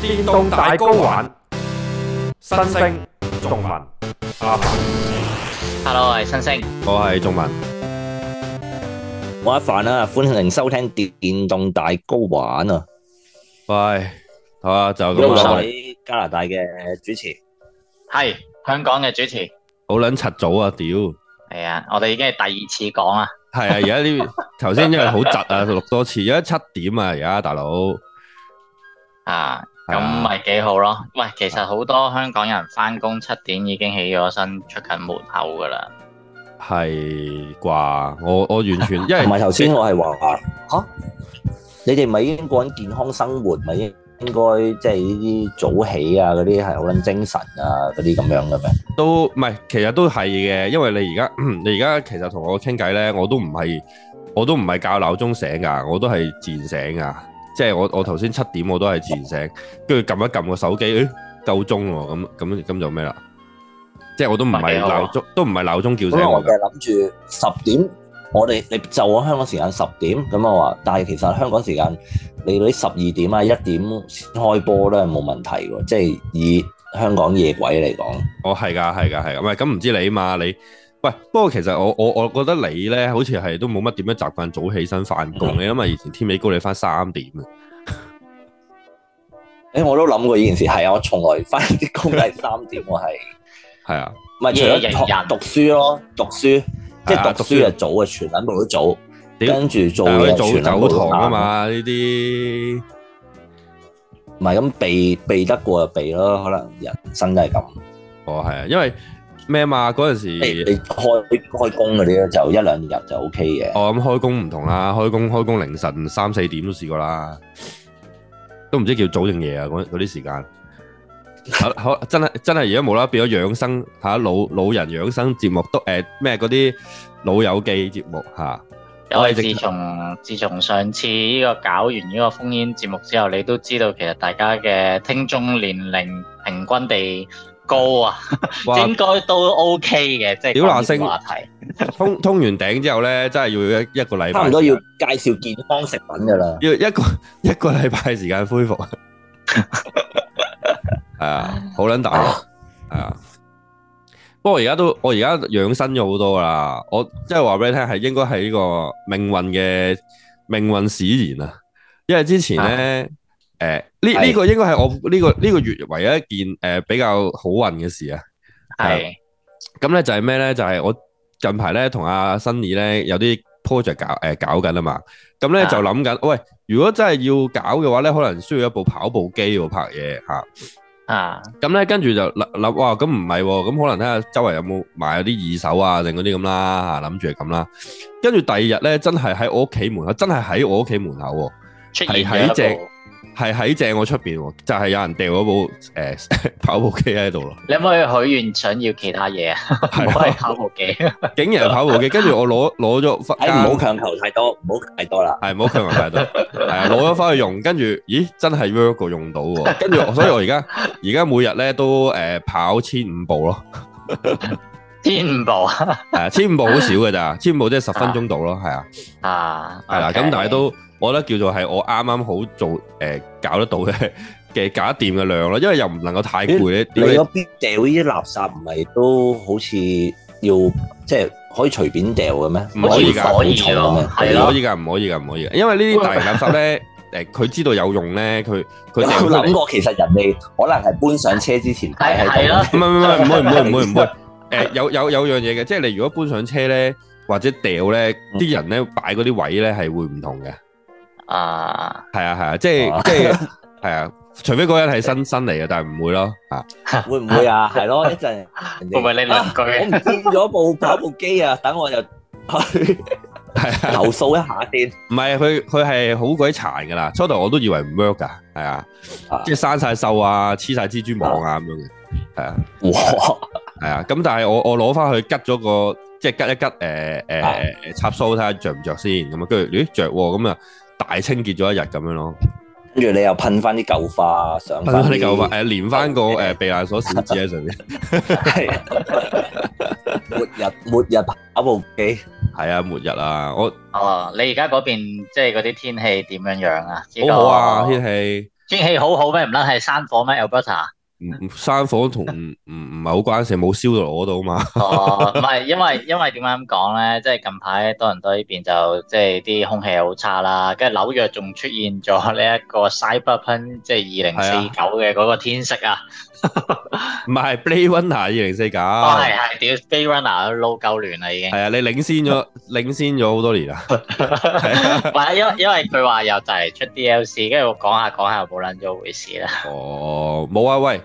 電動大高玩，新星仲文阿凡，Hello，我係新星，我係仲文，我阿凡啊，歡迎收聽電動大高玩啊，喂，好就咁樣嚟，加拿大嘅主持係香港嘅主持，好撚柒早啊，屌，係啊，我哋已經係第二次講啊，係啊，而家呢頭先因為好窒啊，錄多次，而家七點啊，而家大佬啊。咁咪幾好咯？喂，其實好多香港人翻工七點已經起咗身，出緊門口噶啦。係啩？我我完全，因為唔係頭先我係話吓，你哋咪應該講健康生活，咪應該即係呢啲早起啊嗰啲係好緊精神啊嗰啲咁樣嘅咩？都唔係，其實都係嘅，因為你而家你而家其實同我傾偈咧，我都唔係，我都唔係教鬧鐘醒噶，我都係自然醒噶。即係我我頭先七點我都係自然醒，跟住撳一撳個手機，誒夠鐘喎，咁咁咁就咩啦？即係我都唔係鬧鐘，都唔係鬧鐘叫醒我嘅。咁我哋諗住十點，我哋你就我香港時間十點，咁我話，但係其實香港時間你嗰啲十二點啊、一點開波咧冇問題喎。即係以香港夜鬼嚟講，哦係噶係噶係咁，喂咁唔知你嘛你？喂，不過其實我我我覺得你咧，好似係都冇乜點樣習慣早起身翻工嘅，因為以前天美高，你翻三點啊。誒、 欸，我都諗過呢件事，係啊，我從來翻啲工都係三點，我係係啊，唔係除咗讀，yeah, yeah, yeah. 讀書咯，讀書即係讀書就早啊，全晚都早，你跟住做早做早堂啊嘛，呢啲唔係咁避避得過就避咯，可能人生都係咁。哦，係啊，因為。咩嘛？嗰陣時，你開開工嗰啲咧，就一兩日就 OK 嘅。我諗開工唔同啦，開工開工凌晨三四點都試過啦，都唔知叫早定夜啊！嗰嗰啲時間，好，真係真係而家無啦啦變咗養生嚇老老人養生節目都誒咩嗰啲老友記節目嚇。因為自從自從上次呢個搞完呢個封煙節目之後，你都知道其實大家嘅聽眾年齡平均地高啊，應該都 OK 嘅，即係小男生話題。通通完頂之後咧，真係要一一個禮拜。差唔多要介紹健康食品噶啦。要一個一個禮拜時間恢復。係啊，好撚大啊！係啊。不過而家都我而家養生咗好多啦。我即係話俾你聽，係應該係呢個命運嘅命運使然啊。因為之前咧。誒、呃，呢呢、這個應該係我呢、這個呢、這個月唯一一件誒、呃、比較好運嘅事啊。係、呃，咁咧、嗯、就係咩咧？就係、是、我近排咧同阿新義咧有啲 project 搞誒、呃，搞緊啊嘛。咁、嗯、咧就諗緊，喂，如果真係要搞嘅話咧，可能需要一部跑步機喎、啊，拍嘢吓。啊、嗯，咁咧跟住就諗諗，哇，咁唔係，咁可能睇下周圍有冇買啲二手啊，定嗰啲咁啦吓，諗住係咁啦。跟住第二日咧，真係喺我屋企門口，真係喺我屋企門口、啊，係喺只。係喺正我出邊，就係、是、有人掉咗部誒、欸、跑步機喺度咯。你可唔可以許願想要其他嘢啊？係 是的 跑步機，竟然係跑步機。跟住我攞攞咗翻，唔好強求太多，唔好太多啦。係唔好強求太多，係攞咗翻去用。跟住，咦，真係 work 喎，用到。跟住，所以我而家而家每日咧都誒、呃、跑千五步咯。 千五步啊，誒， 千五步好少嘅咋， 千五步即係十分鐘到咯，係啊，啊，係啦，咁、啊 okay, 但係都，我覺得叫做係我啱啱好做誒、呃，搞得到嘅嘅搞得掂嘅量咯，因為又唔能夠太攰咧。你嗰邊掉呢啲垃圾唔係都好似要即係、就是、可以隨便掉嘅咩？唔可以噶，唔可以，係咯，係咯，唔可以噶，唔可以噶，唔可以因為呢啲大型垃圾咧，誒，佢知道有用咧，佢佢佢諗過其實人哋可能係搬上車之前係係咯，唔好唔好唔好唔好唔好。 以 以 誒、 呃，有有有樣嘢嘅，即係你如果搬上車咧，或者掉咧，啲、嗯、人咧擺嗰啲位咧係會唔同嘅。啊，係啊係啊，即係即係，係啊，除非嗰人係新新嚟嘅，但係唔會咯吓、啊。會唔會啊？係咯、啊，一陣唔係你兩句。我唔見咗部跑步機啊，啊，等我又去投 訴、啊、一下先。唔係，佢佢係好鬼殘噶啦，初頭我都以為唔 work 噶，係啊，啊，即係生晒鏽啊，黐晒蜘蛛網啊咁樣嘅，係啊，啊。哇！ 係啊，咁但係我我攞翻去拮咗個，即係拮一拮，誒誒誒，插梳睇下着唔着先，咁啊，跟住咦着喎，咁啊大清潔咗一日咁樣咯，跟住你又噴翻啲舊化，上翻啲舊化，誒連翻個誒避難所小紙喺上面，係末日末日跑步機，係啊末日啊我，哦你而家嗰邊即係嗰啲天氣點樣樣啊？好好啊天氣，天氣好好咩唔卵係山火咩 Alberta 啊？唔，山火同唔唔係好關事，冇燒到我度啊嘛。哦，唔係，因為因為點解咁講咧？即係近排多倫多呢邊就即係啲空氣好差啦，跟住紐約仲出現咗呢一個 Cyberpunk，即係二零四九嘅嗰個天色啊。唔係，Blade Runner 二零四九，係係屌 Blade Runner 撈夠亂啦已經，係啊，你領先咗 領先咗好多年 啊，唔係，因因為佢話又就嚟出 DLC，跟住我講下講下又冇捻咗回事啦。哦，冇啊，喂，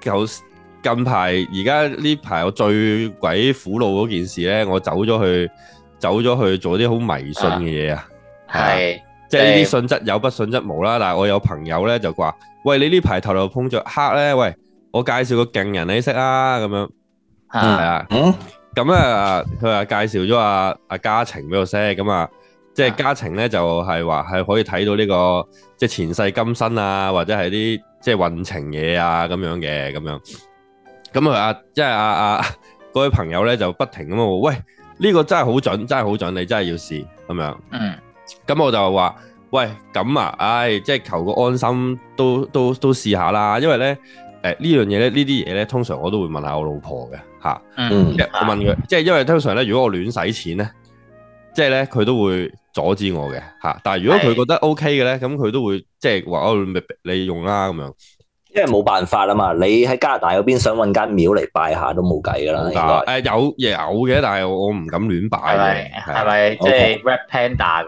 就近近排而家呢排我最鬼苦惱嗰件事咧，我走咗去走咗去做啲好迷信嘅嘢啊，係、啊，即係呢啲信則有不信則無啦，但係我有朋友咧就話，喂，你這上呢排頭頭碰着黑咧，喂。我介紹個勁人你識啊，咁樣，係啊，咁咧佢話介紹咗阿阿家情俾我識，咁啊，即係、啊啊啊、家情咧、啊、就係話係可以睇到呢、這個即係、就是、前世今生啊，或者係啲即係運程嘢啊咁樣嘅，咁樣。咁佢阿即係啊，阿、就是啊啊啊、位朋友咧就不停咁話，喂，呢、這個真係好準，真係好準，你真係要試咁樣。嗯。咁我就話，喂，咁啊，唉、哎，即、就、係、是、求個安心都都都試下啦，因為咧。這呢樣嘢咧，呢啲嘢咧，通常我都會問下我老婆嘅，吓、嗯，我問佢，即、啊、係因為通常咧，如果我亂使錢咧，即係咧，佢都會阻止我嘅，吓。但係如果佢覺得 OK 嘅咧，咁佢都會即係話我你用啦、啊、咁樣。因為冇辦法啊嘛，你喺加拿大嗰邊想搵間廟嚟拜下都冇計噶啦。誒，有嘢有嘅，但係我唔敢亂拜。係咪？係咪？即係 Red Panda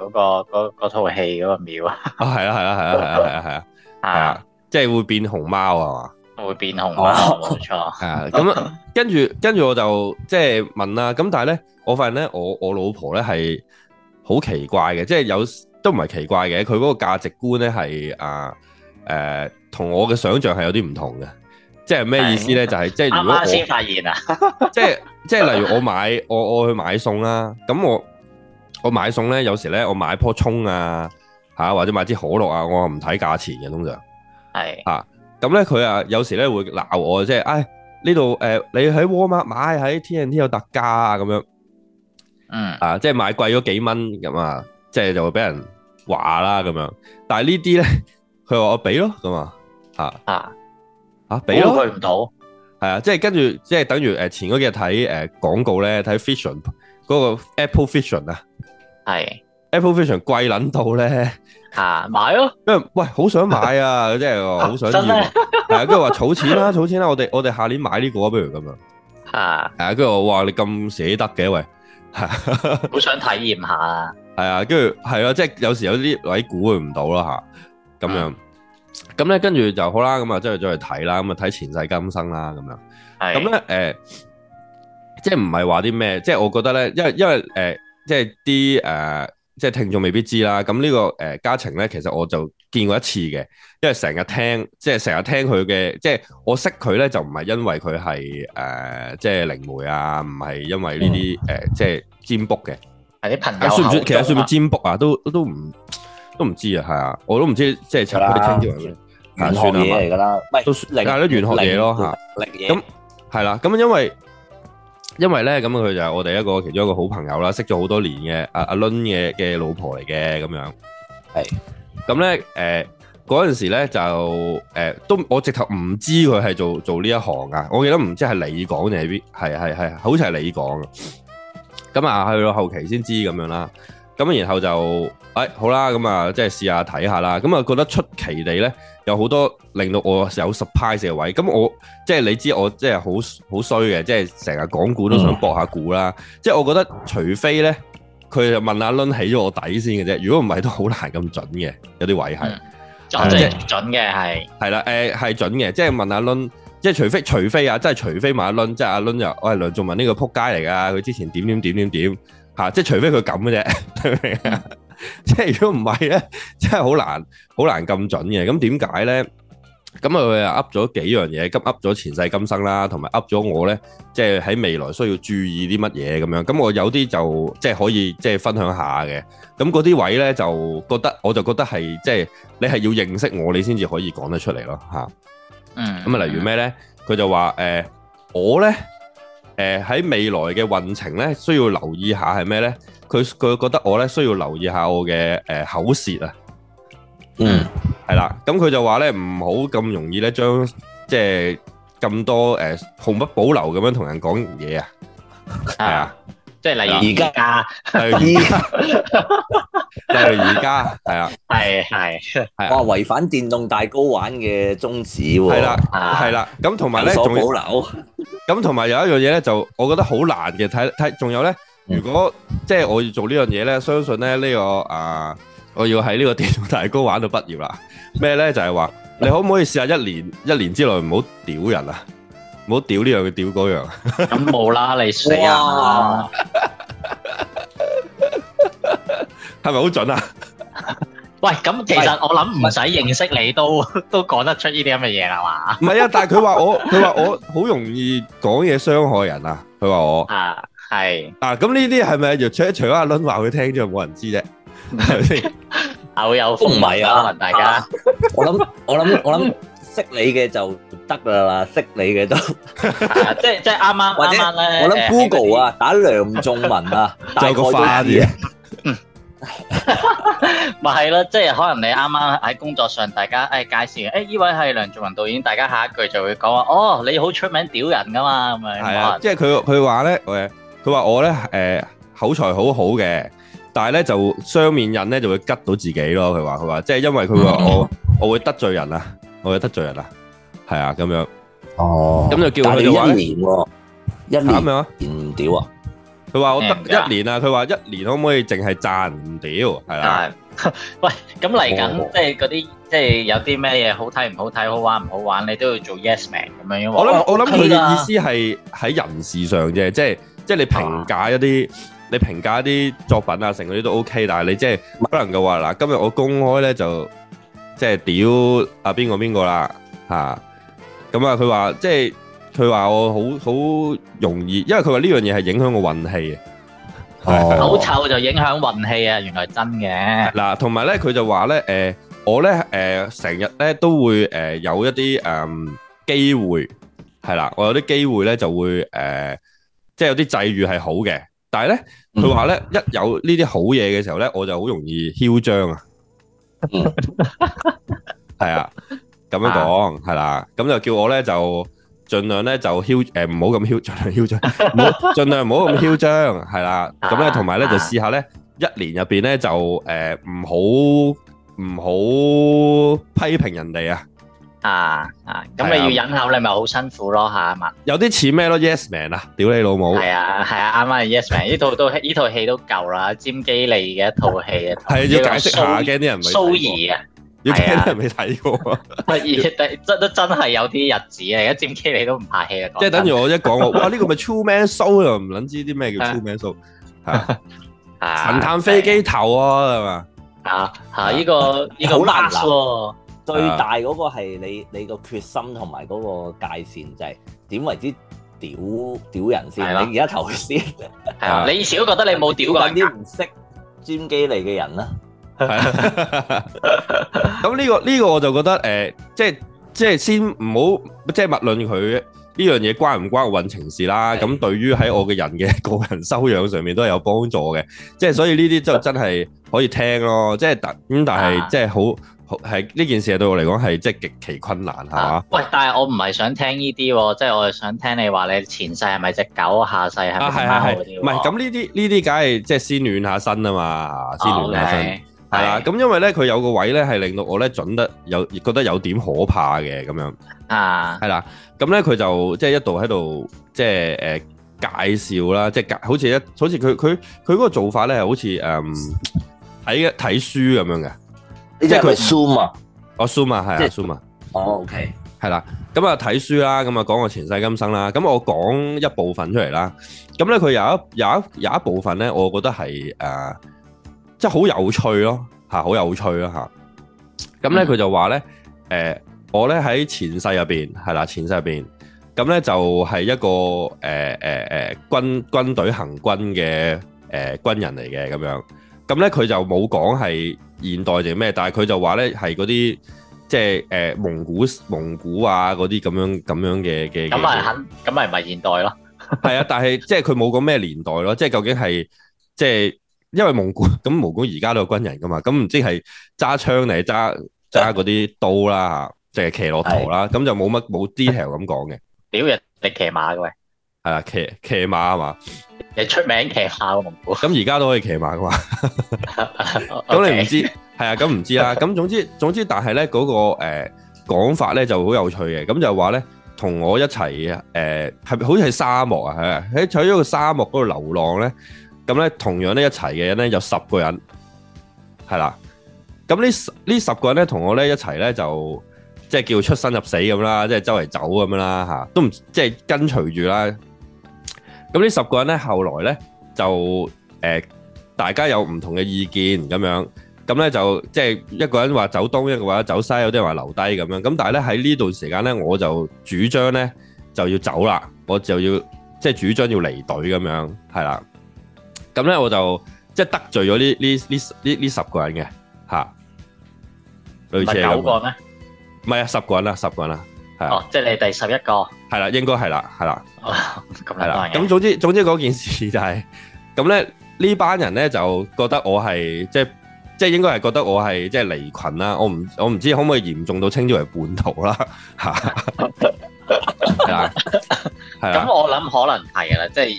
個套戲個廟啊？啊，係係係係係係啊，即係會變熊貓啊？會變紅、哦、錯啊，冇錯。誒，咁跟住跟住我就即係、就是、問啦。咁但係咧，我發現咧，我我老婆咧係好奇怪嘅，即係有都唔係奇怪嘅。佢嗰個價值觀咧係啊誒，呃、我同我嘅想象係有啲唔同嘅。即係咩意思咧？就係、是、即係如果我先發現啊， 即係即係例如我買我我去買餸啦，咁我我買餸咧，有時咧我買一棵蔥啊吓、啊，或者買支可樂啊，我唔睇價錢嘅通常係啊。咁咧佢啊，有時咧會鬧我，即係，唉，呢度誒，你喺 Walmart 買，喺 TNT 有特價啊，咁樣，嗯，啊，即係買貴咗幾蚊咁啊，即係就會俾人話啦咁樣。但係呢啲咧，佢話我俾咯咁啊，嚇，啊，俾咯，佢唔到，係啊，即係跟住，即係等於誒前嗰幾日睇誒廣告咧，睇 Vision 嗰個 Apple Vision 啊，係，Apple Vision 貴撚到咧。啊、買買、啊、咯，喂好想買啊！即係好想要，係跟住話儲錢啦，儲錢啦！我哋我哋下年買呢個不如咁樣，係 係啊！跟住我話你咁捨得嘅喂，好 想體驗下 啊！係啊，跟住係啊，即係有時有啲位估佢唔到啦吓，咁樣咁咧，跟住就好啦。咁啊，即係再去睇啦，咁啊睇前世今生啦，咁樣。咁咧誒，即係唔係話啲咩？即係我覺得咧，因為因為誒、呃，即係啲誒。即係聽眾未必知啦，咁呢個誒家情咧，其實我就見過一次嘅，因為成日聽，即係成日聽佢嘅，即係我識佢咧就唔係因為佢係誒即係靈媒啊，唔係因為呢啲誒即係占卜嘅，係啲朋友。算唔算其實算唔算占卜啊？都都唔都唔知啊，係啊，我都唔知即係佢哋聽啲咩，玄學嘢嚟㗎啦，唔係都算，但係都玄學嘢咯嚇，咁係啦，咁因為。因為咧咁啊，佢就係我哋一個其中一個好朋友啦，識咗好多年嘅阿阿倫嘅嘅老婆嚟嘅咁樣，係咁咧，誒嗰陣時咧就誒都、呃、我直頭唔知佢係做做呢一行啊，我記得唔知係你講定係邊，係係係，好似係你講，咁啊去到後期先知咁樣啦。咁然後就誒、哎、好啦，咁啊，即係試下睇下啦。咁啊，覺得出奇地咧，有好多令到我有 surprise 嘅位。咁我即係你知我，我即係好好衰嘅，即係成日講股都想搏下股啦。嗯、即係我覺得除呢我、嗯嗯 Lun, 除，除非咧，佢就問阿倫起咗我底先嘅啫。如果唔係，都好難咁準嘅。有啲位係，即係準嘅係，係啦，誒係準嘅，即係問阿倫，即係除非除非啊，即係除非問阿倫，即係阿倫就，喂，梁仲文呢個撲街嚟噶，佢之前點點點點點。吓，即係除非佢咁嘅啫，明唔明啊？即係如果唔係咧，真係好難，好難咁準嘅。咁點解咧？咁啊，佢啊噏咗幾樣嘢，咁噏咗前世今生啦，同埋噏咗我咧，即係喺未來需要注意啲乜嘢咁樣。咁我有啲就即係可以即係分享下嘅。咁嗰啲位咧就覺得，我就覺得係即係你係要認識我，你先至可以講得出嚟咯，吓。嗯。咁啊，例如咩咧？佢就話，誒，我咧。誒、呃、喺未來嘅運程咧，需要留意下係咩咧？佢佢覺得我咧需要留意下我嘅誒、呃、口舌啊。嗯，係啦。咁佢就話咧，唔好咁容易咧，將即係咁多誒、呃、毫不保留咁樣同人講嘢啊。啊！係呀。即、就、係、是、例如而家，例如而家， 例如而現家，係 啊，係係係。哇！違反電動大 GO 玩嘅宗旨喎，啊，係啦，啊，係啦，啊。咁同埋咧，仲要保留咁同埋有一樣嘢咧，就我覺得好難嘅。睇睇，仲有咧，如果即係、就是、我要做呢樣嘢咧，相信咧呢、這個啊，我要喺呢個電動大 GO 玩到畢業啦。咩咧？就係、是、話，你可唔可以試下一年一年之內唔好屌人啊？唔好屌呢樣，佢屌嗰樣。咁冇啦，你死啊！係咪好準啊？喂，咁其實我諗唔使認識你都都講得出呢啲咁嘅嘢係嘛？唔係啊，但係佢話我，佢話我好容易講嘢傷害人啊！佢話我啊係啊，咁呢啲係咪？除咗阿倫話佢聽啫，冇人知啫，係咪先？偶有都唔係啊！可能大家，我諗，我諗，我諗。識你嘅就得啦啦，識你嘅都，即係即係啱啱啱啱咧。我諗 Google 啊，打梁仲文啊，就個花嘅。咪係咯，即係可能你啱啱喺工作上，大家誒介紹，誒呢位係梁仲文導演，大家下一句就會講話，哦，你好出名屌人噶嘛咁樣。係啊，即係佢佢話咧，佢話我咧誒口才好好嘅，但係咧就雙面人咧就會吉到自己咯。佢話佢話，即係因為佢話我我會得罪人啊。我又得罪人啦，係啊，咁樣哦，咁就叫佢一年喎，一年咁樣，唔屌啊！佢話我得一年啊，佢話一年可唔可以淨係賺唔屌？係啊，喂，咁嚟緊即係嗰啲，即係有啲咩嘢好睇唔好睇，好玩唔好玩，你都要做 yes man 咁樣。我諗我諗佢嘅意思係喺人事上啫，即係即係你評價一啲，你評價一啲作品啊，成嗰啲都 OK，但係你即係可能嘅話嗱，今日我公開咧就。即係屌啊邊個邊個啦吓，咁啊佢話即係佢話我好好容易，因為佢話呢樣嘢係影響我運氣嘅，好臭就影響運氣啊，原來真嘅。嗱，同埋咧佢就話咧，誒，我咧誒成日咧都會誒有一啲誒機會係啦，我有啲機會咧就會誒，即係有啲際遇係好嘅，但係咧佢話咧一有呢啲好嘢嘅時候咧，我就好容易囂張啊。嗯，係 啊，咁樣講係啦，咁、啊、就叫我咧就盡量咧就囂，誒唔好咁囂張，囂張，唔好盡量唔好咁囂張，係 啦，咁咧同埋咧就試下咧一年入邊咧就誒唔、呃、好唔好批評人哋啊。啊啊，咁你要忍口，你咪好辛苦咯吓阿媽。有啲似咩咯？Yes Man 啊，屌你老母！係啊係啊，啱啱 Yes Man 呢套都呢套戲都夠啦，占基利嘅一套戲啊。係要解釋下嘅，驚啲人唔係蘇怡啊，要驚啲人未睇過啊？係真都真係有啲日子啊！而家占基利都唔拍戲啊。即係等於我一講我，哇呢個咪 Truman Show 啊！又唔捻知啲咩叫 Truman Show 啊？神探飛機頭啊，係嘛啊啊！呢個呢個好難。最大嗰個係你，你個決心同埋嗰個界線，就係、是、點為之屌屌人先？你而家頭先，你以前都覺得你冇屌過啲唔識專機嚟嘅人啦。咁呢、 呢個呢、呢個我就覺得誒，即係即係先唔好，即係勿論佢呢樣嘢關唔關我運程事啦。咁對於喺我嘅人嘅個人修養上面都係有幫助嘅。即、就、係、是、所以呢啲就真係可以聽咯。即係但咁，但係即係好。就是係呢件事對我嚟講係即係極其困難吓、啊，喂！但係我唔係想聽呢啲，即、就、係、是、我係想聽你話你前世係咪隻狗，下世係咪貓嗰唔係咁呢啲呢啲，梗係即係先暖下身啊嘛，先暖下身係啦。咁、哦 okay, 啊嗯、因為咧，佢有個位咧，係令到我咧準得有，覺得有點可怕嘅咁樣啊。係啦、啊，咁咧佢就即係、就是、一度喺度即係誒介紹啦，即、就、係、是、好似一好似佢佢佢個做法咧，係好似誒睇睇書咁樣嘅。呢即係佢 sum r 哦 sum r 係啊，sum r 哦，OK，係啦，咁啊睇書啦，咁啊講我前世今生啦，咁我講一部分出嚟啦，咁咧佢有一有一有一部分咧，我覺得係誒，即係好有趣咯，吓、啊、好有趣咯吓，咁咧佢就話咧，誒、mm. 呃，我咧喺前世入邊係啦，前世入邊，咁咧就係一個誒誒誒軍軍隊行軍嘅誒、呃、軍人嚟嘅咁樣。咁咧佢就冇講係現代定咩，但係佢就話咧係嗰啲即係誒蒙古蒙古啊嗰啲咁樣咁樣嘅嘅。咁咪肯？咁咪唔係現代咯？係啊，但係即係佢冇講咩年代咯，即係究竟係即係因為蒙古咁，蒙古而家都有軍人噶嘛，咁唔知係揸槍嚟揸揸嗰啲刀啦，定係騎駱駝啦，咁就冇乜冇 detail 咁講嘅。屌人哋騎馬嘅喂，係啊騎騎馬啊嘛。係出名騎馬，咁而家都可以騎馬啩？咁 你唔知，係 啊，咁唔知啦。咁總之總之，總之但係咧嗰個誒講法咧就好有趣嘅。咁就話咧，同我一齊啊誒，係咪、呃、好似係沙漠啊，係啊，喺取咗個沙漠嗰度流浪咧。咁咧同樣咧一齊嘅人咧有十個人，係啦。咁呢十呢十個人咧同我咧一齊咧就即係叫出生入死咁啦，即係周圍走咁樣啦嚇，都唔即係跟隨住啦。咁呢十個人咧，後來咧就誒、呃，大家有唔同嘅意見咁樣，咁咧就即係、就是、一個人話走東，一個話走西，有啲人話留低咁樣。咁但係咧喺呢段時間咧，我就主張咧就要走啦，我就要即係、就是、主張要離隊咁樣，係啦。咁咧我就即係、就是、得罪咗呢呢呢呢呢十個人嘅吓。唔、啊、九個咩？唔係啊，十個人啦，十個人啦。是哦，即係你第十一個，係啦，應該係啦，係啦，係、哦、啦，咁總之總之嗰件事就係、是，咁咧呢班人咧就覺得我係即係即係應該係覺得我係即係離群啦，我唔我唔知可唔可以嚴重到稱之為叛徒啦，吓係係咁我諗可能係啦、就是， 即係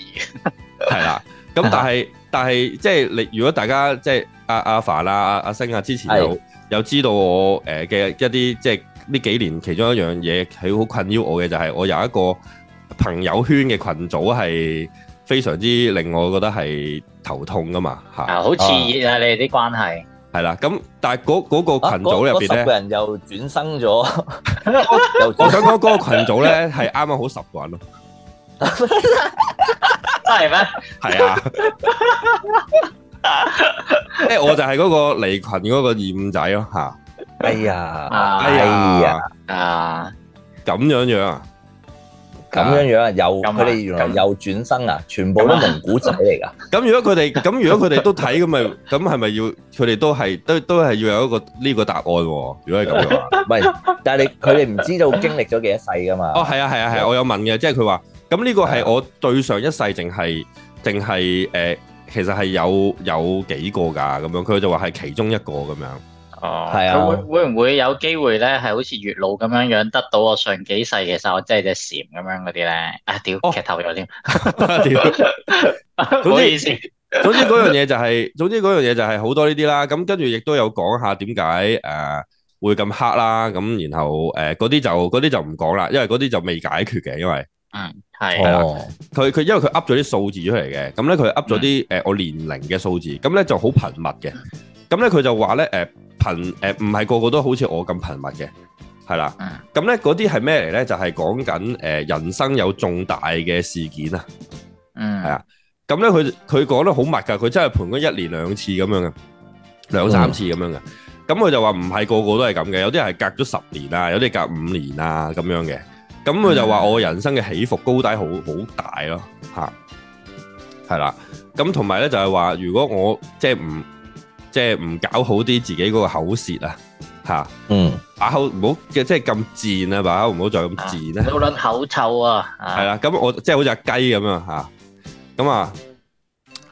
係啦，咁但係但係即係你如果大家即係阿阿凡阿阿星啊之前有有知道我誒嘅、呃、一啲即係。呢幾年其中一樣嘢，係好困擾我嘅就係，我有一個朋友圈嘅群組係非常之令我覺得係頭痛噶嘛吓，好刺激啊！你哋啲關係係啦，咁但係嗰嗰個群組入邊咧，十個人又轉生咗。我想講嗰個群組咧，係啱啱好十個人咯，係咩？係啊，誒，我就係嗰個離群嗰個二五仔咯吓。哎呀，哎呀，啊，咁樣樣啊，咁樣樣啊，又佢哋原來又轉生啊，全部都蒙古仔嚟噶。咁如果佢哋，咁如果佢哋都睇咁咪，咁係咪要佢哋都係都都係要有一個呢個答案？如果係咁嘅話，唔係，但係你佢哋唔知道經歷咗幾多世噶嘛？哦，係啊，係啊，係啊，我有問嘅，即係佢話咁呢個係我對上一世，淨係淨係誒，其實係有有幾個噶咁樣，佢就話係其中一個咁樣。哦，係啊，佢會會唔會有機會咧？係好似月老咁樣樣得到我上幾世嘅時候，即係隻蟬咁樣嗰啲咧？啊，屌，劇透咗添，屌，唔好意思。總之嗰樣嘢就係，總之嗰樣嘢就係好多呢啲啦。咁跟住亦都有講下點解誒會咁黑啦。咁然後誒嗰啲就嗰啲就唔講啦，因為嗰啲就未解決嘅。因為嗯係係啦，佢佢因為佢噏咗啲數字出嚟嘅，咁咧佢噏咗啲誒我年齡嘅數字，咁咧就好頻密嘅。咁咧佢就話咧，誒頻誒唔係個個都好似我咁頻密嘅，係啦。咁咧嗰啲係咩嚟咧？就係講緊誒人生有重大嘅事件啊。嗯，係啊。咁咧佢佢講得好密噶，佢真係盤嗰一年兩次咁樣嘅，兩三次咁樣嘅。咁、嗯、佢就話唔係個個都係咁嘅，有啲係隔咗十年，隔年啊，有啲隔五年啊咁樣嘅。咁佢就話我人生嘅起伏高低好好大咯，吓係啦。咁同埋咧就係、是、話如果我即係唔。就是即係唔搞好啲自己嗰個口舌啊，吓，嗯，把口唔好嘅，即係咁賤啊，把口唔好再咁賤啦，有冇捻口臭啊？係啦，咁我即係好似阿雞咁樣吓，咁啊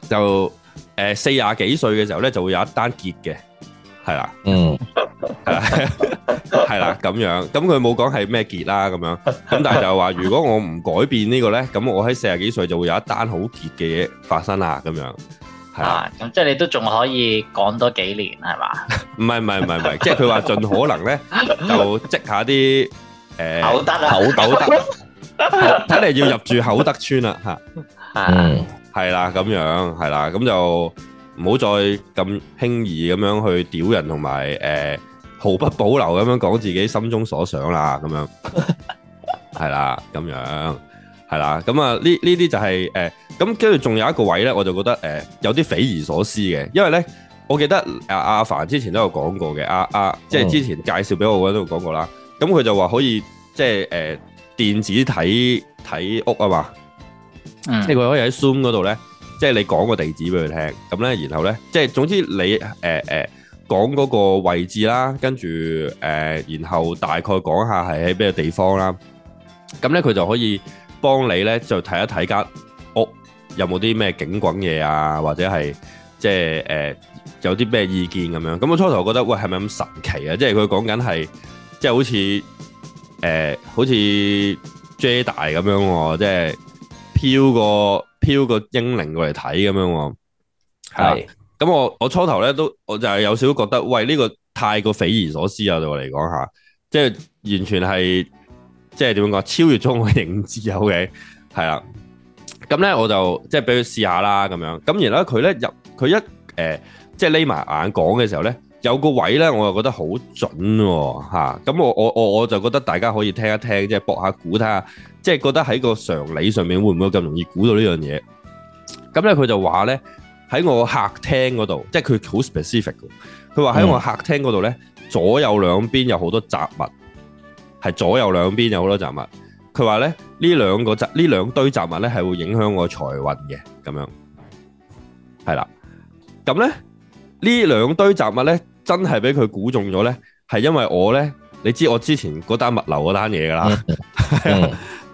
就誒四廿幾歲嘅時候咧，就會有一單結嘅，係啦，嗯，係啦，係啦，咁樣，咁佢冇講係咩結啦，咁樣，咁但係就話如果我唔改變呢個咧，咁我喺四廿幾歲就會有一單好結嘅嘢發生啦，咁樣。啊，咁即係你都仲可以講多幾年係嘛？唔係唔係唔係唔係，即係佢話盡可能咧，就積下啲誒口德啦口德。睇嚟要入住口德村啦嚇。嗯，係啦咁樣，係啦咁就唔好再咁輕易咁樣去屌人同埋誒毫不保留咁樣講自己心中所想啦，咁樣係啦咁樣。係啦，咁啊呢呢啲就係、是、誒，咁跟住仲有一個位咧，我就覺得誒、呃、有啲匪夷所思嘅，因為咧，我記得阿、啊、阿、啊、凡之前都有講過嘅，阿阿即係之前介紹俾我嗰度講過啦，咁、哦、佢就話可以即係誒電子睇睇屋啊嘛，即係佢可以喺 Zoom 嗰度咧，即、就、係、是、你講個地址俾佢聽，咁咧然後咧，即、就、係、是、總之你誒誒、呃呃、講嗰個位置啦，跟住誒、呃、然後大概講下係喺咩地方啦，咁咧佢就可以。幫你咧就睇一睇間屋有冇啲咩警滾嘢啊，或者係即係誒有啲咩意見咁樣。咁我初頭覺得喂係咪咁神奇啊？即係佢講緊係即係好似誒、呃、好似 J 大咁樣、啊，即係飄個飄個英靈過嚟睇咁樣、啊。係咁我我初頭咧都我就係有少覺得喂呢、這個太過匪夷所思啊！對我嚟講吓，即、就、係、是、完全係。即係點講，超越咗我認知啊！OK，係啦，咁咧我就即係俾佢試下啦，咁樣。咁然後佢咧入佢一誒、呃，即係匿埋眼講嘅時候咧，有個位咧、啊啊，我又覺得好準吓。咁我我我我就覺得大家可以聽一聽，即係博下估睇下，即係覺得喺個常理上面會唔會咁容易估到這件事呢樣嘢？咁咧佢就話咧喺我客廳嗰度，即係佢好 specific 佢話喺我客廳嗰度咧，左右兩邊有好多雜物。係左右兩邊有好多雜物，佢話咧呢兩個雜呢兩堆雜物咧係會影響我財運嘅，咁樣係啦。咁咧呢兩堆雜物咧真係俾佢估中咗咧，係因為我咧，你知我之前嗰單物流嗰單嘢噶啦，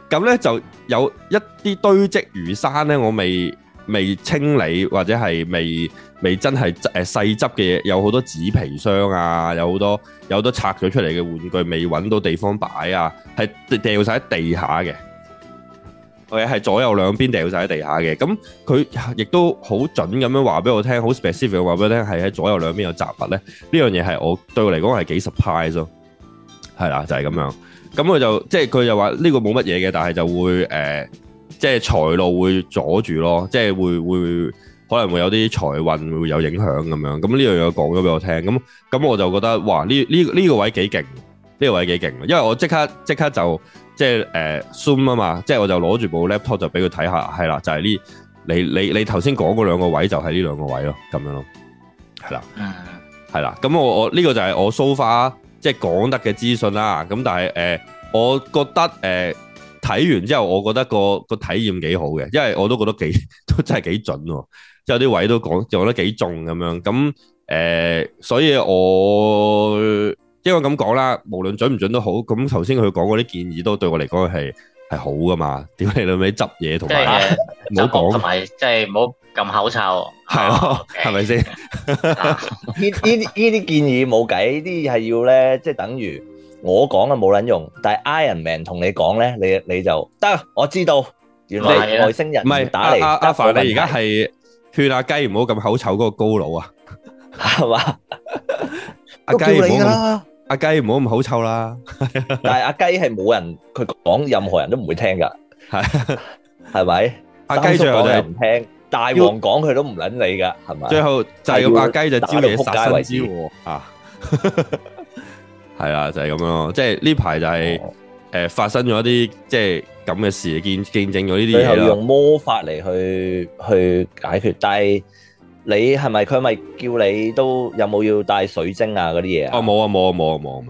咁咧就有一啲堆積如山咧，我未未清理或者係未。你真係細執嘅嘢，有好多紙皮箱啊，有好多有好多拆咗出嚟嘅玩具，未揾到地方擺啊，係掉晒喺地下嘅，或者係左右兩邊掉晒喺地下嘅。咁佢亦都好準咁樣話俾我聽，好 specific 話俾我聽，係喺左右兩邊有雜物咧。呢樣嘢係我對我嚟講係幾 surprise 咯。係啦，就係咁樣。咁佢就即係佢就話呢個冇乜嘢嘅，但係就會呃，即係財路會阻住咯，即係會會。可能會有啲財運會有影響咁樣，咁呢樣嘢講咗俾我聽，咁咁我就覺得哇！呢呢呢個位幾勁，呢、這個位幾勁，因為我即刻即刻就即係誒 zoom 啊嘛，即、就、係、是、我就攞住部 laptop 就俾佢睇下，係啦，就係、是、呢，你你你頭先講嗰兩個位就係呢兩個位咯，咁樣咯，係啦，係、嗯、啦，咁我我呢、這個就係我 sofa 即係講得嘅資訊啦，咁但係誒、呃，我覺得睇、呃、完之後，我覺得個個體驗幾好嘅，因為我都覺得幾都真係幾準喎。之後啲位都講講得幾重咁樣，咁誒，所以我因為咁講啦，無論準唔準都好，咁頭先佢講嗰啲建議都對我嚟講係係好㗎嘛？屌你老味執嘢同埋唔好講，同埋即係唔好咁口臭，係咯，係咪先？呢呢呢啲建議冇計，呢啲係要咧，即係等於我講嘅冇撚用，但係 Iron Man 同你講咧，你你就得，我知道原來係外星人唔係打嚟。阿阿凡你而家係。勸阿雞唔好咁口臭嗰個高佬啊，係嘛？ 阿雞唔好， 是阿雞唔好咁口臭啦。但係阿雞係冇人，佢講任何人都唔會聽噶，係係咪？阿雞最後就係、是、唔聽，大王講佢都唔捻你噶，係咪？最後就係咁，阿雞就招惹殺身之禍啊。係 啦，就係、是、咁樣，即係呢排就係、是、誒、哦呃、發生咗啲即係。咁嘅事，見見證咗呢啲嘢咯。就係、用魔法嚟去去解決，但係你係咪佢咪叫你都有冇要帶水晶啊嗰啲嘢啊？哦，冇啊，冇啊，冇啊，冇啊，冇。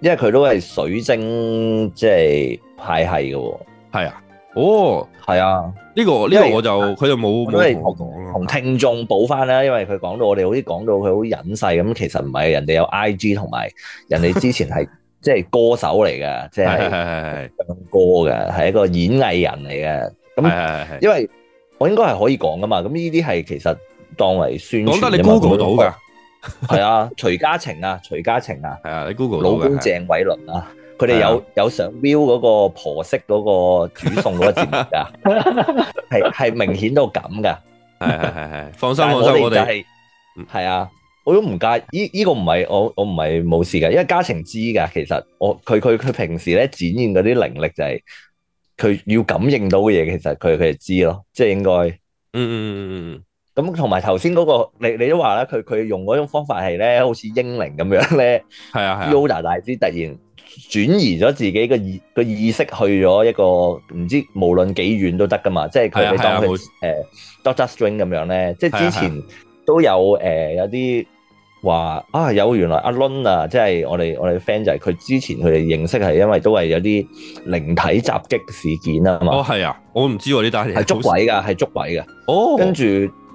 因為佢都係水晶即係派系嘅喎。係啊，哦，係啊，呢個呢個我就佢就冇冇同我講同聽眾補翻啦，因為佢講到我哋好似講到佢好隱世咁，其實唔係，人哋有 IG 同埋人哋之前係。 即、就、係、是、歌手嚟㗎，即、就、係、是、唱歌㗎，係一個演藝人嚟㗎。咁因為我應該係可以講㗎嘛。咁呢啲係其實當為算講得你 Google 到㗎。係 啊，徐嘉晴啊，徐嘉晴啊，啊，你 Google 到嘅。老公鄭偉倫啊，佢哋、啊、有有上 view 嗰個婆媳嗰個煮餸嗰節目㗎，係 係明顯到咁㗎。係係係係，放心放心，我哋我都唔介意，呢、這、呢個唔係我我唔係冇事㗎。因為家庭知㗎。其實我佢佢佢平時咧展現嗰啲靈力就係、是、佢要感應到嘅嘢，其實佢佢知咯。即係應該，嗯嗯嗯嗯嗯。咁同埋頭先嗰個，你你都話啦，佢佢用嗰種方法係咧，好似英靈咁樣咧。啊 Yoda 大師突然轉移咗自己個意個、啊、意識去咗一個唔知無論幾遠都得㗎嘛。即係佢、啊、當佢誒、啊 uh, Doctor Strange 咁樣咧。即係、啊啊、之前都有誒、uh, 有啲。話啊，有，原來阿倫啊，即係我哋我哋 friend 就係，佢之前佢哋認識係因為都係有啲靈體襲擊事件嘛。哦、係啊嘛。哦，係啊，我唔知呢單係捉鬼噶係、哦、捉鬼噶哦，跟住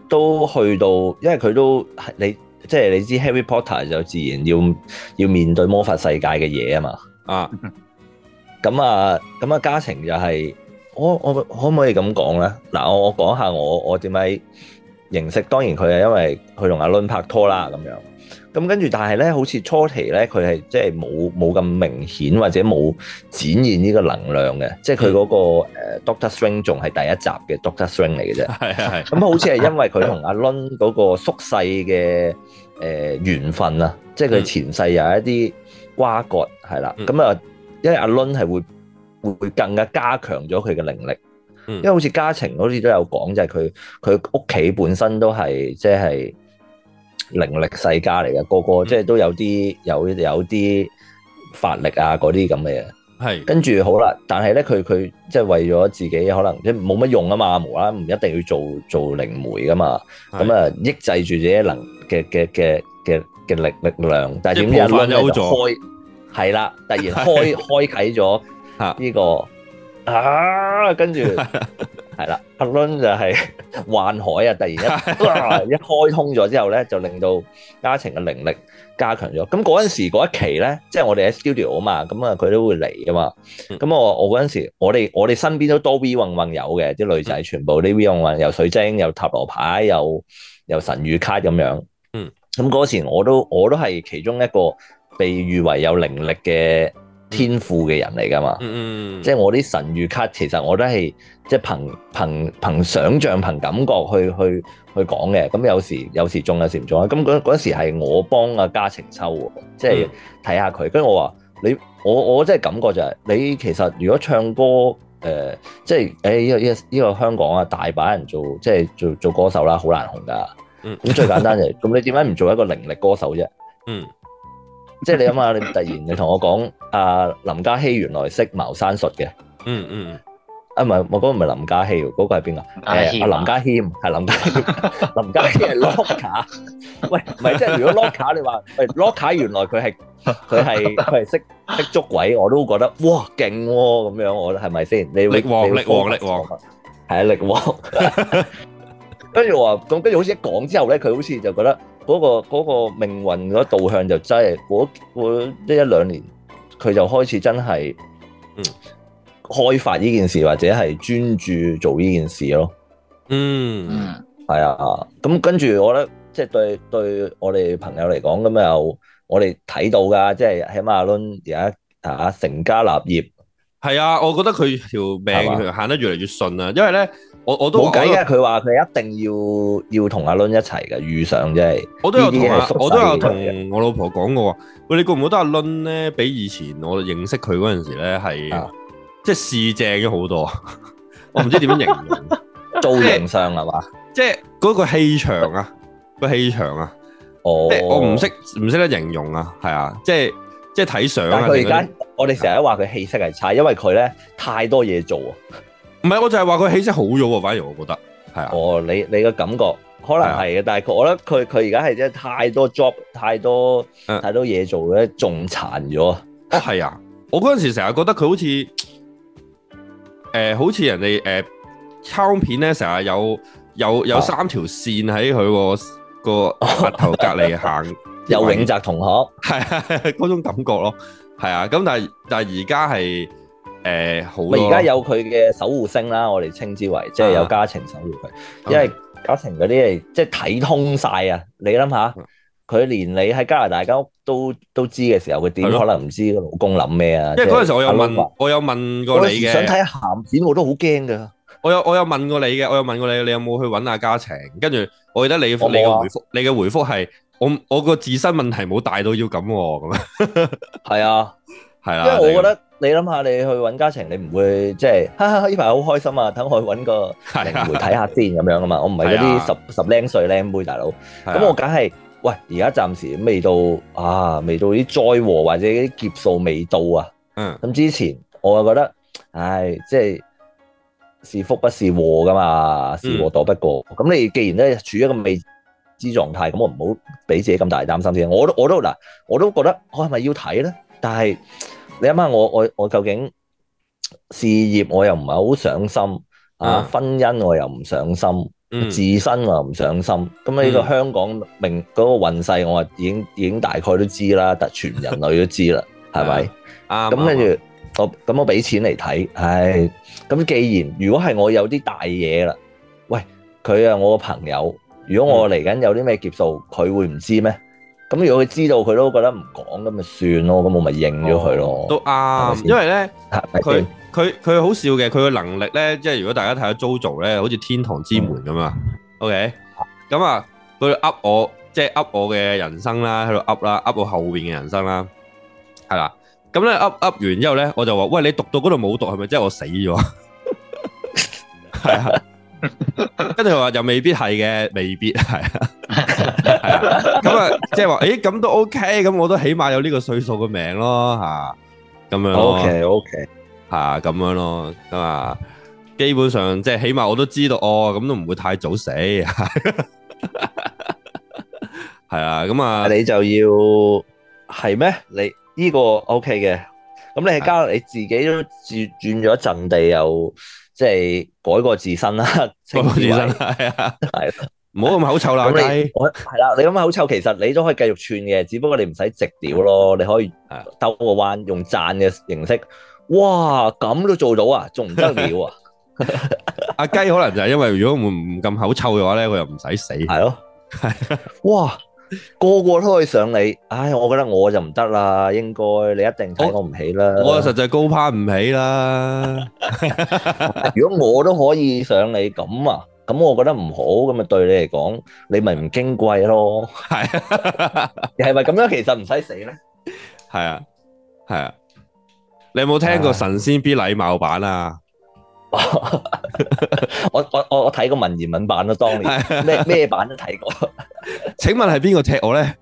都去到，因為佢都你即係你知 Harry Potter 就自然要要面對魔法世界嘅嘢啊嘛啊，咁啊，咁啊，嘉晴就係、係、我我可唔可以咁講咧，嗱，我我講下我我點解認識，當然佢係因為佢同阿倫拍拖啦咁樣。咁跟住，但係咧，好似初期咧，佢係即係冇冇咁明顯或者冇展現呢個能量嘅，即係佢嗰個 Doctor Strange 仲係第一集嘅 Doctor Strange 嚟嘅啫。係係。咁好似係因為佢同阿 Lun 嗰個宿世嘅誒、呃、緣分啊，即係佢前世有一啲瓜葛係啦。咁啊， 因為阿 Lun 係會,會更加加強咗佢嘅能力， 因為好似家情好似都有講就係佢佢屋企本身都係即係。就是靈力世家嚟嘅，個個、嗯、即係都有啲有有啲法力啊，嗰啲咁嘅嘢。係，跟住好啦，但係咧，佢佢即係為咗自己可能即冇乜用啊嘛，無啦啦唔一定要做做靈媒噶嘛。咁啊，噉就抑制住自己能嘅嘅嘅嘅嘅力力量，但係點解突然就開？係啦，突然開 開啟咗呢個 啊，跟住。 係啦，阿倫就係幻海啊！突然一 一開通咗之後咧，就令到家情嘅靈力加強咗。咁嗰陣時嗰一期咧，即係我哋喺 studio 啊嘛，咁啊佢都會嚟噶嘛。咁我我嗰陣時，我哋我哋身邊都多 V 運運有嘅啲女仔，全部啲 V 運運、嗯、有水晶，有塔羅牌，有有神語卡咁樣。嗯，咁嗰時我都我都係其中一個被譽為有靈力嘅。天賦嘅人嚟㗎嘛，mm-hmm. 即係我啲神預卡，其實我都係即係憑憑憑想像、憑感覺去去去講嘅。咁有時有時中，有時唔中啊。咁嗰時時係我幫阿嘉晴抽喎，即係睇下佢。跟、mm-hmm. 住我話你，我我真係感覺就係、是、你其實如果唱歌誒、呃，即係誒呢個香港啊，大把人做即係做做，做歌手啦，好難紅㗎。咁、mm-hmm. 最簡單係、就係： 「咁你點解唔做一個靈力歌手啫？嗯、mm-hmm.。即係你諗下，你突然你同我講阿林家熙原來識茅山術嘅，嗯嗯，啊唔係，我嗰個唔係林家熙，嗰個係邊個？係阿林家謙，係林家謙，林家謙係 Loke，喂，唔係即係如果 Loke，你話喂 Loke 原來佢係佢係佢係識識捉鬼，我都覺得哇勁喎，咁樣我係咪先？力王力王力王，係力王。跟住我話，咁跟住好似一講之後咧，佢好似就覺得。嗰、嗰個嗰個命運嗰個導向就真係，我我呢一兩年佢就開始真係開發呢件事，或者係專注做呢件事咯。嗯，係啊。咁跟住我覺得，即係對對我哋朋友嚟講，咁又我哋睇到㗎，即係起碼阿倫而家啊成家立業。係啊，我覺得佢條命行得越嚟越順啊，因為咧。我我都冇計嘅，佢話佢一定要要同阿倫一齊嘅，遇上真、就、係、是。我都有同我都有同我老婆講過。喂，你覺唔覺得阿倫咧比以前我認識佢嗰陣時咧係、啊、即係視正咗好多？ 我唔知點樣形容， 造型上係嘛？即係嗰個氣場啊， 個氣場啊， 即我唔識唔識得形容啊，係啊，即係即係睇相。佢而家我哋成日都話佢氣色係差，因為佢咧太多嘢做啊。唔係，我就係話佢氣質好咗喎，反而我覺得係啊。哦，你你個感覺可能係嘅，啊，但係我覺得佢佢而家係真係太多 job，太多太多嘢做咧，仲殘咗。啊，係啊，啊，我嗰陣時成日覺得佢好似誒，呃，好似人哋誒抄片咧，成日有有有三條線喺佢，啊嗰個個頭隔籬行， 有永澤同學，係啊嗰種感覺咯。係啊，咁但係但係而家係。誒，好！而家有佢嘅守護星啦，我哋稱之為即係、就是、有家情守護佢、啊，因為家情嗰啲係即係睇通晒啊！你諗下，佢、嗯、連你喺加拿大間屋都都知嘅時候，佢點可能唔知個老公諗咩啊？即係嗰陣時我有問、啊，我有問過你嘅。想睇鹹片，我都好驚噶。我有我有問過你嘅，我有問過你，問過你，你有冇去揾下家情？跟住我記得你你嘅回覆，你嘅回覆係我我個自身問題冇大到要咁咁啊？係 啊。因為我覺得你諗下，你去揾家情，你唔會即係啊！依排好開心啊，等我去揾個靈媒睇下先咁樣啊嘛。我唔係嗰啲十十零歲靚妹大佬，咁我梗係喂，而家暫時未到啊，未到啲災禍或者啲劫數未到啊。咁之前我就覺得，唉，即係是福不是禍噶嘛，是禍躲不過。咁你既然咧處於一個未知狀態，咁我唔好俾自己咁大擔心先。我都我都嗱，我都覺得我係咪要睇咧？但係。你諗下我我我究竟事業我又唔係好上心啊，嗯，婚姻我又唔上心，嗯，自身我又唔上心。咁，嗯、呢個香港名嗰，嗰個運勢我話已經已經大概都知啦，特全人類都知啦，係 咪？啊，咁跟住我咁我俾錢嚟睇唉，咁既然如果係我有啲大嘢啦喂，佢啊我個朋友，如果我嚟緊有啲咩劫數，佢會唔知咩？咁如果佢知道佢都覺得唔講，咁咪算咯，咁我咪認咗佢咯。都啱，因為咧佢佢佢好笑嘅，佢嘅能力咧，即係如果大家睇下 JoJo 咧，好似天堂之門咁啊。OK，咁啊，佢噏我，即係噏我嘅人生啦，喺度噏啦，噏我後邊嘅人生啦，係啦。咁咧噏噏完之後咧，我就話喂，你讀到嗰度冇讀，係咪即係我死咗？係啊。跟住話又未必係嘅，未必係啊，係啊，咁 啊是的，即係話，誒、就是，咁都 OK，咁我都起碼有呢個歲數嘅命咯，吓，咁樣 OK，OK，吓，咁樣咯，咁、okay, 啊、okay.，基本上即係、就是、起碼我都知道，哦，咁都唔會太早死，係啊，咁 啊，嗯、 是這 你就要係咩？你呢、呢個 OK 嘅，咁你係交你自己都轉轉咗陣地又。即係改過自身啦，改過自身係啊，係、啊，唔好咁口臭爛雞，係 啦、啊，你咁口臭，其實你都可以繼續串嘅，只不過你唔使直屌咯，你可以係兜個彎、啊，用讚嘅形式，哇，咁都做到啊，仲唔得料啊？ 阿雞可能就係因為如果唔唔咁口臭嘅話咧，佢又唔使死，係咯、啊，係， 哇！個個都可以上你，唉，我覺得我就唔得啦，應該你一定睇我唔起啦，我又實在高攀唔起啦。如果我都可以上你咁啊，咁我覺得唔好，咁咪對你嚟講，你咪唔矜貴咯。係，係咪咁樣其實唔使死咧？係啊，係啊，你有冇聽過神仙必禮貌版啊？我我我我睇過文言文版咯，當年咩咩版都睇過。請問係邊個踢我咧？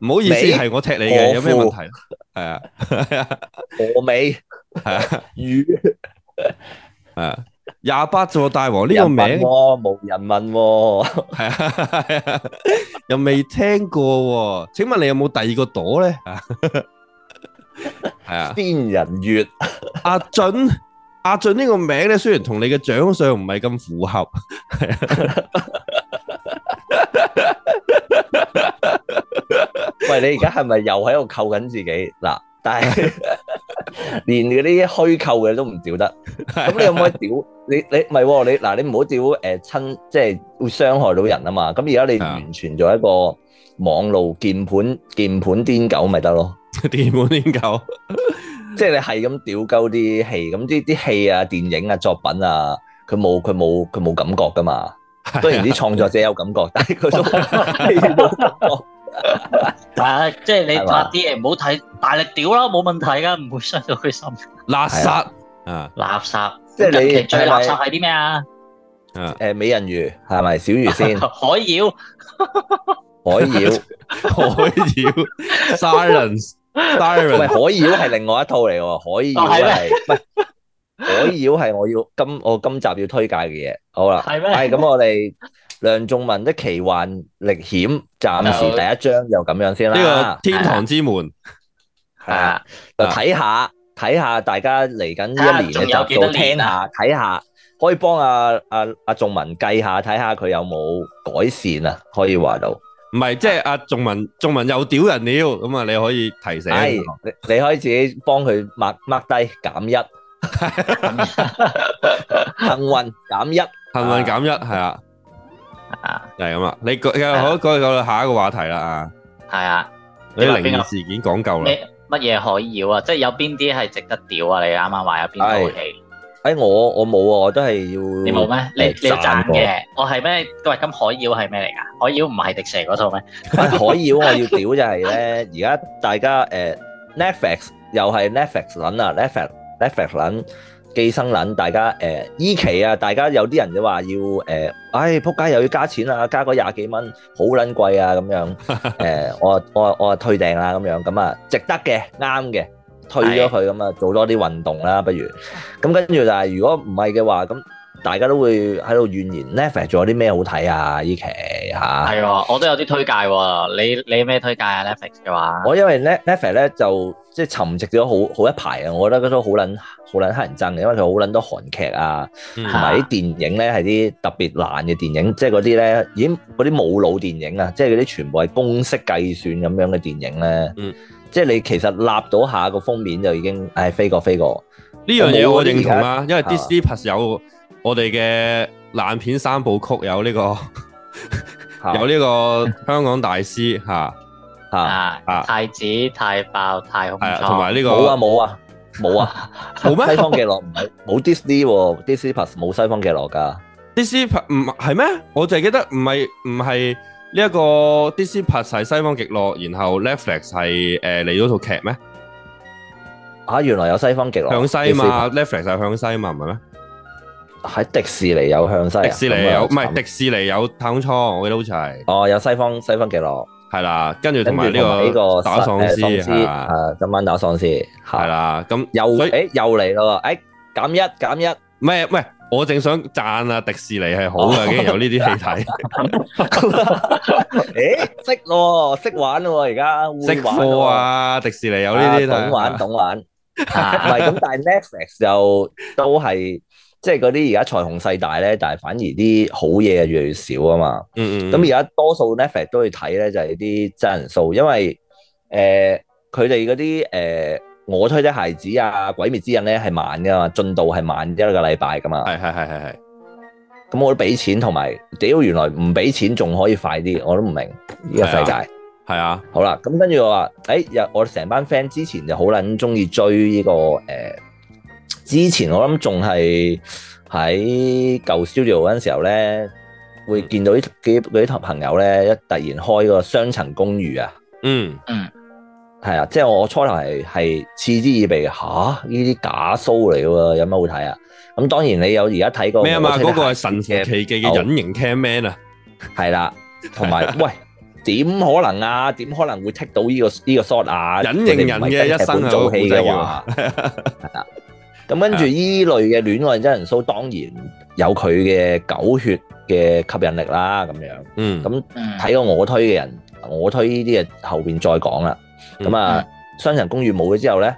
唔好意思，係我踢你嘅，有咩問題？係啊，和美係啊，魚係啊，廿八座大王呢個名冇人問，係啊，又未聽過。請問你有冇第二個朵咧？係啊，天人月阿俊。阿俊呢個名咧，雖然同你嘅長相唔係咁符合， 喂，你而家係咪又喺度扣緊自己嗱？但係 連嗰啲虛構嘅都唔屌得，咁 你有冇得屌？你你唔係你嗱，你唔好屌誒，親、哦呃，即係會傷害到人啊嘛。咁而家你完全做一個網路鍵盤鍵盤癲狗咪得咯，鍵盤癲狗。 即係你係咁屌鳩啲戲，咁啲啲戲啊、電影啊、作品啊，佢冇佢冇佢冇感覺噶嘛。雖然啲創作者有感覺，但係佢都冇感覺。係，即係你拍啲嘢唔好睇，大力屌囉，冇問題噶，唔會傷到佢心。垃圾啊！垃圾，即係你最垃圾係啲咩啊？嗯，誒，美人魚係咪小魚仙？海妖，海妖，海妖，Silence。 是可海妖係另外一套嚟喎，海妖係，喂、啊，海妖係我要我今我今集要推介嘅嘢，好啦，係咩？咁我哋梁仲文的奇幻歷險，暫時第一章就咁樣先啦。呢、這個天堂之門係啊，睇下睇下大家嚟緊呢一年嘅集數、啊，聽下睇下，可以幫阿阿阿仲文計下，睇下佢有冇改善啊？可以話到。唔係，即係阿仲文，仲文又屌人了，咁啊，你可以提醒。係，你可以自己幫佢 mark mark 低減一，幸運減一，幸運減一，係啊，就係咁啊。你又可以講到下一個話題啦啊？係啊，靈異事件講夠啦。乜嘢可以啊？即係有邊啲係值得屌啊？你啱啱話有邊套戲？哎，我我冇啊，我都係要你冇咩？你你賺嘅，我係咩？佢話今海妖係咩嚟噶？海妖唔係迪蛇嗰套咩？海妖我要屌就係咧，而家大家誒，Netflix 又係 Netflix 撚啊，Netflix Netflix 撚寄生撚，大家誒，依期啊，大家有啲人就話要誒，哎，撲街又要加錢啊，加個廿幾蚊，好撚貴啊，咁樣誒，我我我啊退訂啦，咁樣咁啊，值得嘅，啱嘅。推咗佢咁啊，做多啲運動啦，不如。咁跟住，就係如果唔係嘅話，咁大家都會喺度怨言。Netflix 仲有啲咩好睇啊？依期嚇。係喎，我都有啲推介喎，哦。你你有咩推介啊？Netflix 嘅話，我因為咧 Netflix 咧就即係、就是、沉寂咗好好一排啊。我覺得佢都好撚好撚乞人憎嘅，因為佢好撚多韓劇啊，同埋啲電影咧係啲特別爛嘅電影，即係嗰啲咧已經嗰啲冇腦電影啊，即係嗰啲全部係公式計算咁樣嘅電影咧。嗯即係你其實立到下個封面就已經誒，哎，飛過飛過呢樣嘢我認同啦，因為 Disney+ 有我哋嘅爛片三部曲，啊，有呢，這個，啊，有呢個香港大師嚇嚇嚇太子太爆太紅，係啊，同埋呢個冇啊冇啊冇啊冇咩 西方嘅樂唔係冇 Disney Disney+ 冇西方嘅樂噶 Disney+ 唔係咩？我就記得唔係唔係。呢一個 DC 拍曬西方極樂，然後 Netflix 係誒嚟咗套劇咩？啊，原來有西方極樂向西嘛，Netflix 係向西嘛，唔係咩？喺迪士尼有向西，迪士尼有唔係迪士尼有太空艙，我記得好似係。哦，有西方西方極樂，係啦，跟住同埋呢個呢個打喪屍，係啊，今晚打喪屍，係啦，咁又誒又嚟咯，誒減一減一，唔係唔係。我正想讚啊，迪士尼係好嘅，竟然有呢啲戲睇。誒識咯，識玩咯，而家識玩啊！迪士尼有呢啲，懂玩懂玩。唔係咁，但係 Netflix 又都係即係嗰啲而家財雄勢大咧，但係反而啲好嘢越嚟越少啊嘛。嗯，咁而家多數 Netflix 都會睇咧，就係啲真人 show，因為誒佢哋嗰啲誒。我推啲孩子啊，鬼滅之刃咧係慢噶嘛，進度係慢一個禮拜噶嘛。係係係係係。咁我都俾錢，同埋屌原來唔俾錢仲可以快啲，我都唔明呢個世界。係啊，好啦，咁跟住我話，誒，我哋成班 friend 之前就好撚中意追呢個誒，之前我諗仲係喺舊 studio 嗰陣時候咧，會見到啲、嗯、幾啲朋友咧，一突然開個雙層公寓啊。嗯嗯。係啊，即係我初頭係係嗤之以鼻吓呢啲假 show 嚟嘅，有乜好睇啊？咁當然你有而家睇過咩啊？嘛、嗯，嗰、那個係神乎其技嘅隱形 cam man 啊，係啦，同埋喂，點可能啊？點可能會 tick 到呢、這個呢、這個 shot 啊？隱形人嘅一生早起嘅話，係啦。咁跟住呢類嘅戀愛真人 show， 當然有佢嘅狗血嘅吸引力啦。咁樣，嗯，咁睇過我推嘅人，我推呢啲嘢後邊再講啦。咁、嗯、啊，雙層公寓冇咗之後咧，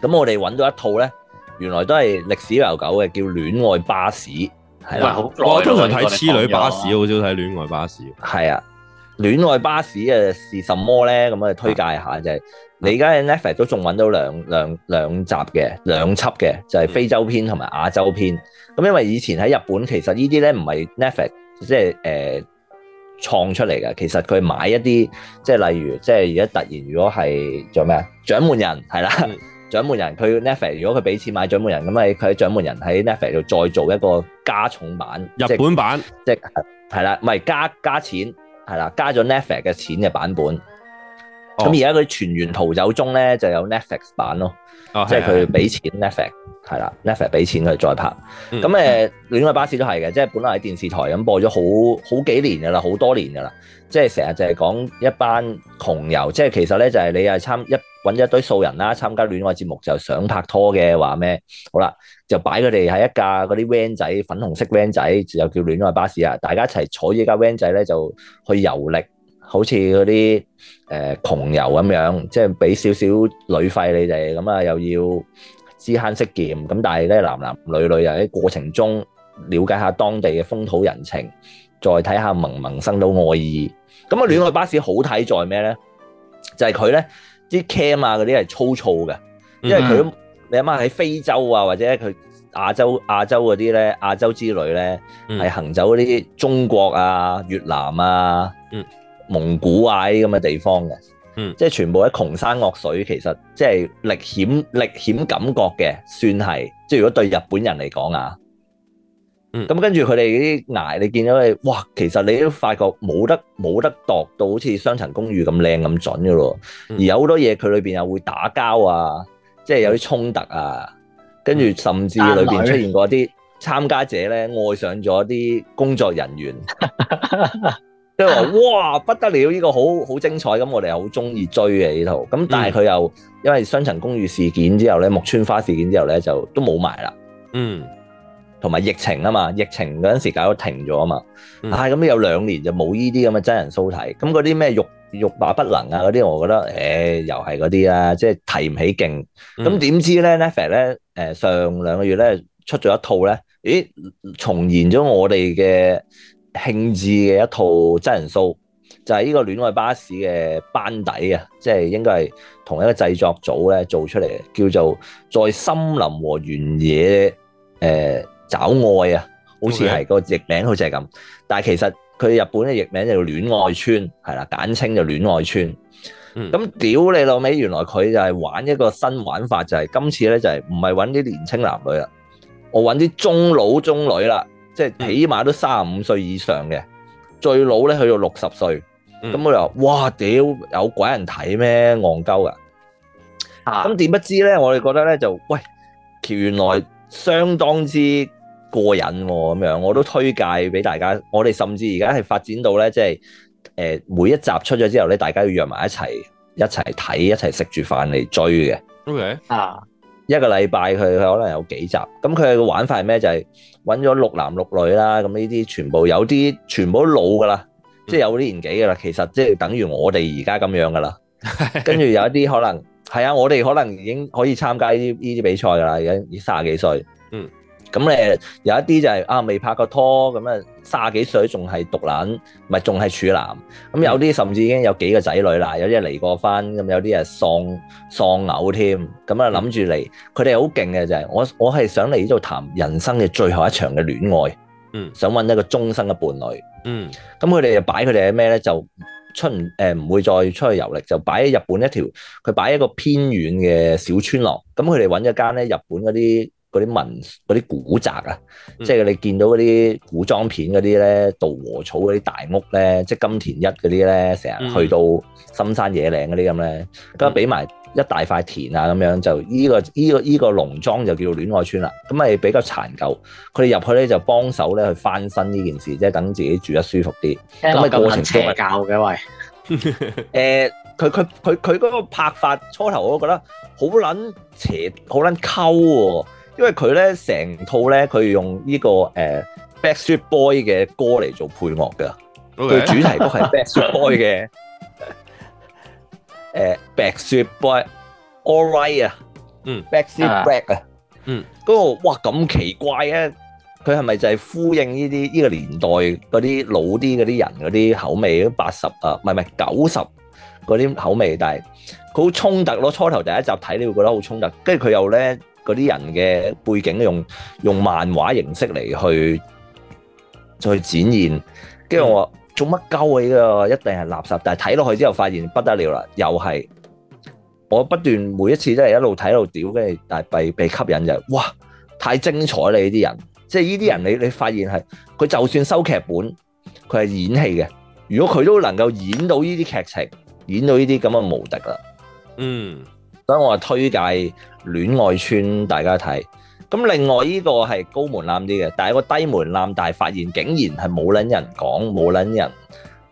咁我哋揾到一套咧，原來都係歷史悠久嘅，叫戀、啊哦啊戀啊《戀愛巴士》，係啦。我通常睇《痴女巴士》，好少睇《戀愛巴士》。係啊，《戀愛巴士》啊，是什麼咧？咁啊，推介下就係、是，你而家喺 Netflix 都仲揾到兩兩兩集嘅兩輯嘅，就係、是、非洲篇同埋亞洲篇。咁、嗯、因為以前喺日本，其實呢啲咧唔係 Netflix，即係誒。呃創出嚟嘅，其實佢買一啲，即係例如，即係而家突然如果係做咩啊？掌門人係啦、嗯，掌門人佢 Netflix 如果佢俾錢買掌門人咁咪佢喺掌門人喺 Netflix 度再做一個加重版，日本版，即係係啦，唔係加加錢係啦，加咗 Netflix 嘅錢嘅版本。咁、哦、而家佢全員逃走中咧就有 Netflix 版咯，哦、即係佢俾錢 Netflix。係啦 Netflix 俾錢佢再拍，咁、嗯、誒戀愛巴士都係嘅，即係本來喺電視台咁播咗好好幾年噶啦，好多年噶啦，即係成日就係講一班窮遊，即係其實咧就係、是、你係參一揾一堆素人啦，參加戀愛節目就想拍拖嘅話咩？好啦，就擺佢哋喺一架嗰啲 van 仔，粉紅色 van 仔就叫戀愛巴士啊，大家一齊坐呢架 van 仔咧就去遊歷，好似嗰啲誒窮遊咁樣，即係俾少少旅費你哋咁啊，又要。知慳識儉咁，但係咧男男女女又喺過程中了解下當地嘅風土人情，再睇下萌萌生到愛意。咁、嗯、啊，那戀愛巴士好睇在咩咧？就係佢咧啲 cam 啊嗰啲係粗糙嘅、嗯，因為佢你諗下喺非洲啊或者佢亞洲亞洲嗰啲咧亞洲之旅咧係、嗯、行走嗰啲中國啊越南啊、嗯、蒙古啊啲咁嘅地方嘅。即、就、係、是、全部喺窮山惡水，其實即係歷險歷險感覺嘅，算係。即係如果對日本人嚟講啊，嗯，咁跟住佢哋啲捱，你見到佢，哇，其實你都發覺冇得冇得度到好似《雙層公寓》咁靚咁準㗎咯。而有好多嘢佢裏邊又會打交啊，嗯、即係有啲衝突啊，跟住甚至裏邊出現過一啲參加者咧愛上咗啲工作人員。 即係話哇不得了，呢、這個好好精彩，咁我哋又好中意追嘅呢套。咁但係佢又、嗯、因為雙層公寓事件之後咧，木村花事件之後咧，就都冇埋啦。嗯，同埋疫情啊嘛，疫情嗰陣時搞到停咗啊嘛。唉、嗯，咁、哎、有兩年就冇呢啲咁嘅真人 show 睇。咁嗰啲咩欲欲罷不能啊嗰啲，我覺得誒又係嗰啲啦，即係提唔起勁。咁、嗯、點知咧 Netflix 咧上兩個月咧出咗一套咧，咦重現咗我哋嘅。興致嘅一套真人 show，就係呢個戀愛巴士嘅班底啊，即、就、係、是、應該係同一個製作組咧做出嚟，叫做在森林和原野誒、呃、找愛啊，好似係個譯名好似係咁，但係其實佢日本嘅譯名就叫戀愛村，係啦，簡稱就戀愛村。咁、嗯、屌你老味，原來佢就係玩一個新玩法，就係、是、今次呢就係唔係揾啲年輕男女啦，我揾啲中佬中女啦。即係起碼都三十五歲以上嘅，最老咧去到六十歲。咁我又話，哇屌有鬼人睇咩？戇鳩噶。咁、啊、點不知咧？我哋覺得咧就喂，原來相當之過癮喎、啊。咁樣我都推介俾大家。我哋甚至而家係發展到咧，即、就、係、是呃、每一集出咗之後咧，大家要約埋一齊一齊睇，一齊食住飯嚟追嘅。OK 啊，一個禮拜佢佢可能有幾集。咁佢嘅玩法係咩？就係、是。搵咗六男六女啦，咁呢啲全部有啲全部都老噶啦，即係有啲年紀噶啦，其實即係等於我哋而家咁樣噶啦。 跟住有一啲可能係啊，我哋可能已經可以參加呢啲呢啲比賽噶啦，已經三十幾歲。咁你有一啲就係、是、啊未拍過拖咁啊，卅幾歲仲係獨唔咪仲係處男。咁有啲甚至已經有幾個仔女啦，有啲係離過婚，咁有啲係喪喪偶添。咁啊諗住嚟，佢哋好勁嘅就係、是、我我係想嚟呢度談人生嘅最後一場嘅戀愛，嗯，想搵一個終生嘅伴侶，嗯。咁佢哋就擺佢哋係咩咧？就出唔唔、呃、會再出去遊歷，就擺喺日本一條，佢擺喺一個偏遠嘅小村落。咁佢哋搵一間咧日本嗰啲。嗰啲文啲古宅啊，嗯、即係你見到嗰啲古裝片嗰啲咧，稻禾草嗰啲大屋咧，即係金田一嗰啲咧，成日去到深山野嶺嗰啲咁咧，咁啊俾埋一大塊田啊咁樣就呢、這個呢、這個呢、這個農莊就叫做戀愛村啦。咁咪比較殘舊，佢哋入去咧就幫手咧去翻新呢件事，即係等自己住得舒服啲。咁啊、這個、過程邪教嘅喂誒，佢佢佢佢嗰個拍法初頭我都覺得好撚斜，好撚溝喎。很因為佢咧成套咧，佢用呢、這個誒《呃、Backstreet Boy》嘅歌嚟做配樂噶，佢、okay. 主題曲係《 呃、Backstreet Boy》嘅誒《Backstreet Boy》，All Right 啊，嗯，《Backstreet Black》啊，嗯，嗰、那個哇咁奇怪啊！佢係咪就係呼應呢啲呢個年代嗰啲老啲嗰啲人嗰啲口味？八十啊，唔係唔係九十嗰啲口味，但係佢好衝突咯。初頭第一集睇你會覺得好衝突，跟住佢又咧。嗰啲人嘅背景用，用用漫畫形式嚟去再展現，跟住我話，做乜鳩你啊？一定係垃圾，但係睇落去之後發現不得了啦，又係我不斷每一次都係一路睇到屌，跟住但係被被吸引就係、哇，太精彩啦！呢啲人，即係呢啲人你，你、嗯、你發現係佢就算收劇本，佢係演戲嘅，如果佢都能夠演到呢啲劇情，演到呢啲咁嘅無敵啦，嗯。所以我推介《戀愛村》大家睇，咁另外呢個係高門檻啲嘅，但係個低門檻，但係發現竟然係冇撚人講，冇撚人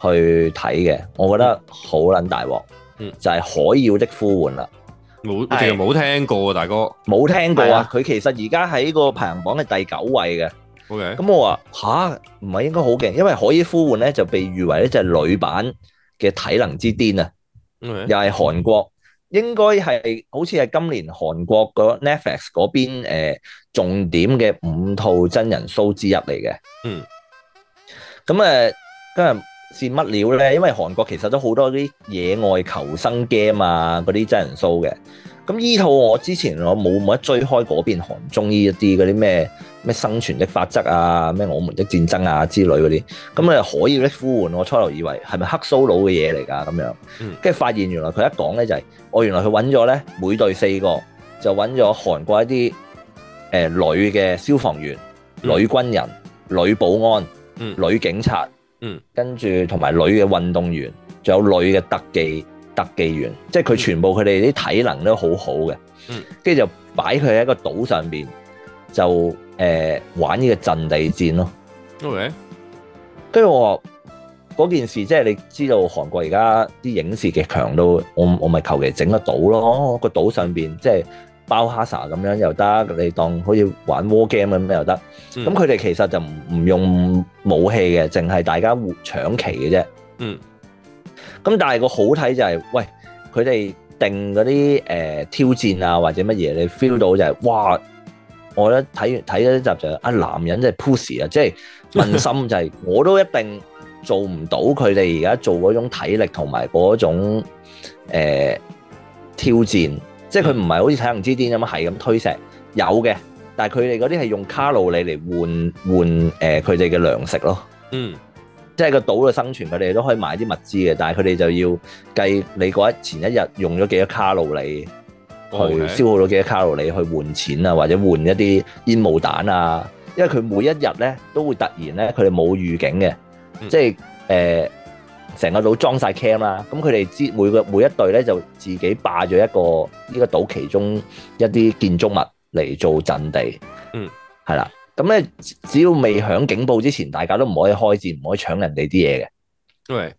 去睇嘅，我覺得好撚大鑊。就係、是《海妖的呼喚》啦、嗯，冇、嗯，我其實冇聽過，大哥，冇聽過啊，佢其實而家喺個排行榜嘅第九位嘅。O K，咁我話吓，唔係應該好勁，因為《海妖呼喚》咧就被譽為咧就係女版嘅體能之巔啊，okay，又係韓國。應該係好似係今年韓國嗰 Netflix 嗰邊誒重點嘅五套真人 show 之一嚟嘅，嗯，咁誒今日試乜料咧？因為韓國其實都好多啲野外求生 game 啊，嗰啲真人 show 嘅，咁依套我之前我冇冇一追開嗰邊韓中依一啲嗰啲咩？咩生存的法則啊，咩我們的戰爭啊之類嗰啲，咁、嗯、你可以咧呼喚我初頭以為係咪黑蘇佬嘅嘢嚟㗎咁樣，跟住發現原來佢一講咧就係、是，我原來佢揾咗咧每隊四個，就揾咗韓國一啲誒、呃、女嘅消防員、女軍人、嗯、女保安、嗯、女警察，嗯，跟住同埋女嘅運動員，仲有女嘅特技特技員，即係佢全部佢哋啲體能都好好嘅，嗯，跟住就擺佢喺一個島上邊。就。誒、呃、玩呢個陣地戰咯，跟、okay. 住我話嗰件事，即係你知道韓國而家啲影視極強到，我我咪求其整個島咯，個島上邊即係包哈薩咁樣又得，你當好似玩 war game 咁又得，咁佢哋其實就唔唔用武器嘅，淨係大家互搶旗嘅啫。嗯，咁但係個好睇就係、是，喂，佢哋定嗰啲誒挑戰啊或者乜嘢，你 feel 到就係、是嗯、哇！我咧睇睇咗一集，就啊男人即係 push 啊，即係問心就係、是、 我都一定做唔到佢哋而家做嗰種體力同埋嗰種、呃、挑戰，即係佢唔係好似《體能之巔》咁係咁推石有嘅，但係佢哋嗰啲係用卡路里嚟換換誒佢哋嘅糧食咯。嗯 ，即係個島嘅生存，佢哋都可以買啲物資嘅，但係佢哋就要計你嗰一前一日用咗幾多卡路里。去消耗到幾多卡路里去換錢啊，或者換一啲煙霧彈啊，因為佢每一日咧都會突然咧，佢哋冇預警嘅、嗯，即係誒成個島裝晒 cam 啦。咁佢哋知每個每一隊咧就自己霸咗一個呢、呢個島其中一啲建築物嚟做陣地。嗯，係啦。咁咧只要未響警報之前，大家都唔可以開戰，唔可以搶人哋啲嘢嘅。對、嗯，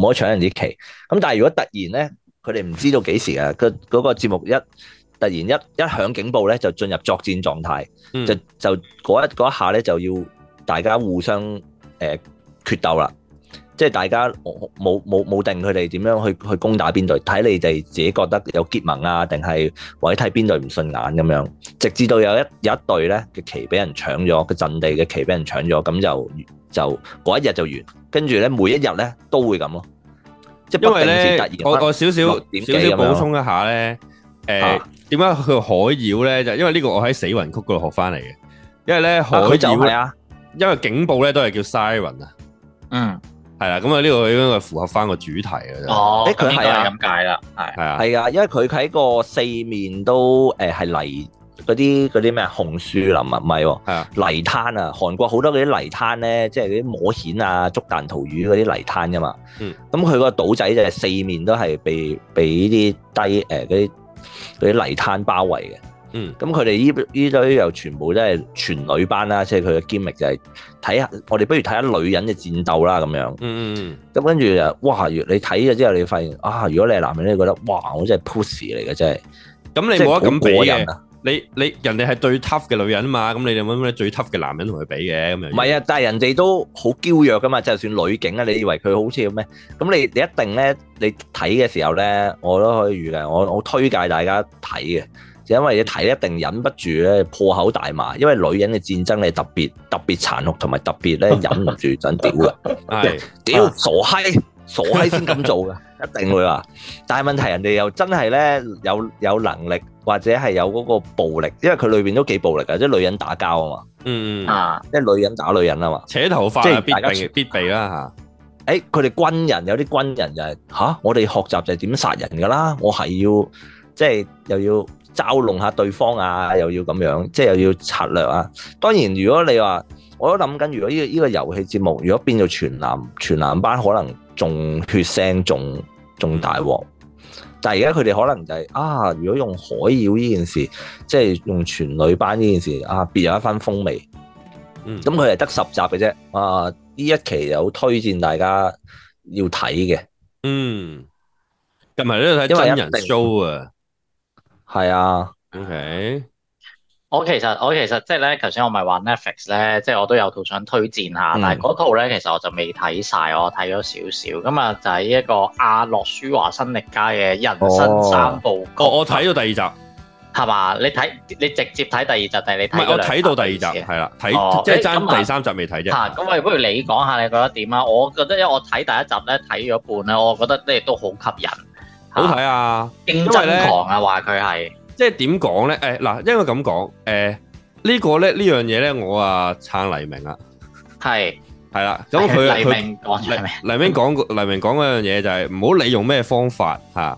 唔可以搶人啲旗。咁但係如果突然咧～佢哋唔知道幾時啊！個嗰個節目一突然一一響警報咧，就進入作戰狀態，就就嗰一嗰一下咧，就要大家互相誒決鬥啦！即係大家冇冇冇定佢哋點樣去去攻打邊隊，睇你哋自己覺得有結盟啊，定係或者睇邊隊唔順眼咁樣，直至到有一有一隊咧嘅旗俾人搶咗，個陣地嘅旗俾人搶咗，咁就就嗰一日就完，跟住咧每一日咧都會咁咯。因為咧，我我少少少少補充一下咧，誒，點解佢海妖咧就？因為呢個我喺死魂曲嗰度學翻嚟嘅，因為咧海妖，因為警報咧都係叫 Siren 啊，嗯，係啦，咁啊呢個應該係符合翻個主題嘅啫。哦，佢係啊，咁解啦，係係啊，係啊，因為佢喺個四面都誒係嚟。嗰啲啲咩紅樹林啊，唔係喎、啊啊，泥灘啊，韓國好多嗰啲泥灘咧，即係嗰啲摸蜆啊、捉彈塗魚嗰啲泥灘噶、啊、嘛。咁佢個島仔就係四面都係被被啲低誒啲啲泥灘包圍嘅。嗯，咁佢哋呢依堆又全部都係全女班啦、啊，即係佢嘅 gimmick 就係睇下，我哋不如睇下女人嘅戰鬥啦咁樣。嗯嗯，咁跟住啊，哇！你睇咗之後，你發現啊，如果你係男人咧，覺得哇，我真係 pussy 嚟嘅真係。咁你冇得可以咁俾啊？你你人哋係最 tough 嘅女人啊嘛，咁你哋揾咩最 tough 嘅男人同佢比嘅咁樣？唔係啊，但係人哋都好嬌弱噶嘛，就算女警啊。你以為佢好似噉咩？咁你你一定咧，你睇嘅時候咧，我都可以預計，我我推介大家睇嘅，就因為你睇一定忍不住咧破口大罵，因為女人嘅戰爭係特別特別殘酷，同埋特別咧忍唔住 想屌吊噶，係 屌傻閪， 傻閪先噉做噶。一定會話，但係問題人哋又真係咧有有能力或者係有嗰個暴力，因為佢裏邊都幾暴力嘅，即係女人打交啊嘛，嗯啊，即係女人打女人啊嘛、嗯，扯頭髮即係必必備啦嚇。誒，佢、啊、哋、欸、軍人有啲軍人就係、是、嚇、啊，我哋學習就係點殺人㗎啦，我係要即係又要嘲弄下對方啊，又要咁樣，即係又要策略啊。當然，如果你話我都諗緊，如果依、這、依、個這個遊戲節目如果變做全男全男班，可能。仲血腥，仲仲大鑊，但係而家佢哋可能就係，啊，如果用海妖呢件事，即係用全女班呢件事啊，別有一番風味。嗯，咁佢係得十集嘅啫，啊，呢一期有推薦大家要睇嘅。嗯，同呢度睇真人 show 啊，係啊。OK。我其實我其實即係咧，頭先我咪話 Netflix 咧，即係我都有套想推薦下，嗯、但係嗰套咧其實我就未睇晒，我睇咗少少，咁啊就係一個阿諾舒華新力佳嘅人生三部曲。哦哦、我睇到第二集，係嘛？你睇你直接睇第二集定你唔我睇到第二集係啦，睇、哦、即係爭、嗯、第三集未睇啫。咁我不如你講下你覺得點啊？我覺得因為我睇第一集咧睇咗半咧，我覺得咧都好吸引，好睇啊！勁真，真狂啊，話佢係。即係點講咧？誒，嗱，因為咁講，誒，呢個咧呢樣嘢咧，我啊撐黎明啊，係係啦，咁佢佢黎明講黎明講嗰樣嘢就係唔好利用咩方法吓，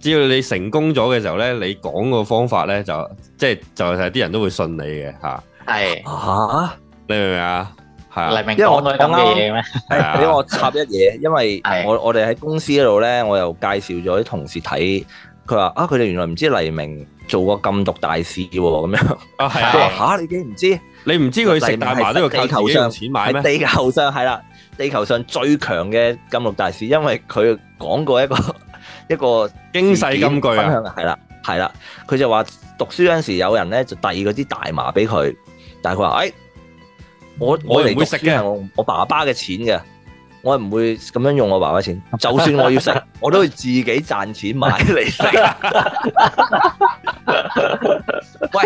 只要你成功咗嘅時候咧，你講個方法咧就即係就係啲人都會信你嘅吓，係啊，你明唔明啊？係啊，黎明講啱嘢咩？俾我插一嘢，因為我我哋喺公司嗰度咧，我又介紹咗啲同事睇。佢話：啊，佢哋原來唔知黎明做過禁毒大使喎，咁樣啊，係啊，嚇你竟唔知？你唔知佢食大麻都要靠自己的錢買咩？係地球上係啦，地球上最強嘅禁毒大使，因為佢講過一個一個驚世金句啊，係啦，係啦，佢就話讀書嗰陣時，有人咧就遞嗰啲大麻俾佢，但係佢話：誒、哎，我我嚟讀書係，我我爸爸嘅錢嘅。」我唔會咁樣用我爸爸錢，就算我要食，我都會自己賺錢買嚟食。 喂，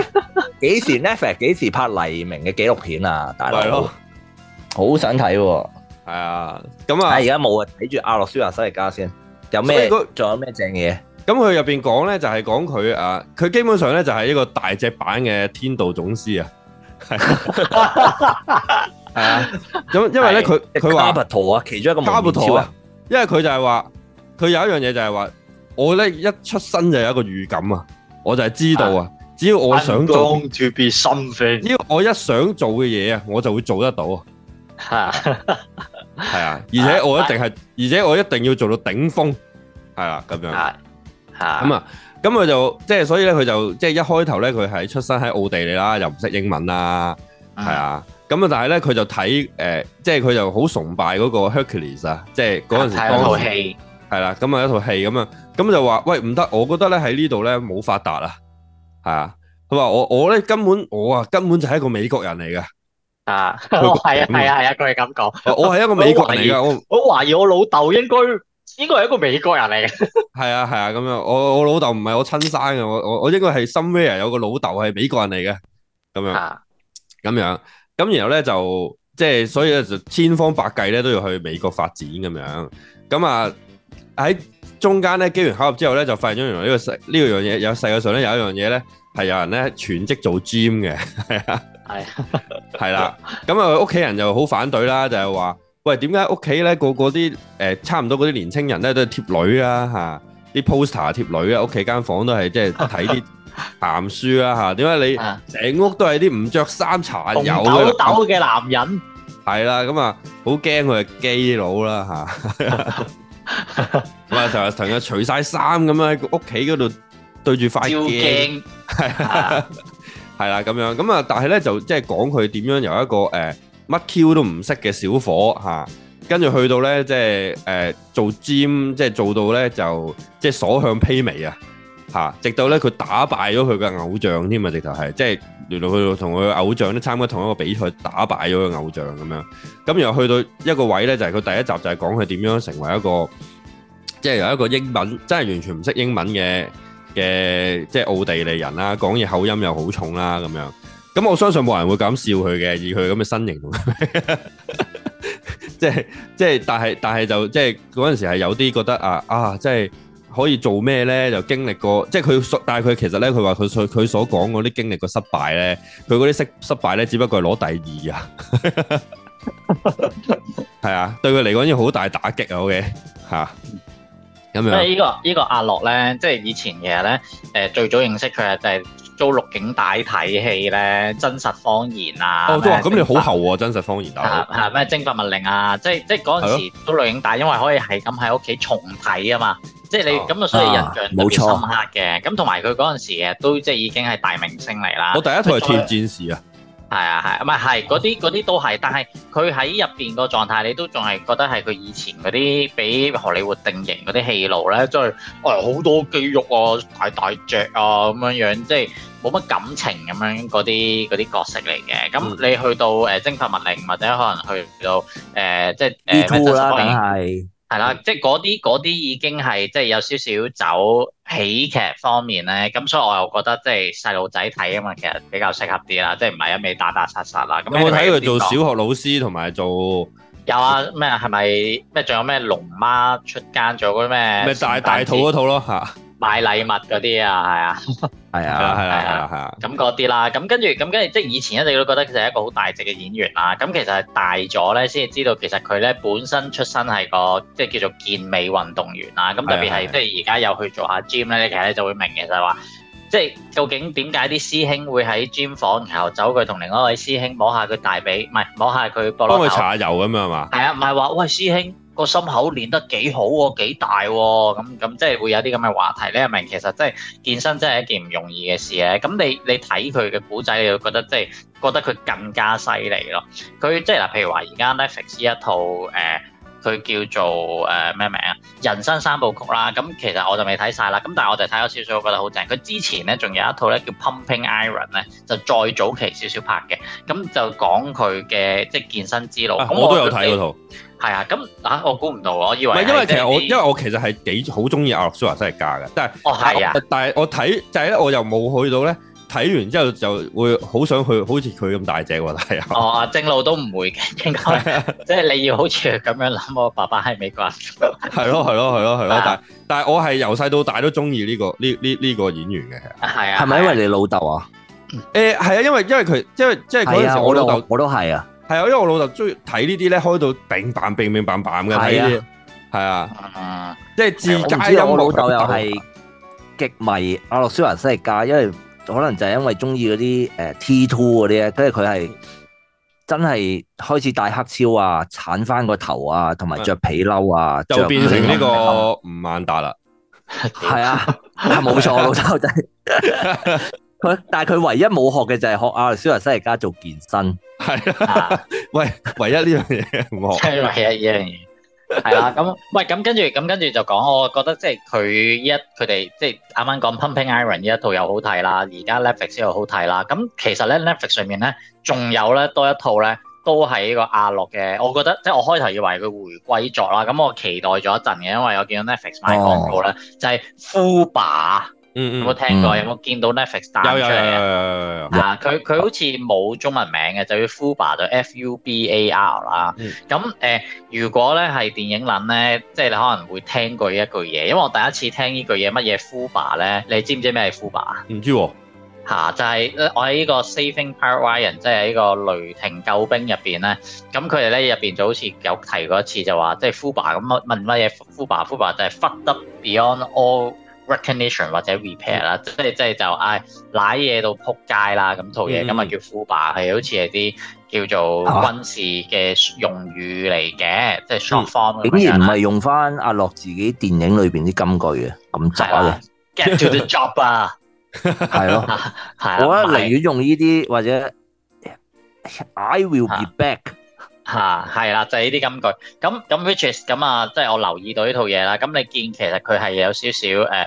幾時 Netflix？幾時拍黎明嘅紀錄片啊？大佬，好想睇，係啊，咁啊，而家冇啊，睇住阿諾舒華辛力加先。有咩？仲有咩正嘢？咁佢入邊講咧，就係講佢啊，佢基本上咧就係一個大隻版嘅天道總司啊。 係啊，咁因為咧佢佢話加布圖啊，其中一個名超啊，因為佢就係話佢有一樣嘢就係話我咧一出生就有一個預感啊，我就係知道啊，只要我想做，只要我一想做嘅嘢啊，我就會做得到啊，係啊，而且我一定係，而且我一定要做到頂峰，係啦咁樣，係咁啊，咁佢就即係所以咧，佢就即係一開頭咧，佢係出生喺奧地利啦，又唔識英文啦，係啊。咁、呃就是、啊！但係咧，佢就睇誒，即係佢就好崇拜嗰個 Hercules 啊！即係嗰陣時套戲，係啦。咁啊，一套戲咁樣，咁就話喂唔得，我覺得咧喺呢度咧冇發達啊，係啊。佢話我我咧根本我啊根本就係一個美國人嚟嘅，啊，係啊係啊係啊，佢係咁講。我係一個美國人嚟噶，我我懷疑我老豆應該應該係一個美國人嚟嘅。係啊係啊，咁樣我我，我老豆唔係我親生嘅，我我我，我，我應該係 somewhere 有個老豆係美國人嚟嘅，咁樣咁樣。啊咁然後咧就即係、就是、所以咧就千方百計咧都要去美國發展咁樣，咁啊喺中間咧機緣巧合之後咧就發現咗原來呢、這個世呢、這個、樣嘢有世界上咧有一樣嘢咧係有人咧全職做 gym 嘅，係啊係係啦，咁啊屋企人就好反對啦，就係、是、話喂，點解屋企咧個個啲誒差唔多嗰啲年青人咧都係貼女啊吓，啲、啊、poster 貼女啊屋企間房間都係即係睇啲。 談書啦吓，點解你成屋都係啲唔着衫殘友嘅男人？係啦，咁啊，好驚佢係基佬啦吓，咁啊成日成日除晒衫咁樣喺屋企嗰度對住塊鏡，係啦，係啦，咁樣咁啊，但係咧就即係講佢點樣由一個誒乜 Q 都唔識嘅小伙吓，跟住去到咧即係誒做 gym，即係做到咧就即係所向披靡啊！嚇！直到咧佢打敗咗佢嘅偶像添啊，直頭係即係原來佢同佢偶像都參加同一個比賽，打敗咗個偶像咁樣。咁又去到一個位咧，就係佢第一集就係講佢點樣成為一個即係有一個英文真係完全唔識英文嘅嘅，即係奧地利人啦，講嘢口音又好重啦咁樣。咁我相信冇人會咁笑佢嘅，以佢咁嘅身形，即係即係，但係但係就即係嗰陣時係有啲覺得啊啊，即係。可以做咩咧？就經歷過，即係佢，但係佢其實咧，佢話佢所佢所講嗰啲經歷過失敗咧，佢嗰啲失失敗咧，只不過係攞第二啊，係啊，對佢嚟講已經好大打擊 okay? 啊，OK 嚇，咁樣。即係依個依、依個阿樂咧，即、就、係、是、以前嘅咧，誒、呃、最早認識佢係就係。做錄影帶睇戲咧，真實謊言啊！哦，咁你好後喎，真實謊言啊，嚇咩徵發物令啊？即係即係嗰陣時都租錄影帶，因為可以係咁喺屋企重睇啊嘛，即係你咁啊、哦，所以印象特別深刻嘅。咁同埋佢嗰陣時啊，時都即係已經係大明星嚟啦。我第一套係《鐵戰士》啊。係啊係，唔係係嗰啲嗰啲都係，但係佢喺入邊個狀態，你都仲係覺得係佢以前嗰啲俾荷里活定型嗰啲戲路咧，即係誒好多肌肉啊，大大隻啊咁樣樣，即係冇乜感情咁樣嗰啲啲角色嚟嘅。咁、嗯、你去到誒、呃《蒸發密令》或者可能去到誒、呃、即係誒 e 梗係。呃係啦、啊，即係嗰啲嗰啲已經係即係有少少走喜劇方面咧，咁所以我又覺得即係細路仔睇啊嘛，其實比較適合啲啦，即係唔係一味打打殺殺啦。有冇睇佢做小學老師同埋做？有啊，咩係咪咩？仲有咩龍媽出家做嗰咩？咩？大大肚嗰套咯嚇買禮物嗰啲啊，係 啊，係啊，係啊，係啊，咁嗰啲啦，咁跟住，咁跟住，即係以前一直都覺得佢係一個好大隻嘅演員啦，咁其實大咗咧，先至知道其實佢咧本身出身係個即係叫做健美運動員啦，係啊。咁特別係即係而家又去做下 gym 咧，其實咧就會明嘅就係話，即係究竟點解啲師兄會喺 gym 房然後走佢同另外一位師兄摸下佢大髀，唔係摸下佢膊頭，幫佢搽下油咁啊嘛，係啊，唔係話喂師兄。個心口練得幾好喎，幾大喎，咁咁即係會有啲咁嘅話題咧，係咪其實即係健身真係一件唔容易嘅事咧？咁你你睇佢嘅古仔，你就覺得即係覺得佢更加犀利咯。佢即係嗱，譬如話而家 Netflix 一套誒。呃佢叫做誒咩、呃、名啊？人生三部曲啦，咁其實我就未睇晒啦，咁但係我就睇咗少少，我覺得好正。佢之前咧仲有一套咧叫 Pumping Iron 咧，就再早期少少拍嘅，咁就講佢嘅即係健身之路。咁、啊、我，我都有睇嗰套，係啊，咁啊我估唔到，我以為，唔係因為其實我、就是、因為我其實係幾好中意阿諾舒華西加嘅，但係哦係啊，但係我睇就係咧，我又冇去到咧。睇完之後就會好想去，好似佢咁大隻喎，係啊！哦，正路都唔會嘅，即係、 啊、你要好似佢咁樣諗，我爸爸係美國人、 啊，係咯、啊，係咯、啊，係咯、啊，係咯、啊，但係但係我係由細到大都中意呢個呢呢呢個演員嘅，係啊，係咪因為你老豆啊？誒、啊，係啊，因為佢因為佢因為,因為、啊、即係嗰陣時我老豆我都係啊，係啊，因為我老豆中意睇呢啲咧，開到頂板柄柄板板嘅，係啊,啊,啊,、嗯嗯、啊，啊，即係自駕，我老豆又係極迷阿諾舒華辛力加，因、啊、為。啊啊啊啊可能就係因為中意嗰啲誒 T two 嗰啲咧，跟住佢係真係開始戴黑超啊，鏟翻個頭啊，同埋着皮褸啊、嗯、啊，就變成呢個吳萬達啦。係 是啊，係 冇沒錯，老豆真係佢， 是啊、 但係佢唯一冇學嘅就係學阿史瓦辛格，而家做健身。係啊，啊，喂，唯一呢樣嘢唔學。係 唯一呢樣嘢。係 啦、啊，咁喂，咁跟住，咁跟住就講，我覺得即係佢一佢哋即係啱啱講 Pumping Iron 呢一套又好睇啦，而家 Netflix 又好睇啦。咁其實咧 Netflix 上面咧仲有咧多一套咧，都係呢個阿樂嘅。我覺得即係我開頭以為佢回歸作啦，咁我期待咗一陣嘅，因為我見到 Netflix 買廣告咧，oh. 就係 FUBAR。嗯，有冇聽過？有冇見到 Netflix 彈出啊？嗱，佢佢好似冇中文名嘅，就叫 Fubar 就 F-U-B-A-R 啦。咁誒，如果咧係電影諗咧，即係你可能會聽過呢一句嘢，因為我第一次聽呢句嘢乜嘢 Fubar 咧，你知唔知咩係 Fubar？唔知喎。嚇，就係我喺呢個 Saving Private Ryan，即係呢個雷霆救兵入邊咧，咁佢哋咧入邊就好似有提過一次，就話即係 Fubar 咁問問乜嘢 Fubar？Fubar 就係 fucked up beyond all recognition 或者 repair 啦，即係即係就唉，瀨嘢到撲街啦，咁套嘢咁啊叫 FUBAR，係好似係啲叫做軍事嘅用語嚟嘅，即係 short form。竟然唔係用翻阿樂自己電影裏邊啲金句啊，咁雜嘅 get to the job 啊，係咯，係啊，我覺得寧願用呢啲或者 I will be back。吓係啦，就係呢啲金句。咁咁 Richard 咁啊，即係、就是、我留意到呢套嘢啦。咁你見，其實佢係有少少誒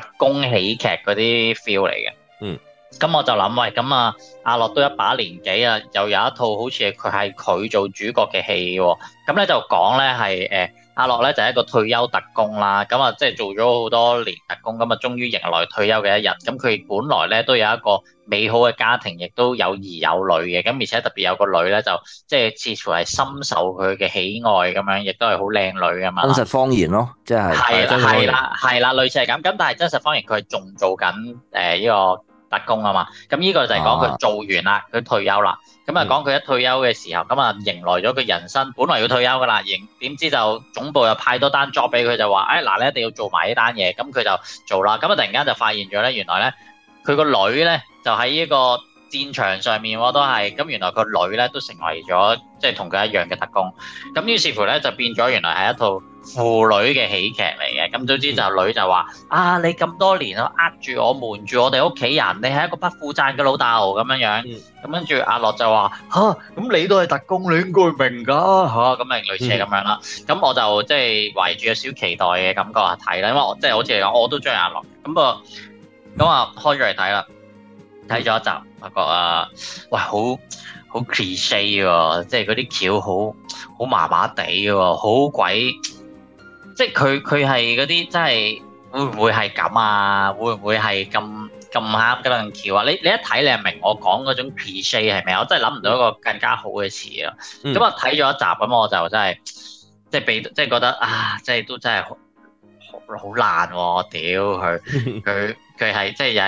特工喜劇嗰啲 feel 嚟嘅。嗯。咁我就諗喂，咁啊阿諾都一把年紀啊，又有一套好似佢係佢做主角嘅戲。哦。咁咧就講咧係誒。是呃阿樂咧就係一個退休特工啦，咁啊即係做咗好多年特工，咁啊終於迎來退休嘅一日。咁佢本來咧都有一個美好嘅家庭，亦都有兒有女嘅。咁而且特別有個女咧，就即係似乎係深受佢嘅喜愛咁樣，亦都係好靚女噶嘛。真實謊言咯，即係真係係啦係啦，類似係咁。咁但係真實謊言，佢係仲做緊誒呢個。特工啊嘛，咁呢個就係講佢做完啦，佢、啊、退休啦。咁啊講佢一退休嘅時候，咁啊迎來咗佢人生本來要退休噶啦，迎點知就總部又派多單 job 俾佢，就話誒嗱，你一定要做埋呢單嘢。咁佢就做啦。咁啊突然間就發現咗咧，原來咧佢個女咧就喺呢個戰場上面喎，都係咁原來個女咧都成為咗即係同佢一樣嘅特工。咁於是乎咧就變咗原來係一套。父女嘅喜劇嚟嘅，咁總之就女就話、嗯、啊，你咁多年咯，呃住我，瞞住我哋屋企人，你係一個不負責任嘅老豆咁樣樣，咁跟住阿樂就話嚇，咁、啊、你都係特工，你應該明㗎嚇，咁、啊、咪類似咁樣啦。咁、嗯、我就即係、就是、懷住有少期待嘅感覺睇啦，因為我即係、就是、好似嚟講，我都中意阿樂咁啊，咁啊開咗嚟睇啦，睇咗一集，發覺啊，喂、呃，好好黐線喎，即係嗰啲橋好好麻麻地嘅喎，好鬼～即係佢佢係嗰啲，即係會唔會係咁啊？會唔會係咁撳嘅梁喬啊？你你一睇你就明我講嗰種 PC 係咪啊？我真係諗唔到一個更加好嘅詞咯。咁、嗯、我睇咗一集咁我就真係即係畀即係覺得啊，即係都真係好好爛喎！我屌佢佢佢係即係又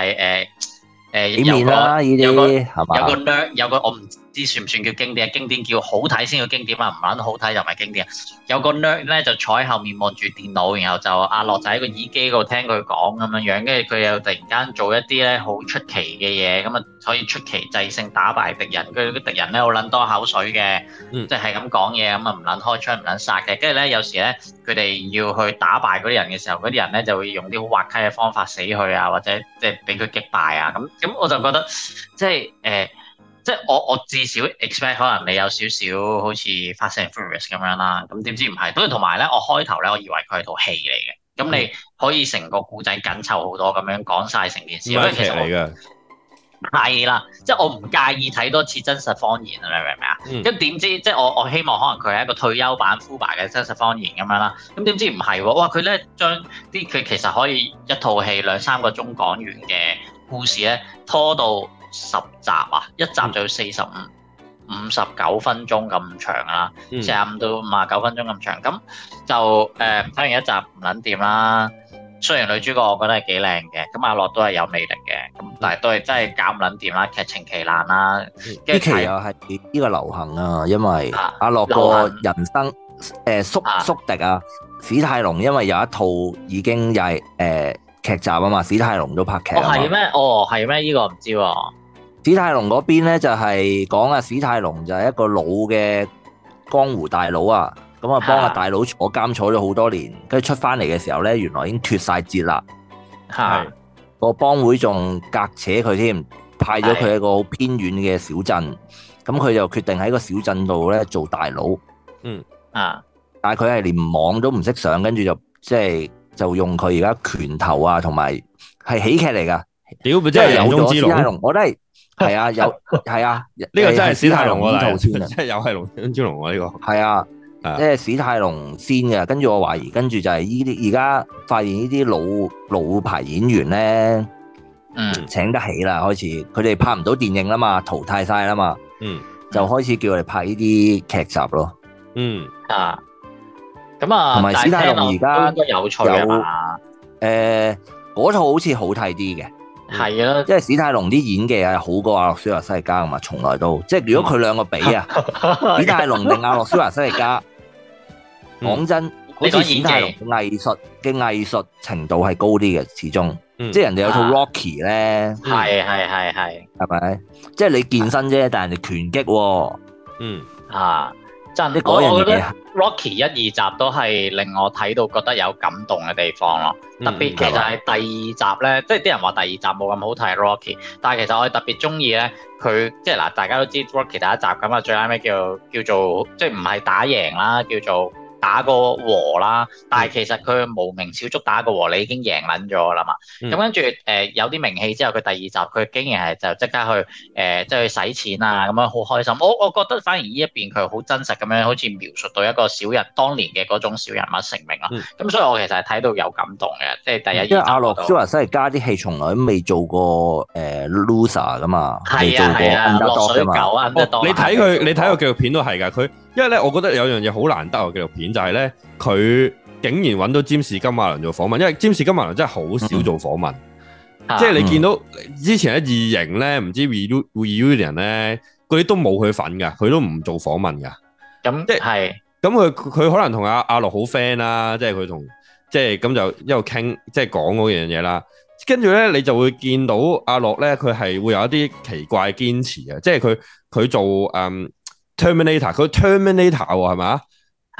係有個有個有個，有個，有個我唔。唔知算唔算叫經典？經典叫好睇先叫經典啊！唔撚好睇就唔係經典。有個 nerd 咧就坐喺後面望住電腦，然後就阿樂、啊、仔喺個耳機度聽佢講咁樣樣。跟住佢又突然間做一啲咧好出奇嘅嘢，咁啊可以出奇制勝打敗敵人。佢個敵人咧好撚多口水嘅、嗯，即係咁講嘢，咁啊唔撚開槍，唔撚殺嘅。跟住咧有時咧佢哋要去打敗嗰啲人嘅時候，嗰啲人咧就會用啲好滑稽嘅方法死去啊，或者即係俾佢擊敗啊。咁咁我就覺得即係誒。呃即係我我至少 expect 可能你有少少好似《Fast and Furious》咁樣啦，咁點知唔係。當然同埋咧，我開頭咧，我以為佢係套戲嚟嘅，咁、嗯、你可以成個故仔緊湊好多咁樣講晒成件事。唔係劇嚟㗎。係啦，即我唔介意睇多次《真實謊言》，嗯，你明唔明啊？咁點知即我我希望可能佢係一個退休版 FUBAR 嘅《真實謊言》咁樣啦。咁點知唔係喎？哇！佢咧將啲佢其實可以一套戲兩三個鐘講完嘅故事咧拖到。十集啊，一集就要四十五五十九分鐘咁長啦，四十五到五十九分鐘咁長。咁就誒睇完一集唔撚掂啦。雖然女主角我覺得係幾靚嘅，咁阿樂都係有魅力嘅。咁但係都係真係搞唔撚掂啦，劇情奇難啦。呢期又係呢個流行啊，因為阿樂個人生誒宿宿敵啊，史泰龍因為有一套已經又係誒。劇集啊嘛，史泰龍都拍劇啊係咩？哦係咩？呢、哦呢個唔知道、啊。史泰龍嗰邊呢，就係講啊，史泰龍就係一個老嘅江湖大佬啊。咁啊幫阿大佬坐監坐咗好多年，跟、啊、住出翻嚟嘅時候呢，原來已經脫晒節啦。係個幫會仲隔扯佢添，派咗佢喺個好偏遠嘅小鎮。咁佢就決定喺個小鎮度呢做大佬。嗯啊，但係佢係連網都唔識上，跟住就即係。就係就用佢而家拳頭啊，同埋係喜劇嚟噶，屌咪真係有，龍真有史泰龍，我都係係啊有係啊，呢個真係史泰龍啊， 先 真係有史泰龍珍珠龍啊呢個係啊，即、這、係、個啊、史泰龍先嘅，跟住我懷疑，跟住就係呢啲而家發現呢啲老老牌演員咧，嗯，請得起啦，開始佢哋拍唔到電影啦嘛，淘汰晒啦嘛，嗯，就開始叫佢哋拍呢啲劇集咯，嗯啊。咁啊，同埋史泰龍而家都有，誒嗰、呃、套好似好睇啲嘅，係啊、嗯，即係史泰龍啲演技係好過阿諾·舒華西加啊嘛，從來都即係如果佢兩個比啊、嗯，史泰龍定阿諾·舒華西加，講 真，好、嗯、似史泰龍藝術嘅藝術程度係高啲嘅，始終，嗯、即係人哋有套 Rocky 咧，係係係係，係、嗯、咪？即係你健身啫，但係人哋拳擊喎，嗯啊。真，我我覺得 Rocky 一二集都係令我睇到覺得有感動嘅地方咯，特別其實係第二集咧、嗯，即係啲人話第二集冇咁好睇 Rocky，但係其實我係特別中意咧，佢即係嗱，大家都知 Rocky 第一集咁啊，最後尾叫叫做即係唔係打贏啦，叫做。打個和啦，但係其實佢無名小卒打個和、嗯，你已經贏撚咗啦嘛。咁、嗯、跟住、呃、有啲名氣之後，佢第二集佢竟然係就即刻去即係、呃、去使錢啊，咁、嗯、樣好開心。我我覺得反而呢一邊佢好真實咁樣，好似描述到一個小人當年嘅嗰種小人物成名啊。咁、嗯嗯、所以我其實係睇到有感動嘅，即係第一。因為阿諾舒華辛力加啲戲從來未做過、呃、loser 㗎嘛。係啊係啊，落水狗啊，你睇佢，你睇紀錄片都係㗎佢因為咧，我覺得有樣嘢好難得我紀錄片。就係、是、咧，佢竟然揾到占士金馬倫做訪問，因為占士金馬倫真係好少做訪問，嗯、即係你見到之前喺異形咧，唔知 reel r n 咧，嗰啲都冇佢份噶，佢都唔做訪問噶。咁、嗯、即係，咁佢佢可能同阿阿樂好 friend 啦、啊，即係佢同即係咁就一路傾，即係講嗰樣嘢啦。跟住咧，你就會見到阿樂咧，佢係會有一啲奇怪堅持、嗯、啊，即係佢佢做 terminator，佢 terminator 係咪？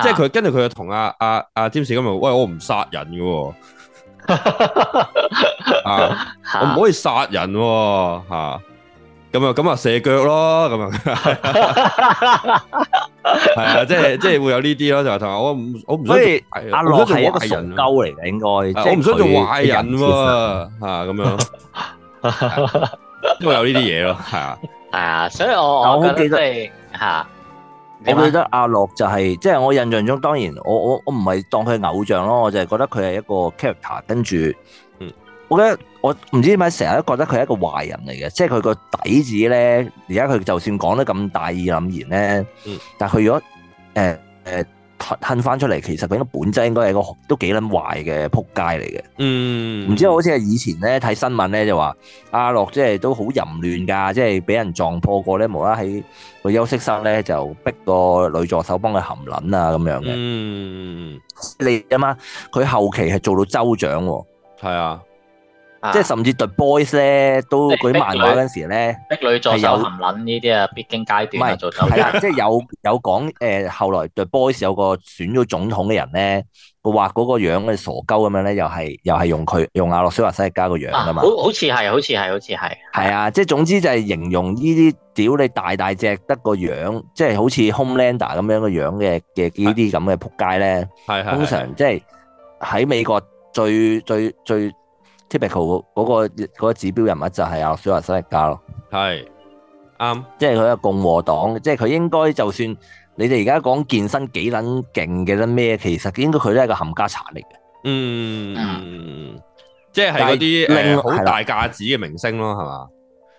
即係佢，跟住佢又同阿阿阿 James 咁話喂，我唔殺人嘅，啊我唔可以殺人，吓咁啊咁啊射腳咯，咁啊係啊，即係即係會有呢啲咯，就係同我唔我唔所以阿諾係一個神鳩嚟嘅，應該我唔想做壞人，吓咁樣，因為有呢啲嘢咯，係啊係啊，所以我我覺得係吓。我記得阿樂就係、是，即係我印象中，當然我我我唔係當佢偶像咯，我就係覺得佢係一個 character，跟住，嗯，我覺得我唔知點解成日都覺得佢係一個壞人嚟嘅，即係佢個底子咧，而家佢就算講得咁大義凜然咧，嗯，但係佢如果誒誒。呃呃吞翻出嚟，其實佢啲本質應該係個都幾撚壞嘅撲街嚟嘅。嗯，唔知好似係以前咧睇新聞咧就話阿諾即係都好淫亂㗎，即係俾人撞破過咧，無啦喺個休息室咧就逼個女助手幫佢含撚啊咁樣嘅。嗯，你啊嘛，佢後期係做到州長喎。係啊。即係甚至 The Boys 咧、啊，都舉漫畫嗰陣時咧，逼女，女助手含卵呢啲啊，必經階段啊，啦。即 係有有講誒、呃，後來 The Boys 有個選咗總統嘅人咧，話嗰個樣嘅、那個、傻鳩咁樣咧，又係又係用佢用阿諾舒華西加個樣噶嘛。好好似係，好似係，好似係。係啊，即係總之就係形容呢啲屌你大大隻得個樣，即、就、係、是、好似 Homelander 咁樣嘅樣嘅嘅啲咁嘅撲街咧。係通常即係喺美國最最最。最最 Typical 嗰個指標人物就係阿舒華辛力加咯，係啱，即係佢係共和黨，即係佢應該就算你哋而家講健身幾撚勁嘅撚咩，其實應該佢都係個冚家鏟嚟嘅，嗯，嗯即係嗰啲好大架子嘅明星咯，係嘛？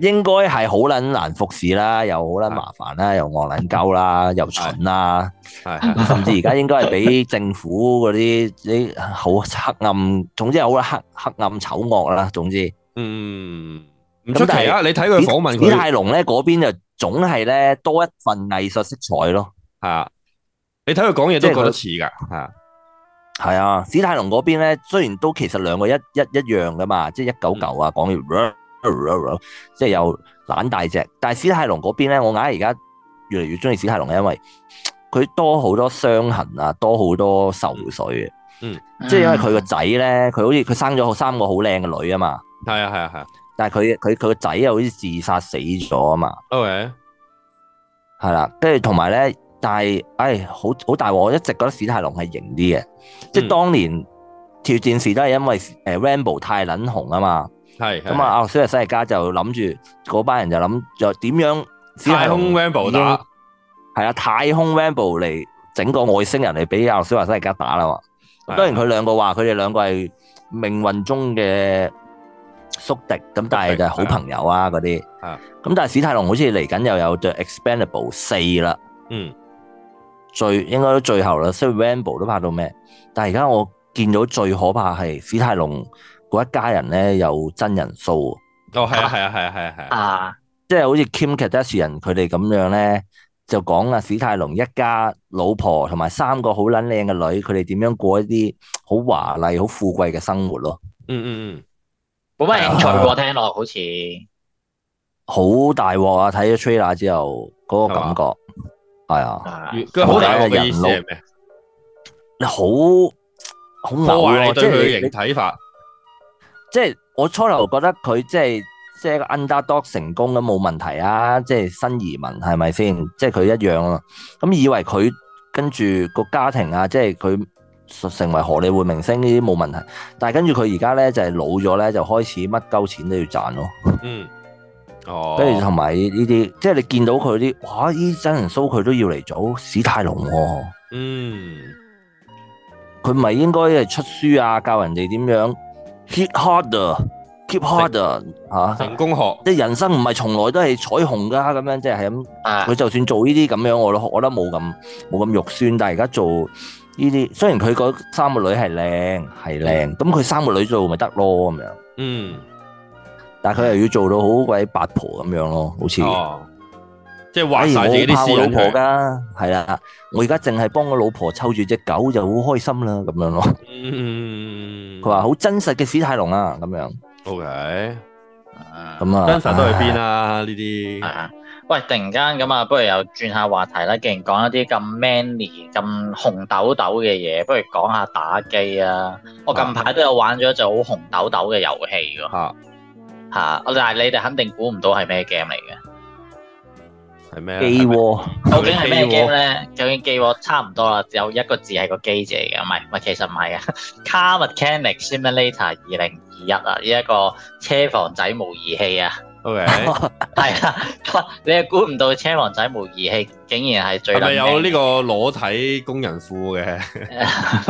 應該係好撚難服侍啦，又好撚麻煩啦， 又惡撚鳩啦，又蠢啦，係 甚至而家應該係俾政府嗰啲啲好黑暗，總之係好黑黑暗醜惡啦，總之，嗯，咁但係啊，你睇佢訪問史泰龍咧，嗰邊就總係咧多一份藝術色彩咯，係啊，你睇佢講嘢都覺得似噶，係啊，係啊，史泰龍嗰邊咧，雖然都其實兩個一一一,一樣噶嘛，即係一狗牛啊，講呃呃呃即係又懶大隻，但係史泰龍嗰邊咧，我硬係而家越嚟越中意史泰龍，係因為佢多好多傷痕啊，多好多愁緒啊。嗯，即係因為佢個仔咧，佢好似佢生咗三個好靚嘅女啊嘛。係啊係啊係啊，但係佢佢佢個仔又好似自殺死咗啊嘛。係，okay. 啦，啊，跟住同埋咧，但係誒，好好大鑊，我一直覺得史泰龍係型啲嘅，即係當年條戰士都係因為誒 Rambo 太撚紅啊嘛。係咁啊！阿諾史瓦辛格，就諗住嗰班人就諗就點樣太空 Rambo 打，係啊，太空 Rambo 嚟，整個外星人嚟俾阿諾史瓦辛格打啦嘛！當然佢兩個話，佢哋兩個係命運中嘅宿敵咁，但係就係好朋友啊嗰啲啊咁。但係史泰龍好似嚟緊又有 The Expendable 四啦，嗯，最應該都最後啦，所以 Rambo 都拍到咩？但係而家我見到最可怕係史泰龍。嗰一家人咧有真人騷哦，係啊，係啊，係啊，係啊，啊，啊，即係好似《Kim Kardashian》佢哋咁樣咧，就講啊，史泰龍一家老婆同埋三個好撚靚嘅女，佢哋點樣過一啲好華麗、好富貴嘅生活咯。嗯嗯嗯，冇乜興趣喎，聽落好似好大鑊啊！睇咗 trailer 之後嗰個感覺係啊，佢好大鑊嘅意思係咩？你好好破壞你對佢嘅睇法。即係我初頭覺得佢即係即係 underdog 成功咁冇問題啊！即係新移民係咪先？即係佢一樣啊！咁以為佢跟住個家庭啊，即係佢成為荷里活明星呢啲冇問題。但係跟住佢而家咧就係老咗咧，就開始乜鳩錢都要賺咯。嗯，哦，跟住同埋呢啲，即係你見到佢啲哇，呢真人 show 佢都要嚟做史泰龍喎。嗯，佢唔係應該係出書啊，教人哋點樣？keep harder，keep harder 啊，嚇！成功學，即、啊、係人生唔係從來都係彩虹噶咁樣，即係係咁。佢就算做呢啲咁樣，我都我覺得冇咁冇咁肉酸。但係而家做呢啲，雖然佢嗰三個女係靚係靚，咁佢、嗯、三個女做咪得咯咁樣。嗯，但係佢又要做到好鬼八婆咁樣咯，好似。哦。即係壞晒你啲思想啦！係啦，我而家淨係幫個老婆湊住隻狗就好開心啦，咁樣咯。嗯，佢話好真實嘅史泰龍啊，咁樣。OK，咁啊，真實都去邊啊？呢啲。吓，喂！突然間咁啊，不如又轉下話題啦。既然講一啲咁 manly、咁紅豆豆嘅嘢，不如講下打機啊。我近排都有玩咗一隻好紅豆豆嘅遊戲噶。吓吓，我但係你哋肯定估唔到係咩 game 嚟嘅。係咩？機窩、哦，究竟係咩 game 咧？ 究竟機窩差唔多啦，有一個字係個機字嚟嘅，唔係，唔係，其實唔係啊。Car Mechanic Simulator 二零二一啊，呢一個車房仔模擬器啊。OK，係啦，你係估唔到車房仔模擬器竟然係最，大，係咪有呢個裸體工人褲嘅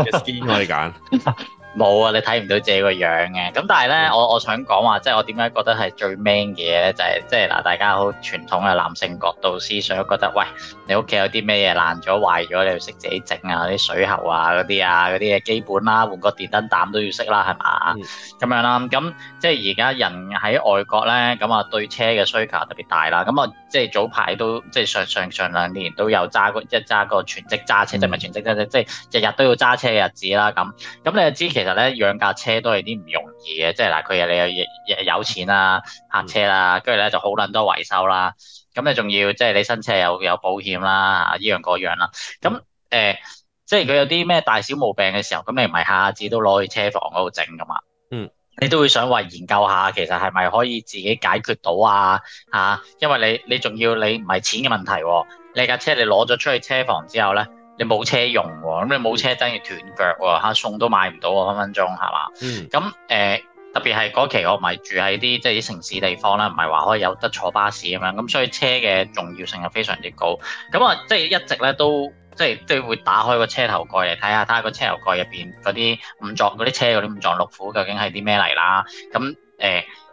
我哋揀選。 冇啊，你睇唔到自己個樣嘅、啊。咁但係呢，嗯、我我想講話、啊，即係我點解覺得係最 man 嘅嘢就係、是、即係嗱，大家好傳統嘅男性角度思想，覺得喂，你屋企有啲咩嘢爛咗壞咗，你要識自己整啊，啲水喉啊嗰啲啊，嗰啲嘢基本啦、啊，換個電燈膽都要識啦、啊，係嘛？咁、嗯、樣啦、啊，咁即係而家人喺外國呢，咁啊對車嘅需求特別大啦，咁啊～即係早排都，即係上上上兩年都有揸過一揸個全職揸車，定、就、咪、是、全職揸，即係日日都要揸車日子啦咁。咁你就知其實咧養架車都係啲唔容易嘅，即係嗱，佢又你又有錢啦、啊，泊車啦，跟住咧就好撚多維修啦、啊。咁你仲要即係你新車有有保險啦、啊，依樣嗰樣啦、啊。咁誒、嗯呃，即係佢有啲咩大小毛病嘅時候，咁你唔係下下子都攞去車房嗰度整㗎嘛？嗯。你都會想話研究下，其實係咪可以自己解決到啊？吓、啊，因為你你仲要你唔係錢嘅問題、啊，你架車你攞咗出去車房之後咧，你冇車用、啊，咁、嗯、你冇車等於斷腳、啊，吓、啊、送都買唔到啊，分分鐘係嘛？咁誒、嗯呃，特別係嗰期我唔係住喺啲即係啲城市地方啦，唔係話可以有得坐巴士咁樣，咁所以車嘅重要性係非常之高。咁啊，即、就、係、是、一直咧都。即係都會打開個車頭蓋嚟睇下，睇下個車頭蓋入邊嗰啲五臟、嗰啲車嗰啲五臟六腑究竟係啲咩嚟啦？咁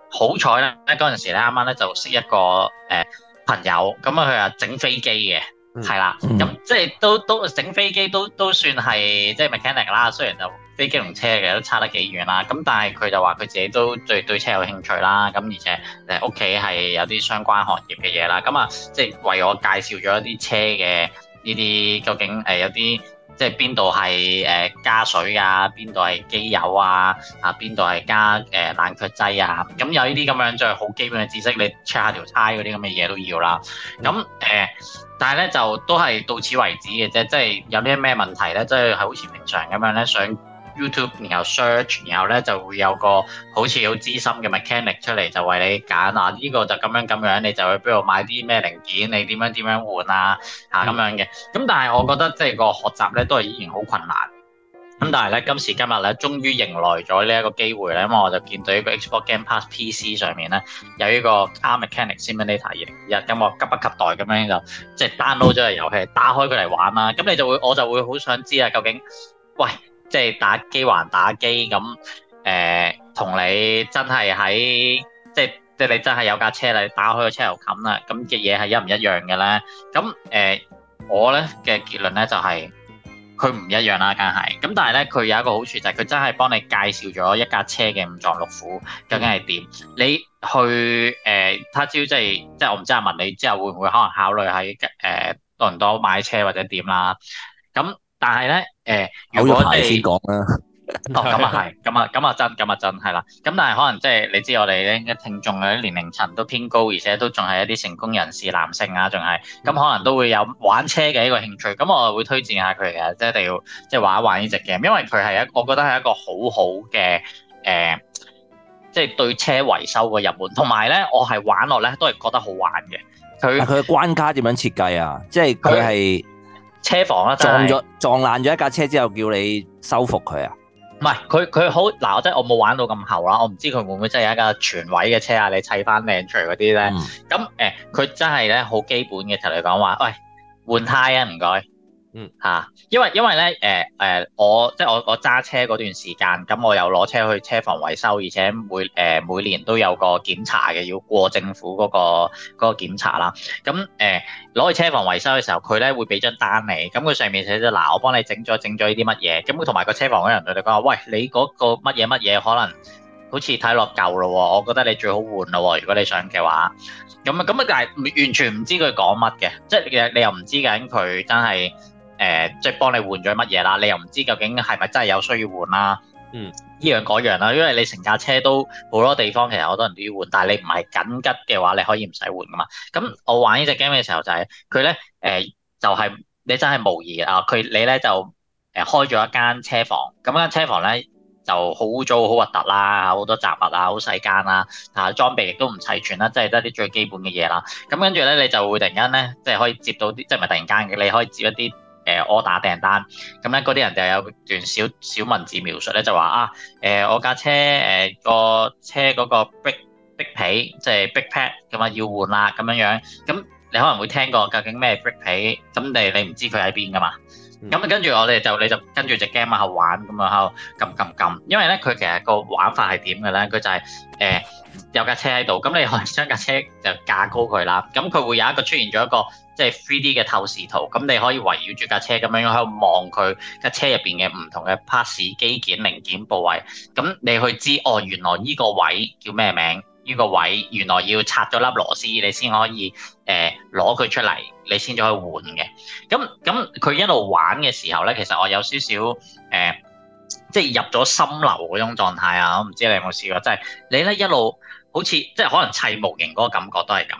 好彩呢，嗰陣、呃、時咧啱啱咧就識一個、呃、朋友，咁啊佢啊整飛機嘅係啦，咁即係都都整飛機都都算係即係 mechanic 啦。雖然就飛機同車嘅都差得幾遠啦，咁但係佢就話佢自己都對，對車有興趣啦。咁而且屋企係有啲相關行業嘅嘢啦，咁啊即係為我介紹咗一啲車嘅。呢啲究竟誒、呃、有啲即係邊度係誒加水啊，邊度係機油啊，啊邊度係加誒冷卻劑啊？咁有呢啲咁樣再好、即係、基本嘅知識，你 check 下條差嗰啲咁嘅嘢都要啦。咁誒、呃，但係咧就都係到此為止嘅啫。即係有啲咩問題咧，即係係好似平常咁樣咧想。YouTube，然後 search，然後咧就會有個好似好資深嘅 mechanic 出嚟，就為你揀啊。呢、這個就咁樣咁樣，你就去邊度買啲咩零件？你點樣點樣換啊？嚇、啊、咁樣嘅。咁但係我覺得即係、這個學習咧都係依然好困難。咁但係咧，今時今日咧，終於迎來咗呢一個機會咧，因為我就見到呢個 Xbox Game Pass PC 上面咧有呢個 Car Mechanic Simulator 2021，咁我急不及待咁樣就即係、就是、download 咗個遊戲，打開佢嚟玩啦、啊。咁你就會我就會好想知啊，究竟喂？即、就、係、是、打機還打機咁，誒同、呃、你真係喺即係即係你真係有架車你打開個車頭冚啦，咁嘅嘢係一唔一樣嘅咧？咁誒、呃、我咧嘅結論咧就係佢唔一樣啦，梗係。咁但係咧佢有一個好處就係、是、佢真係幫你介紹咗一架車嘅五臟六腑究竟係點。嗯、你去誒，他、呃、朝即係即係我唔知阿文你之後會唔會可能考慮喺誒多唔多買車或者點啦。咁。但係咧，誒、呃，如果即係講啦，好啊、哦，咁啊係，咁 啊，咁啊真，咁啊真，係啦。咁但係可能即係你知道我呢，我哋啲聽眾嘅年齡層都偏高，而且都仲係一啲成功人士，男性啊，仲係，咁可能都會有玩車嘅一個興趣。咁、嗯、我會推薦下佢嘅，即係一定要即係玩一玩呢隻 game，因為佢係一個，我覺得係一個好好嘅誒，即、呃、係、就係、對車維修嘅入門。同埋咧，我係玩落咧都係覺得好玩嘅。佢佢嘅關卡點樣設計啊？即係佢係。車房啦、啊，撞咗撞爛咗一架車之後，叫你修復佢啊？唔係，佢佢好嗱，即係我冇玩到咁後啦，我唔知佢會唔會真係有一架全位嘅車啊？你砌翻靚出嚟嗰啲咧，咁、嗯、誒，佢、欸、真係咧好基本嘅，同你講話，喂，換胎啊，唔該。嗯、啊、吓，因為因為咧，誒、呃、誒，我即係我我揸車嗰段時間，咁我又攞車去車房維修，而且每誒、呃、每年都有個檢查嘅，要過政府嗰、嗰個、嗰個檢查啦。咁誒攞去車房維修嘅時候，佢咧會俾張單你，咁佢上面寫咗嗱，我幫你整咗整咗呢啲乜嘢。咁佢同埋個車房嗰人對你講話，喂，你嗰個乜嘢乜嘢可能好似睇落舊咯，我覺得你最好換咯。如果你想嘅話，咁啊咁啊，但係完全唔知佢講乜嘅，即係你，你又你又唔知緊佢真係。誒、呃，即、就、係、是、幫你換咗乜嘢啦？你又唔知究竟係咪真係有需要換啦、啊？嗯，呢樣嗰樣啦，因為你成架車都好多地方，其實好多人都要換，但你唔係緊急嘅話，你可以唔使換噶嘛。咁我玩呢隻 game 嘅時候就係佢咧，誒、呃、就係、是、你真係模擬啊。佢你咧就誒、呃、開咗一間車房，咁間車房咧就好污糟、好核突啦，好多雜物啊，好細間啦，但係裝備亦都唔齊全啦，即係得啲最基本嘅嘢啦。咁跟住咧，你就會突然間咧，即、就、係、是、可以接到啲，即係唔係突然間你可以接一啲。誒、呃、order 訂單，咁咧嗰啲人就有段小小文字描述咧，就話啊，誒、呃、我架車，誒、呃、個車嗰個 brake brake 皮，即係 brake pad，咁啊要換啦，咁樣樣，咁你可能會聽過究竟咩 brake 皮，咁你你唔知佢喺邊噶嘛？咁、嗯、跟住我哋就你就跟住隻 game 喺度玩，咁啊喺度撳撳撳。因為咧，佢其實個玩法係點嘅咧，佢就係、是呃、有架車喺度，咁你可以將架車就架高佢啦。咁佢會有一個出現咗一個即係、就是、3D 嘅透視圖，咁你可以圍繞住架車咁樣喺度望佢架車入面嘅唔同嘅 parts 機件零件部位，咁你去知哦，原來呢個位叫咩名？呢個位原來要拆咗粒螺絲，你先可以誒攞佢出嚟，你先至可以換嘅。咁咁佢一路玩嘅時候咧，其實我有少少誒，即係入咗心流嗰種狀態啊！我唔知你有冇試過，即係你咧一路好似即係可能砌模型嗰個感覺都係咁。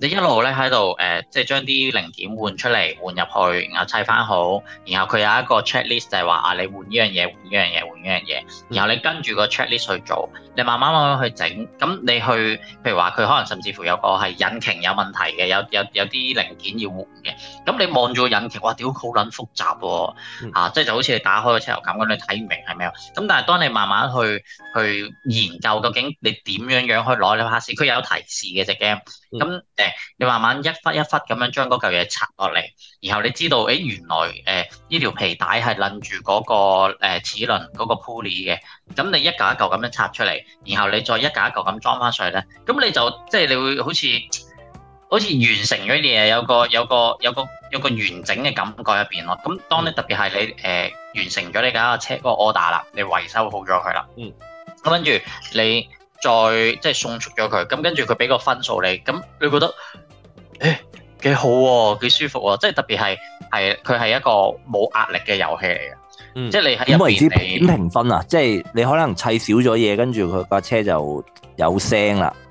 你一路咧喺度誒，即係將啲零件換出嚟，換入去，然後砌翻好，然後佢有一個 check list 就係話啊，你換呢樣嘢，換呢樣嘢，換呢樣嘢，然後你跟住個 check list 去做，你慢慢慢慢去整，咁你去，譬如話佢可能甚至乎有個係引擎有問題嘅，有有有啲零件要換嘅。咁你望住個引擎，哇！屌，好撚複雜喎、哦，即、嗯、係、啊就是、就好似你打開個車頭咁樣，你睇唔明係咩？啊？咁但係當你慢慢去去研究究，究竟你點樣樣去攞你塊齒，佢有提示嘅隻 game、嗯。咁誒、呃，你慢慢一忽一忽咁樣將嗰嚿嘢拆落嚟，然後你知道誒原來誒呢條皮帶係撚住嗰個誒齒輪嗰個 pulley 嘅。咁你一嚿一嚿咁樣拆出嚟，然後你再一嚿一嚿咁裝翻上去咧，咁你就即係、就是、你會好似～好似完成咗呢啲嘢，有個有個有個有個完整嘅感覺入邊咯。咁當你特別係你誒、呃、完成咗你架車嗰個 order 啦，你維修好咗佢啦。嗯。咁跟住你再即係送出咗佢，咁跟住佢俾個分數你，咁你覺得誒幾、欸、好喎、啊，幾舒服喎、啊。即係特別係係佢係一個冇壓力嘅遊戲嚟嘅、嗯。即係你喺入邊點評分啊？即係你可能砌少咗嘢，跟住佢架車就有聲啦。嗯。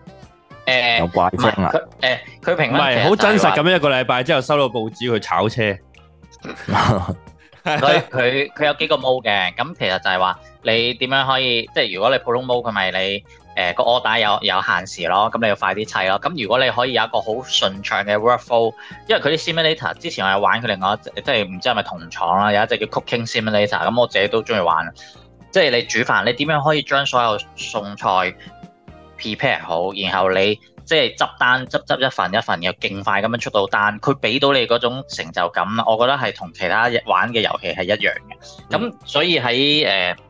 誒、欸，唔係佢誒，佢、欸、平均係好真實咁樣一個禮拜之後收到報紙去炒車。佢佢佢有幾個 mode 嘅，咁其實就係話你點樣可以，即係如果你普通 mode 佢咪、就是、你誒個 order 有有限時咯，咁你要快啲砌咯。咁如果你可以有一個好順暢嘅 workflow，因為佢啲 simulator 之前我有玩佢另外一隻，即係唔知係咪同廠啦，有一隻叫 Cooking Simulator，咁我自己都中意玩，即係你煮飯，你點樣可以將所有餸菜？prepare 好，然後你即係執單執執一份一份又勁快咁樣出到單，佢俾到你嗰種成就感，我覺得係同其他玩嘅遊戲係一樣嘅。咁、嗯、所以喺、呃這個、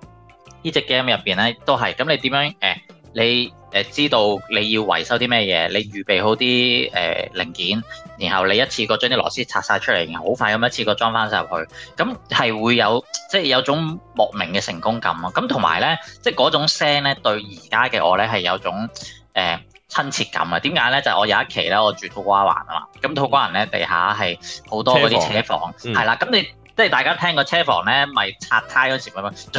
呢隻 game 入面咧都係，咁你點樣、呃、你知道你要維修啲咩嘢，你預備好啲、呃、零件，然後你一次過將啲螺絲拆晒出嚟，然後好快咁一次過裝翻晒入去，咁係會有即係、就是、有種莫名嘅成功感啊！咁同埋咧，即係嗰種聲咧，對而家嘅我咧係有種誒、呃、親切感啊！點解咧？就是、我有一期咧，我住土瓜灣啊嘛，咁土瓜灣咧地下係好多嗰啲車房，係啦，咁、嗯、你。即係大家聽個車房咧，咪拆胎嗰時咁樣，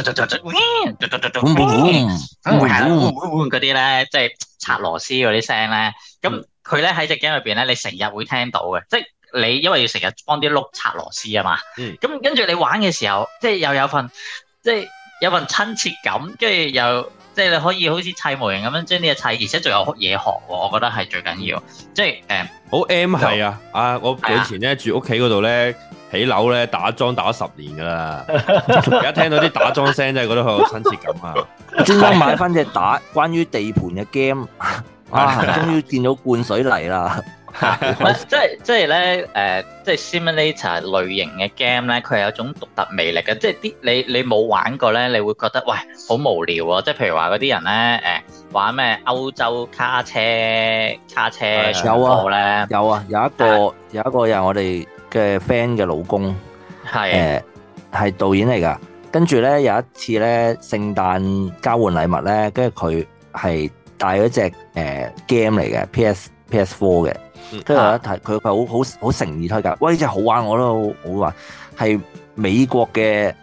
嗰啲咧，即係拆螺絲嗰啲聲咧。咁佢咧喺隻 game 裏邊咧，你成日會聽到嘅。即係你因為要成日幫啲碌拆螺絲啊嘛。咁跟住你玩嘅時候，即係又有份，即係有份親切感，跟住又即係你可以好似砌模型咁樣將呢嘢砌，而且仲有嘢學喎。我覺得係最緊要。即係誒，好、嗯 oh, M 係啊！啊，我幾年前咧、啊、住屋企嗰度咧。起樓咧打樁打咗十年噶啦，而家聽到啲打樁聲真係覺得好有親切感啊！專登買翻隻打關於地盤嘅 game，啊，終於見到灌水泥啦！即係即係咧誒，即係 Simulator 類型嘅 game 咧，佢係有種獨特魅力嘅，即係啲你你冇玩過咧，你會覺得喂好無聊啊！即係譬如話嗰啲人咧誒玩咩歐洲卡車卡車有啊有啊，有一個有一個又係我哋。嘅 friend 嘅老公，係誒係導演嚟噶，跟住咧有一次咧聖誕交換禮物咧，跟住佢係帶咗隻誒 game 嚟嘅 PS PS Four 嘅，跟住有一提佢佢好好好誠意推介，喂，呢隻好玩我都好玩，係美國嘅誒、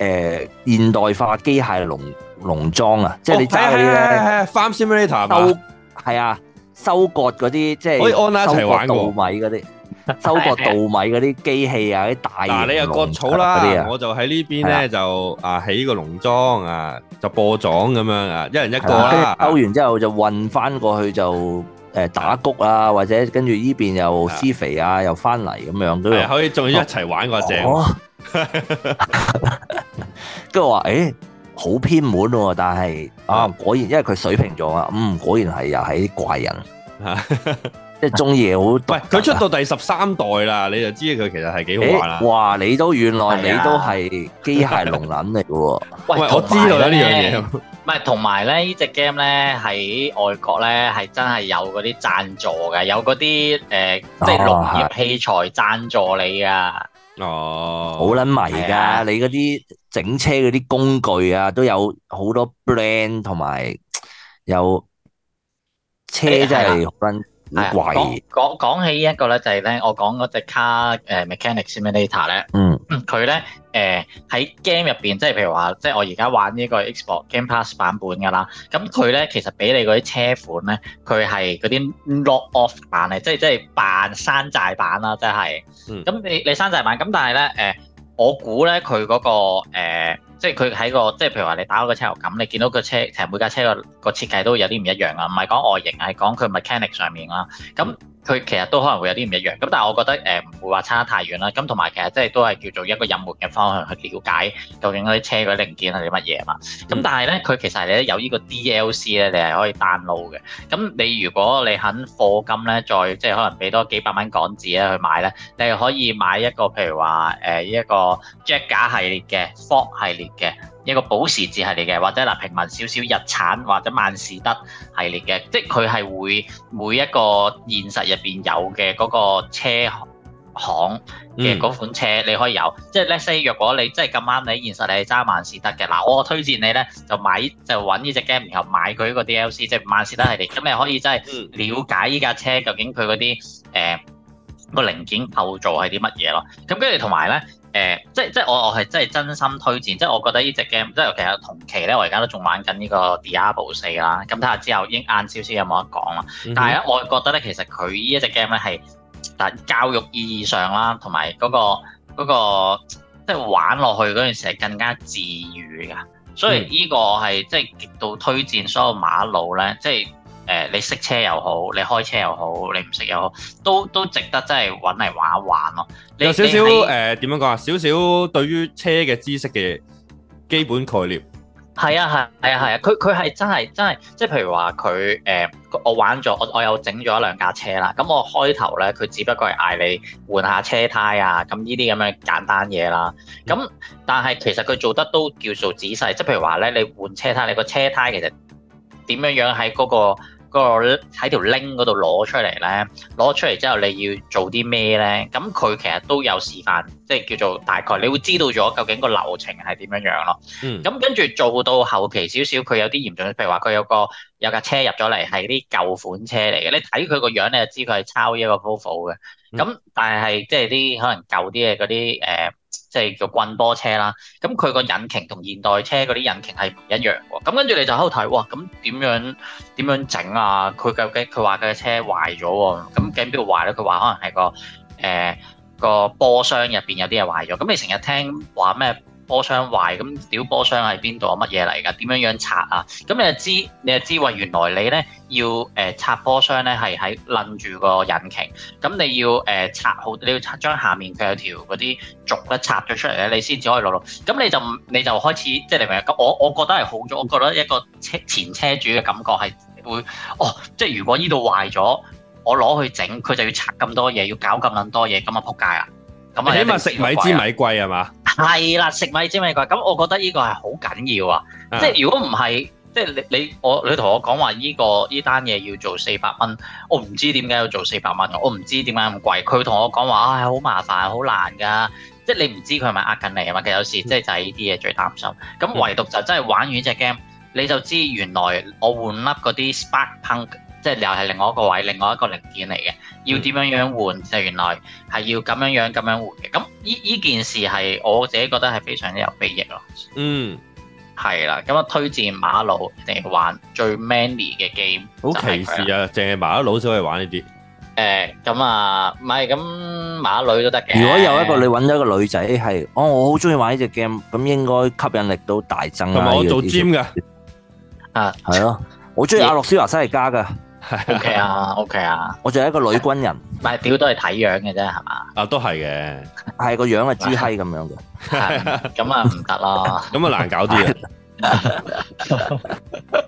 呃、現代化機械農農莊啊，即係你揸嗰啲咧 f 係啊。收割嗰啲即係收割稻米嗰啲，收割稻米嗰啲 機器啊，啲大型農嗰啲啊，我就喺呢邊咧、啊、就啊起個農莊啊，就播種咁、啊、樣啊，一人一個啦、啊。收、啊、完之後就運翻過去就誒打谷啊，啊或者跟住依邊又施肥啊，啊又翻嚟咁樣。係、啊、可以仲要一齊玩嗰隻。跟住我話誒好偏門喎，但係啊，果然因為佢水瓶座啊，嗯，果然係又係啲怪人，即係中意好。佢出到第十三代啦，你就知佢其實係幾好玩啦、欸。哇！你都原來你都係機械龍撚嚟嘅喎。 喂，我知道呢樣嘢。唔係同埋咧，呢隻 game 咧喺外國咧係真係有嗰啲贊助嘅，有嗰啲即係農業器材贊助你啊。哦，好撚迷㗎，你嗰啲。整車嗰啲工具啊，都有好多 brand 同埋，有，有車真係好撚貴。講、哎、起這呢一個咧，就係咧，我講嗰隻卡誒、呃、Mechanic Simulator 咧，嗯，佢咧誒喺 game 入邊，即係譬如話，即係我而家玩呢個 Xbox Game Pass 版本噶啦，咁佢咧其實俾你嗰啲車款咧，佢係嗰啲 lock off 版啊，即係即係扮山寨版啦，真係。咁、嗯、你你山寨版，咁但係咧誒？呃我估咧、那個，佢嗰個誒。即係佢喺個，即係譬如話你打開個車頭咁，你見到個車，其實每架車個個設計都有啲唔一樣啊，唔係講外形，係講佢 mechanic 上面啦。咁佢其實都可能會有啲唔一樣。咁但係我覺得誒唔、呃、會話差得太遠啦。咁同埋其實即係都係叫做一個隱瞞嘅方向去了解究竟嗰啲車嗰啲零件係啲乜嘢啊嘛。咁、嗯、但係咧，佢其實你有呢個 DLC 咧，你係可以 download 嘅。咁你如果你肯課金咧，再即係可能俾多幾百蚊港紙咧去買咧，你係可以買一個譬如話呢、呃、一個 Jack 系列嘅 Ford 系列。嘅一個保時捷系列嘅，或者嗱平民少少日產或者萬事得系列嘅，即係佢係會每一個現實入邊有嘅嗰個車行嘅嗰款車你可以有。嗯、即係 let’s say 若果你真係咁啱你喺現實你係揸萬事得嘅，嗱我推薦你咧就買就揾呢隻 game 然後買佢嗰啲 DLC 即係萬事得系列，咁你可以真係了解依架車究竟佢嗰啲誒個零件構造係啲乜嘢咯，咁跟住同埋咧。誒、呃，即係即係我我係即係真心推薦，即係我，我、嗯、我覺得呢隻 game，即係其實同期咧，我而家都仲玩緊呢個 Diablo 四啦。咁睇下之後，已經晏少少有冇得講啦。但係咧，我覺得咧，其實佢呢一隻 game 咧係，嗱，教育意義上啦，同埋嗰個、嗰個、即係玩落去嗰陣時係更加治癒嘅。所以呢個我係即係極度推薦所有馬路咧，即係。誒、呃，你識車又好，你開車又好，你唔識又好，都都值得真係揾嚟玩一玩咯。有少少誒點樣講啊？少少對於車嘅知識嘅基本概念。係啊係係啊係啊！佢佢係真係真係，即係譬如話佢誒，我玩咗我我有整咗一兩架車啦。咁我開頭呢，佢只不過係嗌你換下車胎啊。咁呢啲咁樣嘅簡單嘢啦。咁但係其實佢做得都叫做仔細。即係譬如話呢，你換車胎，你個車胎其實點樣樣喺嗰個。嗰個喺條 link 嗰度攞出嚟咧，攞出嚟之後你要做啲咩咧？咁佢其實都有示範，即係叫做大概，你會知道咗究竟個流程係點樣樣咯。嗯。咁跟住做到後期少少，佢有啲嚴重，譬如話佢有個有架車入咗嚟係啲舊款車嚟嘅，你睇佢個樣你就知佢係抄個方法、嗯、係係一個 proposal 嘅。咁但係即係啲可能舊啲嘅嗰啲誒。呃即係叫棍波車啦，咁佢個引擎同現代車嗰啲引擎係唔一樣喎。咁跟住你就喺度睇，哇！咁點樣點樣整啊？佢究竟佢話佢嘅車壞咗喎。咁邊度壞咧？佢話可能係個誒、欸、個波箱入邊有啲嘢壞咗。咁你成日聽話咩？波箱壞咁，小波箱係邊度啊？乜嘢嚟㗎？點樣樣拆啊？咁你就知，你又知，喂，原來你咧要誒、呃、拆波箱咧，係喺擸住個引擎，咁你要誒、呃、拆好，你要拆將下面佢有條嗰啲軸咧拆咗出嚟咧，你先至可以攞到。咁你就你就開始，即係你話，我我覺得係好咗。我覺得一個車前車主嘅感覺係會哦，即係如果呢度壞咗，我攞去整，佢就要拆咁多嘢，要搞咁撚多嘢，咁啊撲街啊！咁啊，起碼食米知米貴係嘛？係、嗯、啦、嗯嗯，食米知米貴。咁我覺得呢個係好緊要啊！即係如果唔係，即係你你我你同我講話呢個呢單嘢要做四百蚊，我唔知點解要做四百蚊，我唔知點解咁貴。佢同我講話啊，好麻煩，好難㗎。即係你唔知佢係咪呃緊你啊嘛？其實有時即係就係呢啲嘢最擔心。咁唯獨就真係玩完隻 game，你就知原來我換粒嗰啲 spark plug。即係又係另外一個位，另外一個零件嚟嘅，要點樣樣換？就原來係要咁樣樣咁樣換嘅。咁依依件事係我自己覺得係非常之有裨益咯。嗯，係啦。咁啊，推薦馬佬嚟玩最 manly 嘅 game。好歧視啊！淨係馬佬先去玩呢啲。誒，咁啊，唔係咁馬女都得嘅。如果有一個你揾咗一個女仔係，哦，我好中意玩呢隻 game，咁應該吸引力都大增啦。同埋我做 gym 嘅。啊，係咯，我中意阿諾舒華辛力加噶。OK 啊，OK 啊，我仲係一個女軍人，咪屌都係睇樣嘅啫，係嘛？啊，都係嘅，係個樣係豬閪咁樣嘅，咁啊唔得咯，咁啊難搞啲啊，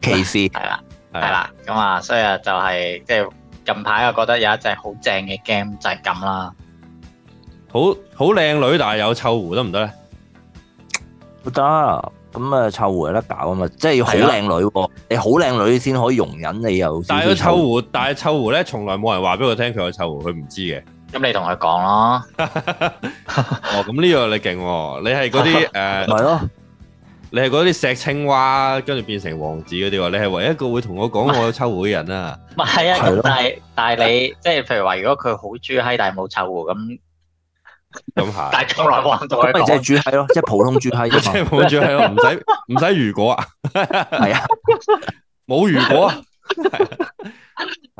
歧視係啦，係啦，咁啊，所以啊，就係即係近排啊，我覺得有一隻好正嘅 game 就係咁啦，好好靚女，但係有臭狐得唔得咧？得啊！咁啊，臭狐有得搞啊嘛！即係要好靚女喎，你好靚女先可以容忍你又。但係個臭狐，但係臭狐咧，從來冇人話俾我聽佢有臭狐，佢唔知嘅。咁你同佢講咯。哦，咁呢樣你勁喎，你係嗰啲誒。係咯。你係嗰啲石青蛙，跟住變成王子嗰啲話，你係唯一一個會同我講我有臭狐嘅人啦。唔係啊，但係但係你即係譬如話，如果佢好豬閪，但係冇臭狐咁。咁係，但係從來玩就係即係豬係咯，即係普通豬係啫嘛，即係普通豬係咯，唔使唔使如果啊，係啊，冇如果，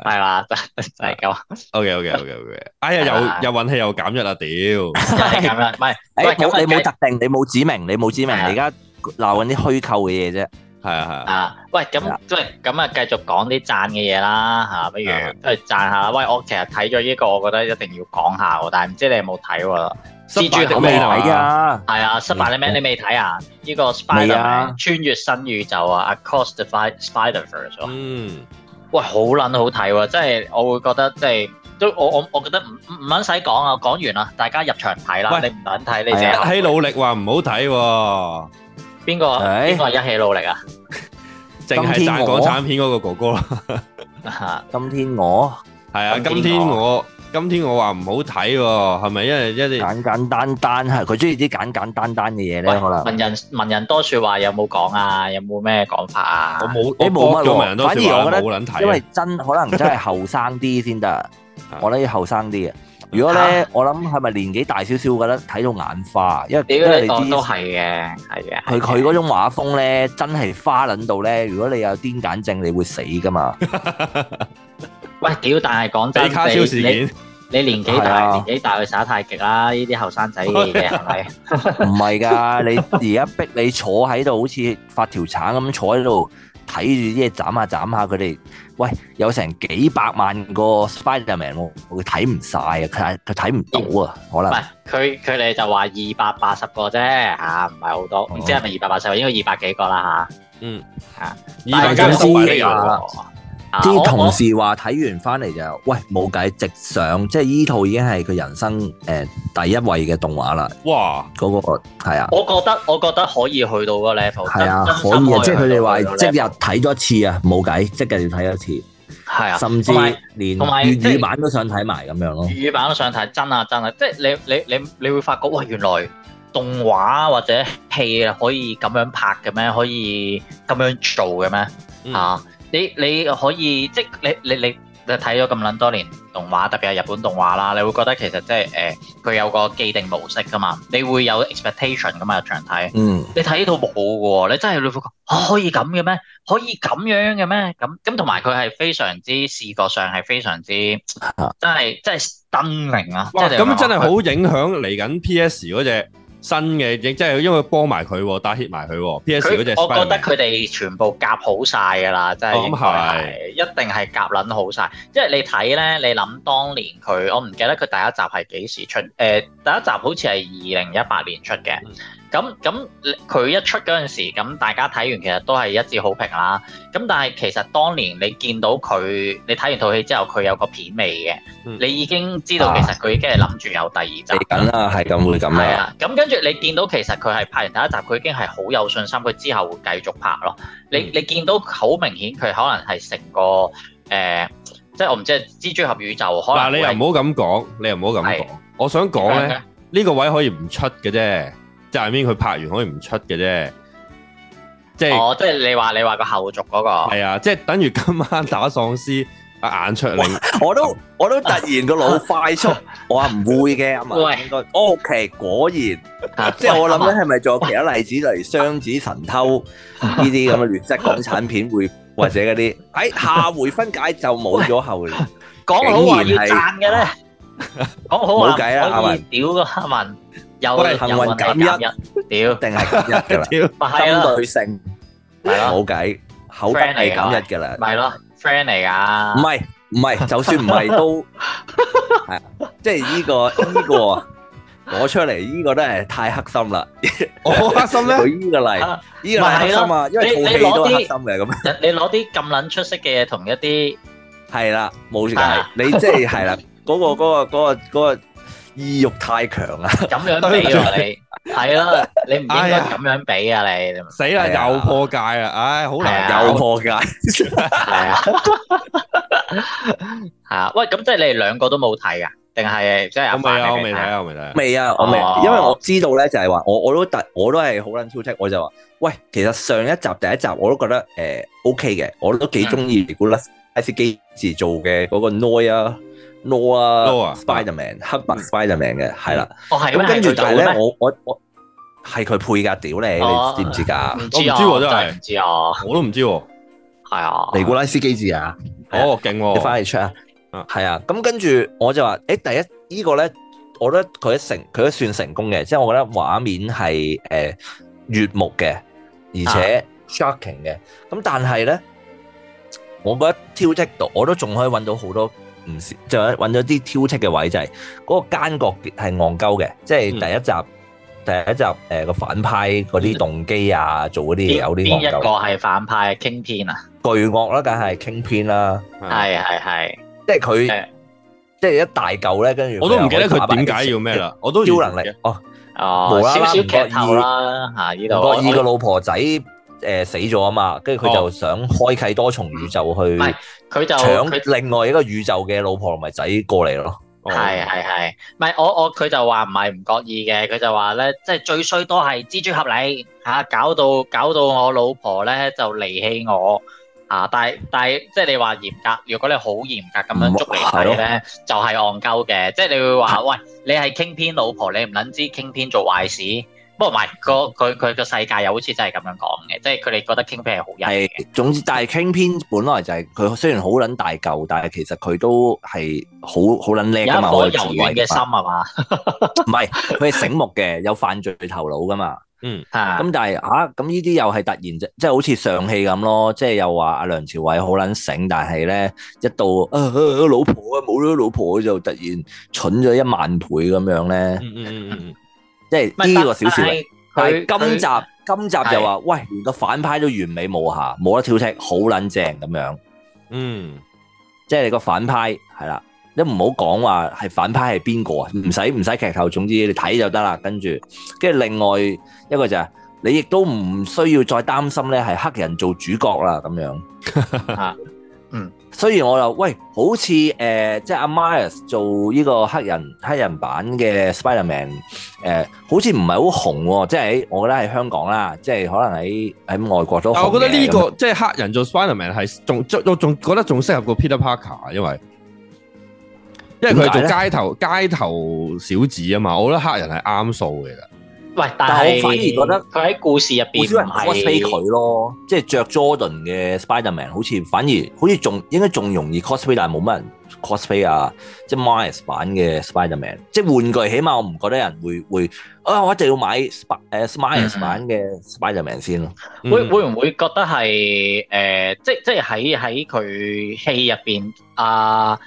係啦，嚟嚟嚟，O K O K O K O K，哎呀，又又運氣又減咗啦，屌，係咁啦，唔係，誒，你冇特定，你冇指明，你冇指明，你而家鬧緊啲虛構嘅嘢啫。係啊係啊啊！喂，咁即係咁啊，繼續講啲讚嘅嘢啦吓，不如誒讚、啊、下喂，我其實睇咗呢個，我覺得一定要講下喎，但係唔知你有冇睇喎？蜘蛛俠啊，係啊 s p i d e 你未睇啊？呢、啊啊啊這個 Spider-Man、啊、穿越新宇宙啊，Across the Spider-Verse 啊！嗯，喂，好捻好睇喎，即係我會覺得即係都我我我覺得唔唔捻使講啊，講完啦，大家入場睇啦，你唔捻睇，你,、啊、你一起努力話唔好睇喎、啊。邊個？邊個一起努力啊？淨係讚港產片嗰個哥哥咯。今天我係啊，今天我，今天我話唔好睇，係咪？因為一啲簡簡單單，係佢中意啲簡簡單單嘅嘢咧。可能文人文人多說話，有冇講啊？有冇咩講法啊？我冇，我冇乜。反而我覺得，因為真可能真係後生啲先得，我諗要後生啲嘅。如果咧、啊，我諗係咪年紀大少少嘅咧，睇到眼花，因為點解你知都係嘅，係嘅，佢佢嗰種畫風咧，真係花捻到咧。如果你有癲癇症，你會死噶嘛？ 喂，年大？年大，講真，你你年紀大，年紀大去耍太極啦。呢啲後生仔嘅嘢，係咪？唔係噶，你而家逼你坐喺度，好似發條橙咁坐喺度。睇住啲嘢斬下斬下，佢哋喂有成幾百萬個 Spiderman 喎，佢睇唔晒啊！佢佢睇唔到啊，可能佢佢哋就話二百八十個啫嚇，唔係好多，唔知係咪二百八十個，二百八十，應該二百幾個啦吓，嗯嚇、啊，大家收啲、啊、同事話睇完翻嚟就喂冇計，直上即係依套已經係佢人生誒、呃、第一位嘅動畫啦。哇！嗰、嗰個係啊，我覺得我覺得可以去到嗰個 level。係啊，可以啊，即係佢哋話即日睇咗一次啊，冇計，即日繼續睇一次。係啊，甚至連粵、就係、語版都想睇埋咁樣咯。粵語版都想睇真啊真啊，真啊，即係你你你你會發覺喂，原來動畫或者戲可以咁樣拍嘅咩？可以咁樣做嘅咩、嗯？啊！你你可以即係你你你睇咗咁撚多年動畫，特別係日本動畫啦，你會覺得其實即係誒佢有個既定模式噶嘛，你會有 expectation 噶嘛。入場睇，嗯，你睇呢套冇嘅喎，你真係會覺得可以咁嘅咩？可以咁樣嘅咩？咁咁同埋佢係非常之視覺上係非常之真係真係 stunning 啊。咁真係，啊、好影響嚟緊 PS 嗰隻。新嘅，亦即係因為幫埋佢，打 hit 埋佢。P.S. 嗰隻，我覺得佢哋全部夾好晒㗎啦， 真係一係一定係夾撚好晒。即係你睇咧，你諗當年佢，我唔記得佢第一集係幾時出？誒、呃，第一集好似係二零一八年出嘅。咁咁佢一出嗰陣時，咁大家睇完其實都係一致好評啦。咁但係其實當年你見到佢，你睇完套戲之後，佢有個片尾嘅，嗯，你已經知道其實佢已經係諗住有第二集。你緊啦，係咁會咁嘅，啊。係啦，啊。咁跟住你見到其實佢係拍完第一集，佢已經係好有信心，佢之後會繼續拍咯。嗯、你你見到好明顯，佢可能係成個誒、呃，即係我唔知係蜘蛛俠宇宙。嗱，你又唔好咁講，你又唔好咁講。我想講咧，呢，這個位可以唔出嘅啫。側面佢拍完可以唔出嘅啫，即係，即係你話你話個後續嗰個係啊，即係等於今晚打喪屍阿眼出嚟，我都我都突然個腦快速，我話唔會嘅阿文，應該，O K，果然，即係我諗緊，係咪仲有其他例子例如雙子神偷呢啲咁嘅劣質港產片會，或者嗰啲，喺下回分解就冇咗後。講好話要賺嘅咧，講好話，冇計啦，阿文，屌個阿文。又係行運減一，屌定係減一噶啦，針對性，係咯冇計，咪係減一噶啦，係咯 friend 嚟噶，唔係唔係，就算唔係都係啊，即係呢個呢個攞出嚟，呢個都係太黑心啦！我黑心咩？舉呢個例，呢個係黑心啊！因為套戲都係黑心嘅，咁，你攞啲咁撚出色嘅同一啲，係啦冇計，你即係係啦，嗰個嗰個嗰個嗰個。意欲太強啊！咁樣俾喎你，係咯，你唔應該咁樣俾啊！你死啦，又破戒啦！唉，好難，又破戒。係啊，喂，咁即係你哋兩個都冇睇啊？定係即係我未啊？我未睇啊！我未睇。未啊，我未，因為我知道咧，就係話我我都特我都係好撚挑剔，我就話喂，其實上一集第一集我都覺得誒 OK 嘅，我都幾中意尼古拉斯基治做嘅嗰個 noir。no 啊，Spider-Man 黑白 Spider-Man 嘅係啦，哦係咩？咁跟住但係咧，我我我係佢配角屌你，你知唔知噶？我唔知真係，唔知啊！我都唔知，係啊！尼古拉斯基治啊，哦勁！你翻嚟出啊？係啊，咁跟住我就話，誒，第一呢個咧，我覺得佢成佢都算成功嘅，即係我覺得畫面係誒悅目嘅，而且 shocking 嘅，咁但係咧，我覺得挑戰度我都仲可以揾到好多。唔就係揾咗啲挑剔嘅位，就係、是、嗰個奸角係戇鳩嘅，即、就、係、是、第一集、嗯、第一集個、呃、反派嗰啲動機啊，做嗰啲有啲戇鳩。邊一個係反派啊？Kingpin 啊？巨惡啦，梗係 Kingpin 啦。係係係，即係佢，即係一大嚿咧，跟住我都唔記得佢點解要咩啦，我都超能力哦、啊，無啦啦、啊，劇透啦嚇，惡、啊這個、二個老婆仔。誒、呃，死咗啊嘛，跟住佢就想開啟多重宇宙去搶、哦、另外一個宇宙嘅老婆同埋仔過嚟咯。係係係，唔係我我佢就話唔係唔覺意嘅，佢就話咧，即係最衰都係蜘蛛俠你吓搞到搞到我老婆咧就離棄我啊！但係但係即係你話嚴格，如果你好嚴格咁樣捉嚟睇咧，就係戇鳩嘅，即係你會話喂，你係傾偏老婆，你唔捻知傾偏做壞事。不過唔係個，佢佢個世界又好似真係咁樣講嘅，即係佢哋覺得 Kingpin 係好人。係，總之但係 Kingpin 本來就係、是、佢雖然好撚大嚿，但係其實佢都係好好撚叻啊嘛！我嘅有嘅心啊嘛。唔係，佢 係醒目嘅，有犯罪頭腦噶嘛。嗯 咁但係啊，咁呢啲又係突然即係、就是、好似上戲咁咯，即、就、係、是、又話阿梁朝偉好撚醒，但係咧一到、啊啊、老婆啊冇咗老婆就突然蠢咗一萬倍咁樣咧。嗯嗯嗯嗯。即係呢個小說，但係今集今集就話喂，連個反派都完美無瑕，冇得挑剔，好撚正咁樣。嗯，即係你個反派係啦，你唔好講話係反派係邊個啊，唔使唔使劇透，總之你睇就得啦。跟住，跟住另外一個就係、是，你亦都唔需要再擔心咧，係黑人做主角啦咁樣、 啊。嗯。所以我就喂，好似誒、呃、即係阿 Miles 做呢個黑人黑人版嘅 Spiderman，誒、呃、好似唔係好紅、哦，即係我覺得喺香港啦，即係可能喺喺外國都。但係我覺得呢、這個這即係黑人做 Spiderman 係仲，我仲覺得仲適合過 Peter Parker，因為因為佢係做街頭街頭小子啊嘛，我覺得黑人係啱數嘅。唔但係我反而覺得佢喺故事入邊唔係 cosplay 佢咯，即係著 Jordan 嘅 Spider-Man 好似反而好似仲應該仲容易 cosplay，但係冇乜人 cosplay 啊，即係 Miles 版嘅 Spider-Man，即係玩具，起碼我唔覺得人會會，啊、哎，我一定要買誒、uh, Miles 版嘅 Spider-Man 先咯、嗯。會會唔會覺得係誒、呃，即即係喺喺佢戲入邊啊？呃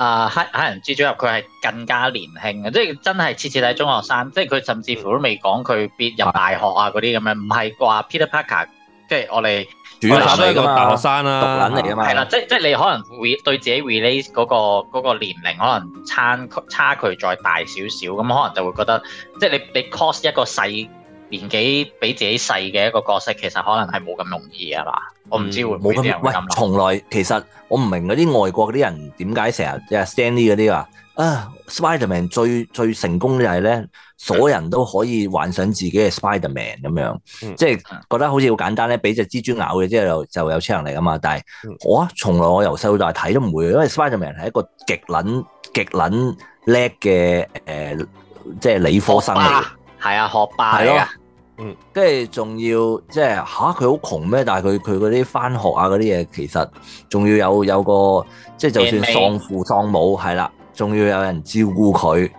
啊，黑黑人蜘蛛俠佢係更加年輕嘅，即係真係次次睇中學生，即係佢甚至乎都未講佢入大學啊嗰啲咁樣，唔係啩？Peter Parker 即係我哋主要係個大學生啦、啊，讀緊嚟啊嘛，係啦，即即係你可能會對自己 release 嗰、嗰個嗰、嗰個年齡可能差差距再大少少，咁、嗯、可能就會覺得即係你你 cost 一個細。年紀比自己細嘅一個角色，其實可能係冇咁容易啊嘛、嗯！我唔知會冇咁。喂，從來其實我唔明嗰啲外國嗰啲人點解成日即係 Stan Lee 嗰啲話啊 Spider-Man 最最成功就係咧，所有人都可以幻想自己係 Spider-Man 咁、嗯、樣，即、嗯、係、就是、覺得好似好簡單咧，俾隻蜘蛛咬嘅之後就就有超人嚟㗎嘛！但係我、嗯哦、從來我由細到大睇都唔會，因為 Spider-Man 係一個極撚極撚叻嘅誒，即、呃、係、就是、理科生嚟嘅，係啊，學霸嚟啊！跟住仲要即係嚇佢好窮咩？但係佢佢嗰啲翻學啊嗰啲嘢，其實仲要有有個即係就算喪父喪母係啦，仲要有人照顧佢，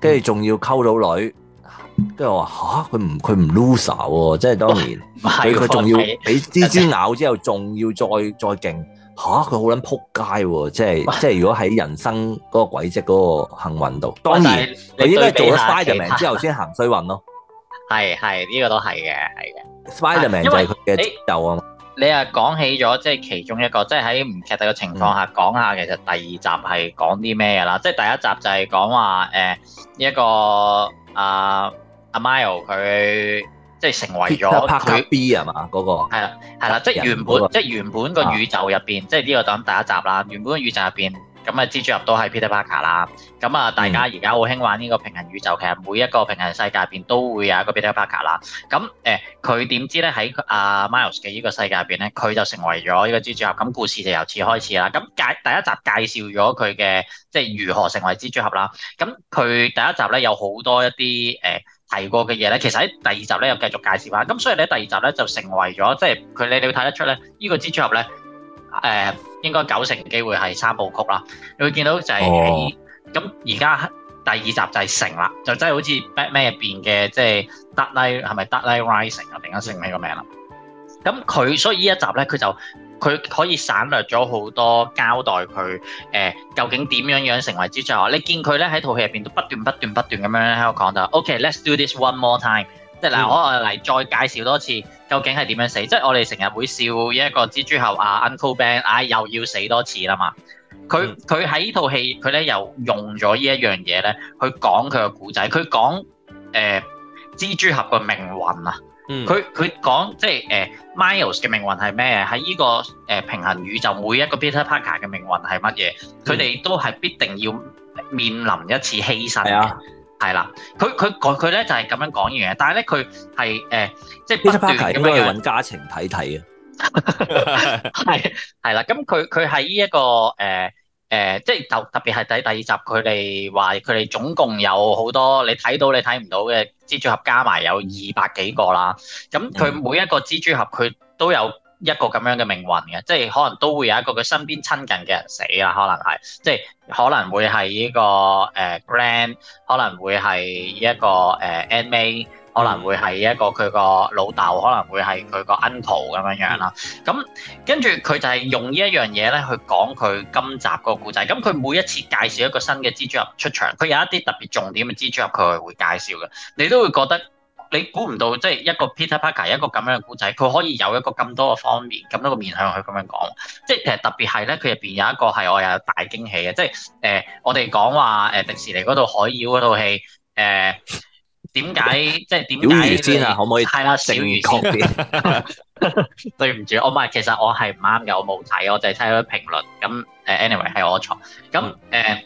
跟住仲要溝到女，跟住我話嚇佢唔佢唔 loser 喎、啊，即係當年俾佢仲要俾蜘蛛咬之後，仲要再再勁嚇佢好撚撲街喎，即係即係如果喺人生嗰個軌跡嗰個幸運度，當然佢應該做咗 spy 嘅名之後先行衰運咯、啊。係係呢個都係嘅，係嘅。Spider-Man 就係佢嘅豆啊！你啊講起咗即係其中一個，即係喺唔劇透嘅情況下、嗯、講下其實第二集係講啲咩啦？即係第一集就係講話呢一個阿阿 Miles 佢即係成為咗佢 B 係嘛，嗰個係啦係啦，即係原本、那個、即係原本個宇宙入邊、啊，即係呢個就第一集啦。原本個宇宙入邊。咁啊，蜘蛛俠都係 Peter Parker 啦。咁啊，大家而家好興玩呢個平行宇宙，其實每一個平行世界入邊都會有一個 Peter Parker 啦。咁誒，佢點知咧喺阿 Miles 嘅呢個世界入邊咧，佢就成為咗呢個蜘蛛俠。咁故事就由此開始啦。咁介第一集介紹咗佢嘅即係如何成為蜘蛛俠啦。咁佢第一集咧有好多一啲誒提過嘅嘢咧，其實喺第二集咧又繼續介紹啦。咁所以咧第二集咧就成為咗即係佢你會睇得出咧，呢個蜘蛛俠咧。誒應該九成嘅機會係三部曲啦，你會見到就係咁而家第二集就係成啦，就真係好似 Batman 入邊嘅即係 Dark Knight 係咪 Dark Knight Rising 啊定係成咩個名啦？咁佢所以依一集咧，佢就佢可以省略咗好多交代佢誒究竟點樣樣成為蜘蛛俠，你見佢咧喺套戲入邊都不斷不斷不斷咁樣喺度講就 OK，let's do this one more time，即係嗱我嚟再介紹多次。究竟係點樣死？即係我哋成日會笑一個蜘蛛俠啊，Uncle Ben，唉，又要死多次啦嘛。佢佢喺呢套戲，佢咧又用咗呢一樣嘢咧，去講佢嘅故仔。佢講誒蜘蛛俠嘅命運啊，佢佢講即係誒 Miles 嘅命運係咩？喺呢個誒平衡宇宙，每一個 Peter Parker 嘅命運係乜嘢？佢哋都係必定要面臨一次犧牲。係啦，佢佢佢佢咧就係咁樣講嘢，但係咧佢係誒，即係、呃就是、不斷咁樣搵家情睇睇啊，係係啦，咁佢佢喺呢一個誒誒，即、呃、係、呃就是、特特別係第第二集，佢哋話佢哋總共有好多你睇到你睇唔到嘅蜘蛛俠加埋有二百幾個啦，咁佢每一個蜘蛛俠佢都有。一個咁樣嘅命運嘅，即係可能都會有一個佢身邊親近嘅人死呀，可能係，即係可能會係呢、這個、呃、grand，可能會係一個誒 n m a 可能會係一個佢個老豆，可能會係佢個 uncle 咁樣樣啦。咁跟住佢就係用一呢一樣嘢咧去講佢今集個故仔。咁佢每一次介紹一個新嘅蜘蛛俠出場，佢有一啲特別重點嘅蜘蛛俠佢會介紹嘅，你都會覺得。你估唔到，即係一個 Peter Parker 一個咁樣嘅故仔，佢可以有一個咁多個方面，咁多個面向去咁樣講。即係其實特別係咧，佢入邊有一個係我有大驚喜嘅。即係誒、呃，我哋講話誒迪士尼嗰套海妖嗰套戲誒，點、呃、解即係點解？小魚先啊，可唔可以？係啦，小魚講先。對唔住，我唔係，其實我係唔啱有冇睇，我就係睇咗評論。咁誒，anyway 係我錯。咁誒。嗯呃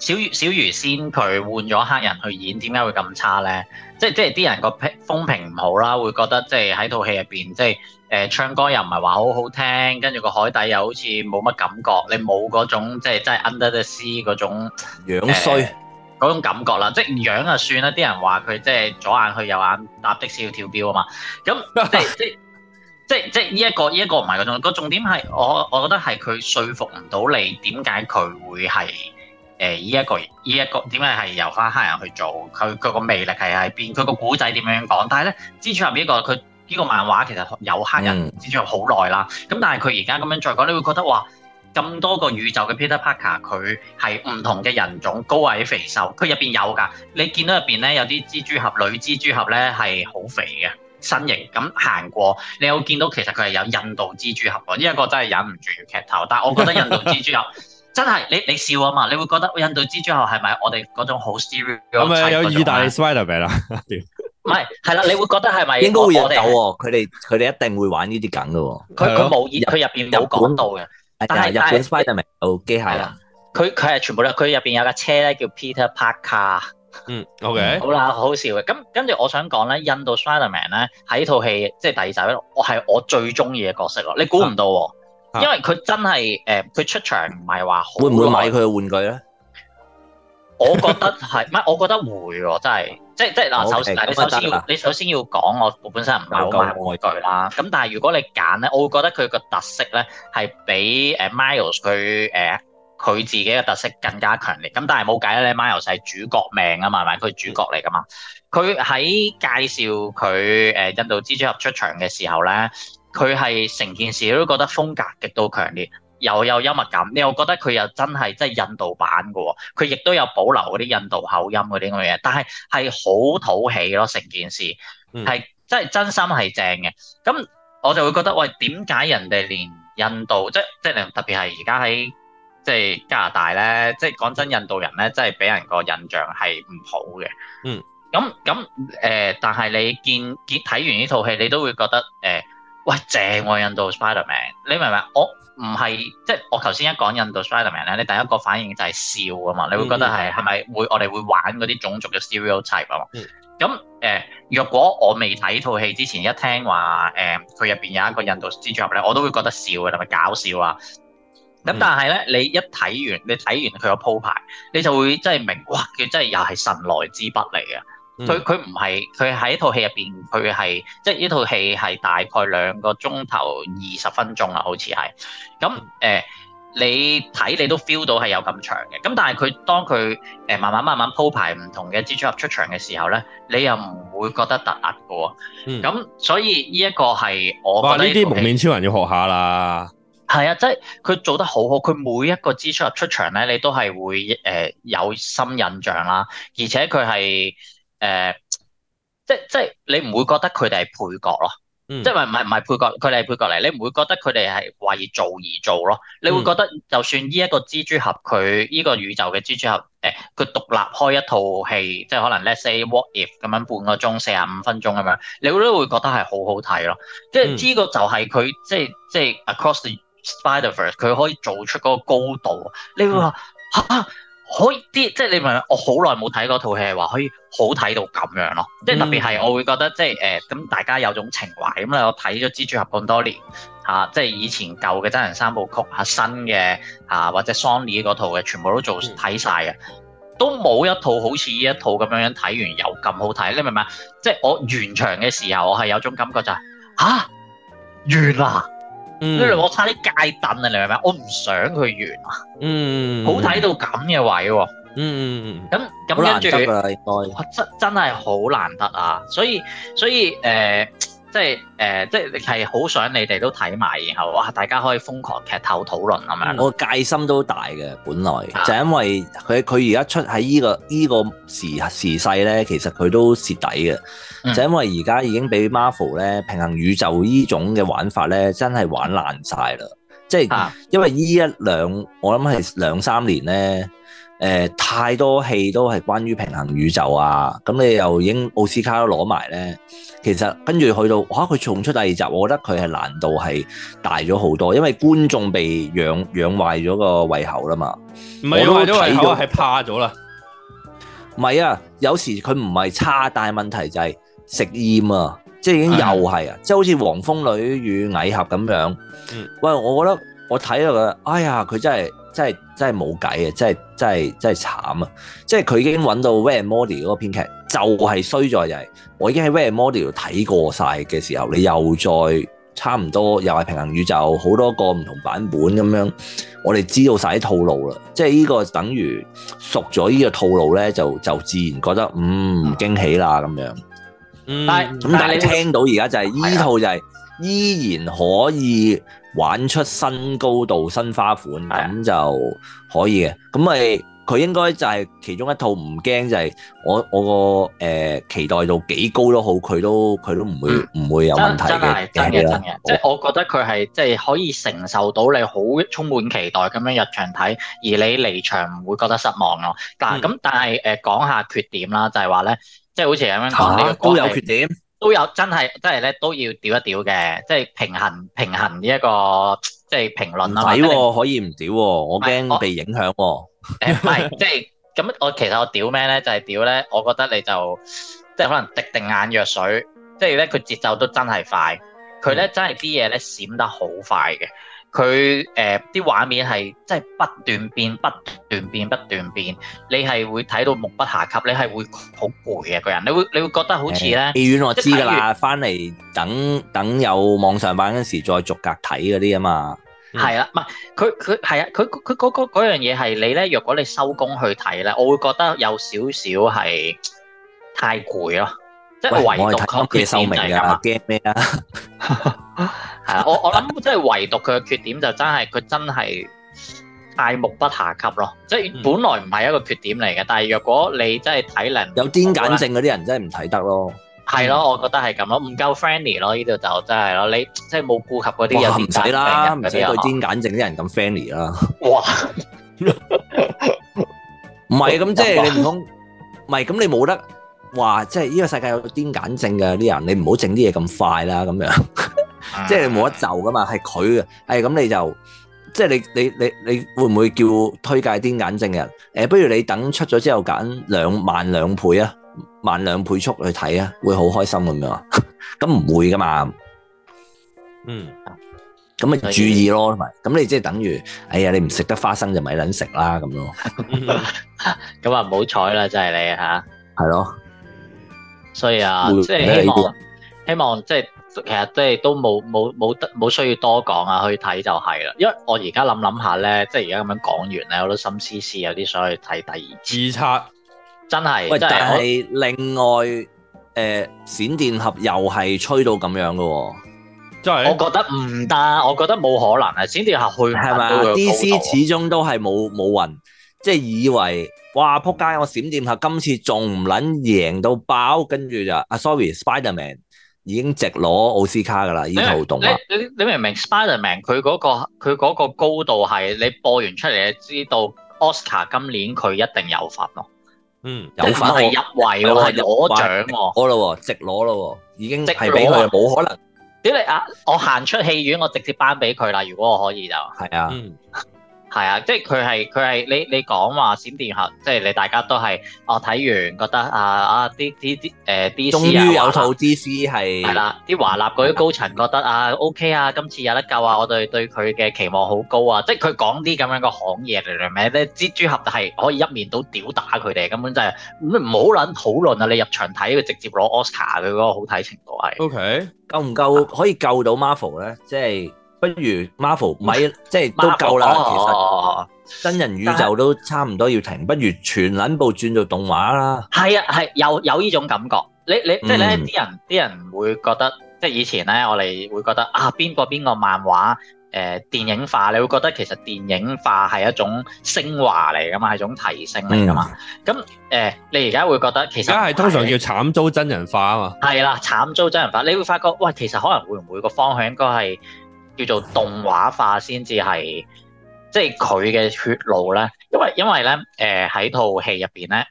小，小魚小魚仙佢換咗黑人去演，點解會咁差咧？即即啲人個評風評唔好啦，會覺得即係喺套戲入邊，即係誒、呃、唱歌又唔係話好好聽，跟住個海底又好似冇乜感覺，你冇嗰種即係即係 under the sea 嗰種樣衰嗰、呃、種感覺啦。即樣啊算啦，啲人話佢即係左眼去右眼搭的士要跳表啊嘛。咁即 即即即呢一、這個呢一、這個唔係嗰種。個重點係我我覺得係佢說服唔到你點解佢會係。誒依一個依一個點解係由翻黑人去做佢佢個魅力係喺邊佢個古仔點樣講？但係咧蜘蛛俠呢個佢呢個漫畫其實有黑人蜘蛛俠好耐啦，咁、嗯、但係佢而家咁樣再講，你會覺得話咁多個宇宙嘅 Peter Parker 佢係唔同嘅人種高矮肥瘦，佢入邊有㗎。你見到入邊咧有啲蜘蛛俠女蜘蛛俠咧係好肥嘅身形咁行過，你會見到其實佢係有印度蜘蛛俠喎。呢一個真係忍唔住要劇透，但係我覺得印度蜘蛛俠。 真係你你笑啊嘛，你會覺得印度蜘蛛俠係咪我哋嗰種好 serious 咁啊？有意大利的 Spiderman 啦、啊，唔係係啦，你會覺得係咪應該會、哦、他他他有㗎佢哋佢哋一定會玩呢啲梗嘅喎。佢佢無佢入邊有講到嘅。但係日本 Spiderman 有機械啦。佢佢係全部啦，佢入邊有架車咧叫 Peter Parker 嗯。嗯，OK。 好啦，好笑嘅。咁跟住我想講咧，印度 Spiderman 咧喺套戲即係第二集，我係我最中意嘅角色咯。你估唔到喎。因為佢真係誒，佢出場唔係話好會唔會買佢嘅玩具咧？我覺得係，唔係，我覺得會，真係，即係即係嗱，首先你首先要你首先要講，我本身唔係好買玩具啦。咁但係如果你揀咧，我會覺得佢個特色咧係比誒 Miles 佢，誒佢自己嘅特色更加強烈。咁但係冇計啦，你 Miles 係主角命啊嘛，係咪佢主角嚟噶嘛？佢喺介紹佢誒印度蜘蛛俠出場嘅時候咧。佢係成件事都覺得風格極度強烈，又有幽默感，你又覺得佢又真係即係印度版嘅喎，佢亦都有保留嗰啲印度口音嗰啲咁嘅嘢，但係係好土氣咯成件事，係真係真心係正嘅。咁我就會覺得喂，點解人哋連印度即係即係特別係而家喺即係加拿大咧，即係講真印度人咧，即係俾人個印象係唔好嘅。嗯，咁咁誒，但係你見見睇完呢套戲，你都會覺得誒。呃喂，正我、啊、印度 Spider-Man，你明唔明？我唔係即係我頭先一講印度 Spider-Man 咧，你第一個反應就係笑啊嘛，你會覺得係係咪會我哋會玩嗰啲種族嘅 stereotype 啊、mm-hmm.？咁、呃、誒，若果我未睇套戲之前一聽話佢入邊有一個印度蜘蛛俠咧，我都會覺得笑嘅，係咪搞笑啊？咁、mm-hmm. 但係咧，你一睇完，你睇完佢個鋪排，你就會真係明，哇！佢真係又係神來之筆嚟嘅。佢佢唔係，佢喺套戲入邊，佢係即係呢套戲係大概兩個鐘頭二十分鐘啦，好似係。咁誒、呃，你睇你都 feel 到係有咁長嘅。咁但係佢當佢誒、呃、慢慢慢慢鋪排唔同嘅蜘蛛俠出場嘅時候咧，你又唔會覺得突兀嘅喎。咁、嗯、所以呢一個係我覺得，呢啲蒙面超人要學下啦。係啊，即係佢做得好好，佢每一個蜘蛛俠出場咧，你都係會誒、呃、有深印象啦，而且佢係。誒、uh,，即即你唔會覺得佢哋係配角咯？嗯，即唔係唔係唔係配角，佢哋係配角嚟。你唔會覺得佢哋係為做而做咯？你會覺得就算呢一個蜘蛛俠佢呢個宇宙嘅蜘蛛俠，誒、呃，佢獨立開一套戲，即可能 let's say what if 咁樣半個鐘四啊五分鐘咁樣，你都會覺得係好好睇咯。即呢個就係佢即即 Across the Spider-Verse，佢可以做出嗰個高度。你會話吓？可以啲，即係你明白我好耐冇睇嗰套戲，話可以好睇到咁樣咯。即、嗯、係特別係我會覺得，即係誒，咁、呃、大家有一種情懷。咁咧，我睇咗蜘蛛俠咁多年，吓、啊，即係以前舊嘅真人三部曲吓、啊，新嘅吓、啊、或者 Sony 嗰套嘅，全部都做睇晒嘅，都冇一套好似呢一套咁樣樣睇完又咁好睇。你明唔明？即係我完場嘅時候，我係有一種感覺就係、是，吓、啊，完喇。嗯，跟住我差啲戒凳啊，你明唔明？我唔想佢完啊，嗯，好睇到咁嘅位喎，嗯，咁咁跟住，真真係好難得啊，所以所以誒。呃嗯即係、呃、即係好想你哋都睇埋，然後哇，大家可以瘋狂劇透討論咁樣。我戒心都大嘅，本來、啊、就、因為佢佢而家出喺呢、這個呢、這個時時勢咧，其實佢都蝕底嘅。就因為而家已經俾 Marvel 咧平行宇宙呢種嘅玩法咧，真係玩爛晒啦。即、就、係、是、因為呢一兩、啊，我諗係兩三年咧。誒、呃、太多戲都係關於平行宇宙啊！咁你又已經奧斯卡都攞埋咧，其實跟住去到，哇、啊！佢重出第二集，我覺得佢係難度係大咗好多，因為觀眾被養養壞咗個胃口啦嘛。唔係，我睇咗係怕咗啦。唔係啊，有時佢唔係差，大問問題就係、是、食厭啊，即係已經又係啊，即係好似《黃蜂女與蟻俠》咁樣。喂，我覺得我睇到佢哎呀，佢真係～即係真係冇計嘅，真係真係真係慘啊！即係佢已經揾到 Where Molly 嗰個編劇，就係、是、衰在就係我已經喺 Where Molly 度睇過晒嘅時候，你又再差唔多又係平行宇宙好多個唔同版本咁樣，我哋知道晒啲套路啦。即係呢個等於熟咗呢個套路呢，就就自然覺得唔、嗯、驚喜啦咁樣。嗯、但係咁但係你聽到而家就係、是、依套就係依然可以。玩出新高度、新花款，咁就可以嘅。咁咪佢應該就係其中一套唔驚，就係我我個誒期待到幾高都好，佢都佢都唔會唔、嗯、會有問題嘅。真嘅真嘅，即係、就係、我覺得佢係即係可以承受到你好充滿期待咁樣入場睇，而你離場唔會覺得失望咯。但係咁、嗯，但係誒、呃、講下缺點啦，就係話咧，即、就、係、係、好似咁樣啊、這個，都有缺點。都有真係，真係咧都要屌一屌嘅，即係平衡平衡呢、這、一個即係評論咯。唔使喎，可以唔屌喎，我驚我被影響喎、啊。誒、 呃，唔係，即係咁，我其實我屌咩咧，就係屌咧，我覺得你就即係可能滴定眼藥水，即係咧佢節奏都真係快，佢咧真係啲嘢咧閃得好快嘅。佢誒啲畫面係即係不斷變，不斷變，不斷變，你係會睇到目不暇給，你係會好攰呀個人。你會你會覺得好似咧戲院，我知㗎啦，翻嚟等等有網上版嗰時再逐格睇嗰啲啊嘛。係啦，唔係佢佢係啊，佢佢嗰樣嘢係你咧。若果你收工去睇咧，我會覺得有少少係太攰咯。即係唯獨佢嘅壽命啊！驚咩啊？係啊，我我諗即係唯獨佢嘅缺點就真係佢真係太目不暇給咯。即係本來唔係一個缺點嚟嘅，但係若果你真係體能有癲癇症嗰啲人，真係唔睇得咯。係咯，我覺得係咁咯，唔夠 friendly 咯。呢度就真係咯，你即係冇顧及嗰啲嘢。唔使啦，唔使對癲癇症啲人咁 friendly 啦。哇！唔係啊，咁即係你唔通？唔係咁，你冇得。話即係呢個世界有癲癇症嘅啲人，你唔好整啲嘢咁快啦，咁樣、啊、 即係你冇得就噶嘛，係佢誒，咁、哎、你就即係你你你你會唔會叫推介癲癇症嘅人？誒、哎，不如你等出咗之後揀兩萬兩倍啊，萬兩倍，倍速去睇啊，會好開心咁樣，咁唔會噶嘛？嗯，咁咪注意咯，同埋咁你即係等於，哎呀，你唔食得花生就咪捻食啦，咁咯，咁啊唔好彩啦，真係你吓，係、啊、咯。 所以啊，即係希望，希望即係其實即係都冇冇冇得冇需要多講啊，去睇就係啦。因為我而家諗諗下咧，即係而家咁樣講完咧，我都心思思有啲想去睇第二次。自測真係，但係另外誒、呃、閃電俠又係吹到咁樣嘅喎、啊，我覺得唔得，我覺得冇可能啊！閃電俠去係咪？DC 始終都係冇冇運。即係以為哇，仆街我閃電俠今次仲唔撚贏到爆，跟住就啊，Sorry，Spider-Man 已經直攞奧斯卡噶啦，呢套動畫。你你，你明唔明 Spider-Man 佢嗰個佢嗰個高度係你播完出嚟，知道 Oscar 今年佢一定有份咯。嗯，有份係入圍咯，攞獎喎，好咯，直攞咯，已經即係俾佢冇可能。屌你啊！我行出戲院，我直接頒俾佢啦。如果我可以就係啊，嗯。 係啊，即係佢係佢係你你講話閃電俠，即係你大家都係哦睇完覺得啊啊啲啲啲誒啲師啊，啊 d, d, d, DC, 終於有套 DC 戲係係啦，啲華納嗰啲、啊、高層覺得啊 OK 啊，今次有得救啊，我對對佢嘅期望好高啊，即係佢講啲咁樣嘅行業嚟咩咧，蜘蛛俠係可以一面倒屌打佢哋，根本就係唔好撚討論啊！你入場睇佢直接攞 Oscar 佢嗰、那個好睇程度係 OK，夠唔夠、啊、可以救到 Marvel 咧？即係。不如 Marvel 咪即係都夠啦，其實真人宇宙都差唔多要停，不如全撚部轉做動畫啦。係啊，係有有呢種感覺。你你即係咧啲人啲人會覺得，即係以前咧我哋會覺得啊，邊個邊個漫畫誒、呃、電影化，你會覺得其實電影化係一種升華嚟噶嘛，係種提升嚟噶嘛。咁、嗯、誒、呃，你而家會覺得其實而家係通常叫慘遭真人化啊嘛。係啦，慘遭真人化，你會發覺喂，其實可能會唔會個方向應該係？叫做動畫化先至係，即係佢嘅血路咧，因為因為咧，誒、呃、喺套戲入邊咧，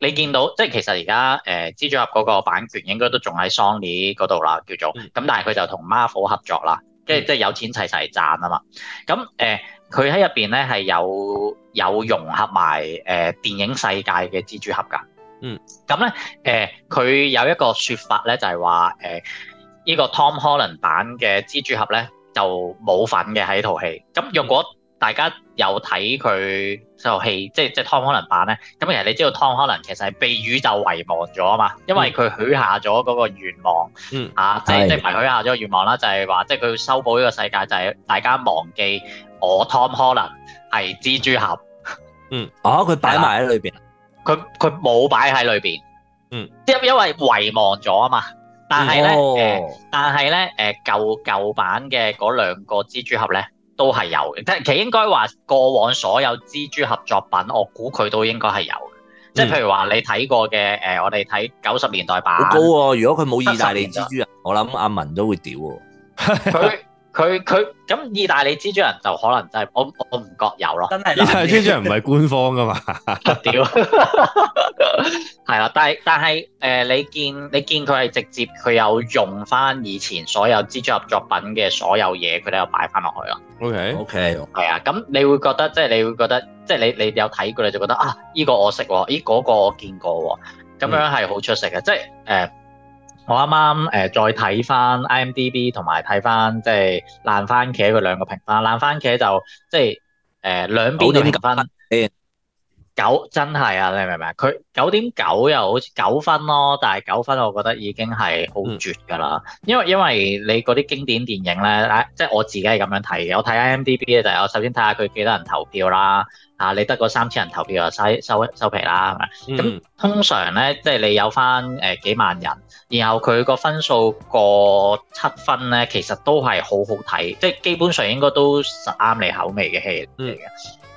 你見到即係其實而家誒蜘蛛俠嗰個版權應該都仲喺 Sony 嗰度啦，叫做咁，但係佢就同 Marvel 合作啦，即係即係有錢齊齊賺啊嘛。咁、嗯、誒，佢喺入邊咧係有有融合埋誒、呃、電影世界嘅蜘蛛俠噶。嗯，咁咧誒，佢、呃、有一個說法咧，就係話誒，呃呢、這個 Tom Holland 版嘅蜘蛛俠咧就冇份嘅喺套戲。咁若果大家有睇佢套戲，即係即係 Tom Holland 版咧，咁其實你知道 Tom Holland 其實係被宇宙遺忘咗啊嘛，因為佢許下咗嗰個願望，嗯，即係即係佢許下咗個願望啦，就係話即係佢要修補呢個世界，就係大家忘記我 Tom Holland 係蜘蛛俠。嗯，啊，佢擺埋喺裏面，佢佢冇擺喺裏面，嗯，因因為遺忘咗啊嘛。但係咧，誒、哦，但係咧，誒，舊舊版嘅嗰兩個蜘蛛俠咧，都係有嘅。即係其實應該話過往所有蜘蛛俠作品，我估佢都應該係有嘅。即、嗯、係譬如話你睇過嘅，誒，我哋睇九十年代版。好高喎，啊！如果佢冇意大利蜘蛛人，嗯、我諗阿文都會屌喎。佢佢咁意大利蜘蛛人就可能就係、是、我我唔覺有咯，真係意大利蜘蛛人唔係官方噶嘛，屌，係啊，但係但係誒、呃，你見你見佢係直接佢有用翻以前所有蜘蛛俠作品嘅所有嘢，佢哋又擺翻落去咯。OK OK，係啊，咁你會覺得即係、就是、你會覺得即係、就是、你你有睇過你就覺得啊，依、這個我識喎，咦、這、嗰個我見過喎，咁、這個、樣係好出色嘅、嗯，即係誒。呃我啱啱誒再睇翻 IMDB 同埋睇翻即係爛番茄佢兩個評分，爛番茄就即係誒兩邊評分。嗯嗯嗯九真係啊，你明唔明？佢九點九又好似九分咯，但係九分我覺得已經係好絕噶啦、嗯。因為因為你嗰啲經典電影咧、啊，即係我自己係咁樣睇嘅。我睇下 IMDb 咧，就我首先睇下佢幾多人投票啦。啊、你得個三千人投票就收收收皮啦，係咪？咁、嗯、通常咧，即係你有翻誒、呃、幾萬人，然後佢個分數過七分咧，其實都係好好睇，即係基本上應該都實啱你口味嘅戲嚟嘅。嗯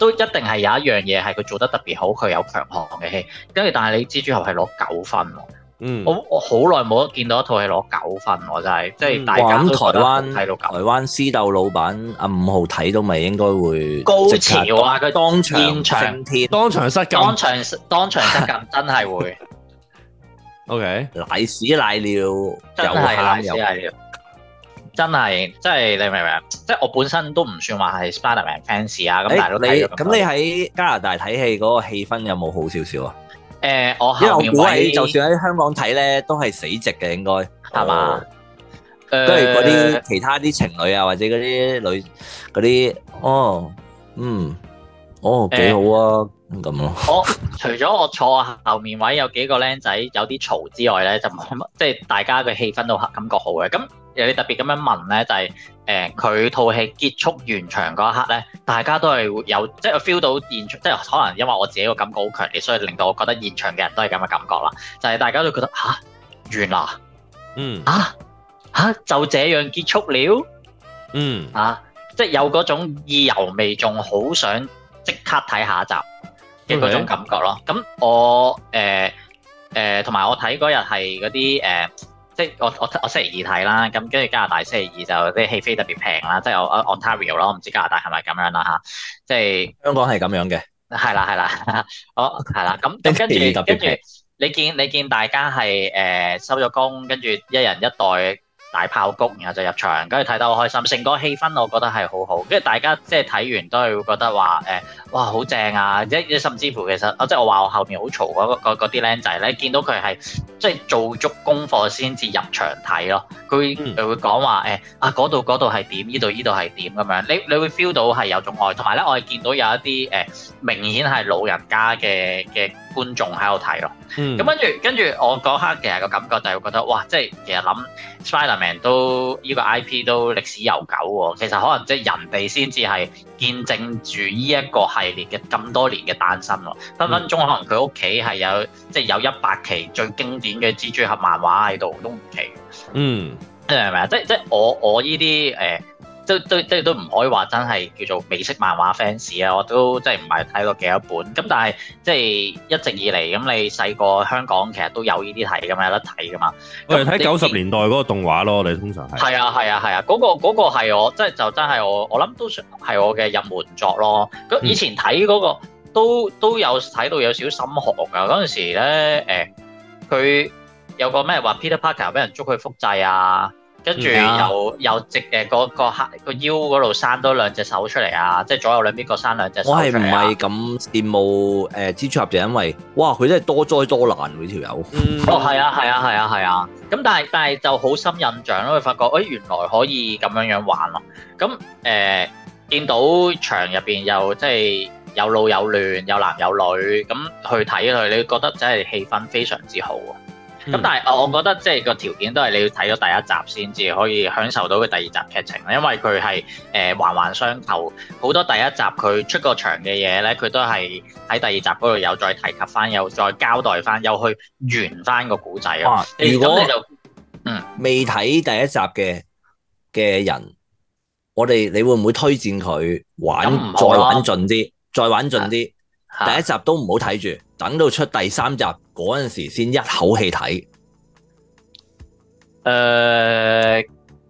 都一定係有一樣嘢係佢做得特別好，佢有強項嘅戲。跟住，但係你蜘蛛俠係攞九分喎。嗯，我我好耐冇見到一套戲攞九分喎，就係即係。揾台灣台灣私鬥老闆阿五號睇到咪應該會高潮啊！佢當場搶天，當場失禁，當場當場失禁真係會。OK，瀨屎瀨尿，真係瀨屎瀨尿。真係，真係你明唔明啊？即係我本身都唔算話係 Spider-Man fans 啊。咁大佬，咁你喺加拿大睇戲嗰個氣氛有冇好少少啊？誒、欸，我後面位因為我估計就算喺香港睇咧，都係死寂嘅，應該係嘛？誒、哦呃，都係嗰啲其他啲情侶啊，或者嗰啲女嗰啲，哦，嗯，哦幾好啊咁咯、欸。我 除咗我坐後面位有幾個僆仔有啲嘈之外咧，就冇乜，即係大家嘅氣氛都感覺好嘅咁。有你特別咁樣問咧，就係誒佢套戲結束完場嗰一刻咧，大家都係會有，即係我 feel 到現場，即係可能因為我自己個感覺好強烈，所以令到我覺得現場嘅人都係咁嘅感覺啦。就係大家都覺得嚇完啦，嗯啊，啊啊就這樣結束了，嗯啊，即係有嗰種意猶未盡，好想即刻睇下一集嘅嗰種感覺咯。咁、okay。我誒誒同埋我睇嗰日係嗰啲誒。呃即係我我我星期二睇啦，咁跟住加拿大星期二就啲戲飛特別平啦，即係我 Ontario 咯，我唔知加拿大係咪咁樣啦、啊、嚇，即係香港係咁樣嘅。係啦係啦，好係啦，咁跟住跟住你見你見大家係誒、呃、收咗工，跟住一人一袋。大炮谷，然後就入場，跟住睇得好開心，成個氣氛我覺得係好好，跟住大家即係睇完都係會覺得話誒、呃，哇好正啊！即甚至乎其實即係我話我後面好嘈嗰啲僆仔咧，見到佢係即係做足功課先至入場睇咯，佢又會講話、呃嗯、啊嗰度嗰度係點，呢度呢度係點咁樣，你你會 feel 到係有種愛，同埋咧我係見到有一啲誒、呃、明顯係老人家嘅嘅觀眾喺度睇咯，咁、嗯、跟住跟住我嗰刻其實個感覺就係會覺得哇，即係其實諗，Spider-Man 都呢個 IP 都歷史悠久喎、哦，其實可能即係人哋先至係見證住呢一個系列嘅咁多年嘅誕生咯，嗯、分分鐘可能佢屋企係有即係、即係、有一百期最經典嘅蜘蛛俠漫畫喺度都唔奇，嗯，係咪啊？即係即係我我依啲誒。呃都都都都唔可以話真係叫做美式漫畫 fans 啊！我都即係唔係睇過幾多本咁，但係即係一直以嚟咁，你細個香港其實都有呢啲睇咁，有得睇㗎嘛？我哋睇九十年代嗰個動畫咯，我哋通常係係啊係啊係啊！嗰、啊啊啊嗰個嗰係、嗰個、我即係就真係我我諗都算係我嘅入門作咯。咁以前睇嗰、嗰個、嗯、都都有睇到有少少心寒㗎。嗰陣時咧誒，佢、欸、有個咩話 Peter Parker 俾人捉佢複製啊？跟住又又直誒嗰個客個腰嗰度生多兩隻手出嚟啊！即係左右兩邊各生兩隻手出嚟。我係唔係咁羨慕誒？蜘蛛俠就因為哇，佢真係多災多難呢條友。嗯，係啊，係啊，係啊，係啊。咁但係但係就好深印象咯。發覺誒原來可以咁樣樣玩咯。咁誒見到場入邊又即係有老有嫩，有男有女，咁去睇佢，你覺得真係氣氛非常之好啊！咁、嗯、但係我覺得即係個條件都係你要睇咗第一集先至可以享受到嘅第二集劇情，因為佢係誒環環相扣，好、呃、多第一集佢出過場嘅嘢咧，佢都係喺第二集嗰度有再提及翻，有再交代翻，有去圓翻個古仔啊！如果你就未睇、嗯、第一集嘅嘅人，我哋你會唔會推薦佢玩再玩盡啲，再玩盡啲、啊？第一集都唔好睇住。等到出第三集嗰陣時，先一口氣睇。誒、呃，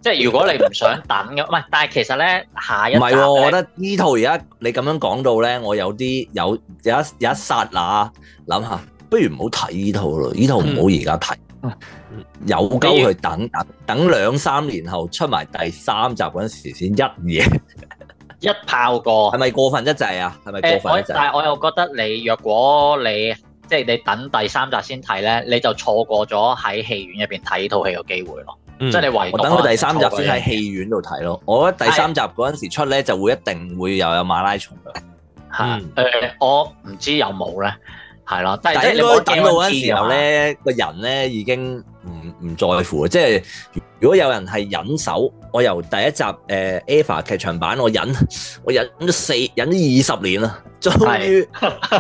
即係如果你唔想等嘅，唔 係，但係其實咧下一集，唔係、啊、我覺得套呢套而家你咁樣講到咧，我有啲有有一有一剎喇，諗下，不如唔好睇呢套咯，呢、嗯、套唔好而家睇，有鳩去等等、嗯、等兩三年後出埋第三集嗰陣時先一嘢。 一炮過，係咪過分一滯啊？係咪過分一滯？但係我又覺得你若果你即係、就是、你等第三集先睇咧，你就錯過咗喺戲院入邊睇套戲嘅機會咯。即、嗯、係、就是、你唯我等佢第三集先喺戲院度睇咯。我覺得第三集嗰陣時出咧，就會一定會又有馬拉松嘅。係誒、嗯呃，我唔知有冇咧，係咯。但係即係你等到嗰陣時候咧，個人咧已經。唔唔，在乎，即係如果有人係忍手，我由第一集誒《Eva、呃》 劇場版，我忍我忍咗四忍咗二十年啦，終於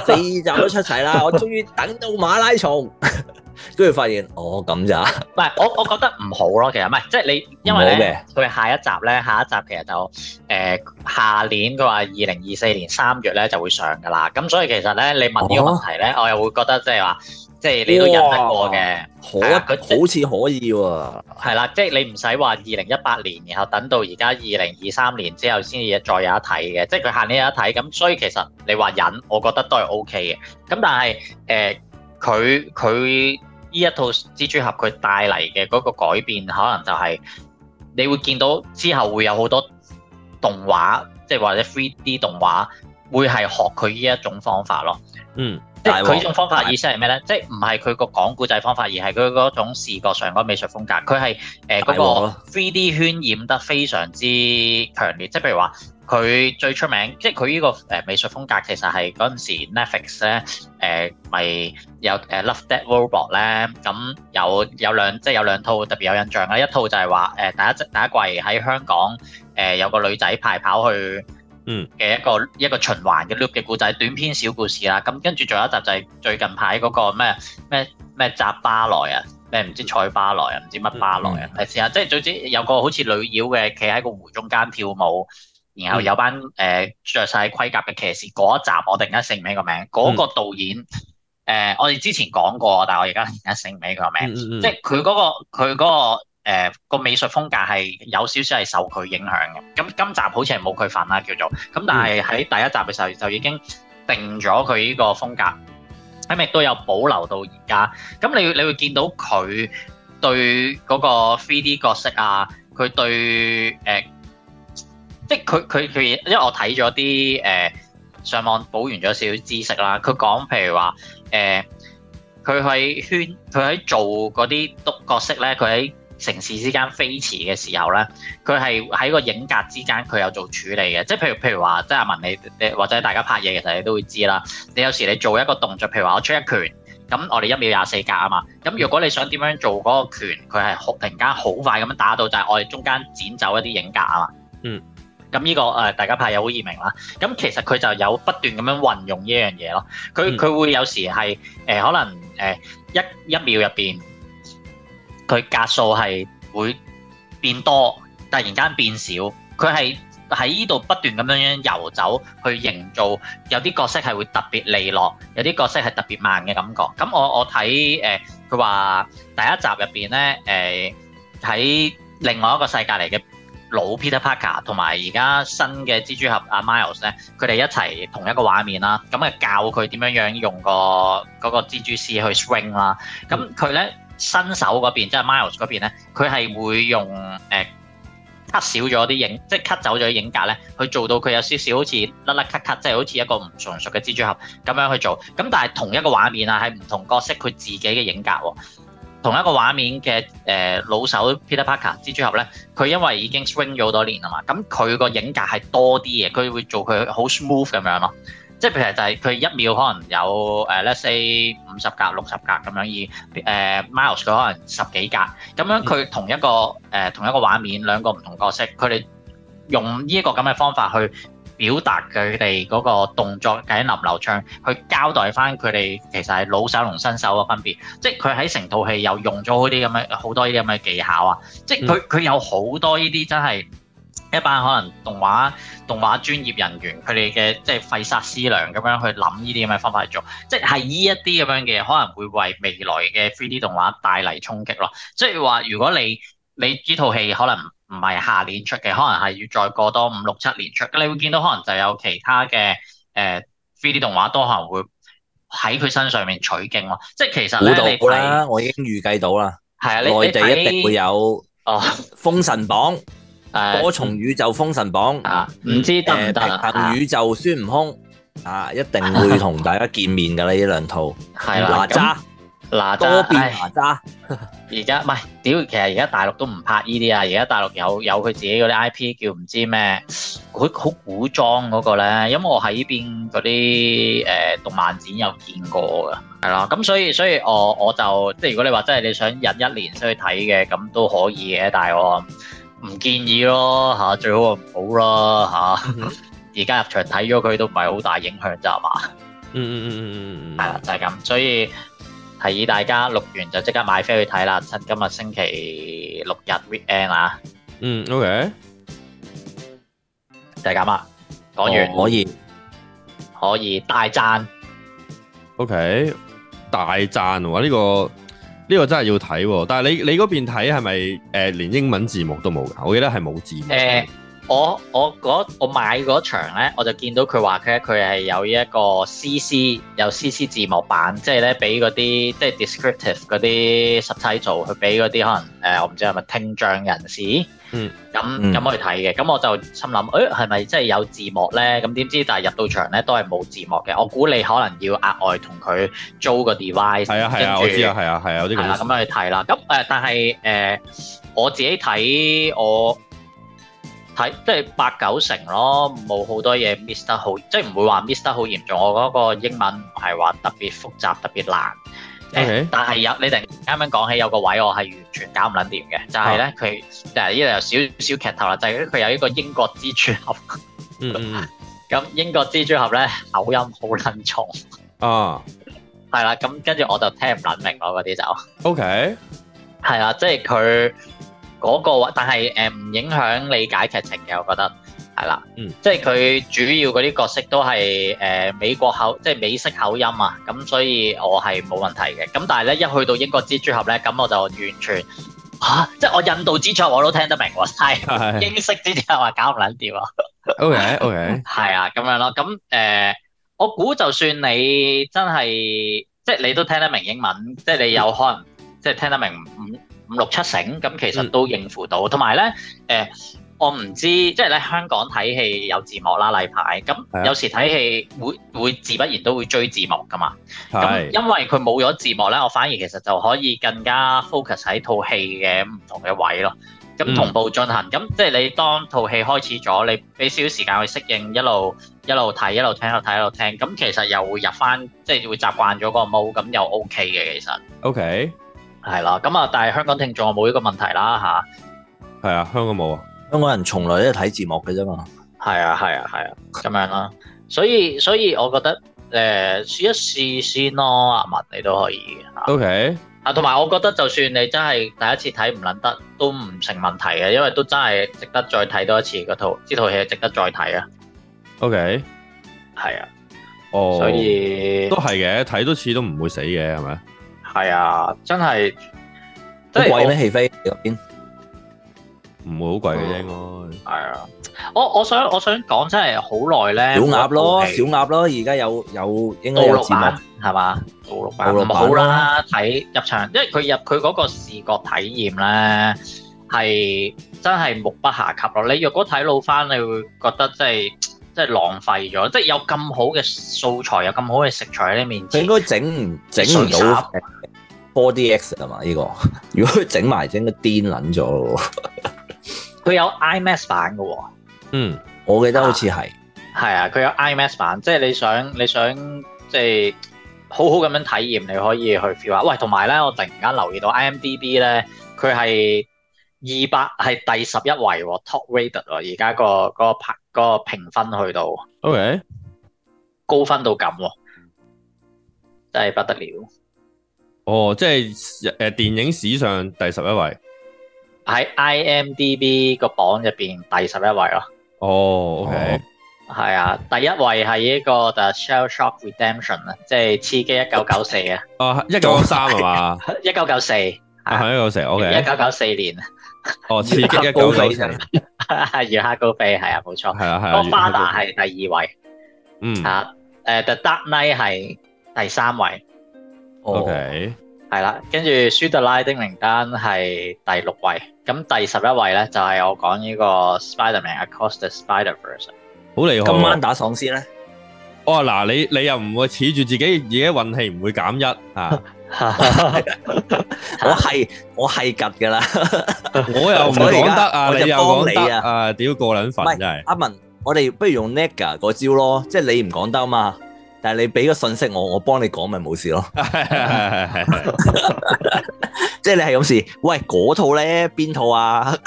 四集都出齊啦， 我終於等到馬拉松，跟住發現哦咁咋？唔係我我覺得唔好咯，其實唔係，即係你因為咧佢下一集咧下一集其實就、呃、下年佢話二零二四年三月咧就會上噶啦，咁所以其實咧你問呢個問題咧、哦，我又會覺得即係話。就是即係你都忍得過嘅，佢、啊、好似可以喎、啊。係啦，即係你唔使話二零一八年，然後等到而家二零二三年之後先至再有得睇嘅，即係佢限你有得睇。咁所以其實你話忍，我覺得都係 O K 嘅。咁但係誒，佢佢呢一套蜘蛛俠佢帶嚟嘅嗰個改變，可能就係你會見到之後會有好多動畫，即係或者 3D 動畫會係學佢呢一種方法咯。嗯。佢依種方法意思係咩呢？ 即係唔係佢個講古仔方法，而係佢嗰種視覺上嗰個美術風格。佢係誒嗰個 3D 渲染得非常之強烈。即係譬如話，佢最出名，即佢呢、這個、呃、美術風格，其實係嗰陣時 Netflix 咧咪、呃、有 Love Death Robot 咧。咁有有兩即有兩套特別有印象啦。一套就係話誒第一第一季喺香港誒、呃、有個女仔派跑去。嗯嘅一個一個循環嘅 loop 嘅故仔短篇小故事啦，咁跟住仲有一集就係最近排嗰個咩咩咩扎巴萊啊，咩唔知塞巴萊啊，唔知乜巴萊啊，睇下即係總之有個好似女妖嘅企喺個湖中間跳舞，然後有班誒著曬盔甲嘅騎士嗰、嗯、一集，我突然間醒唔起個名，嗰、嗯嗰個導演誒、呃、我哋之前講過，但係我而家突然間醒唔起個名，嗯嗯嗯、即係佢嗰個佢嗰個。誒個美術風格係有少少係受佢影響嘅，咁今集好似係冇佢份啦叫做，咁但係喺第一集嘅時候就已經定咗佢呢個風格，咁亦都有保留到而家。咁你你會見到佢對嗰個 3D 角色啊，佢對誒，即係佢佢佢，因為我睇咗啲誒上網補完咗少少知識啦，佢講譬如話誒，佢喺圈佢喺做嗰啲督角色咧，佢喺。城市之間飛馳嘅時候呢，佢係喺個影格之間佢有做處理嘅，即係譬如譬如話，即係阿文你，你或者大家拍嘢其實你都會知啦。你有時你做一個動作，譬如話我出一拳，咁我哋一秒廿四格啊嘛。咁如果你想點樣做嗰個拳，佢係突然間好快咁樣打到，就係我哋中間剪走一啲影格啊嘛。嗯、這個，咁呢個誒大家拍嘢好易明啦。咁其實佢就有不斷咁樣運用呢樣嘢咯。佢佢會有時係誒、呃、可能誒、呃、一一秒入邊。佢格數係會變多，突然間變少。佢係喺呢度不斷咁樣遊走，去營造有啲角色係會特別利落，有啲角色係特別慢嘅感覺。咁我我睇誒，佢、欸、話第一集入邊呢，誒、欸、喺另外一個世界嚟嘅老 Peter Parker 同埋而家新嘅蜘蛛俠阿 Miles 咧，佢哋一齊同一個畫面啦。咁嘅教佢點樣樣用個嗰個蜘蛛絲去 swing 啦。咁佢呢。嗯新手嗰邊即係、就是、Miles 嗰邊咧，佢係會用誒 cut、呃、少咗啲影，即係 cut 走咗啲影格咧，去做到佢有少少好似甩甩咳咳，即係好似一個唔純熟嘅蜘蛛俠咁樣去做。咁但係同一個畫面啊，係唔同角色佢自己嘅影格喎、啊。同一個畫面嘅誒、呃、老手 Peter Parker 蜘蛛俠咧，佢因為已經 swing 咗好多年啊嘛，咁佢個影格係多啲嘅，佢會做佢好 smooth 咁樣咯、啊。即係譬如就係佢一秒可能有誒、uh，let's say 五十格、六十格咁樣，而、uh, 誒 Miles 佢可能十幾格。咁樣佢同一個誒、uh, 同一個畫面，兩個唔同角色，佢哋用呢一個咁嘅方法去表達佢哋嗰個動作嘅流唔流暢，去交代翻佢哋其實係老手同新手嘅分別。即係佢喺成套戲又用咗啲咁嘅好多呢啲咁嘅技巧啊！即係佢佢有好多呢啲真係。一班可能動畫動畫專業人員，佢哋嘅即係費煞思量咁樣去諗呢啲咁嘅方法去做，即係呢一啲咁樣嘅可能會為未來嘅 3D 動畫帶嚟衝擊咯。即係話如果你你呢套戲可能唔唔係下年出嘅，可能係要再過多五六七年出嘅，你會見到可能就有其他嘅誒 3D 動畫都可能會喺佢身上面取經咯。即係其實咧，你係我已經預計到啦，係啊，內地一定會有哦《封神榜》哦。 多重宇宙封神榜》，唔、啊、知得唔得？呃《平行宇宙孫悟空啊》啊，一定會同大家見面噶啦！呢、啊、兩套。係啦，哪吒，哪吒變哪吒。而家唔係，屌，其實而家大陸都唔拍呢啲啊！而家大陸有有佢自己嗰啲 I P 叫唔知咩，好好古裝嗰、個咧，因為我喺呢邊嗰啲誒動漫展有見過噶。係啦，咁所以所以我我就即係如果你話真係你想忍一年先去睇嘅，咁都可以嘅，但係我。唔建議咯，嚇最好就唔好啦，嚇！而家入場睇咗佢都唔係好大影響啫，係嘛？嗯嗯嗯嗯嗯嗯，係啊，就係咁，所以提議大家錄完就即刻買飛去睇啦，趁今日星期六日 weekend 啦。嗯，OK，就係咁啦。講完可以可以大讚，OK 大讚喎呢個。呢、這個真係要睇、哦，但係你你嗰邊睇係咪誒連英文字幕都冇㗎？我記得係冇字幕、呃。我我我買嗰場咧，我就見到佢話佢佢係有一個 CC 有 CC 字幕版，即係咧俾嗰啲即係 descriptive 嗰啲 subtitle 做，佢俾嗰啲可能、呃、我唔知係咪聽障人士，嗯，咁咁去睇嘅，咁我就心諗誒係咪即係有字幕咧？咁點知但係入到場咧都係冇字幕嘅。我估你可能要額外同佢租個 device、啊。係啊係啊，啊，啊，我知啊係啊係啊，有啲咁嘅。咁去睇啦。咁、呃、但係、呃、我自己睇我。睇即係八九成咯，冇好多嘢 miss 得好，即係唔會話 miss 得好嚴重。我嗰個英文唔係話特別複雜特別難，okay. 但係有你突然啱啱講起有個位我係完全搞唔捻掂嘅，就係、是、呢，佢就係呢度有少少劇頭啦，就係、是、佢有一個英國蜘蛛俠，咁、mm-hmm. 英國蜘蛛俠呢，口音好捻重，啊係啦，咁跟住我就聽唔捻明咯嗰啲就，OK 係啊，即係佢。嗰、那個但係誒唔影響理解劇情嘅，我覺得係啦，嗯，即係佢主要嗰啲角色都係誒、呃、美國口，即係美式口音啊，咁所以我係冇問題嘅。咁但係咧一去到英國蜘蛛俠咧，咁我就完全嚇、啊，即係我印度蜘蛛俠我都聽得明喎、啊，係 英式蜘蛛俠話搞唔撚掂啊。OK OK，係 啊，咁樣咯。咁誒、呃，我估就算你真係即係你都聽得明英文，即係你有可能、嗯、即係聽得明唔，嗯六七成咁，其實都應付到。同埋咧，誒，我唔知，即係咧，香港睇戲有字幕啦，例牌。咁有時睇戲會會自不然都會追字幕噶嘛。咁因為佢冇咗字幕咧，我反而其實就可以更加 focus 喺套戲嘅唔同嘅位咯。咁同步進行，咁即係你當套戲開始咗，你俾少少時間去適應，一路一路睇，一路聽，一路睇，一路聽。咁其實又會入翻，即係會習慣咗個 mode，咁又 OK 嘅其實。OK。係啦，咁啊，但係香港聽眾冇呢個問題啦吓。係啊，香港冇啊，香港人從來都係睇字幕嘅啫嘛。係啊，係啊，係啊，咁樣啦。所以，所以我覺得誒，試一試先咯，阿文你都可以。O K。啊，同埋我覺得就算你真係第一次睇唔捻得，都唔成問題嘅，因為都真係值得再睇多一次嗰套，呢套戲值得再睇啊。O K。係啊。哦。所以。都係嘅，睇多次都唔會死嘅，係咪？係啊，真係好貴咩？戲飛入邊唔會好貴嘅啫，應該係啊。我我想我想講真係好耐咧。小鴨咯，小鴨咯，而家有有應該有節目係嘛？好啦，睇入場，因為佢入佢嗰個視覺體驗咧，係真係目不暇給咯。你若果睇老翻，你會覺得真係真係浪費咗，即係有咁好嘅素材，有咁好嘅食材喺你面前，應該整唔整唔到。4D X 吖嘛呢、呢個？如果佢整埋，整到癲捻咗咯。佢有 IMAX 版嘅喎。嗯，我記得好似係。係啊，佢、啊、有 IMAX 版，即係你想，你想即係好好咁樣體驗，你可以去 feel 下。喂，同埋咧，我突然間留意到 IMDB 咧，佢係二百係第十一位、哦、Top Rated 啊、哦！而家、那個、那個拍個評分去到，OK，高分到咁、哦，真係不得了。哦，即係誒，電影史上第十一位喺 IMDB 個榜入邊第十一位咯。哦，OK，係啊，第一位係呢個 The Shawshank Redemption 啊，即係刺激一九九四嘅。哦，一九九三係嘛？一九九四係一九九四，OK，一九九四年啊。哦，刺激一九九四，係月黑高飛，係啊，冇錯，係啊，係啊。Godfather 係第二位，嗯啊，誒，The Dark Knight 係第三位。OK，係啦，跟住 Spider-Man 的名單係第六位，咁第十一位咧就係我講呢個 Spider-Man Across the Spider-Verse，好厲害。今晚打喪屍咧？哦，嗱，你你又唔會恃住自己而家運氣唔會減一啊？我係我係夾㗎喇，我又唔講得啊，你又講得啊？啊，屌過兩份真係！阿文，我哋不如用 Nega 個招咯，即係你唔講得吖嘛？但係你俾個信息我，我幫你講咪冇事咯。即 係 你係咁試，喂，嗰套咧邊套啊？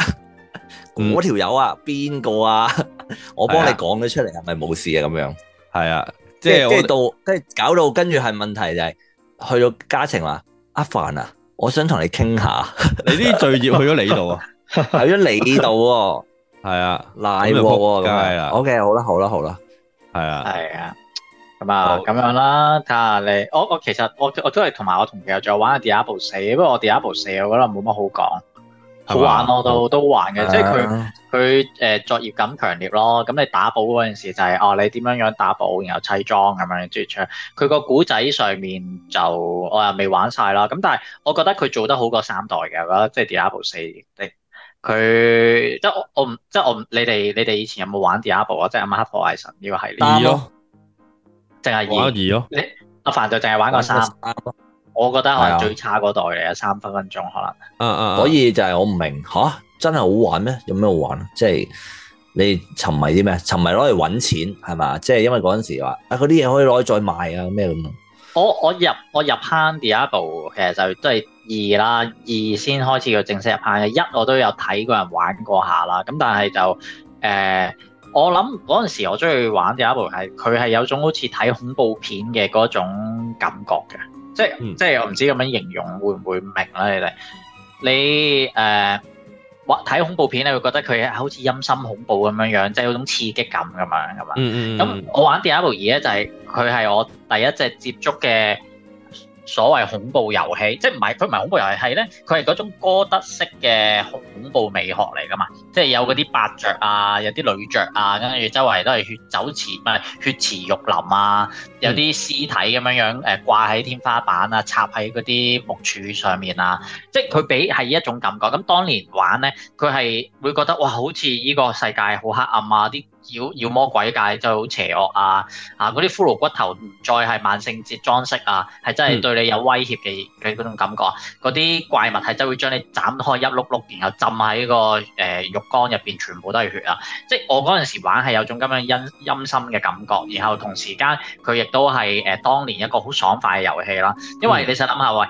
嗰條友啊邊個啊，嗯？我幫你講咗出嚟係咪冇事啊？咁樣係啊，即係即係到跟住搞到跟住係問題就係、是、去到家情話 阿凡啊，我想同你傾下， 你啲罪業去咗你度啊， 去咗你度喎。係啊，賴喎咁啊。O K，好啦好啦好啦，係、okay, 啊，係啊。咁啊，咁樣啦，睇下你，我我其實我我都係同埋我同朋友再玩下《Diablo 4》，不過《我 Diablo 4》我,和我,和 4, 我,我覺得冇乜好講，好玩我都都好玩嘅，即係佢佢誒作業感強烈咯。咁你打寶嗰陣時就係、是、哦，你點樣樣打寶然後砌裝咁樣，即係出佢個古仔上面就我又未玩晒啦。咁但係我覺得佢做得好過三代嘅，我覺得 4,、欸、即係《Diablo 4》。佢即係我我唔即係我唔，你哋你哋以前有冇玩《Diablo》啊？即係《暗黑破壞神》呢、這個系列。定係二咯，你阿凡就淨係玩過三，我覺得可能最差嗰代嚟啦、啊，三分分鐘可能、啊。嗯、啊、嗯、啊，所以就係我唔明，吓、啊啊、真係好玩咩？有咩好玩？即係你沉迷啲咩？沉迷攞嚟搵錢係嘛？即係因為嗰陣時話啊，啲嘢可以攞去再賣啊，咩咁。我我入我入坑第一步，其實就即係二啦，二先開始要正式入坑嘅。一我都有睇過人玩過下啦，咁但係就誒。呃我諗嗰陣時，我中意玩第一部係佢係有種好似睇恐怖片嘅嗰種感覺嘅，即係、嗯、即係我唔知咁樣形容會唔會明啦，你哋你誒玩睇恐怖片你會覺得佢好似陰森恐怖咁樣樣，即、就、係、係、有一種刺激感咁樣咁樣。咁、嗯、我玩第一部嘢咧就係佢係我第一隻接觸嘅。所謂恐怖遊戲，即係唔係佢唔係恐怖遊戲，係咧佢係嗰種歌德式嘅恐怖美學嚟噶嘛，即係有嗰啲伯爵啊，有啲女爵啊，跟住周圍都係血酒池唔係血池玉林啊，有啲屍體咁樣樣誒掛喺天花板啊，插喺嗰啲木柱上面啊，即係佢俾係一種感覺。咁當年玩咧，佢係會覺得哇，好似呢個世界好黑暗啊啲。妖妖魔鬼怪就好邪惡啊！啊，嗰啲骷髏骨頭再係萬聖節裝飾啊，係真係對你有威脅嘅嘅嗰種感覺。嗰、嗯、啲怪物係真係會將你斬開一碌碌，然後浸喺個誒浴缸入邊，全部都係血啊！即係我嗰陣時玩係有種咁樣陰陰森嘅感覺，然後同時間佢亦都係誒當年一個好爽快嘅遊戲啦。因為、嗯、你想諗下，喂，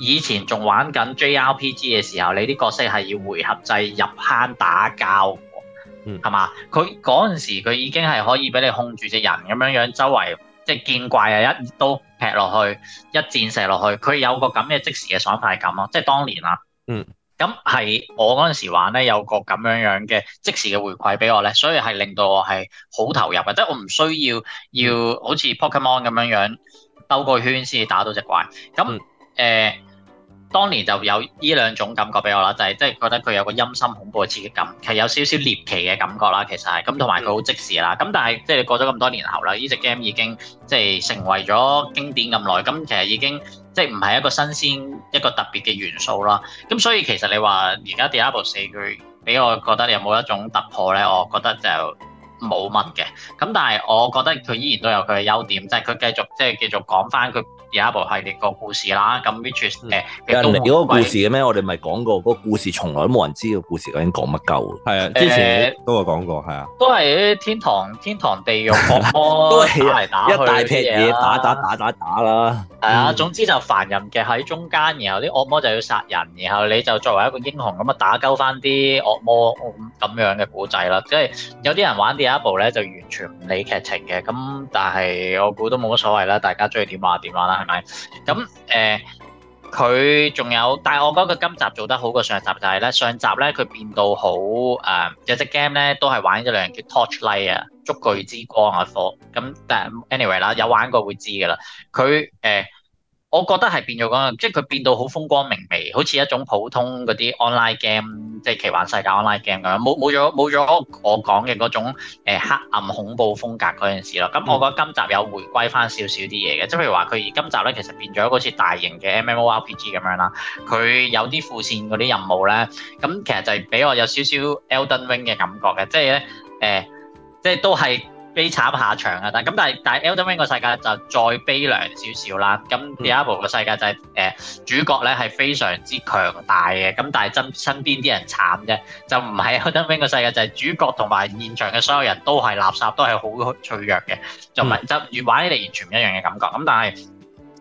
以前仲玩緊 JRPG 嘅時候，你啲角色係要回合制入坑打交。係嘛？佢嗰陣時佢已經係可以俾你控住隻人咁樣樣，周圍即係見怪啊，一刀劈落去，一箭射落去，佢有個咁嘅即時嘅爽快感咯。即係當年啊，嗯，咁係我嗰陣時玩咧有個咁樣樣嘅即時嘅回饋俾我咧，所以係令到我係好投入嘅，即係我唔需要要好似 Pokemon 咁樣樣兜個圈先至打到隻怪。咁誒。嗯呃當年就有呢兩種感覺俾我啦，就係即係覺得佢有個陰森恐怖嘅刺激感，其實有少少獵奇嘅感覺啦，其實係咁，同埋佢好即時啦。咁但係即係過咗咁多年後啦，呢隻 game 已經即係成為咗經典咁耐，咁其實已經即係唔係一個新鮮一個特別嘅元素啦。咁所以其實你話而家 Diablo 4佢俾我覺得你有冇一種突破咧？我覺得就～冇乜嘅，咁但係我覺得佢依然都有佢嘅優點，即係佢繼續即係繼續講翻佢第一部系列故 Richard、嗯、個故事啦。咁 Which is 誒幾多個故事嘅咩？我哋咪講過嗰個故事，從來都冇人知個故事究竟講乜鳩。係啊，之前都有講過係啊，都係天堂天堂地獄惡魔打嚟打去、啊、 一大劈嘢打打，打打打打打啦。係、嗯、啊，總之就凡人嘅喺中間，然後啲惡魔就要殺人，然後你就作為一個英雄咁啊打鳩翻啲惡魔咁樣嘅古仔啦。即、就、係、是、有啲人玩啲。第一部咧就完全唔理劇情嘅，咁但係我估都冇乜所謂啦，大家中意點話點話啦，係咪？咁誒，佢、呃、仲有，但係我覺得佢今集做得好過上集，就係、是、咧上集咧佢變到好誒，有隻 game 咧都係玩一兩叫 Torchlight 啊，捉巨之光啊科，咁但 anyway 啦，有玩過會知噶啦，佢誒。呃我覺得係變咗嗰個，即係佢變到好風光明媚，好似一種普通嗰啲 online game，即係奇幻世界 online game 咁樣，冇冇咗冇咗我講嘅嗰種誒黑暗恐怖風格嗰陣時咯。咁我覺得今集有回歸翻少少啲嘢嘅，即係譬如話佢而今集咧，其實變咗好似大型嘅 MMORPG 咁樣啦。佢有啲副線嗰啲任務咧，咁其實就係俾我有少少 Elden Ring 嘅感覺嘅，即係咧誒，即係都係。悲慘下場啊！但咁但係但係《Elden Ring》個世界就再悲涼少少啦。咁第一部個世界就係、是、誒、嗯呃、主角咧係非常之強大嘅。咁但係真身邊啲人慘啫，就唔係《Elden Ring》個世界就係、是、主角同埋現場嘅所有人都係垃圾，都係好脆弱嘅、嗯，就文係即係玩起嚟完全唔一樣嘅感覺。咁但係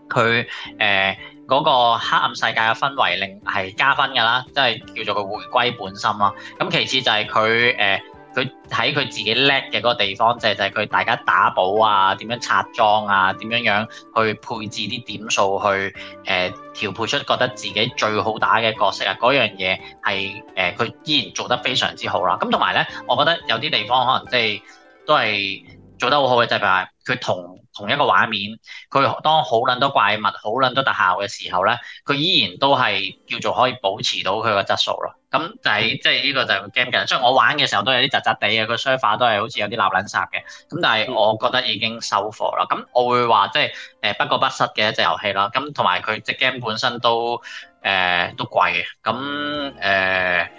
佢誒嗰個黑暗世界嘅氛圍令係加分㗎啦，即、就、係、是、叫做佢回歸本心啦。咁其次就係佢誒。呃佢喺佢自己叻嘅嗰個地方，就係、是、就係佢大家打寶啊，點樣拆裝啊，點樣樣去配置啲點數去誒調、呃、配出覺得自己最好打嘅角色啊，嗰樣嘢係誒佢依然做得非常之好啦、啊。咁同埋咧，我覺得有啲地方可能即、就、係、是、都係。做得好好嘅，就係、係、話，佢同同一個畫面，佢當好撚多怪物、好撚多特效嘅時候咧，佢依然都係叫做可以保持到佢個質素咯。咁就係即係呢個就係 game 嘅，即係我玩嘅時候都有啲窒窒地嘅，個 sofa 都係好似有啲立撚殺嘅。咁但係我覺得已經收貨啦。咁我會話即係誒不過不失嘅一隻遊戲啦。咁同埋佢隻 game 本身都誒、呃、都貴嘅。咁誒。呃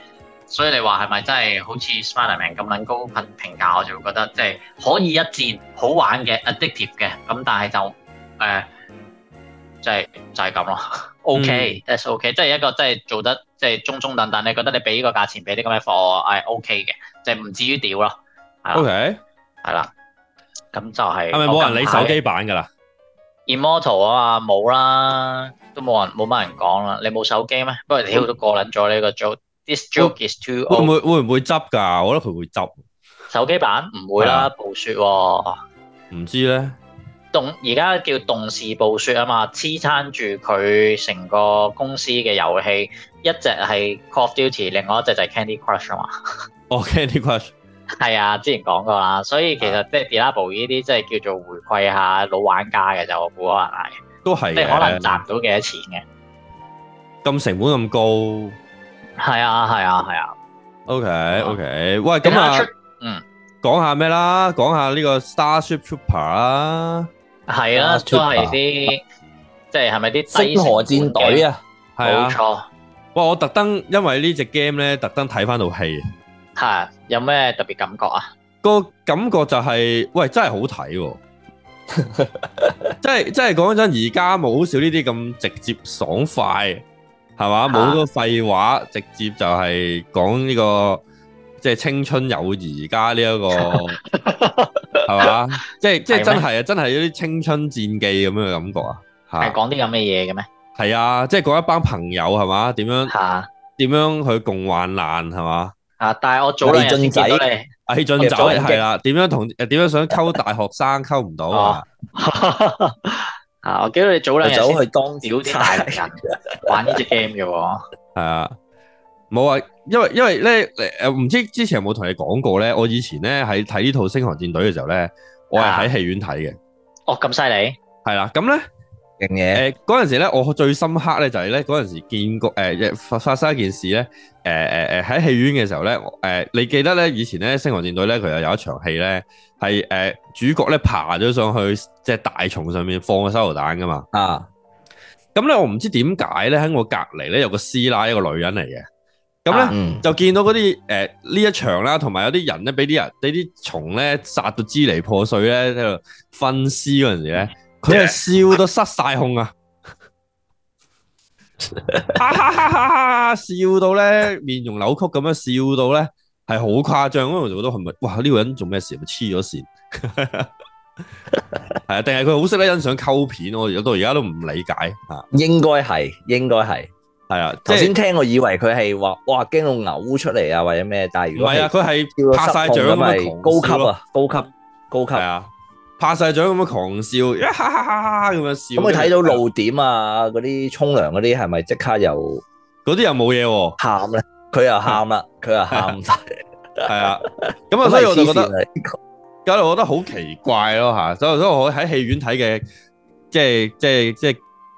所以你話係咪真係好似 Spider-Man 咁撚高評評價，我就會覺得即係可以一戰，好玩嘅 addictive 嘅。咁但係就誒，即係就係咁咯。OK，that's OK，即係一個即係做得即係中中等等。你覺得你俾呢個價錢俾啲咁嘅貨，係 OK 嘅，就係唔至於屌咯。OK，係啦。咁就係係咪冇人理手機版㗎啦？Immortal 啊，冇啦，都冇人冇乜人講啦。你冇手機咩？不過你屌都過撚咗呢個組。會唔會會唔會執噶？我覺得佢會執。手機版唔會啦，暴雪。唔知咧。動而家叫動視暴雪啊嘛，支撐住佢成個公司嘅遊戲，一隻係 Call of Duty，另外一隻就係 Candy Crush 啊嘛。哦，Candy Crush。係啊，之前講過啦。所以其實即係 Develop 呢啲，即係叫做回饋下老玩家嘅就好啊，係。都係。即係可能賺到幾多錢嘅。咁成本咁高。係啊係啊係啊，OK OK，嗯、喂咁啊，嗯，講下咩啦？講下呢個 Starship Trooper 啦，啊，係啊，Trooper 係啲即係係咪啲星河戰隊啊？係啊，冇錯。喂，我特登因為呢隻 game 咧，特登睇翻套戲，吓，啊，有咩特別感覺啊？個感覺就係、是、喂，真係好睇，啊，即係即係講真，而家冇好少呢啲咁直接爽快。係嘛？冇咁多廢話，直接就係講呢、這個即係、就是、青春友誼而家、這個」呢一個係嘛？即係即係真係啊！真係啲青春戰記咁樣嘅感覺的啊！係講啲咁嘅嘢嘅咩？係啊，即係講一班朋友係嘛？點樣點 樣去共患難係嘛？啊！但係我做嚟，魏、啊、俊仔，魏俊仔係啦，點、啊、樣同點樣想溝大學生 溝唔到啊？ 我記得你早兩日去當掉啲大人玩呢隻 game 嘅喎。啊，冇啊，因為因為咧誒唔知之前有冇同你講過咧，我以前咧喺睇呢套《星河戰隊》嘅時候咧，我係喺戲院睇嘅。啊。哦，咁犀利！係啦，咁咧。誒，嗰陣時咧，我最深刻咧就係咧，嗰陣時見過誒，發、呃、發生一件事咧，誒誒誒，喺、呃、戲院嘅時候咧，誒、呃，你記得咧，以前咧《星河戰隊》咧，佢又有一場戲咧，係、呃、誒主角咧爬咗上去即係大蟲上面放個手榴彈噶嘛，啊，咁咧我唔知點解咧喺我隔籬咧有個師奶，一個女人嚟嘅，咁咧、嗯、就見到嗰啲誒呢一場啦，同埋有啲人咧，俾啲人俾啲蟲咧殺到支離破碎咧，喺度分屍嗰陣時咧。你係笑到失晒控啊！哈哈哈哈哈笑到咧，面容扭曲咁樣笑到咧，係好誇張。咁我就覺得係咪、這個 啊？哇！呢個人做咩事？咪黐咗線？係啊，定係佢好識得欣賞溝片？我而家都而家都唔理解啊！應該係，應該係，係啊！頭先聽我以為佢係話哇，驚到嘔出嚟啊，或者咩？但係如果唔係啊，佢係拍晒掌咁樣高級啊，高級，高級啊！拍晒掌咁樣狂笑，一哈哈哈哈咁樣笑。咁佢睇到露點啊，嗰啲沖涼嗰啲係咪即刻又？嗰啲又冇嘢喎，喊咧，佢又喊啦，佢又喊晒。係啊，咁 啊，呵呵 所以我就覺得，搞到我覺得好奇怪咯吓， 所以都我喺戲院睇嘅，即係即係即係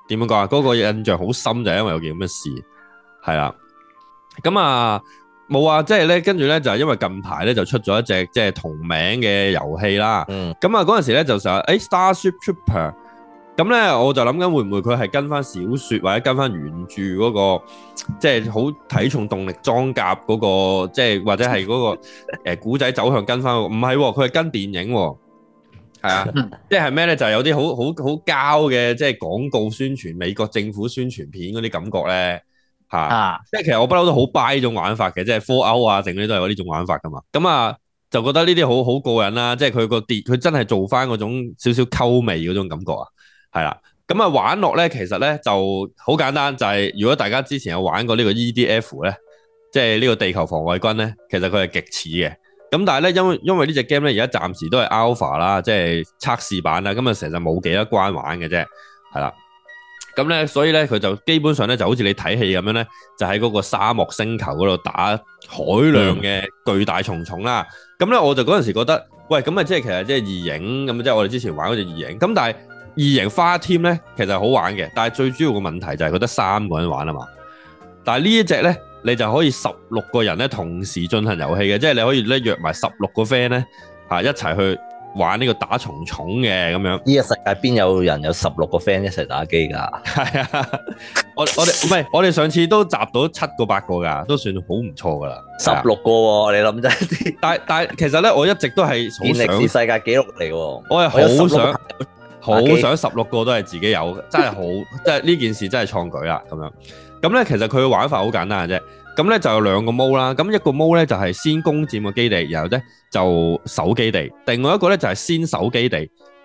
點樣講啊？嗰個印象好深就係因為有件咁嘅事，係啦。咁啊。冇啊，即係咧，跟住咧就係因為近排咧就出咗一隻即係同名嘅遊戲啦。咁啊嗰陣時咧就成日誒《Starship Trooper》咁咧，我就諗緊會唔會佢係跟翻小說或者跟翻原著嗰個，即係好睇重動力裝甲嗰個，即係或者係嗰個誒古仔走向跟翻？唔係喎，佢係跟電影喎。係啊，即係咩咧？就係有啲好好好膠嘅，即係廣告宣傳美國政府宣傳片嗰啲感覺咧。吓、啊，即係其實我不嬲都好 buy 呢種玩法嘅，即係 co-op 啊，剩嗰啲都係我呢種玩法噶嘛。咁啊，就覺得呢啲好好過癮啦，即係佢個跌，佢真係做翻嗰種少少溝味嗰種感覺啊。係啦，咁啊玩落咧，其實咧就好簡單，就係、是、如果大家之前有玩過呢個 EDF 咧，即係呢個地球防衛軍咧，其實佢係極似嘅。咁但係咧，因為因為這呢隻 game 咧而家暫時都係 alpha 啦，即係測試版啦，咁啊成日冇幾多關玩嘅啫，係啦。咁咧，所以咧，佢就基本上咧，就好似你睇戲咁樣咧，就喺嗰個沙漠星球嗰度打海量嘅巨大蟲蟲啦。咁、嗯、咧，我就嗰陣時覺得，喂，咁啊，即係其實即係異形咁，即係我哋之前玩嗰隻異形。咁但係異形花 team 咧，其實好玩嘅，但係最主要個問題就係佢得三個人玩啊嘛。但係呢一隻咧，你就可以十六個人咧同時進行遊戲嘅，即、就、係、是、你可以咧約埋十六個 friend 咧吓一齊去。玩呢個打蟲蟲嘅咁樣，呢、這個世界邊有人有十六個 friend 一齊打機㗎？係 啊， 我我哋唔係，我哋上次都集到七個八個㗎，都算好唔錯㗎啦。十六個喎、哦，你諗真啲？ 但但係其實咧，我一直都係歷史世界紀錄嚟喎。我係好想好想十六個都係自己有，真係好，即係呢件事真係創舉啦咁樣。咁咧其實佢嘅玩法好簡單嘅啫。咁咧就有兩個模啦，咁一個模咧就係先攻佔個基地，然後咧就守基地；另外一個咧就係先守基地，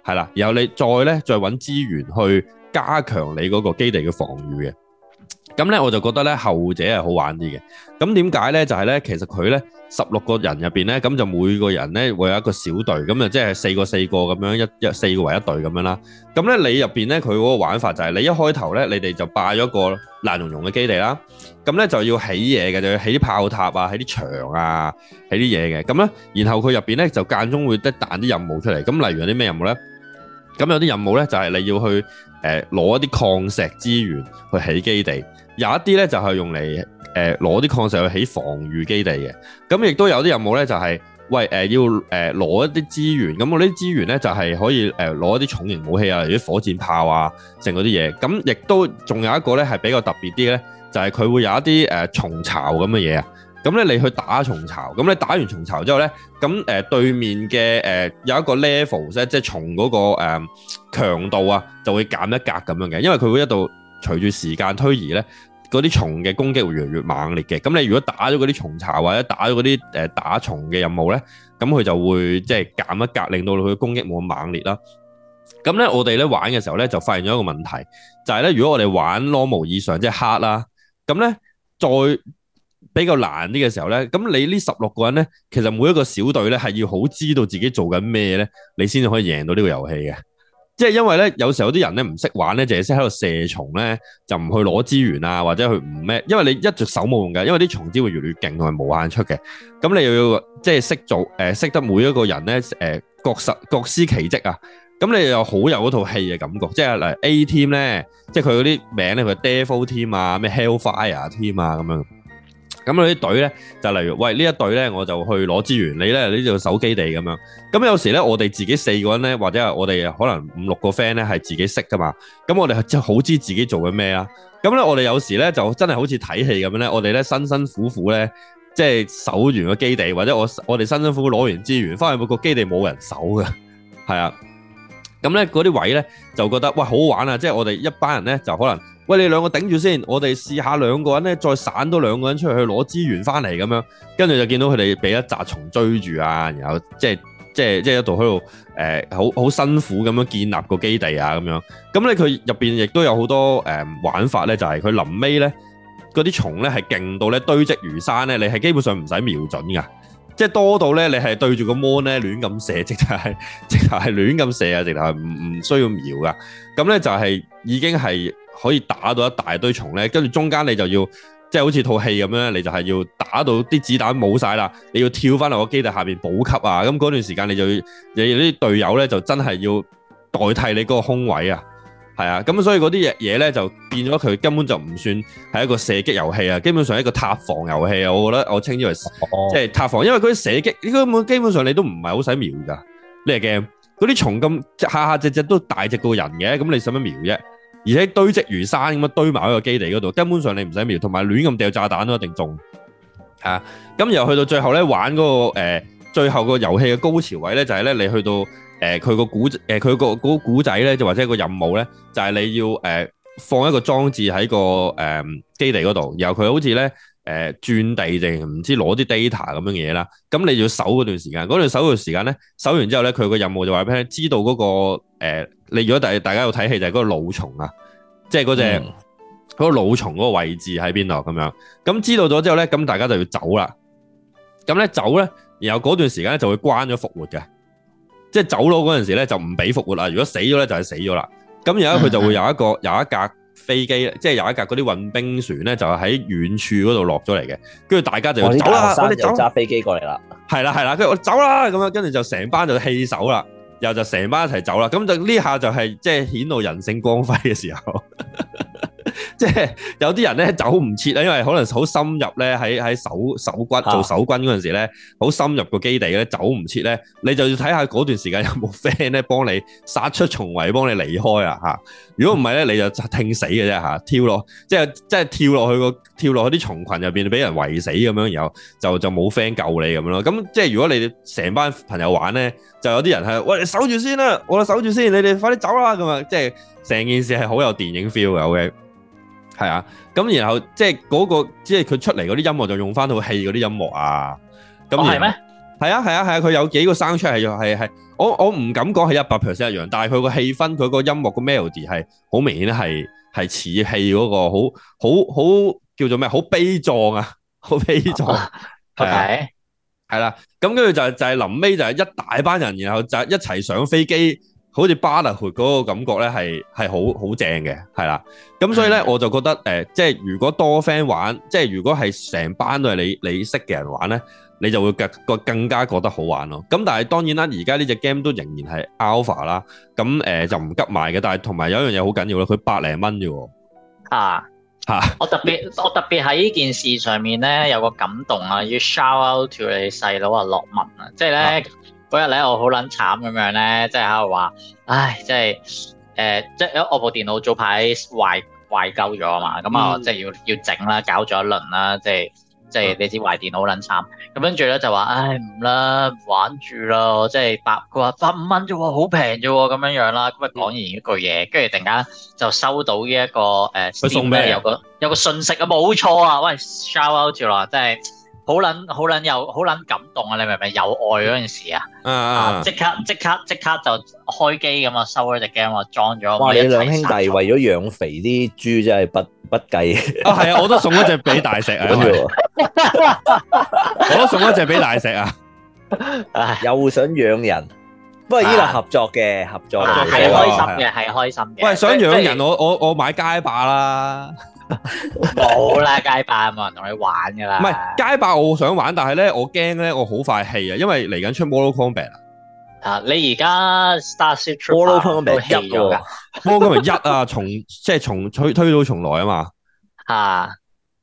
係啦，然後你再咧再搵資源去加強你嗰個基地嘅防禦嘅。咁咧我就覺得咧後者係好玩啲嘅。咁點解咧？就係咧，其實佢咧十六個人入邊咧，咁就每個人咧會有一個小隊，咁啊即係四個四個咁樣一一四個為一隊咁樣啦。咁咧你入邊咧佢嗰個玩法就係你一開頭咧你哋就霸咗個爛溶溶嘅基地啦。咁咧就要起嘢嘅，就要起啲炮塔啊，起啲牆啊，起啲嘢嘅。咁咧，然後佢入邊咧就間中會得彈啲任務出嚟。咁例如有啲咩任務咧？咁有啲任務咧就係、是、你要去誒攞、呃、一啲礦石資源去起基地，有一啲咧就係、是、用嚟誒攞啲礦石去起防禦基地嘅。咁亦都有啲任務咧就係、是、喂誒、呃、要誒攞、呃、一啲資源。咁我呢啲資源咧就係、是、可以誒攞、呃、一啲重型武器啊，例如火箭炮啊，剩嗰啲嘢。咁亦都仲有一個咧係比較特別啲咧。就係、是、佢會有一啲誒、呃、蟲巢咁嘅嘢啊，咁咧你去打蟲巢，咁你打完蟲巢之後咧，咁誒對面嘅誒、呃、有一個 level，即係即係蟲嗰、那個、呃、強度啊，就會減一格咁樣嘅，因為佢會一度隨住時間推移咧，嗰啲蟲嘅攻擊會越嚟越猛烈嘅。咁你如果打咗嗰啲蟲巢或者打咗嗰啲誒打蟲嘅任務咧，咁佢就會即係減一格，令到佢嘅攻擊冇咁猛烈啦。咁咧我哋咧玩嘅時候咧就發現咗一個問題，就係、是、咧如果我哋玩 normal 以上即係 hard 啦。咁咧，再比較難啲嘅時候咧，咁你呢十六個人咧，其實每一個小隊咧係要好知道自己做緊咩咧，你先至可以贏到呢個遊戲嘅。即係因為咧，有時候有啲人咧唔識玩咧，淨係識喺度射蟲咧，就唔去攞資源啊，或者去唔咩。因為你一隻手冇用嘅，因為啲蟲子會越嚟越勁同埋無限出嘅。咁你又要即係識做誒，識得每一個人咧誒，各實各施其職啊。咁你又好有嗰套戲嘅感覺，即係嚟 A team 咧，即係佢嗰啲名咧，佢係 Devil team 啊，咩 Hellfire team 啊咁樣。咁佢啲隊咧就例如，喂呢一隊咧，我就去攞資源，你咧你就守基地咁樣。咁有時咧，我哋自己四個人咧，或者我哋可能五六個 friend 咧係自己識㗎嘛。咁我哋就好知自己做緊咩啦。咁咧我哋有時咧就真係好似睇戲咁樣咧，我哋咧辛辛苦苦咧，即係守完個基地，或者我我哋辛辛苦苦攞完資源，翻去每個基地冇人守嘅，係啊。咁咧嗰啲位咧就覺得喂，好好玩啊！即係我哋一班人咧就可能，喂你兩個頂住先，我哋試下兩個人咧再散多兩個人出去攞資源翻嚟咁樣，跟住就見到佢哋俾一隻蟲追住啊，然後即係即係即係一度喺度誒好好辛苦咁樣建立個基地啊咁樣。咁咧佢入面亦都有好多誒、呃、玩法咧，就係佢臨尾咧嗰啲蟲咧係勁到咧堆積如山咧，你係基本上唔使瞄準㗎。即係多到咧，你係對住個 mon 咧亂咁射，直頭係直頭係亂咁射啊！直頭係唔唔需要瞄噶。咁咧就係已經係可以打到一大堆蟲咧，跟住中間你就要即係好似套戲咁樣你就係要打到啲子彈冇晒啦，你要跳翻落個基地下邊補給啊！咁嗰段時間你就要你啲隊友咧就真係要代替你嗰個空位啊！係啊，咁所以嗰啲嘢嘢咧就變咗佢根本就唔算係一個射擊遊戲啊，基本上係一個塔防遊戲啊，我覺得我稱之為即係、就是、塔防，因為佢射擊根本基本上你都唔係好使瞄㗎，咩 game？嗰啲蟲咁下下隻隻都大隻過人嘅，咁你使乜瞄啫？而且堆積如山咁樣，堆埋喺個基地嗰度，根本上你唔使瞄，同埋亂咁掉炸彈都一定中。嚇、啊，咁然後去到最後咧，玩嗰、那個最後個遊戲嘅高潮位咧，就係、是、咧你去到。誒、呃，佢個古，誒、呃，佢個古仔咧，就或者個任務咧，就係你要誒、呃、放一個裝置喺個誒、呃、基地嗰度，然後佢好似咧誒轉地定唔知攞啲 data 咁樣嘅嘢啦，咁你要守嗰段時間，嗰段守段時間咧，守完之後咧，佢個任務就話畀你知道嗰、那個誒，你、呃、如果大大家有睇戲就係嗰個腦蟲啊，即係嗰隻個腦蟲嗰個位置喺邊度咁樣，咁知道咗之後咧，咁大家就要走啦。咁咧走咧，然後嗰段時間就會關咗復活嘅。即係走佬嗰陣時咧，就唔俾復活啦。如果死咗咧，就係死咗啦。咁然後佢就會有一個 有一架飛機，即係有一架嗰啲運兵船咧，就喺遠處嗰度落咗嚟嘅。跟住大家就要走啦，哦、我走啦，又揸飛機過嚟啦。係啦，係啦，佢走啦咁樣，跟住就成班就棄手啦，然後就成班一齊走啦。咁就呢下就係即係顯露人性光輝嘅時候。 即 係有啲人咧走唔切啊，因為可能好深入咧，喺喺守，守軍做守軍嗰陣時咧，好深入個基地咧，走唔切咧，你就要睇下嗰段時間有冇 friend 咧幫你殺出重圍，幫你離開啊吓。如果唔係咧，你就聽死嘅啫吓，跳落即係即係跳落去個跳落去啲蟲群入邊俾人圍死咁樣，然後就就冇 friend 救你咁樣咯。咁即係如果你哋成班朋友玩咧，就有啲人係喂，你守住先啦，我哋守住先，你哋快啲走啦咁啊，即係。就是成件事係好有電影 feel 嘅，OK，係啊，咁然後即係嗰個，即係佢出嚟嗰啲音樂就用翻套戲嗰啲音樂啊。咁係咩？係啊，係啊，係啊，佢有幾個生出嚟，用係係。我我唔敢講係一百 percent 一樣，但係佢個氣氛、佢個音樂個 melody 係好明顯係係似戲嗰個，好好好叫做咩？好悲壯啊，好悲壯。係係啦，咁跟住就就係臨尾就係一大班人，然後就一齊上飛機。好似 Battlefield 嗰個感覺咧，係係好好正嘅，係啦。咁所以咧，我就覺得誒，即係如果多 friend 玩，即係如果係成班都係你你識嘅人玩咧，你就會更更更加覺得好玩咯。咁但係當然啦，而家呢隻 game 都仍然係 alpha 啦。咁誒就唔急埋嘅，但係同埋有一樣嘢好緊要咯，佢百零蚊啫喎。嚇嚇，我特別我特別喺呢件事上面咧有個感動啊，要 shout out to 你細佬啊，樂文啊，即係咧。嗰日咧，我好撚慘咁樣咧，即係喺度話，唉，即係誒，即、欸、係我部電腦早排壞壞鳩咗啊嘛，咁、嗯、啊，即係要要整啦，搞咗一輪啦，即係即係你知壞電腦撚慘，咁跟住咧就話，唉，唔啦，唔玩住咯，即係八個八五蚊啫喎，好平啫喎，咁樣樣啦，咁啊，講完一句嘢，跟住突然間就收到呢一個誒，佢送咩？有個有個信息啊，冇錯啊，喂，shout out 住啦，真係～好撚好撚有好撚感動啊！你明明有愛嗰陣時啊，即刻即刻即刻就開機咁啊，收咗隻 game 啊，裝咗。哇！你兩兄弟為咗養肥啲豬真係不不計啊！係啊，我都送一隻俾大石啊！我都送一隻俾大石啊！又想養人，不過依度合作嘅合作係開心嘅係開心嘅。喂，想養人我我我買街霸啦～冇 啦，街霸冇人同你玩噶啦。唔係街霸，我想玩，但係咧我驚咧，我好快棄啊，因為嚟緊出《Mortal Kombat》啊。你而家《Star s t r e Mortal Kombat》棄咗，《Mortal Kombat》一啊，重、啊、 即係重推推到重來啊嘛。吓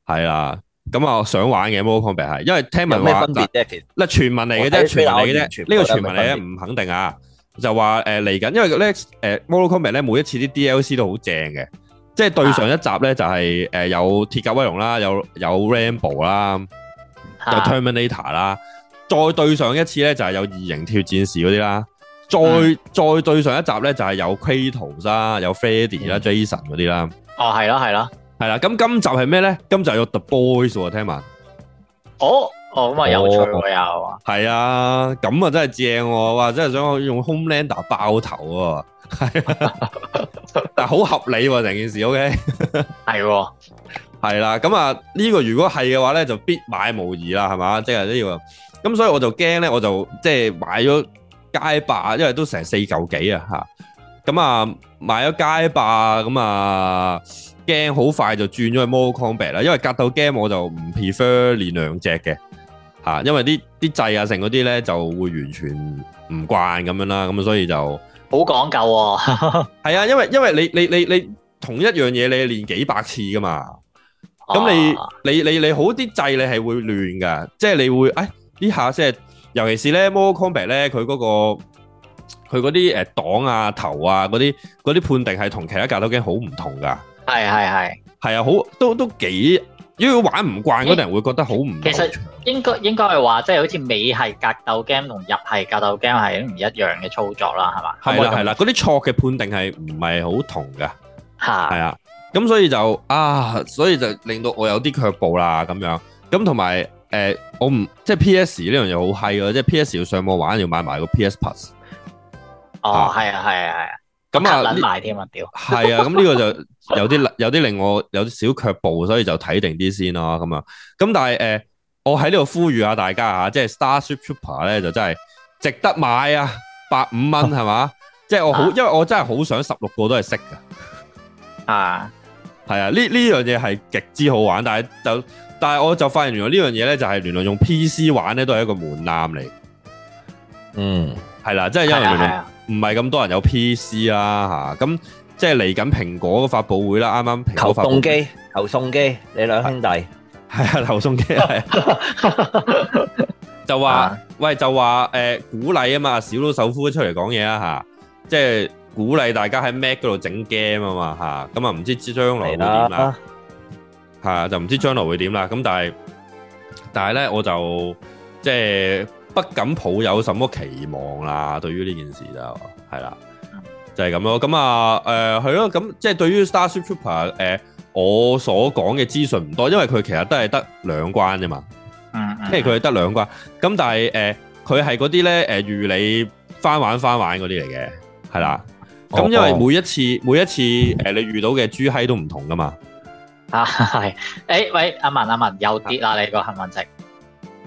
係啦，咁啊想玩嘅《Mortal Kombat》係，因為聽聞話嗱傳聞嚟嘅啫，傳聞嚟嘅啫，呢個傳聞嚟咧唔肯定啊。就話誒嚟緊，因為咧誒《Mortal、呃、Kombat》咧，每一次啲 DLC 都好正嘅。即係對上一集咧就係、是、誒、呃、有鐵甲威龍啦，有有 Rambo 啦，有 Terminator 啦、啊，再對上一次咧就係、是、有異形挑戰士嗰啲啦，再、啊、再對上一集咧就係、是、有 Kratos 啦，有 Freddy 啦、嗯、，Jason 嗰啲啦。哦，係啦，係啦，係啦。咁今集係咩咧？今集有 The Boys 啊，聽聞。哦。哦，咁啊有趣喎呀，係、哦、嘛？啊，咁啊真係正我哇，真係想我用 Homelander 爆頭啊！啊 但係好合理成、啊、件事，OK？係喎、啊，係啦、啊，咁啊呢個如果係嘅話咧，就必買無疑啦，係嘛？即係呢個咁所以我就驚咧，我就即係、就是、買咗街霸，因為都成四舊幾啊吓。咁啊買咗街霸咁啊驚好快就轉咗去 Mortal Kombat 啦，因為格鬥 game 我就唔 prefer 練兩隻嘅。吓，因為啲啲掣啊，成嗰啲咧就會完全唔慣咁樣啦，咁啊所以就好講究，係啊，因為因為你你你你同一樣嘢，你練幾百次噶嘛，咁你你你你好啲掣，你係會亂噶，即係你會誒呢下即係，尤其是咧《Mortal Kombat》咧，佢嗰個佢嗰啲誒擋啊頭啊嗰啲嗰啲判定係同其他格鬥機好唔同噶，係係係，係啊，好都都幾。因為玩唔慣嗰啲人會覺得好唔，其實應該應該係話即係好似美系格鬥 game 同日系格鬥 game 係唔一樣嘅操作啦，係嘛？係啦係啦，嗰啲錯嘅判定係唔係好同噶，係啊，咁所以就啊，所以就令到我有啲卻步啦咁樣，咁同埋誒，我唔即係 P S 呢樣嘢好閪嘅，即係 P S 要上網玩要買埋個 P S Plus，哦，係啊係啊係啊。是咁、嗯、啊，埋添啊！屌，係啊，咁呢個就有啲 有啲令我有啲小卻步，所以就睇定啲先啦。咁啊，咁但係誒、呃，我喺呢度呼籲下大家吓，即係 Starship Troopers 咧，就真係值得買啊！百五蚊係嘛？ 即係我好，因為我真係好想十六個都係識㗎。 啊，係啊，呢呢樣嘢係極之好玩，但係就但係我就發現原來呢樣嘢咧，就係、是、原來用 PC 玩咧都係一個門檻嚟。嗯，係啦、啊，即係因為、啊。唔係咁多人有 PC 啦吓，咁即係嚟緊蘋果個發布會啦，啱啱蘋果發布，劉送機，劉送機，你兩兄弟係啊，劉送機係啊，就話喂，就話誒鼓勵啊嘛，小佬首富出嚟講嘢啊吓，即係鼓勵大家喺 Mac 嗰度整 game 啊嘛吓，咁啊唔知將來會點啦，係啊就唔知將來會點啦，咁但係但係咧我就即係。不敢抱有什麼期望啦，對於呢件事就係啦，就係咁咯。咁啊，誒係咯，咁即係對於 Starship Troopers 誒、呃，我所講嘅資訊唔多，因為佢其實都係得兩關啫嘛。嗯，即係佢係得兩關。咁、嗯、但係誒，佢係嗰啲咧誒，預你、呃、翻玩翻玩嗰啲嚟嘅，係啦。咁、哦、因為每一次、哦、每一次誒、呃，你遇到嘅豬閪都唔同噶嘛。啊係，誒、欸、喂，阿文阿文又跌啦、啊，你個幸運值。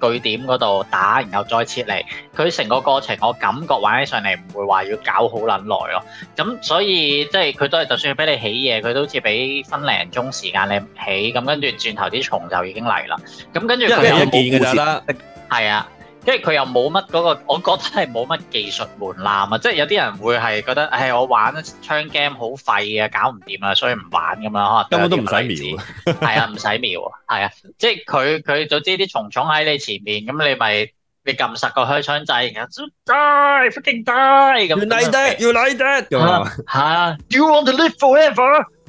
據點嗰度打，然後再撤離。佢成個過程，我感覺玩起上嚟唔會話要搞好撚耐咯。咁所以即係佢都係就算俾你起嘢，佢都好似俾分零鐘時間你起，咁跟住轉頭啲蟲就已經嚟啦。咁跟住佢又見咗啦。係啊。即係佢又冇乜嗰個，我覺得係冇乜技術門檻啊！即係有啲人會係覺得，誒、哎、我玩槍 game 好廢啊，搞唔掂啊，所以唔玩咁樣咯。根本都唔使瞄、啊，係啊，唔 使瞄、啊，係啊，即係佢佢早知啲蟲蟲喺你前面，咁你咪你撳實個開槍掣啊，Die fucking die 咁。You like that? You like that? Do you want to live forever? 咁跟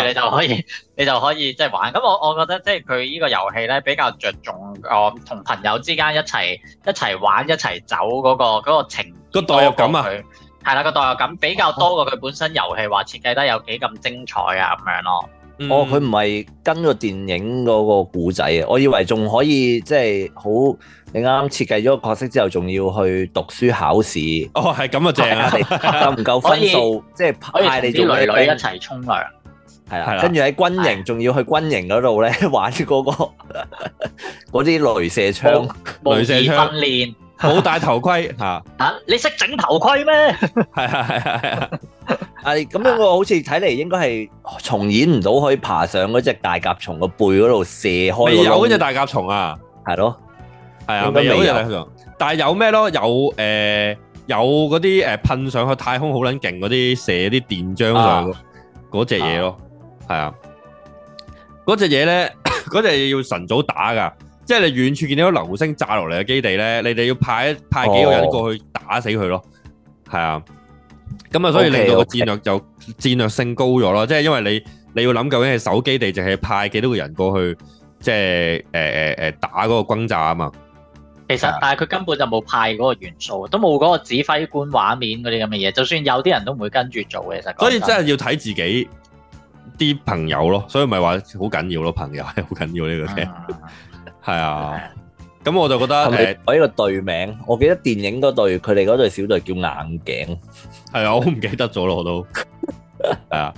住你就可以，你就可以即係玩。咁我我覺得即係佢呢個遊戲咧比較着重哦，同朋友之間一齊一齊玩一齊走嗰個嗰個情個代入感啊！佢係啦，個代入感比較多過佢本身遊戲話設計得有幾咁精彩啊咁樣咯。哦，佢唔係跟個電影嗰個故仔啊、嗯！我以為仲可以即係好，你啱啱設計咗個角色之後，仲要去讀書考試。哦，係咁啊，正啊，夠唔、啊、夠分數？ 即係派你做女女一齊沖涼。係啊，啊，啊，跟住喺軍營，仲、啊、要去軍營嗰度咧玩嗰、嗰個嗰啲 雷射槍。雷射槍訓練，冇戴頭盔嚇。嚇、 啊，你識整頭盔咩？係係係係。 係 咁樣，我好似睇嚟應該係重演唔到，可以爬上嗰隻大甲蟲個背嗰度射開。有嗰隻大甲蟲啊？係咯，係啊，咁有大甲蟲。但係有咩咯？有誒、呃，有嗰啲誒，噴上去太空好撚勁嗰啲射啲電漿上嗰隻嘢咯，係啊。嗰隻嘢咧，嗰隻嘢要晨早打噶，即係你遠處見到流星炸落嚟嘅基地咧，你哋要派一派幾個人過去打死佢咯，係、哦、啊。咁啊，所以令到個戰略就戰略性高咗咯，即、okay, 係、okay。因為你你要諗究竟係守基地定係派幾多個人過去，即係誒誒誒打嗰個轟炸啊嘛。其實，但係佢根本就冇派嗰個元素，都冇嗰個指揮官畫面嗰啲咁嘅嘢，就算有啲人都唔會跟住做嘅。所以真係要睇自己啲朋友咯，所以咪話好緊要咯，朋友係好緊要呢個嘅，係、uh. 啊。咁我就覺得，是是我呢個隊名、欸，我記得電影嗰隊，佢哋嗰隊小隊叫眼鏡，係啊，我唔記得咗咯，隊隊我都係啊，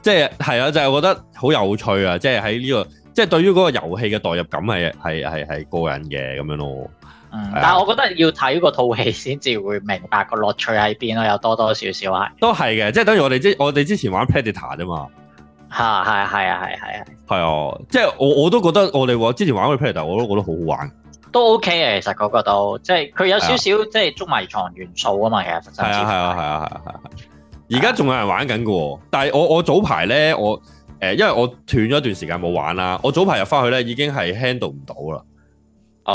即係係啊，就係、是就是、我覺得好有趣啊！即係喺呢個，即、就、係、是、對於嗰個遊戲嘅代入感係係係係過癮嘅咁樣咯。嗯、但係我覺得要睇個套戲先至會明白個樂趣喺邊咯，有多多少少啊，都係嘅，即、就、係、是、等於我哋之我哋之前玩 Predator 啫嘛，吓係係啊係係啊係啊，即係、就是、我我都覺得我哋之前玩嗰個 Predator，我都覺得好好玩。都 OK 嘅，其實嗰個都即係佢有少少、啊、即係捉迷藏元素啊嘛，其實。係啊係啊係啊係啊係啊！而家仲有人玩緊㗎喎，但係我我早排咧，我誒、呃、因為我斷咗一段時間冇玩啦，我早排入翻去咧已經係 handle 唔到啦。哦、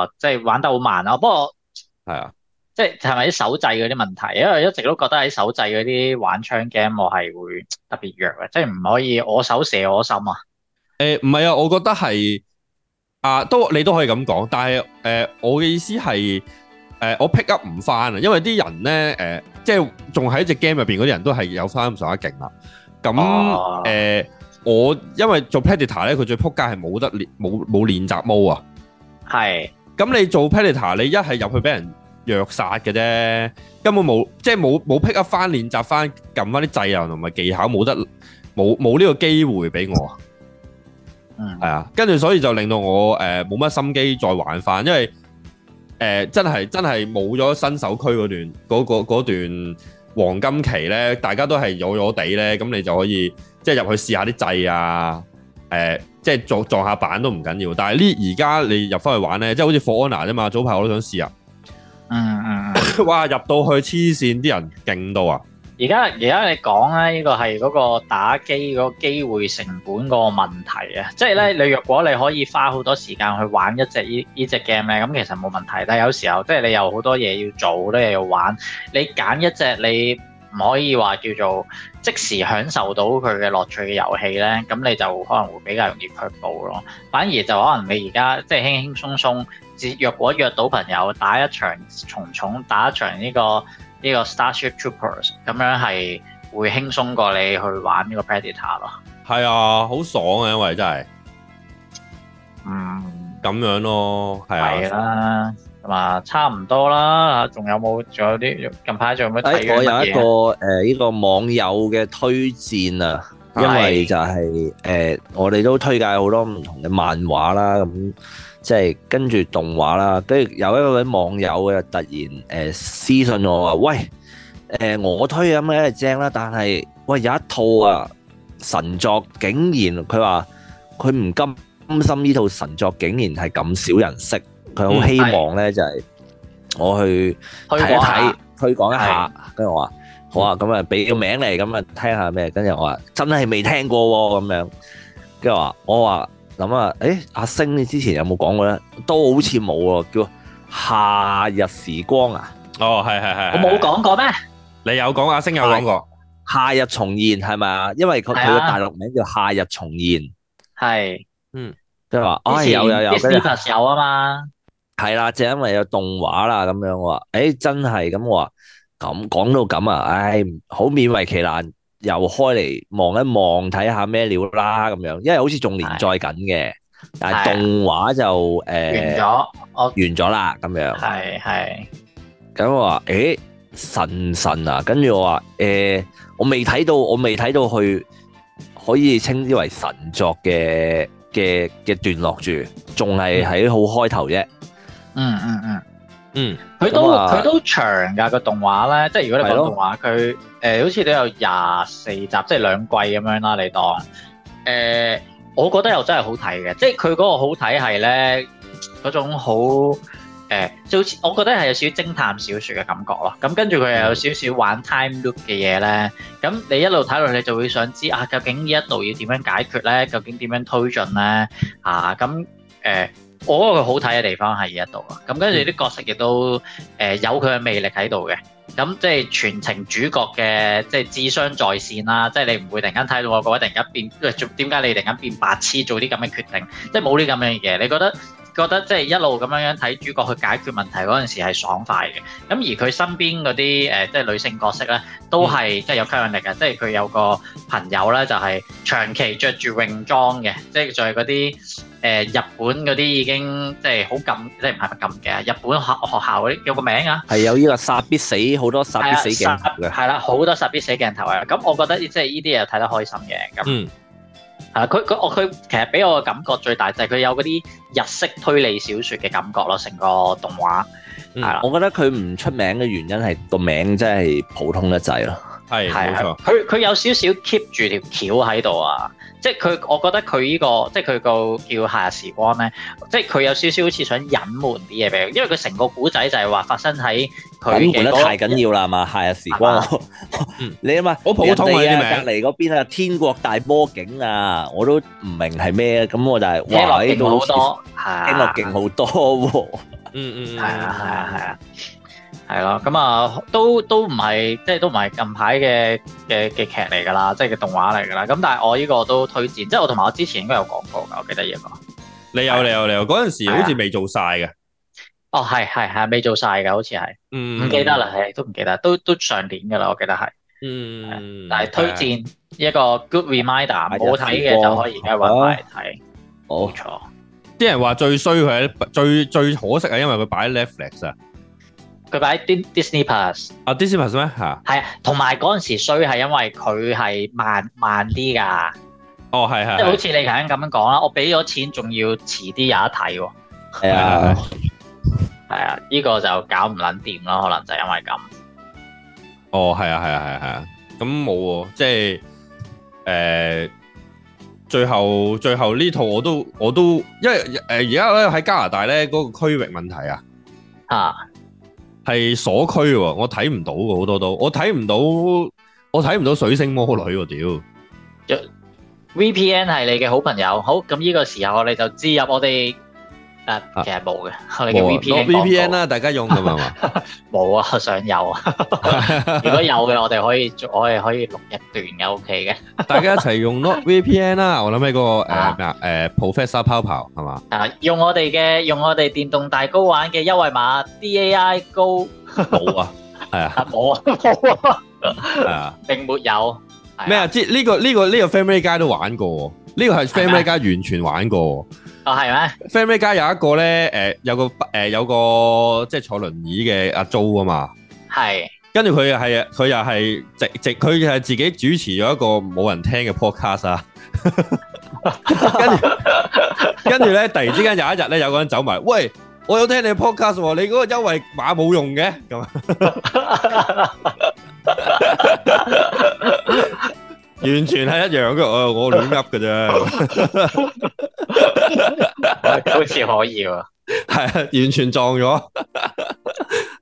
呃，即、就、係、是、玩得好慢咯，啊，不過係啊，即係係咪啲手掣嗰啲問題？因為一直都覺得喺手掣嗰啲玩槍 game 我係會特別弱嘅，即係唔可以我手射我心啊。誒唔係啊，我覺得係。啊，都你都可以咁講，但係誒、呃，我嘅意思係誒、呃，我 pick up 唔翻啊，因為啲人咧誒、呃，即係仲喺一隻 game 入邊嗰啲人都是有上，都係有翻咁上下勁啦。咁、啊、誒、呃，我因為做 Predator 咧，佢最撲街係冇得練，冇冇練習 mode 啊。係，咁你做 Predator 你一係入去俾人虐殺嘅啫，根本冇，即係冇冇 pick up 翻練習翻撳翻啲掣同埋技巧，冇得冇冇呢個機會俾我。嗯，係啊，跟住所以就令到我誒冇乜心機再玩翻，因為誒、呃、真係真係冇咗新手區嗰段嗰個嗰段黃金期咧，大家都係有咗地咧，咁你就可以即係入去試下啲掣啊，誒、呃、即係撞撞下板都唔緊要。但係呢而家你入翻去玩咧，即係好似 For Honor 啫嘛，早排我都想試啊，嗯嗯嗯，哇入到去黐線啲人勁到啊！而家而家你講咧，依個係嗰個打機嗰機會成本嗰個問題啊！即係咧，你若果你可以花好多時間去玩一隻呢隻 game 咧，咁其實冇問題。但係有時候即係、就是、你有好多嘢要做，好多嘢要玩，你揀一隻你唔可以話叫做即時享受到佢嘅樂趣嘅遊戲咧，咁你就可能會比較容易卻步咯。反而就可能你而家即係輕輕鬆鬆，若果約到朋友打一場蟲蟲打一場呢、這個。呢個 Starship Troopers 咁樣係會輕鬆過你去玩呢個 Predator 咯。係啊，好爽啊，因為真係，嗯，咁樣咯，係啊，係啦，係嘛，差唔多啦嚇。仲有冇？仲有啲近排仲有冇睇？我有一個誒呢個網友嘅推薦啊，因為就係誒我哋都推介好多唔同嘅漫畫啦咁。即係跟住動畫啦，跟住有一位網友又突然誒私信我話：喂，誒我推咁梗係正啦，但係喂有一套啊神作，竟然佢話佢唔甘甘心呢套神作竟然係咁少人識，佢好希望咧就係我去睇一睇推廣一下。跟住我話好啊，咁啊俾個名嚟，咁啊聽下咩？跟住我話真係未聽過喎，咁樣跟住話我話。諗啊，誒、欸，阿星你之前有冇講過咧？都好似冇喎，叫夏日時光啊。哦，係係係。我冇講過咩？你有講，阿星有講過。夏日重現係咪啊？因為佢佢嘅大陸名叫夏日重現。係、啊，嗯，即係話，哦，有有有，啲小朋友啊嘛。係啦，就因為有動畫啦咁樣喎。誒、欸，真係咁話，咁講到咁啊，唉，好勉為其難。又開嚟望一望，睇下咩料啦咁樣，因為好似仲連載緊嘅，但係動畫就誒完咗，我完咗啦咁樣。係係，咁我話誒神神啊，跟住我話誒，我未睇到，我未睇到佢可以稱之為神作嘅嘅嘅段落住，仲係喺好開頭啫。嗯嗯嗯。嗯，佢都佢、嗯、都長噶個動畫咧，即、嗯、係如果你講動畫，佢誒、哦呃，好似都有廿四集，即係兩季咁樣啦。你當誒、呃，我覺得又真係好睇嘅，即係佢嗰個好睇係咧，嗰種好誒，就好似我覺得係有少少偵探小說嘅感覺咯。咁跟住佢又有少少玩 time loop 嘅嘢咧，咁你一路睇落去，你就會想知啊，究竟呢一度要點樣解決咧？究竟點樣推進咧？啊，咁誒。呃我覺得佢好睇嘅地方喺呢一度啊，咁跟住啲角色亦都誒有佢嘅魅力喺度嘅，咁即係全程主角嘅即係智商在線啦，即係你唔會突然間睇到我個位突然間變，點解你突然間變白痴做啲咁嘅決定，即係冇呢咁樣嘅嘢，你覺得？覺得即係一路咁樣樣睇主角去解決問題嗰陣時係爽快嘅，咁而佢身邊嗰啲誒即係女性角色咧，都係即係有吸引力嘅，嗯、即係佢有個朋友咧就係、是、長期穿着住泳裝嘅，即係就係嗰啲誒日本嗰啲已經即係好禁，即係唔係咁禁嘅日本學學校嗰有個名啊，係有呢、呢個殺必死好多殺必死鏡頭嘅、啊，係啦，好、啊、多殺必死鏡頭啊，咁我覺得即係呢啲嘢睇得開心嘅咁。啊！佢佢我佢其實俾我嘅感覺最大就係佢有嗰啲日式推理小說嘅感覺咯，成個動畫係啦、嗯。我覺得佢唔出名嘅原因係個名真係普通得滯咯。係，係啊，佢佢有少少 keep 住條橋喺度啊，即係佢，我覺得佢呢、這個，即係佢個叫夏日時光咧，即係佢有少少好似想隱瞞啲嘢俾，因為佢成個古仔就係話發生喺佢嘅。唔好講得太緊要啦，係嘛？夏日時光， 嗯、你啊嘛，好普通的人啊，隔離嗰邊啊，天國大波景啊，我都唔明係咩、就是、啊，咁我就係哇，聽落勁好多，聽落勁好多喎，嗯嗯，係啊係啊係啊。啊係咯，咁啊，都都唔係，即係都唔係近排嘅嘅嘅劇嚟噶啦，即係嘅動畫嚟噶啦。咁但係我呢個都推薦，即係我同埋我之前應該有講過噶，我記得一、這、講、個。你有你有你有，嗰陣時好似未做晒嘅。哦，係係係，未做晒噶，好似係。唔、嗯、記得啦，係都唔記得，都都上年噶啦，我記得係。嗯。是但係推薦一個 good reminder，冇睇嘅就可以而家搵翻嚟睇。冇錯。啲人話最衰佢係最最可惜係因為佢擺喺 Netflix 啊。佢擺 Disney Plus 啊，Disney Plus 咩吓？係啊，同埋嗰陣時衰係因為佢係慢慢啲噶。哦，係係，即係好似你頭先咁樣講啦，我俾咗錢仲要遲啲有得睇喎。係、嗯、啊，係啊，呢、這個就搞唔捻掂咯，可能就係因為咁。哦，係啊，係啊，係啊，係啊，咁冇即係誒、呃，最後最後呢套我都我都因為誒而家咧喺加拿大咧嗰、那個區域問題啊啊！係鎖區嘅，我睇唔到好多都，我睇唔到，我睇唔到水星魔女喎，屌！V P N 係你嘅好朋友，好，咁呢個時候我哋就進入我哋。誒，其實冇嘅，我哋叫 VPN 啦，大家用噶嘛？冇啊，想有啊，如果有嘅，我哋可以，我哋可以錄一段嘅 O K 嘅。大家一齊用 Not VPN 啦，我諗起個誒咩啊？誒，ProfessorPower 係嘛？啊，用我哋嘅，用我哋電動大 GO 玩嘅優惠碼 D A I 高冇啊，係啊，冇啊，冇啊，係啊，並沒有咩啊？即呢個呢個呢個 Family Guy 都玩過，呢個係 Family Guy 完全玩過。哦，係咩？Family Guy 有一個咧，誒、呃、有個誒、呃、有個即係坐輪椅嘅阿 Joe 啊嘛，係，跟住佢又係佢又係直直佢又係自己主持咗一個冇人聽嘅 podcast 啊， 跟住着 跟住咧，突然之間有一日咧，有個人走埋，喂，我有聽你嘅 podcast 喎，你嗰個優惠碼冇用嘅，咁。完全係一樣嘅，我我亂噏嘅啫， 好似可以喎、啊。係啊，完全撞咗，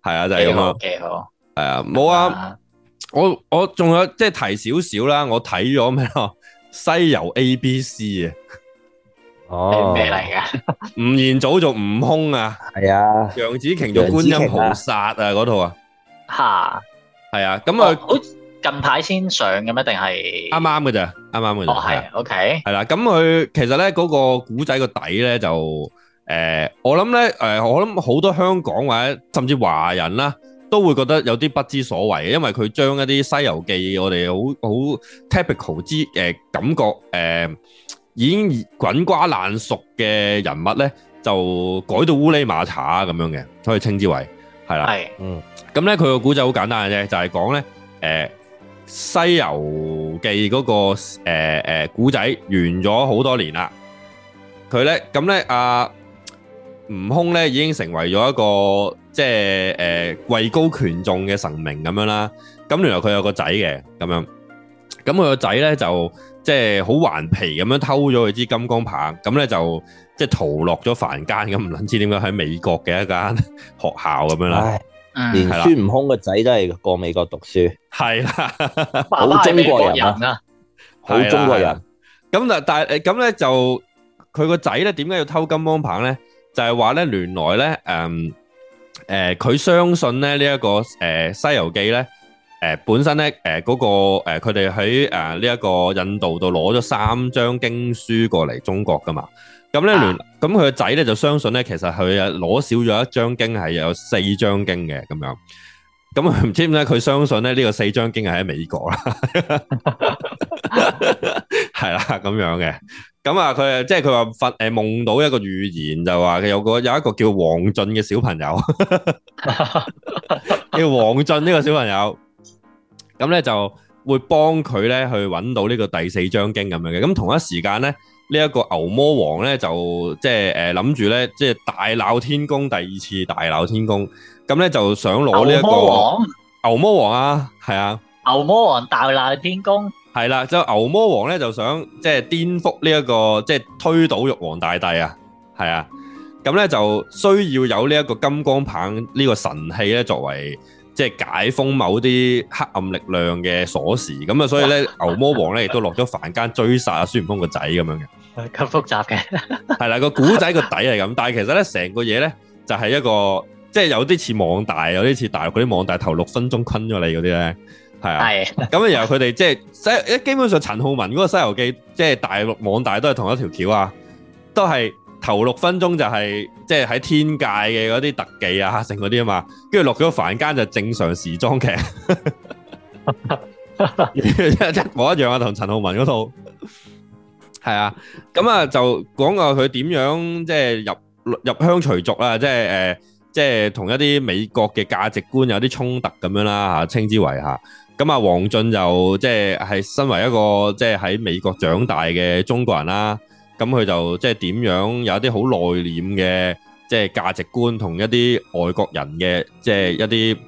係啊，就係咁咯。係啊，冇啊，我我仲有即係提少少啦。我睇咗咩咯，我《西遊 A B C》啊。哦，咩嚟嘅？吳 彥祖做悟空啊，係啊。楊紫瓊做觀音菩薩啊，嗰套啊。吓，係啊，咁啊。我近排先上嘅一定係啱啱嘅啫，啱啱嘅啫。哦，係，OK。係啦，咁佢其實咧嗰個古仔個底咧就誒，我諗咧誒，我諗好多香港或者甚至華人啦，都會覺得有啲不知所為嘅，因為佢將一啲《西遊記》我哋好好 typical 之誒感覺誒已經滾瓜爛熟嘅人物咧，就改到烏哩麻茶咁樣嘅，可以稱之為係啦。係，嗯。咁咧佢個古仔好簡單嘅啫，就係講咧誒。西遊那個《西遊記》嗰個誒誒古仔完咗好多年啦，佢咧咁咧阿悟空咧已經成為咗一個即係誒位高權重嘅神明咁樣啦，咁原來佢有個仔嘅咁樣，咁佢個仔咧就即係好頑皮咁樣偷咗佢支金剛棒，咁咧就即係逃落咗凡間咁，唔捻知點解喺美國嘅一間學校咁樣啦。哎連孫悟空個仔都係過美國讀書，係、嗯、啦，好中國人,爸爸是美國人啊，好中國人。咁啊，但係咁咧就佢個仔咧，點解要偷金光棒咧？就係話咧，原來咧，誒、嗯，佢、呃、相信咧呢一、這個誒、呃《西遊記》呢咧、呃，誒本身咧，誒、呃、嗰、那個誒佢哋喺誒呢一個印度度攞咗三張經書過嚟中國噶嘛。咁咧，咁佢個仔咧就相信咧，其實佢啊攞少咗一張經係有四張經嘅咁樣，咁啊唔知點咧，佢相信咧呢個四張經係喺美國啦，係啦咁樣嘅，咁啊佢啊即係佢話瞓誒夢到一個預言就話佢有個有一個叫王進嘅小朋友，叫王進呢個小朋友，咁咧就會幫佢咧去揾到呢個第四張經咁樣嘅，咁同一時間咧。呢、這、一個牛魔王咧就即係誒諗住咧即係大鬧天宮，第二次大鬧天宮，咁咧就想攞呢一個牛魔王啊，係啊，牛魔王大鬧天宮係啦、啊，就牛魔王咧就想即係顛覆呢、這、一個即係推倒玉皇大帝是啊，係啊，咁咧就需要有呢一個金剛棒呢、這個神器咧作為。即係解封某啲黑暗力量嘅鎖匙，咁啊，所以咧 牛魔王咧亦都落咗凡間追殺阿孫悟空個仔咁樣嘅，咁複雜嘅，係啦，個古仔個底係咁， 但係其實咧成個嘢咧就係、是、一個即係有啲似網大，有啲似大陸嗰啲網大頭六分鐘昆咗你嗰啲咧，係啊，咁 然後佢哋即係西，基本上陳浩文嗰個《西遊記》即、就、係、是、大陸網大都係同一條橋啊，都係。頭六分鐘就係即係喺天界嘅嗰啲特技啊，成嗰啲啊嘛，跟住落咗凡間就正常時裝劇，呵呵 真真我一樣跟陳一啊，同陳浩文嗰套係啊，咁啊就講個佢點樣即係入入鄉隨俗啊，即係誒，即係同一啲美國嘅價值觀有啲衝突咁樣啦吓，稱之為吓，咁啊王俊就即係係身為一個即係喺美國長大嘅中國人啦。咁佢就即係點樣有一啲好內斂嘅，即係價值觀同一啲外國人嘅，即係一啲誒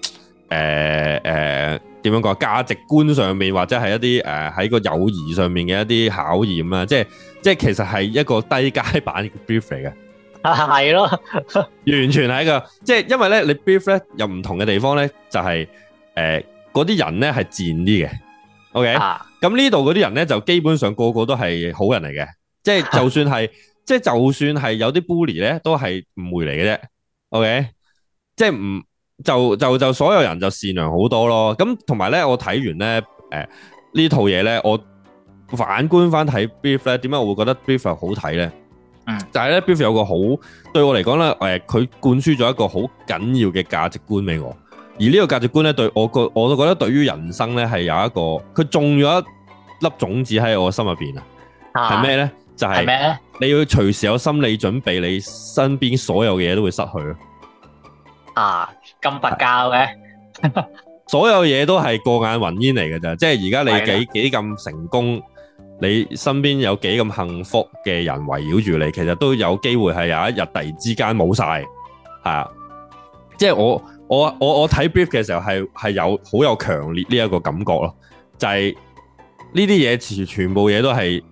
誒，點樣講價值觀上面或者係一啲誒喺個友誼上面嘅一啲考驗啊！即係即係其實係一個低階版嘅 Beef 嚟嘅。係咯，完全係一個即係，因爲咧你 Beef 咧又唔同嘅地方咧，就係誒嗰啲人咧係賤啲嘅，ok，咁呢度嗰啲人咧就基本上個個都係好人嚟嘅。即係就算係、啊，即係就算係有啲 bully 咧，都係唔回嚟嘅啫。OK，即係唔就就就，就所有人就善良好多咯。咁同埋咧，我睇完咧，誒、呃、呢套嘢咧，我反觀翻睇 Beef 咧，點解我會覺得 Beef 好睇咧、嗯？就但、是、係咧 Beef 有個好，對我嚟講咧，誒、呃、佢灌輸咗一個好緊要嘅價值觀俾我。而呢個價值觀咧，對我我都覺得對於人生咧係有一個，佢種咗一粒種子喺我心入邊啊。係咩咧？就係、是、你要隨時有心理準備，你身邊所有嘢都會失去。啊，咁佛教嘅， 所有嘢都係過眼雲煙嚟嘅咋，即係而家你幾幾咁成功，你身邊有幾咁幸福嘅人圍繞住你，其實都有機會係有一日突然之間冇晒。係啊，即、就、係、是、我我我我睇 brief 嘅時候係係有好有強烈呢一個感覺咯，就係呢啲嘢其實全全部嘢都係。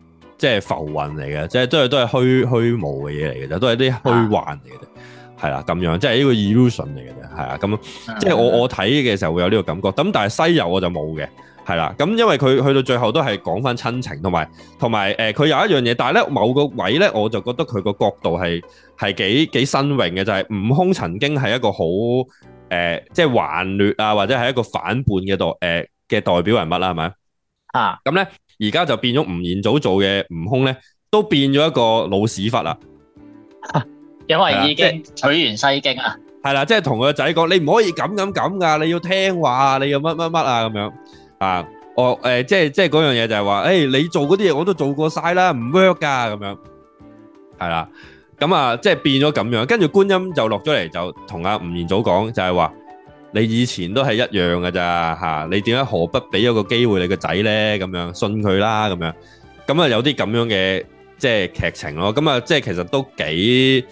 即係浮雲嚟嘅，即係都係都係虛虛無嘅嘢嚟嘅，就都係啲虛幻嚟嘅，係啦咁樣，即係呢個 Illusion 嚟嘅，係啊咁，即係我我睇嘅時候會有呢個感覺。咁但係西遊我就冇嘅，係啦。咁因為佢去到最後都係講返親情，同埋同埋誒，佢有、呃、有一樣嘢，但係咧，某個位咧，我就覺得佢個角度係係幾幾新穎嘅，就係、是、悟空曾經係一個好誒、呃，即係頑劣啊，或者係一個反叛嘅代誒嘅代表人物啦，係咪啊？咁咧。而家就變咗吳彥祖做嘅悟空咧，都變咗一個老屎忽啦，因為已經取完《西經》啊，係啦，即係同佢個仔講，你唔可以咁咁咁噶，你要聽話，你要乜乜乜啊咁樣啊，哦誒，即係即係嗰樣嘢就係話，誒，你做嗰啲嘢我都做過晒啦，唔 work 噶咁樣，係啦，咁啊，即係變咗咁樣，跟住觀音就落咗嚟，就同阿吳彥祖講，就係話。你以前都係一樣嘅咋嚇？你點解何不俾一個機會你個仔呢？咁樣信佢啦，咁樣咁啊，有啲咁樣嘅即係劇情咯。咁啊，即係其實都幾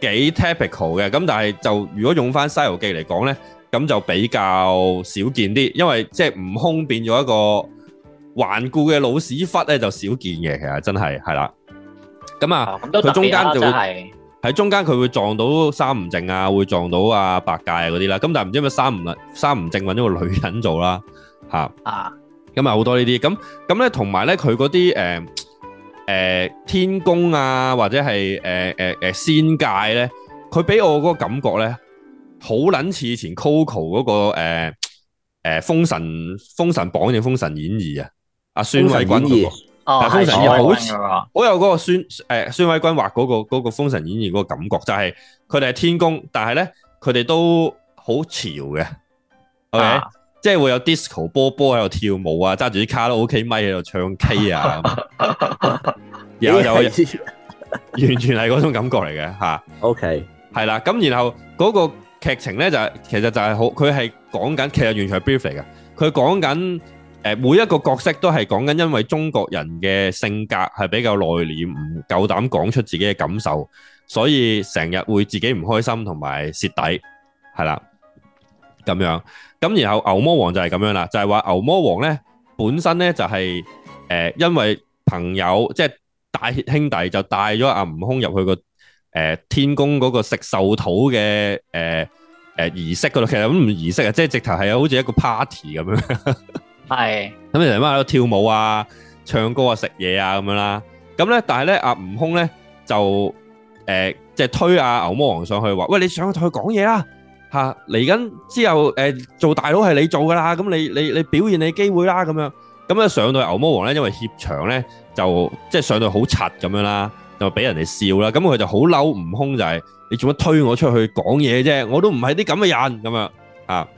幾 typical 嘅。咁但係就如果用翻《西遊記》嚟講呢，咁就比較少見啲，因為即係悟空變咗一個頑固嘅老屎忽呢，就少見嘅。其實真係係啦。咁啊，佢中間就會。喺中間佢會撞到三唔正啊，會撞到啊八戒啊嗰啲啦。咁但係唔知咩三唔，三唔正揾咗個女人做啦，吓。啊！咁啊好多這些呢啲咁咁咧，同埋咧佢嗰啲誒誒天宮啊，或者係誒誒誒仙界咧，佢俾我嗰個感覺咧，好撚似以前 Coco 嗰、那個誒誒封神封神榜定封神演義啊。阿孫偉關注封神又好似好有嗰個孫誒孫偉君畫嗰個、那個封神演義嗰個感覺，就係佢哋係天宮，但係咧佢哋都好潮嘅，OK、啊、即係會有 disco 波波喺度跳舞啊，揸住啲卡啦 OK 咪喺度唱 K 啊， 然後就完全係嗰種感覺嚟嘅吓，OK，係啦，咁、 啊、然後嗰個劇情咧就係其實就係好，佢係講緊，其實完全係 brief 嚟嘅，佢講緊。誒，每一個角色都係講緊，因為中國人嘅性格係比較內斂，唔夠膽講出自己嘅感受，所以成日會自己唔開心同埋蝕底，係啦，咁樣。咁然後牛魔王就係咁樣啦，就係話牛魔王咧本身咧就係誒，因為朋友即係大兄弟就帶咗阿悟空入去個誒天宮嗰個食壽土嘅誒誒儀式嗰度，其實咁唔儀式啊，即係直頭係好似一個 party 咁樣。係，咁你成日都喺度跳舞啊、唱歌啊、食嘢啊咁樣啦，咁咧，但係咧，阿悟空咧就誒即係推阿牛魔王上去話，喂，你上去同佢講嘢啦吓，嚟緊之後誒做大佬係你做噶啦，咁你你你表現你機會啦咁樣，咁一上到牛魔王咧，因為怯場咧，就即係上到好柒咁樣啦，就俾人哋笑啦，咁佢就好嬲悟空，就係你做乜推我出去講嘢啫，我都唔係啲咁嘅人咁樣啊，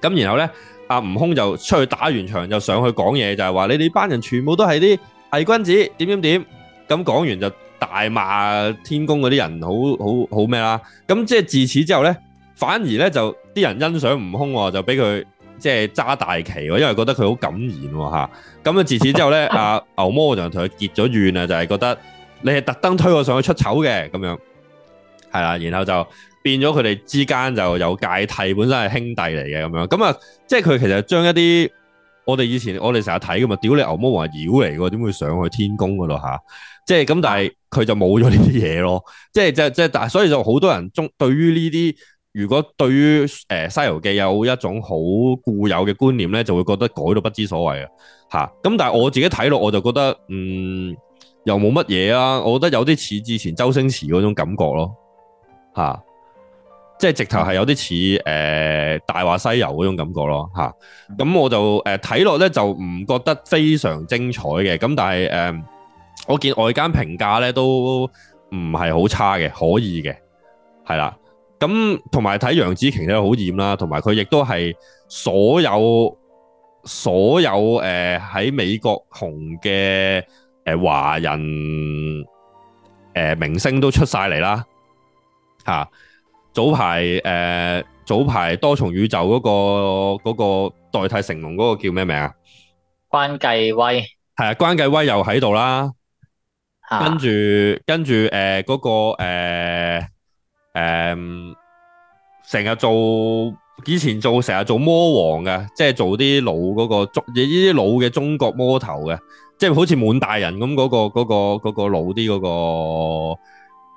咁然後咧。阿、啊、悟空就出去打完場，就上去講嘢，就係話你哋班人全部都係啲偽君子，點點點。咁講完就大罵天宮嗰啲人好好好咩啦。咁即係自此之後咧，反而咧就啲人欣賞悟空、哦，就俾佢即係揸大旗、哦，因為覺得佢好敢言吓、哦。咁啊自此之後咧，阿、 啊、牛魔就同佢結咗怨啊，就係、是、覺得你係特登推我上去出醜嘅咁樣，係啦，然後就。變咗佢哋之間就有界替，本身係兄弟嚟嘅咁樣，咁啊，即係佢其實將一啲我哋以前我哋成日睇嘅嘛，屌你牛魔王係妖嚟嘅，點會上去天宮嗰度吓？即係咁，但係佢就冇咗呢啲嘢咯。即係即係即係，但所以就好多人中對於呢啲，如果對於誒、呃《西遊記》有一種好固有嘅觀念咧，就會覺得改到不知所謂啊吓。咁但係我自己睇落，我就覺得嗯又冇乜嘢啊，我覺得有啲似之前周星馳嗰種感覺咯吓。啊即係直頭係有啲似誒大話西遊嗰種感覺咯嚇，咁我就誒睇落咧就唔覺得非常精彩嘅。咁但係誒、呃、我見外間評價咧都唔係好差嘅，可以嘅，係啦，咁同埋睇楊紫瓊咧好艷啦，同埋佢亦都係所有所有誒喺、呃、美國紅嘅誒、呃、華人誒、呃、明星都出晒嚟啦嚇。啊早排誒、呃，早排多重宇宙嗰個嗰個代替成龍嗰個叫咩名啊？關繼威，係啊，關繼威又喺度啦。跟住、啊、跟住誒嗰個誒成日做以前做成日做魔王嘅，即係做啲老嗰個中依啲老嘅中國魔頭嘅，即係好似滿大人咁嗰個嗰個嗰個老啲嗰個。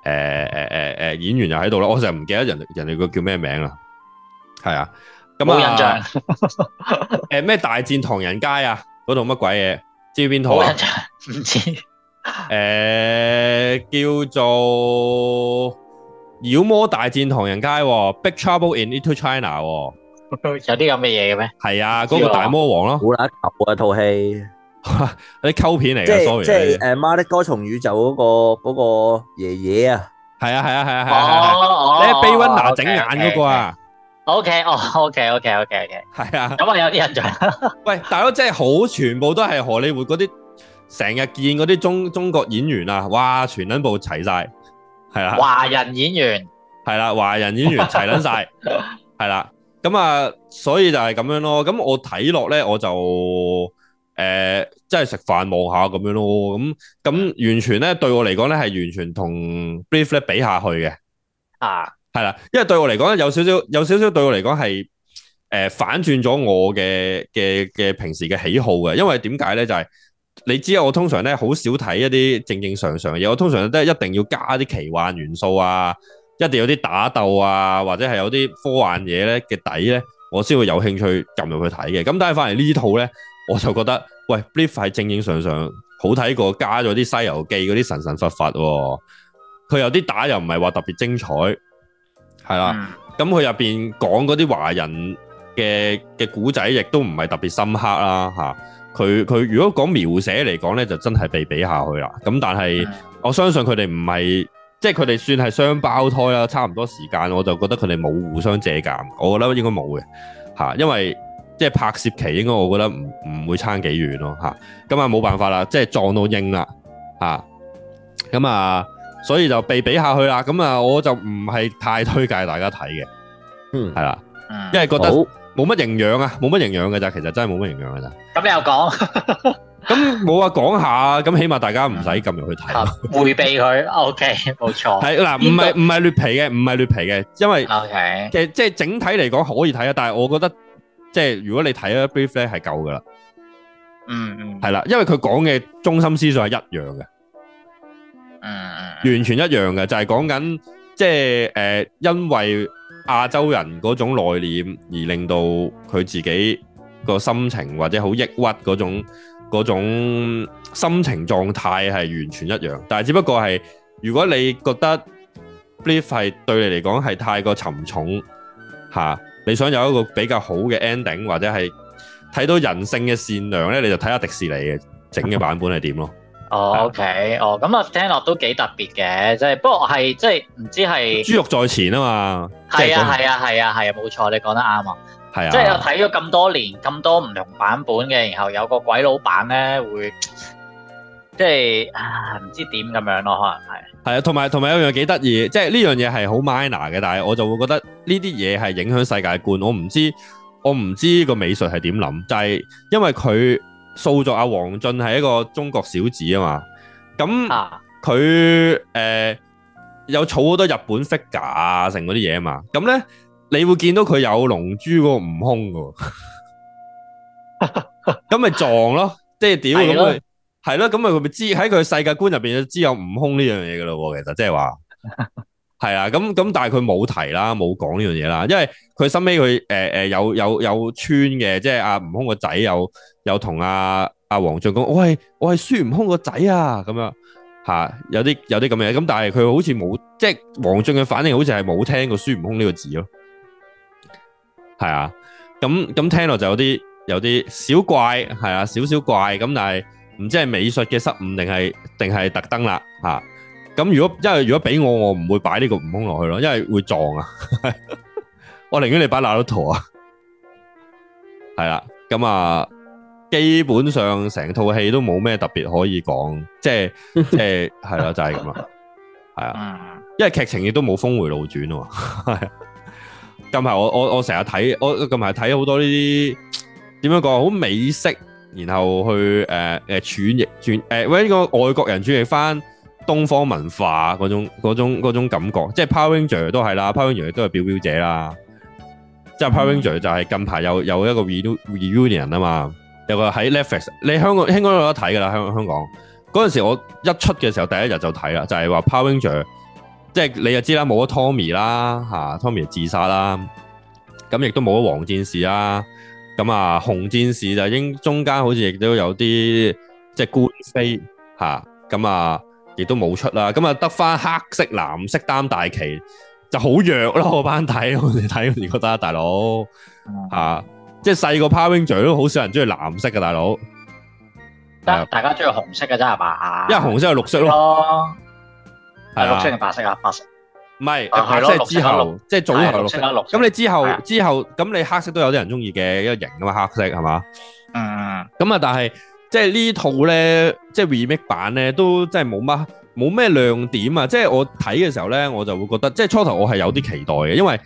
誒誒誒誒，演員又喺度啦，我就唔記得人人哋個叫咩名啦，係啊，咁啊，冇印象。誒、呃、咩 大戰唐人街啊？嗰套乜鬼嘢？知邊套、啊、印象唔知。誒、呃，叫做妖魔大戰唐人街，Big Trouble in Little China。有啲咁嘅嘢嘅咩？係啊，嗰、 啊、個大魔王咯、啊，好垃圾啊套戲。啲溝片嚟噶，sorry 即係誒，媽的多重宇宙嗰個嗰個爺爺啊，係啊係啊係啊係啊係啊，你喺《Blade Runner》整眼嗰個啊，OK，哦 OK OK OK OK，係啊，咁啊有啲印象。喂，大佬真係好，全部都係荷里活嗰啲，成日見嗰啲中中國演員啊，哇，全捻部齊晒，係啊，華人演員係啦，華人演員齊捻晒，係啦，咁啊，所以就係咁樣咯。咁我睇落咧，我就。誒、呃，即係食飯望下咁樣咯，咁咁完全咧對我嚟講咧係完全同 brief 咧比下去嘅，啊係啦，因為對我嚟講有少少有少少對我嚟講係誒反轉咗我嘅嘅嘅平時嘅喜好嘅，因為點解咧就係、是、你知我通常咧好少睇一啲正正常常嘅嘢，我通常都係一定要加啲奇幻元素啊，一定要有啲打鬥啊，或者係有啲科幻嘢咧嘅底咧，我先會有興趣撳入去睇嘅，咁但係反而呢套咧。我就覺得，喂，Beef 喺正正常常好睇過加咗啲《西遊記》嗰啲神神佛佛、哦，佢有啲打又唔係話特別精彩，係啦。咁佢入邊講嗰啲華人嘅嘅古仔，亦都唔係特別深刻啦，吓、啊。佢佢如果講描寫嚟講咧，就真係被比下去啦。咁但係我相信佢哋唔係，即係佢哋算係雙胞胎啦，差唔多時間，我就覺得佢哋冇互相借鑒，我覺得應該冇嘅，吓、啊，因為。即係拍攝期，應該我覺得唔唔會差幾遠咯，吓，咁啊冇辦法啦，即係撞到應啦，吓，咁啊，所以就被比下去啦，咁啊我就唔係太推介大家睇嘅，嗯，係啦，因為覺得冇乜營養啊，冇乜營養嘅咋，其實真係冇乜營養嘅咋，咁又講，咁冇話講下，咁起碼大家唔使撳入去睇，回避佢，OK，冇錯，係嗱，唔係唔係劣皮嘅，唔係劣皮嘅，因為嘅即係整體嚟講可以睇啊，但係我覺得。即係如果你睇咗 brief 咧，係夠噶啦，嗯，係啦，因為佢講嘅中心思想係一樣嘅，嗯嗯，完全一樣嘅，就係講緊即係誒，因為亞洲人嗰種內斂而令到佢自己個心情或者好抑鬱嗰種嗰種心情狀態係完全一樣，但係只不過係如果你覺得 brief 係對你嚟講係太過沉重嚇。你想有一個比較好嘅 ending，或者係睇到人性嘅善良咧，你就睇下迪士尼嘅整嘅版本係點咯。哦，OK，哦，咁啊，聽落都幾特別嘅，即係不過係即係唔知係豬肉在前啊嘛。係啊，係啊，係啊，係啊，冇錯，你講得啱啊。係啊，即係我睇咗咁多年咁多唔同版本嘅，然後有個鬼佬版咧會。即係啊，唔知點咁樣咯，可能係係啊，同埋同埋有樣幾得意，即係呢樣嘢係好 minor 嘅，但係我就會覺得呢啲嘢係影響世界觀。我唔知我唔知個美術係點諗，就係因為佢塑造阿黃俊係一個中國小子啊嘛，咁佢誒有儲好多日本 figure 啊，成嗰啲嘢啊嘛，咁咧你會見到佢有龍珠嗰個悟空噶，咁 咪 撞咯， 即係屌咁係咯，咁咪佢咪知喺佢世界觀入邊，就知有悟空呢樣嘢噶咯。其實即係話係啊，咁咁但係佢冇提啦，冇講呢樣嘢啦。因為佢收尾佢誒誒有有有穿嘅，即係阿、啊啊啊、悟空個仔、啊、有有同阿阿王俊講，喂，我係孫悟空個仔啊咁樣吓，有啲有啲咁樣嘢。咁但係佢好似冇即係王俊嘅反應，好似係冇聽過孫悟空呢個字咯。係啊，咁咁聽落就有啲有啲小怪係啊，少少怪咁，但係。唔知係美術嘅失誤，定係定係特登啦嚇。咁如果因為如果俾我，我唔會擺呢個悟空落去咯，因為會撞啊。我寧願你擺哪吒啊。係啦，咁啊，基本上成套戲都冇咩特別可以講，即係即係係啦，就係咁啦。係啊、就係，因為劇情亦都冇峰回路轉啊。近排我我我成日睇，我近排睇好多呢啲點樣講好美式。然後去誒誒轉譯轉誒個外國人轉譯翻東方文化嗰種，種，種感覺，即係 Power Rangers 都係啦，Power Rangers 都係表表姐啦，嗯、即係 Power Rangers 就係近排有有一個 reunion reunion 啊嘛，有個喺 Netflix，你香港應該有得睇噶啦，香港都都香港嗰陣時我一出嘅時候第一日就睇、就係、啦，就係話 Power Rangers，即係你就知啦，冇咗 Tommy 啦 Tommy 自殺啦，咁亦都冇咗黃戰士啦咁啊，紅戰士就應中間好似亦，就是啊啊啊，都有啲即係孤飛吓，咁啊亦都冇出啦，咁啊得翻黑色，藍色擔大旗就好弱咯，個班睇我哋睇，你覺得大佬吓，啊嗯啊，即係細個 Power Rangers 都好少人中意藍色嘅，啊，大佬，大家中意紅色嘅啫係嘛，因為紅色係綠色咯，係綠色定，啊，白色啊，白色。唔係，即、啊、係之後，即係早頭六。咁、啊。六你之後、啊、之後咁，你黑色都有啲人中意嘅，一個型噶嘛，黑色係嘛？嗯，咁啊，但係即係呢套咧，即係 remake 版咧，都即係冇乜冇咩亮點啊！即、就、係、是、我睇嘅時候咧，我就會覺得，即、就、係、是、初頭我係有啲期待嘅，因為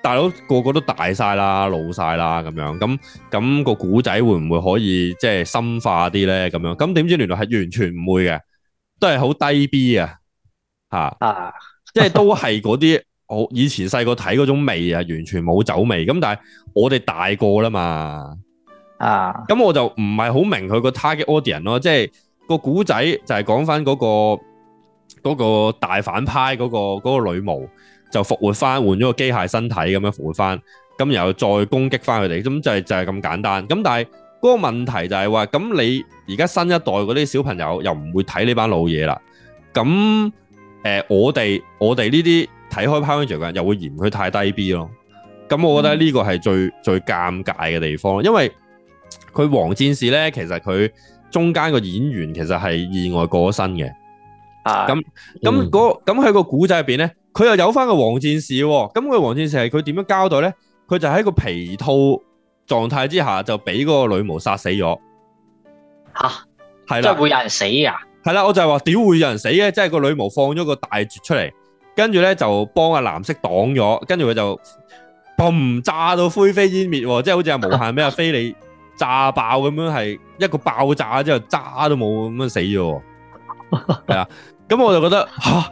大佬個個都大晒啦，老晒啦，咁樣咁咁、那個古仔會唔會可以即係、就是、深化啲咧？咁樣咁點知原來係完全唔會嘅，都係好低 B 啊！吓啊！ 即係都係嗰啲以前細個睇嗰種味啊，完全冇酒味。咁但係我哋大個啦嘛，啊，咁我就唔係好明佢、嗰個 target audience 咯。即係個古仔就係講翻嗰個嗰個大反派嗰、嗰個、嗰個女巫就復活翻，換咗個機械身體咁樣復活翻，咁然後再攻擊翻佢哋，咁就係、就係、係、咁簡單。咁但係嗰個問題就係話，咁你而家新一代嗰啲小朋友又唔會睇呢班老嘢啦，咁。誒、呃，我哋我哋呢啲睇開《Power Rangers》嘅人又會嫌佢太低 B 咯，咁我覺得呢個係最、嗯、最尷尬嘅地方，因為佢《黃戰士》咧，其實佢中間個演員其實係意外過身嘅，咁咁咁喺個古仔入邊咧，佢又有翻個黃戰士，咁佢黃戰士係佢點樣交代咧？佢就喺個皮套狀態之下就俾個女巫殺死咗，吓、啊，係啦，即係會有人死啊！係啦，我就係話屌會有人死咧？即係個女巫放咗個大絕出嚟，跟住咧就幫阿藍色擋咗，跟住佢就嘣炸到灰飛煙滅。哦，即係好似阿無限咩呀，飛你炸爆咁樣，係一個爆炸之後渣都冇咁樣死咗。係啊，咁我就覺得吓、啊、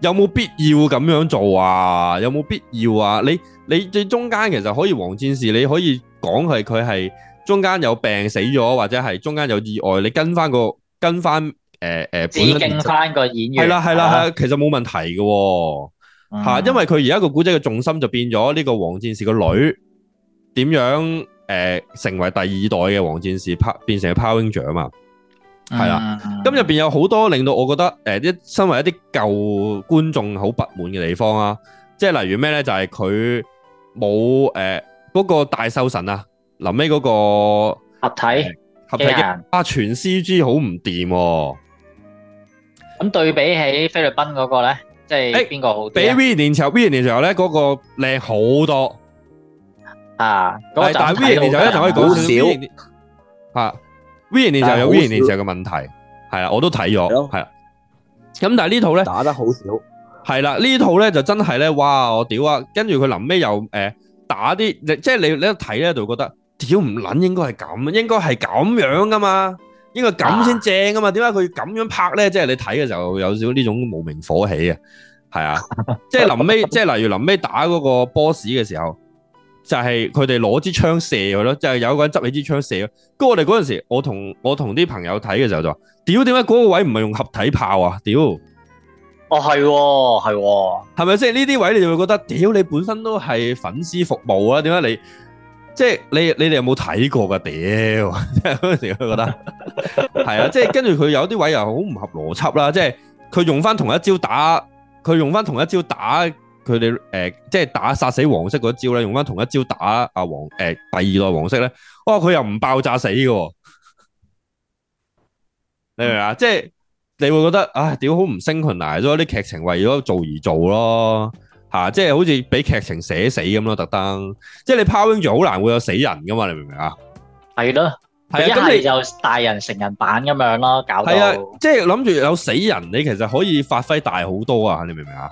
有冇必要咁樣做啊？有冇必要啊？你你你中間其實可以黃戰士，你可以講係佢係中間有病死咗，或者係中間有意外，你跟翻個跟翻。誒、呃、誒，致敬翻個演員係啦係啦係，其實冇問題嘅吓、啊，因為佢而家個古仔嘅重心就變咗呢個黃戰士嘅女點樣誒、呃、成為第二代嘅黃戰士，拍變成個 Power Ranger 啊嘛，係啦，咁入邊有好多令到我覺得誒一、呃、身為一啲舊觀眾好不滿嘅地方啊，即係例如咩咧就係佢冇誒嗰個大獸神啊，臨尾嗰個合體、呃、合體嘅阿、啊、全 C G 好唔掂。咁，對比起菲律賓嗰個呢，即係，邊個好啲？比 VN 時候，VN 時候呢，嗰個靚好多。啊，但啊，因為咁先正啊嘛，點解佢要咁樣拍咧？即係你睇嘅時候有少少呢種無名火起啊，係 啊，即係臨尾，即係例如臨尾打嗰個 boss 嘅時候，就係佢哋攞支槍射佢咯，就係有個人執起支槍射咯。咁我哋嗰陣時，我同我同啲朋友睇嘅時候就話：屌，點解嗰個位唔係用合體炮啊？屌，哦，哦係，係，哦，係咪即係？呢啲位你就會覺得屌，你本身都係粉絲服務啊？點解你？即係你你哋有冇睇過噶？屌、嗯，即係嗰陣時佢覺得係啊，即係跟住佢有啲位又好唔合邏輯啦。即係佢用翻同一招打，佢用翻同一招打佢哋誒，即係打殺死黃色嗰招咧，用翻同一招打阿、啊、黃誒、呃、第二代黃色咧，哇、啊、佢又唔爆炸死嘅、啊，你明啊？嗯、即係你會覺得啊，屌好唔 s y n c h 咗啲劇情為咗做而做咯。吓，即係好似俾劇情寫死咁咯，特登，即係你 Power Rangers 好難會有死人噶嘛，你明唔明啊？係咯，係啊，咁你就大人成人版咁樣咯，搞係啊，即係諗住有死人，你其實可以發揮大好多啊，你明唔明啊？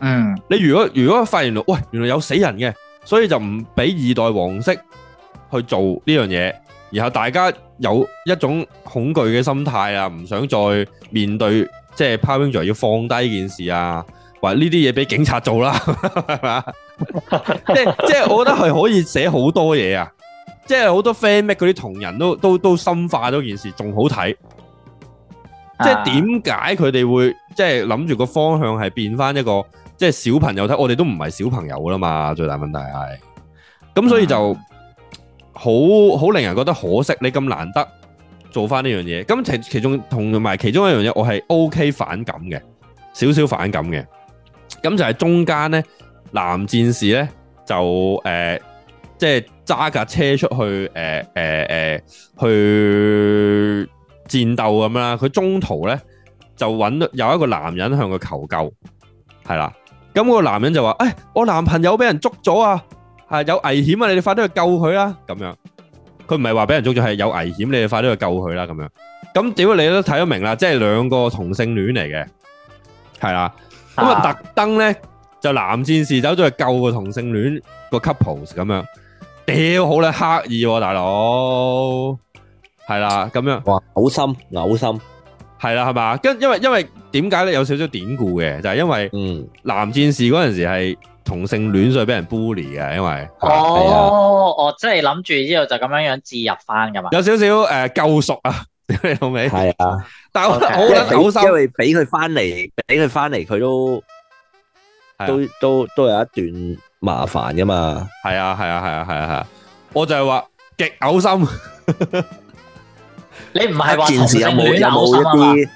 嗯，你如果如果發現到喂，原來有死人嘅，所以就唔俾二代黃色去做呢樣嘢，然後大家有一種恐懼嘅心態啊，唔想再面對，即係 Power Rangers 要放低呢件事啊。呢啲嘢俾警察做啦，係 嘛是吧？即即係我覺得係可以寫好多嘢啊！即係好多 fan made 嗰啲同人都都都深化咗件事，仲好睇。即係點解佢哋會即係諗住個方向係變翻一個即係、就是、小朋友睇？我哋都唔係小朋友啦嘛，最大問題係咁，是所以就好好令人覺得可惜。你咁難得做翻呢樣嘢，咁其其中同埋其中一樣嘢，我係 OK 反感嘅，少少反感嘅。咁就係中間咧，男戰士咧就誒，即係揸架車出去誒誒誒，去戰鬥咁樣啦。佢中途咧就揾到有一個男人向佢求救，係啦。咁個男人就話：誒，我男朋友俾人捉咗啊，係有危險啊！你哋快啲去救佢啦！咁樣，佢唔係話俾人捉咗，係有危險，你哋快啲去救佢啦！咁樣。咁屌，你都睇得明啦，即係兩個同性戀嚟嘅，係啦。咁啊，特登咧就男戰士走咗去救個同性戀個 couple 咁樣，屌好啦，刻意大佬係啦，咁樣哇，嘔心嘔心係啦，係嘛？跟因為因為點解咧有少少典故嘅，就係因為嗯男戰士嗰陣時係同性戀，所以俾人 bully 嘅，因為哦，我真係諗住之後就咁樣樣自入翻噶嘛，有少少誒救贖啊！係 啊，但係我覺得嘔、okay, 心，因為俾佢翻嚟，俾佢翻嚟，佢、啊、都都都都有一段麻煩噶嘛。係啊，係啊，係啊，係啊，係啊,啊，我就係話極嘔心。 你唔係話同時有冇有冇、啊、一啲？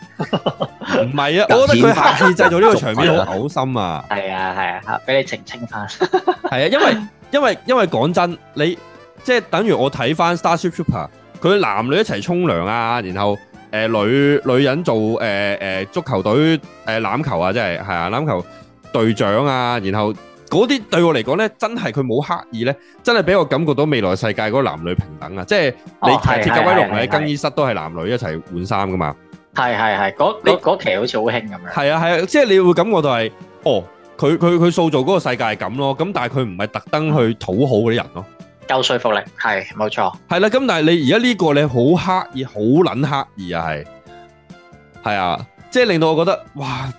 唔 係啊，我覺得佢下次製造呢個場面好嘔心啊。係 啊，係啊，俾你澄清翻。係啊，因為因為因為講真，你即係等於我睇翻 Starship Trooper。佢男女一齊沖涼啊，然後誒女女人做誒誒足球隊誒欖球啊，即係係啊欖球隊長啊，然後嗰啲對我嚟講咧，真係佢冇刻意咧，真係俾我感覺到未來世界嗰個男女平等啊！即係你鐵甲威龍喺更衣室都係男女一齊換衫噶嘛，係係係嗰嗰嗰期好似好興咁樣，係啊係啊，即係你會感覺到係哦，佢佢佢塑造嗰個世界係咁咯，咁但係佢唔係特登去討好嗰啲人咯。救水服力係冇錯，係啦咁，但係你而家呢個你好刻意，好捻刻意啊，係係啊，即係、就是、令到我覺得，哇，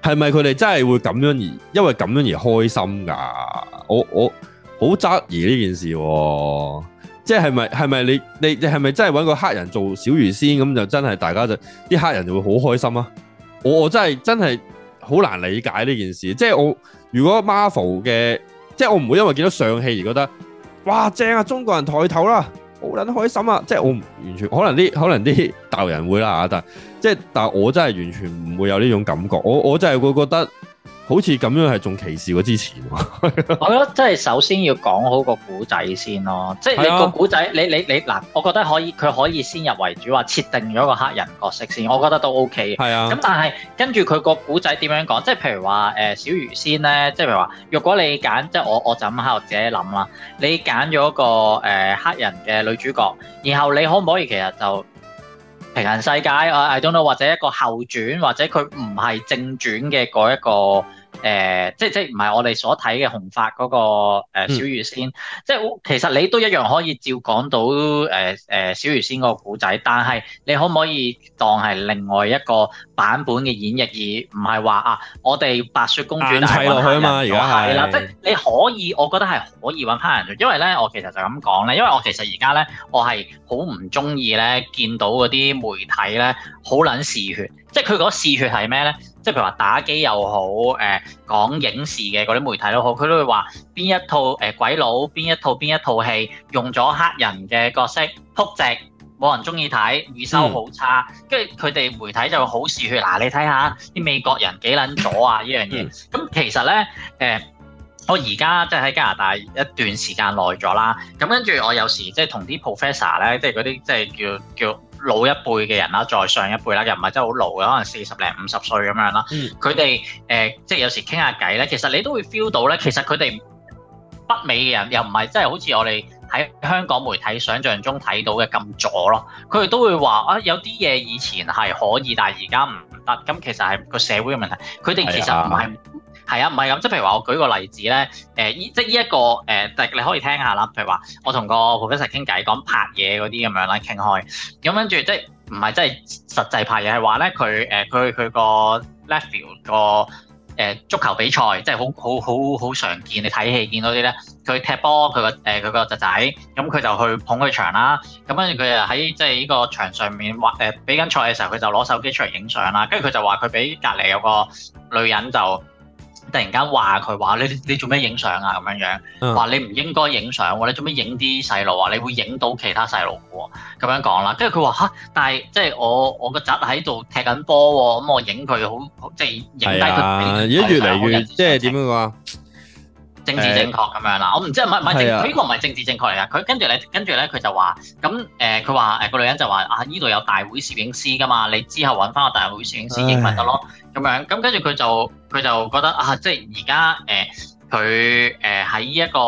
係咪佢哋真係會咁樣而因為咁樣而開心噶？我我好質疑呢件事、啊，即係係咪係咪你你你係咪真係揾個黑人做小魚仙咁就真係大家就啲黑人就會好開心啊？我我真係真係好難理解呢件事，即、就、係、是、我如果 Marvel 嘅，即、就、係、是、我唔會因為見到上戲而覺得。哇！正啊，中國人抬頭啦，好撚開心啊！即係我完全可能啲，可能啲大陸人會啦嚇，但即係但係我真係完全唔會有呢種感覺，我我真係會覺得。好似咁樣係仲歧視過之前， 我覺得即係首先要講好個古仔先咯，啊、即係你個古仔，你你你嗱，我覺得可以，佢可以先入為主話設定咗個黑人角色先，我覺得都 O K 嘅。啊，呃、啊，咁但係跟住佢個古仔點樣講，即係譬如話誒小魚仙咧，即係譬如話，若果你揀，即係我我就咁喺度自己諗啦，你揀咗個誒黑人嘅女主角，然後你可唔可以其實就？平行世界啊，I don't know, 或者一個後轉，或者佢唔係正轉嘅嗰一個。誒、呃，即係即係唔係我哋所睇嘅紅髮嗰、那個、呃、小魚仙，嗯、即係其實你都一樣可以照講到誒誒、呃呃、小魚仙個古仔，但係你可唔可以當係另外一個版本嘅演繹，而唔係話啊，我哋白雪公主睇係揾翻人咗？係啦，即係、就是、你可以，我覺得係可以揾翻人做，因為咧，我其實就咁講咧，因為我其實而家咧，我係好唔中意咧見到嗰啲媒體咧好撚嗜血，即係佢講嗜血係咩咧？即係譬如話打機又好，誒講影視嘅嗰啲媒體都好，佢都會話邊一套誒鬼佬，邊一套邊一套戲用咗黑人嘅角色，撲直冇人中意睇，預收好差，跟住佢哋媒體就好嗜血嗱， 你睇下啲美國人幾撚左啊呢樣嘢。咁、嗯、其實咧誒、呃，我而家即係喺加拿大一段時間耐咗啦，咁跟住我有時即係同啲 professor 咧，即係嗰啲即係叫叫，叫老一輩嘅人啦，再上一輩啦，又唔係真係好老嘅，可能四十零五十歲咁樣啦。佢哋誒，即係有時傾下偈咧，其實你都會 feel 到咧，其實佢哋北美嘅人又唔係真係好似我哋喺香港媒體想像中睇到嘅咁左咯。佢哋都會話啊，有啲嘢以前係可以，但係而家唔得。咁其實係個社會嘅問題。佢哋其實唔係、哎。係啊，唔係咁，即係譬如話，我舉個例子咧，誒、呃，依即係呢一個誒，但、呃、係你可以聽下啦。譬如話，我同個 professor 傾偈，講拍嘢嗰啲咁樣啦，傾開咁跟住，即係唔係真係實際拍嘢，係話咧佢誒佢佢個 level 個足球比賽，即係好好好好常見。你睇戲見到啲咧，佢踢波，佢個誒佢個侄仔，咁佢就去捧佢場啦。咁跟住佢就喺即係呢個場上面，或、呃、誒比緊賽嘅時候，佢就攞手機出嚟影相啦。跟住佢就話佢比隔離有個女人就。突然間話佢，話你你做咩影相啊，咁樣樣，話你唔應該影相喎，你做咩影啲細路啊？你會影到其他細路喎，咁樣講啦。跟住佢話嚇，但係即係我我個侄喺度踢緊波喎，咁我影佢好即係影低佢。係啊，而家越嚟越即係點樣話？嗯政治正確咁樣啦、哎，我唔知唔係唔係，佢呢、啊呢個唔係政治正確嚟噶。佢跟住咧，跟住咧，佢就話咁誒，佢話誒個女人就話啊，呢度有大會攝影師噶嘛，你之後揾翻個大會攝影師影咪得咯。咁、哎、樣咁跟住佢就佢就覺得啊，即係而家誒佢誒喺呢一個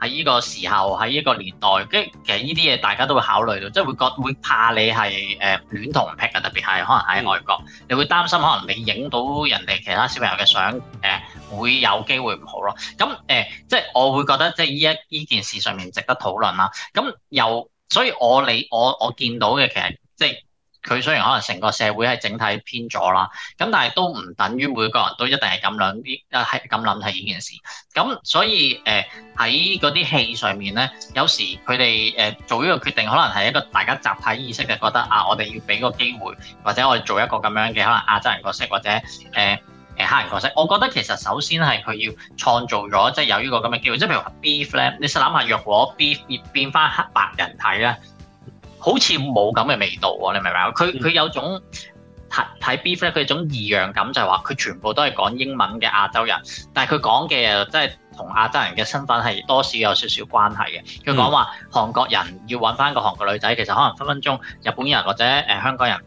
喺呢個時候喺呢個年代，跟其實呢啲嘢大家都會考慮到，即係會覺會怕你係誒戀童癖啊，特別係可能喺外國、嗯，你會擔心可能你影到人哋其他小朋友嘅相誒。呃會有機會唔好咯，咁誒、呃，即係我會覺得即係依一依件事上面值得討論啦。咁又，所以我理我我見到嘅其實即係佢雖然可能成個社會係整體偏咗啦，咁但係都唔等於每個人都一定係咁諗啲，啊係咁諗係呢件事。咁所以誒喺嗰啲戲上面咧，有時佢哋誒做呢個決定，可能係一個大家集體意識嘅覺得，啊，我哋要俾個機會，或者我哋做一個咁樣嘅可能亞洲人角色或者誒。呃誒黑人角色，我覺得其實首先係佢要創造咗，即係有呢個咁嘅機會。即係譬如 Beef，a 你試諗下，若果 Beef 變翻黑白人睇咧，好似冇咁嘅味道喎。你明唔明啊？佢、嗯、佢有種睇睇 Beef，a 佢有種異樣感，就係話佢全部都係講英文嘅亞洲人，但係佢講嘅即係同亞洲人嘅身份係多少有少少關係嘅。佢講話韓國人要揾翻個韓國女仔，其實可能分分鐘日本人或者誒香港人。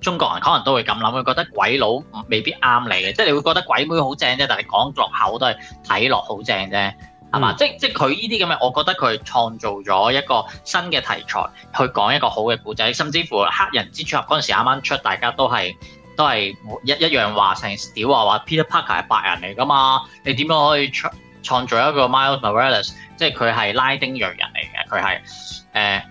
中國人可能都會咁諗，佢覺得鬼佬未必啱你嘅，即係你會覺得鬼妹好正啫，但係講落口都係睇落好正啫，係嘛、嗯？即係即係佢呢啲咁嘅，我覺得佢創造咗一個新嘅題材去講一個好嘅故仔，甚至乎黑人之出入嗰時啱啱出，大家都係都係一一樣話成屌啊話 Peter Parker 係白人嚟㗎嘛？你點樣可以創創造一個 Miles Morales，即係佢係拉丁裔人嚟嘅，佢係誒。呃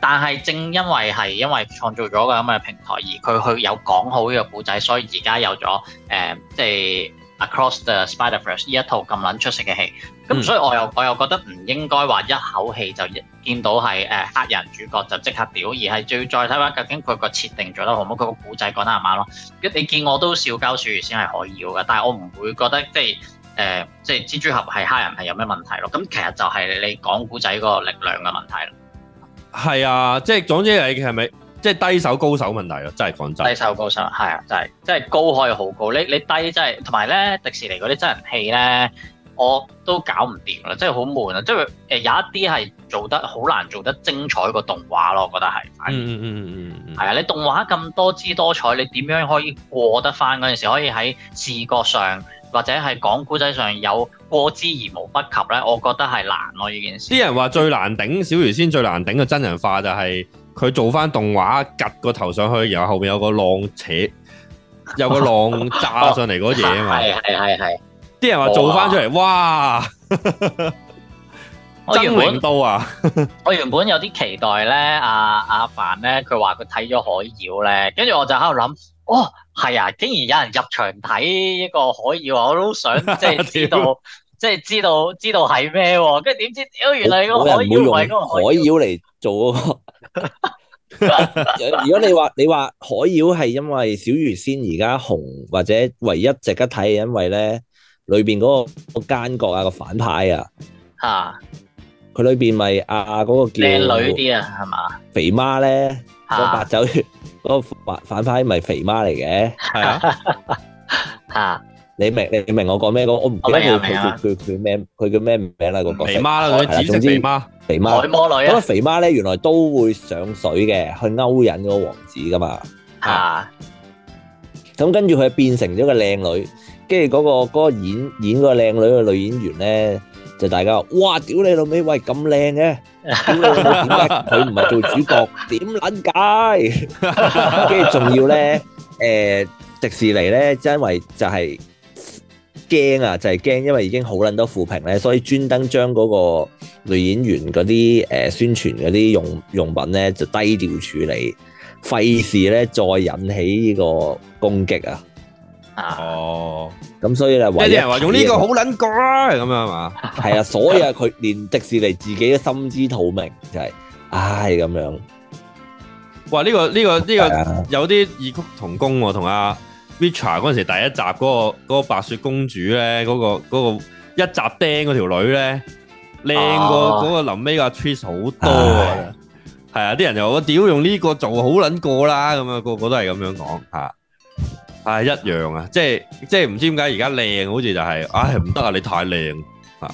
但係正因為係因為創造咗個咁嘅平台，而佢去有講好呢個古仔，所以而家有咗誒、呃，即係 Across the Spider-Verse 呢一套咁撚出色嘅戲。咁、嗯、所以我又我又覺得唔應該話一口氣就見到係誒、呃、黑人主角就即刻屌，而係要再睇翻究竟佢個設定做得好唔好，佢個古仔講得啱啱咯？咁你見我都笑交説完先係可以㗎，但係我唔會覺得即係誒、呃、即係蜘蛛俠係黑人係有咩問題咯。咁其實就係你講古仔個力量嘅問題啦。係啊，即係總之係，係咪即係低手高手問題咯？真係講真。低手高手係啊，真係真係高可以好高，你你低真、就、係、係。同埋咧，迪士尼嗰啲真人戲咧，我都搞唔掂啦，真係好悶啊！即係誒、呃、有一啲係做得好難做得精彩個動畫咯，我覺得係。嗯係啊，mm-hmm。啊，你動畫咁多姿多彩，你點樣可以過得翻嗰陣時？可以喺視覺上或者係講古仔上有？過之而無不及咧，我覺得係難咯呢件事。啲人話最難頂，小魚仙最難頂嘅真人化就係佢做翻動畫，趷個頭上去，然後後面有個浪扯，有個浪炸上嚟嗰嘢啊嘛。係係係。啲人話做翻出嚟，啊，哇！曾永都啊，我原本， 我原本有啲期待咧，啊，阿阿凡咧，佢話佢睇咗海妖咧，跟住我就喺度諗。哦，係啊！竟然有人入場睇一個海妖，啊。我都想即係知道， 即係知道知道係咩、啊？跟住點知屌原來個海妖嚟，海妖嚟做？如果你話你話海妖係因為小魚仙而家紅，或者唯一值得睇係因為咧裏邊嗰個奸角啊、嗰個反派啊，吓佢裏邊咪啊嗰、嗰個叫靚女啲啊係嘛？肥媽咧，個白酒血。嗰個反反派咪肥媽嚟嘅。係啊，吓你明你明我講咩？嗰，我唔記得佢叫佢叫咩佢叫咩名啦，個角色肥媽啦，佢變成肥媽，海魔女。嗰個肥媽咧，原來都會上水嘅，去勾引嗰個王子噶嘛。吓，咁跟住佢變成咗個靚女，跟住嗰個嗰個演演個靚女嘅女演員咧。就大家話：哇！屌你老味，喂咁靚嘅，屌你老母點解佢唔係做主角？點撚解？跟住仲要咧，誒迪士尼咧，因為就係驚啊，就係驚，因為已經好撚多負評咧，所以專登將嗰個女演員嗰啲誒宣傳嗰啲用用品咧就低調處理，費事咧再引起呢個攻擊啊！哦，咁所以咧，咩啲人話用呢個好撚過啦咁樣嘛？係 啊，所以啊，佢連迪士尼自己都心知肚明就係、是，唉、啊、咁樣。哇！呢、這個呢、這個呢、這個有啲異曲同工喎、啊，同阿、啊、Richard 嗰陣時第一集嗰、那個、那個白雪公主咧，嗰、那個、那個一集釘嗰條女咧，靚過嗰個臨尾阿 Teresa 好多啊！係啊，啲、啊、人又我屌用呢個做好撚過啦、啊，咁、那、樣個個都係咁樣講吓。係一樣啊，即係即係唔知點解而家靚，好似就係，唉，唔得啊，你太靚啊！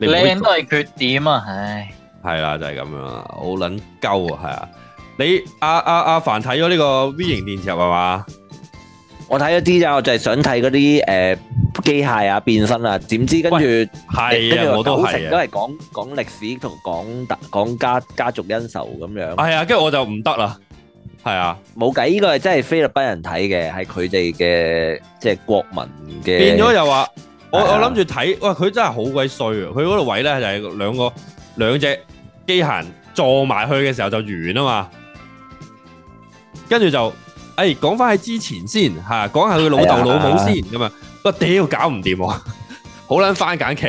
靚都係缺點啊，唉，係啦，就係咁樣啊，好撚鳩啊，係啊！你阿阿阿凡睇咗呢個 V 型電視係嘛？我睇咗啲咋，我就係想睇嗰啲誒機械啊、變身啊，點知跟住係，跟住感情都係講講歷史同講講家家族恩仇咁樣。係啊，跟住我就唔得啦。係啊，冇計，呢個係真係菲律賓人睇嘅，係佢哋嘅即係國民嘅。變咗又話，我我諗住睇，喂佢真係好鬼衰啊！佢嗰度位咧就係兩個兩隻機械人撞埋去嘅時候就完啊嘛，跟住就誒講翻喺之前先吓，講下佢老豆老母先咁啊！我屌搞唔掂，好捻翻揀劇，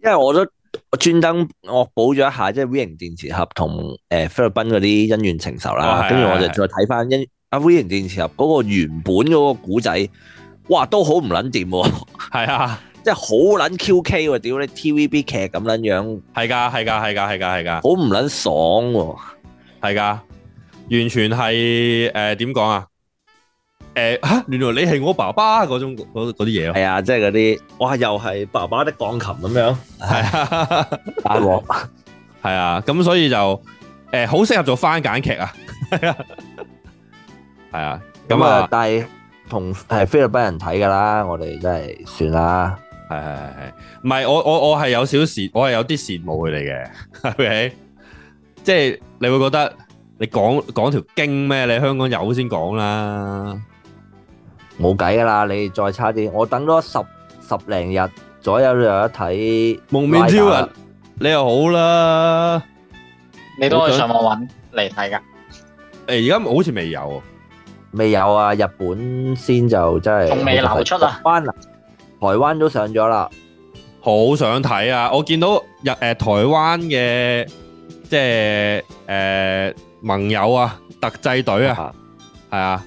因為我都。我專登我補咗一下，即係 V 型電池盒同誒菲律賓嗰啲恩怨情仇啦，跟、哦、住我就再睇翻一 V 型電池盒嗰個原本嗰個古仔，哇，都好唔捻掂，係啊，即係好捻 QK，屌、啊、你 TVB 劇咁捻樣，係噶，係噶，係噶，係噶，係噶，好唔捻爽、啊，係噶，完全係誒點講啊？誒，吓，原來你係我爸爸嗰種嗰嗰啲嘢，係啊，即係嗰啲，哇，又係爸爸的鋼琴咁樣，係啊，阿王，係啊，咁所以就誒，好適合做翻簡劇啊，係啊，咁啊，但係同係菲律賓人睇㗎啦，我哋真係算啦，係係係，唔係我我我係有少少，我係有啲羨慕佢哋嘅，係咪？即係你會覺得你講講條經咩？你香港有先講啦。冇計噶啦，你再差啲，我等多十十零日左右都有得睇《蒙面超人》，你又好啦，你都可以上網搵嚟睇噶。誒，而家好似未有，未有啊！日本先就真係仲未流出啊，灣啊，台灣都上咗啦。好想睇啊！我見到日誒台灣嘅即係誒盟友啊，特製隊啊，係啊。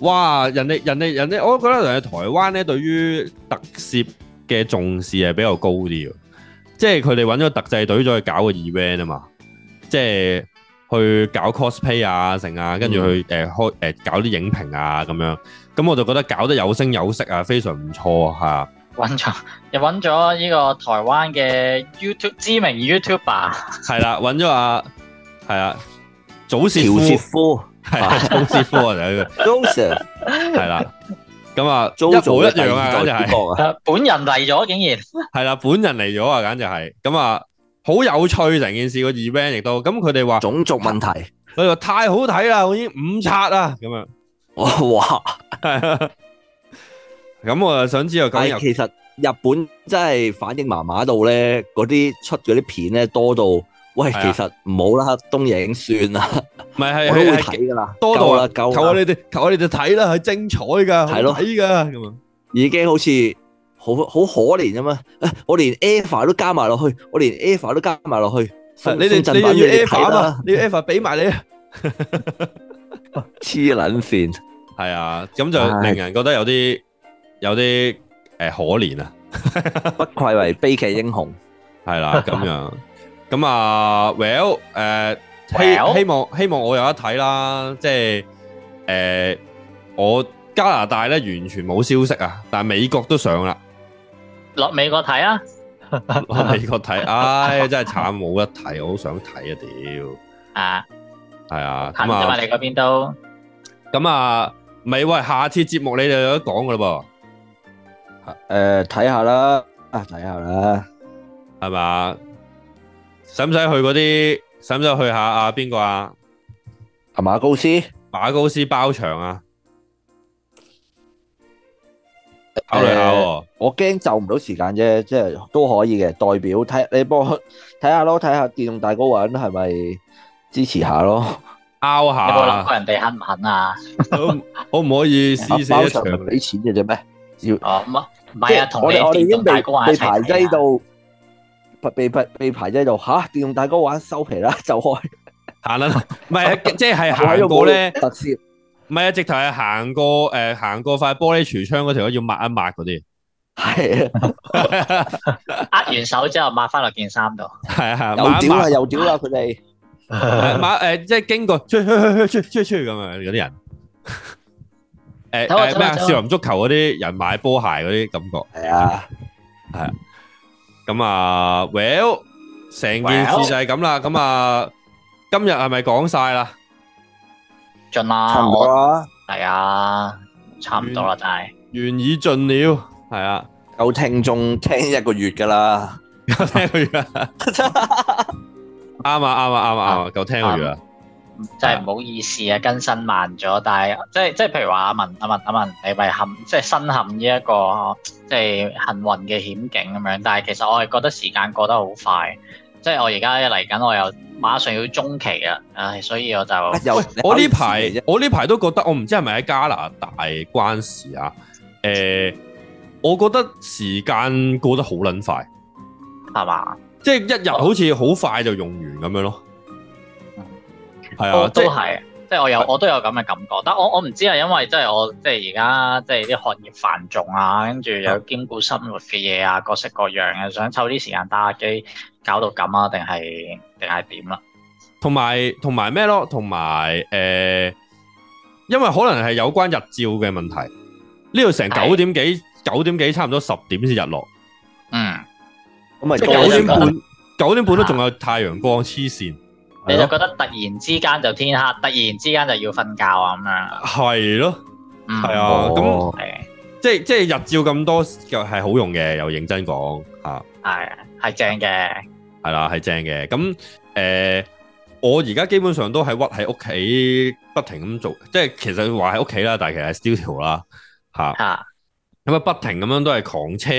哇！人哋人哋人哋，我都覺得人哋台灣咧對於特攝嘅重視係比較高啲嘅，即係佢哋揾咗特製隊再去搞個 event 啊嘛，即係去搞 cosplay 啊成啊，跟住去誒開誒搞啲影評啊咁樣，咁我就覺得搞得有聲有色啊，非常唔錯啊嚇！揾咗又揾咗依個台灣嘅 YouTube 知名 YouTuber，係啦，揾咗阿係啊祖師傅。係啊，公司科啊，就係公司係啦。咁啊，一模一樣啊，咁就係。本人嚟咗，竟然係啦，本人嚟咗啊，簡直係。咁啊，好有趣成件事個 event 亦都。咁佢哋話種族問題，佢哋話太好睇啦，好似五刷啊咁啊。哇！咁我就想知道，但係其實日本真係反應麻麻到咧，嗰啲出嗰啲片咧多到。.喂，其實唔好啦，東影算啦，我都會睇噶啦，多到啦，夠，求下你哋，求下你哋睇啦，係精彩噶，係咯，睇噶，已經好似好好可憐咁啊！我連 Eva 都加埋落去，我連 Eva 都加埋落去，你哋你要 Eva 嘛？你要 Eva 俾埋你啊！黐捻線，係啊，咁就令人覺得有啲有啲誒可憐啊！不愧為悲劇英雄，係啦，咁樣。咁啊，Well，誒、呃，希、well? 希望希望我有得睇啦，即係誒、呃，我加拿大咧完全冇消息啊，但係美國都上啦，落美國睇啊，落美國睇，唉、 哎，真係慘，冇得睇，我好想睇啊，屌，啊，係啊，咁啊，你嗰邊都，咁啊，咪喂，下次節目你哋有得講噶啦噃，誒、呃，睇下啦，啊，睇下啦，係嘛？使唔使去嗰啲？使唔使去下啊？邊個啊？係咪馬高斯？馬高斯包場啊？考慮下，我驚就唔到時間啫，即係都可以嘅。代表睇你幫我睇下咯，睇下電動大 GO 玩係咪支持下咯？拗下，有冇諗過人哋肯唔肯啊？可可唔可以試試一場俾錢嘅啫咩？要哦，唔啊，即係我哋我哋已經被被排擠到。被被被排咗喺度，吓，電動大 GO 玩收皮啦，就開行啦、啊，唔係 即係行過咧特赦，唔係啊，直頭係行過誒、呃，行過塊玻璃櫥窗嗰條，要抹一抹嗰啲，係啊，握 完手之後抹翻落件衫度，係啊係啊，又屌啦又屌啦佢哋，抹，抹、啊呃、即係經過，出出出出出咁啊嗰啲人，誒 咩、欸呃、少林足球嗰啲人買波鞋嗰啲感覺，係啊係啊。咁啊，Well，成件事就係咁啦。咁啊，今日係咪講晒啦？盡啦，差唔多啦，係啊，差唔多啦，就係。緣已盡了，係啊，夠聽眾聽一個月噶啦，夠聽一個月，啱啊，啱啊，啱啊，啱啊，夠聽一個月啦。真係唔好意思啊，更新慢咗，但係即係即係，譬如話阿文阿文阿文，你咪陷即係身陷呢、這、一個即係幸運嘅險境咁樣，但係其實我係覺得時間過得好快，即係我而家嚟緊我又馬上要中期啦，唉，所以我就我呢排我呢排都覺得我唔知係咪喺加拿大關事啊，誒、欸，我覺得時間過得好捻快，係嘛，即係一日好似好快就用完咁樣咯。係啊，都係，即係我有，我都有咁嘅感覺，但我我唔知係因為即係我即係而家即係啲學業繁重啊，跟住又兼顧生活嘅嘢啊，各式各樣啊，想抽啲時間打下機，搞到咁啊，定係定係點啦？同埋同埋咩咯？同埋誒，因為可能係有關日照嘅問題，呢度成九點幾，九點幾差唔多十點先日落。嗯，咁咪九點半，九 點半都仲有太陽光黐線。你就覺得突然之間就天黑，突然之間就要瞓覺啊咁樣？係咯，係、嗯、啊，咁、嗯、即係即係日照咁多又係好用嘅，又認真講吓，係係正嘅，係啦係正嘅。咁誒、呃，我而家基本上都係屈喺屋企，不停咁做，即係其實話喺屋企啦，但係其實係 studio 啦吓。咁啊，的不停咁樣都係狂車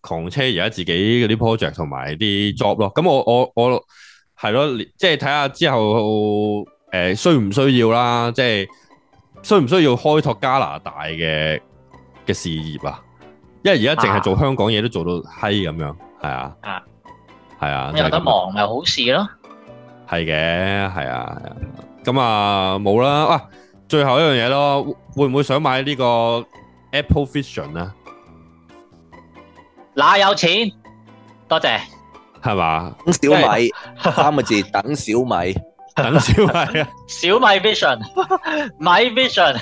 狂車，而家自己嗰啲 project 同埋啲 job 咯。咁我我我。我我係咯，即係睇下之後誒、呃、需唔需要啦，即係需唔需要開拓加拿大嘅嘅事業啊？因為而家淨係做香港嘢、啊、都做到閪咁樣，係啊，係啊，有得忙咪好事咯。係嘅，係啊，咁啊冇啦。哇，最後一樣嘢咯，會唔會想買呢個 Apple Vision 啊？嗱，有錢，多謝。係嘛？等小米三個字，等小米，等小米啊！小米 vision，米 vision，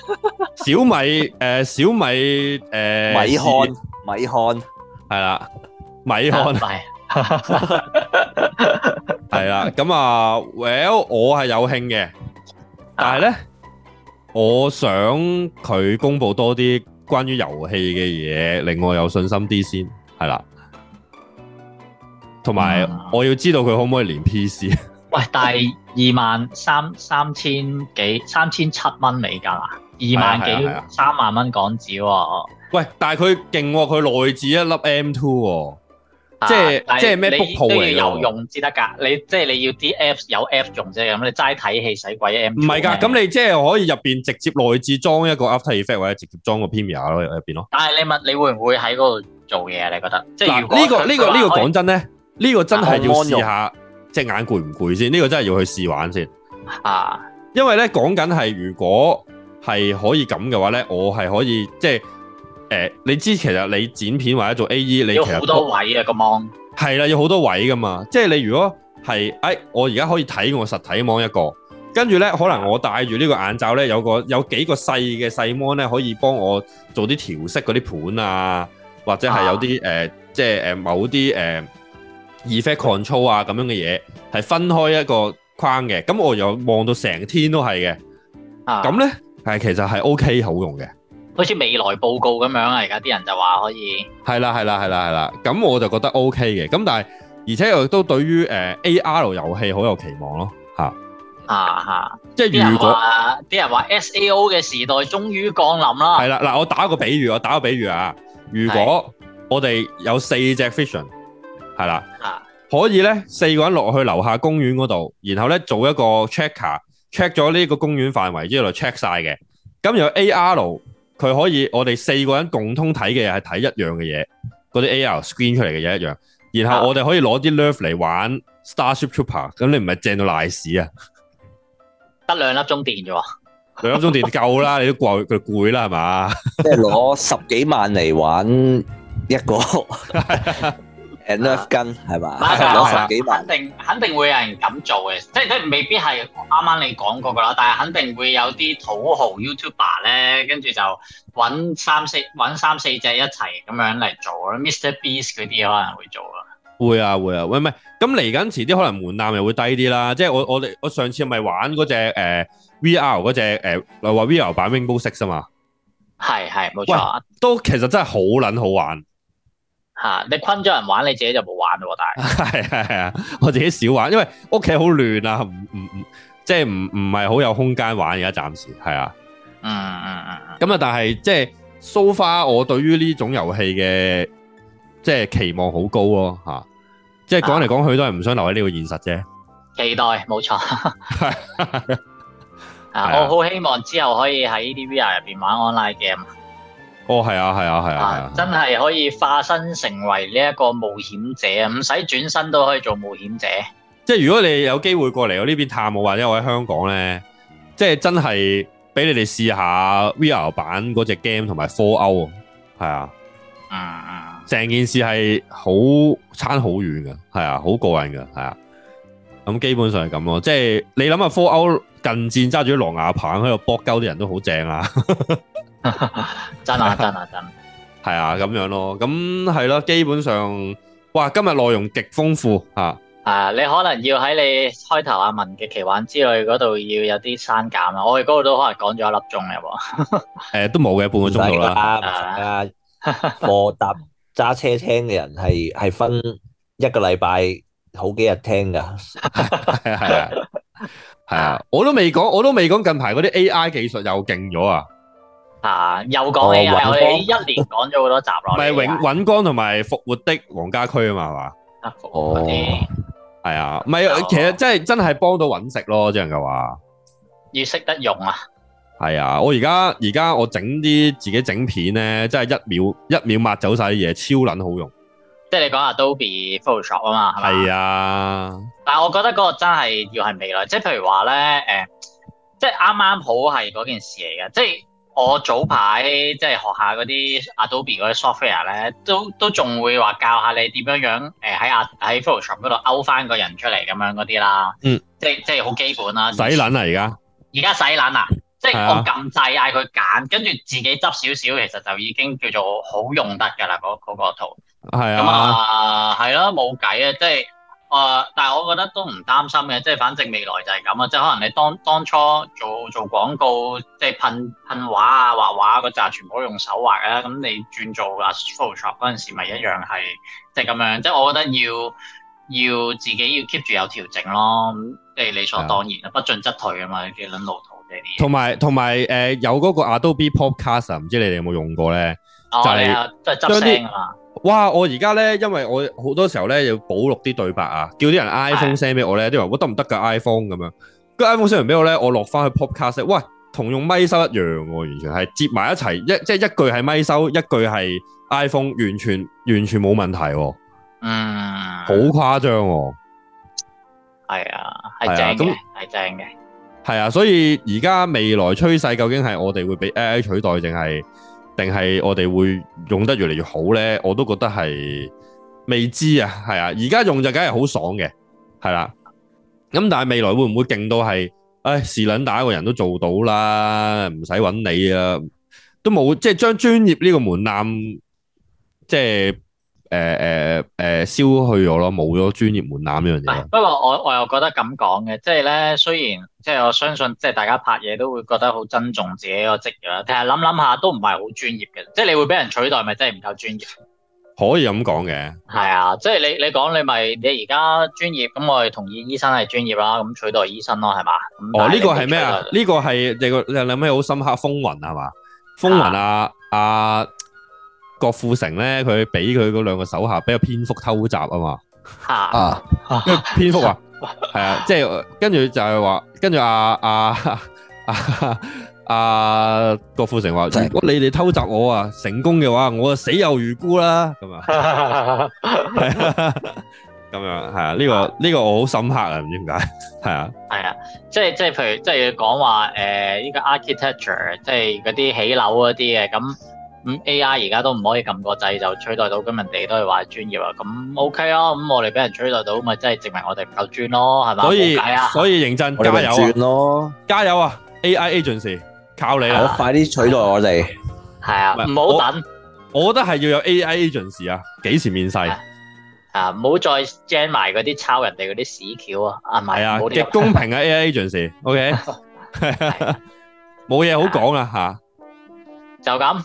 小米誒，小米誒，米漢，米漢係啦，米漢係啦。咁啊，Well，我係有興嘅，但係咧，我想佢公布多啲關於遊戲嘅嘢，令我有信心啲先，係啦。同埋我要知道佢可唔可以連 PC？、嗯、 喂，但係二萬三三千幾三千七蚊美價啊， 二萬幾三萬蚊港紙、啊。喂，但係佢勁，佢內置一粒 M2，即係即係咩 book 鋪嚟嘅？有用至得噶，你即係、就是、你要啲 apps 有 app 用啫，咁你齋睇戲使鬼 M？唔係噶，咁你即係可以入邊直接內置裝一個 After Effects 或者直接裝個 Premiere 入入邊咯。但係你問你會唔會喺嗰度做嘢、啊？你覺得、啊、即係呢、啊這個呢、這個呢、這個講真咧？呢個真係要試下隻眼攰唔攰先？呢個真係要去試玩先。啊，因為咧講緊係如果係可以咁嘅話咧，我係可以即係誒，你知其實你剪片或者做 A E，你有好多位啊個 mon。係啦，有好多位噶嘛，即係你如果係誒，我而家可以睇我實體 mon 一個，跟住咧可能我戴住呢個眼罩咧，有個有幾個細嘅細 mon 咧，可以幫我做啲調色嗰啲盤啊，或者係有啲誒，即係誒某啲誒。呃 Effect control 啊，咁樣嘅嘢，係分開一個框嘅，咁我又望到成天都係嘅，咁咧係其實係 OK 好用嘅，好似未來報告咁樣啊，而家啲人就話可以，係啦係啦係啦係啦，咁我就覺得 OK 嘅，咁但係而且又都對於誒 AR 遊戲好有期望咯，嚇嚇嚇，即係如果啲人話 SAO 嘅時代終於降臨啦，係啦嗱，我打個比喻啊，我打個比喻啊，如果我哋有四隻 fashion。係啦，可以咧，四個人落去樓下公園嗰度，然後咧做一個 checker，check track 咗呢個公園範圍之後就 check 晒嘅。咁有 AR，佢可以我哋四個人共通睇嘅係睇一樣嘅嘢，嗰啲 AR screen 出嚟嘅嘢一樣。然後我哋可以攞啲 love 嚟玩 Starship Trooper，咁你唔係正到瀨屎啊？得兩粒鐘電啫？兩 粒鐘電夠啦，你都攰，佢攰啦係嘛？即係攞十幾萬嚟玩一個。 Enough 根係攞成幾萬？是吧是吧，肯定肯定會有人咁做嘅，即係即係未必係啱啱你講過㗎喇，但係肯定會有啲土豪 YouTuber 咧，跟住就揾三四揾三四隻一齊咁樣嚟做咯。Mr Beast 嗰啲可能會做會啊，會啊會啊，喂唔係咁，嚟緊遲啲可能門檻又會低啲啦，即係我我哋我上次咪玩嗰隻、uh, VR 嗰隻話 VR 版《Rainbow Six》啊嘛，係係，冇錯，都其實真係好撚好玩。吓！你昆咗人玩，你自己就冇玩咯，但係係係啊！我自己少玩，因為屋企好亂啊，唔唔，即係唔唔係好有空間玩，而家暫時係啊，嗯嗯嗯，咁啊，但係即係 so far，我對於呢種遊戲嘅即係期望好高咯，吓，即係講嚟講去都係唔想留喺呢個現實啫，期待冇錯，啊 是的 是的， 我好希望之後可以喺呢啲 VR 入邊玩 online game。哦，係啊，係啊，係啊，啊，啊，真係可以化身成為呢一個冒險者啊！唔使轉身都可以做冒險者。即係如果你有機會過嚟我呢邊探望我，或者我喺香港咧，即係真係俾你哋試下 VR 版嗰隻 game 同埋科 u 歐啊，係、嗯、啊，啊，成件事係好差好遠噶，係啊，好過癮噶，係啊，咁基本上係咁咯。即係你諗下科 u 歐近戰揸住啲狼牙棒喺度搏鳩啲人都好正啊！ 真啊，真啊，真係啊，咁樣咯，咁係咯，基本上，哇，今日內容極豐富吓。啊，你可能要喺你開頭阿文嘅奇幻之旅嗰度要有啲刪減啦。我哋嗰度都可能講咗一粒鐘啦。誒，都冇嘅，半個鐘頭啦。唔使啊，課搭揸車聽嘅人係係分一個禮拜好幾日聽噶。係啊，係啊，係啊，我都未講，我都未講，近排嗰啲 AI 技術又勁咗啊！又起哦、 你啊！又講起啊！又一年講咗好多集咯，咪永搵工同埋復活的黃家駒啊嘛，係嘛哦，係啊，咪其實真係真係幫到搵食咯，只人嘅話要識得用啊，係啊，我而家而家我整啲自己整片咧，真係一秒一秒抹走晒啲嘢，超撚好用，即、就、係、是、你講下 Adobe Photoshop 啊嘛，係啊，是但係我覺得嗰個真係要係未來，即係譬如話咧，誒、呃，即係啱啱好係嗰件事嚟嘅，即係。我早排即係學校嗰啲 Adobe 嗰啲 software 咧，都都仲會話教下你點樣樣喺喺 Photoshop 嗰度勾翻個人出嚟咁樣嗰啲啦。嗯，即係即係好基本啦。洗懶啦而家，而家洗懶啦，即係、啊、我撳掣嗌佢揀，跟住自己執少少，其實就已經叫做好用得㗎啦。嗰嗰、個圖係啊，係咯，冇計啊，係啊，即係。啊、呃！但係我覺得都唔擔心嘅，即係反正未來就係咁啊！即係可能你當當初做做廣告，即係噴噴畫啊、畫畫嗰扎全部都用手畫啦。咁你轉做啊 Photoshop 陣時，咪一樣係即係咁樣。即係我覺得要要自己要 keep 住有調整咯，即係理所當然啊，不進則退啊嘛。啲撚老土啲。同埋同埋誒，有嗰個 Adobe Podcast，唔知你哋有冇用過咧，就係？哦，即係執聲啊！哇！我而家咧，因為我好多時候咧要補錄啲對白啊，叫啲人 iPhone send 俾我咧，啲人話得唔得㗎 iPhone 咁樣，跟 iPhone send 嚟俾我咧，我落翻去 Podcast，哇！同用咪收一樣喎，完全係接埋一齊，一即係一句係咪收，一句係 iPhone，完全完全冇問題喎。嗯，好誇張喎。係啊，係正嘅，係正嘅。係啊，所以而家未來趨勢究竟係我哋會俾 AI 取代定係？定係我哋會用得越嚟越好咧，我都覺得係未知啊，係啊，而家用就梗係好爽嘅，係啦。咁但係未來會唔會勁到係，唉、哎，是撚打一個人都做到啦，唔使搵你啊，都冇，即係將專業呢個門檻，即係。誒誒誒消去咗咯，冇咗專業門檻呢樣嘢。不過我我又覺得咁講嘅，即係咧，雖然即係、就是、我相信，即係大家拍嘢都會覺得好珍重自己個職業啦。但係諗諗下都唔係好專業嘅，即、就、係、是、你會俾人取代，咪真係唔夠專業。可以咁講嘅，係啊，即、就、係、是、你你講你咪你而家專業，咁我哋同意醫生係專業啦，咁取代醫生咯，係嘛？哦，呢、這個係咩、啊？呢、這個係你個你諗起好深刻風雲係嘛？風雲啊啊！啊啊郭富城咧，佢俾佢嗰兩個手下俾個蝙蝠偷襲啊嘛，啊，啊蝙蝠 啊？係、就是、啊，即係跟住就係話，跟住阿阿阿郭富城話，如果你哋偷襲我啊，成功嘅話，我死有餘辜啦，咁 啊，係咁樣係啊，呢、這個呢、這個我好深刻啊，唔知點解，係啊，係、就、啊、是，即係即係譬如即係要講話誒呢個 architecture，即係嗰啲起樓嗰啲嘅咁。咁 A.I. 而家都唔可以撳個掣就取代到，咁人哋都係話專業啊，咁 O.K. 咯。咁我哋俾人取代到，咪真係證明我哋唔夠專咯，係咪啊？所以，所以認真加油咯！加油啊！A.I. agency，靠你啦！快啲取代我哋，係啊，唔好等。我覺得係要有 A.I. agency 啊，幾時面世啊？唔好再 gen 埋嗰啲抄人哋嗰啲屎橋啊！啊，係啊，極公平啊！A.I. agency，O.K.，冇嘢好講啦！嚇，就咁。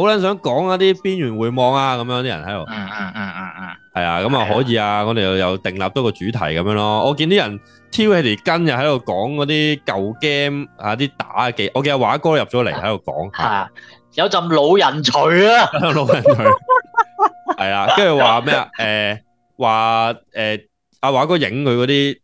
好啦，想講一啲邊緣回望啊，咁樣啲人喺度。嗯嗯嗯嗯嗯。係啊，咁啊可以啊，我哋又又訂立多個主題咁樣咯。我見啲人挑起條筋又喺度講嗰啲舊 game 啊，啲打嘅。我見阿華哥入咗嚟喺度講。係啊，有陣老人馟啊。老人馟。係啊，跟住話咩啊？誒話誒阿華哥影佢嗰啲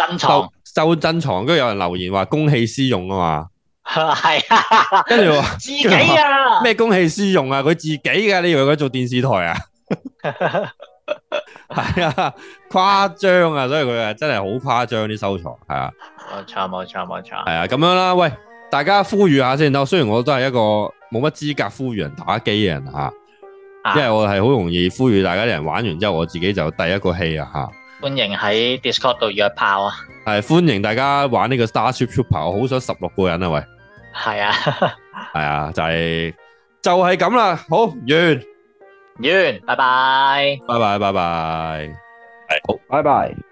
誒珍藏收珍藏，跟住有人留言話公器私用啊嘛。係 啊，跟住話自己啊，咩公器私用啊，佢自己嘅，你以為佢做電視台啊？係啊，誇張啊，所以佢啊真係好誇張啲收藏，係啊，差唔多，差唔多，係啊，咁樣啦。喂，大家呼籲下先，我雖然我都係一個冇乜資格呼籲人打機嘅人吓、啊啊，因為我係好容易呼籲大家啲人玩完之後，我自己就第一個氣啊吓。歡迎喺 Discord 度約炮啊！係歡迎大家玩呢個 Starship s u p e r 我好想十六個人啊喂！係啊，係啊，就係就係咁啦，好完完，拜拜，拜拜拜拜，好拜拜。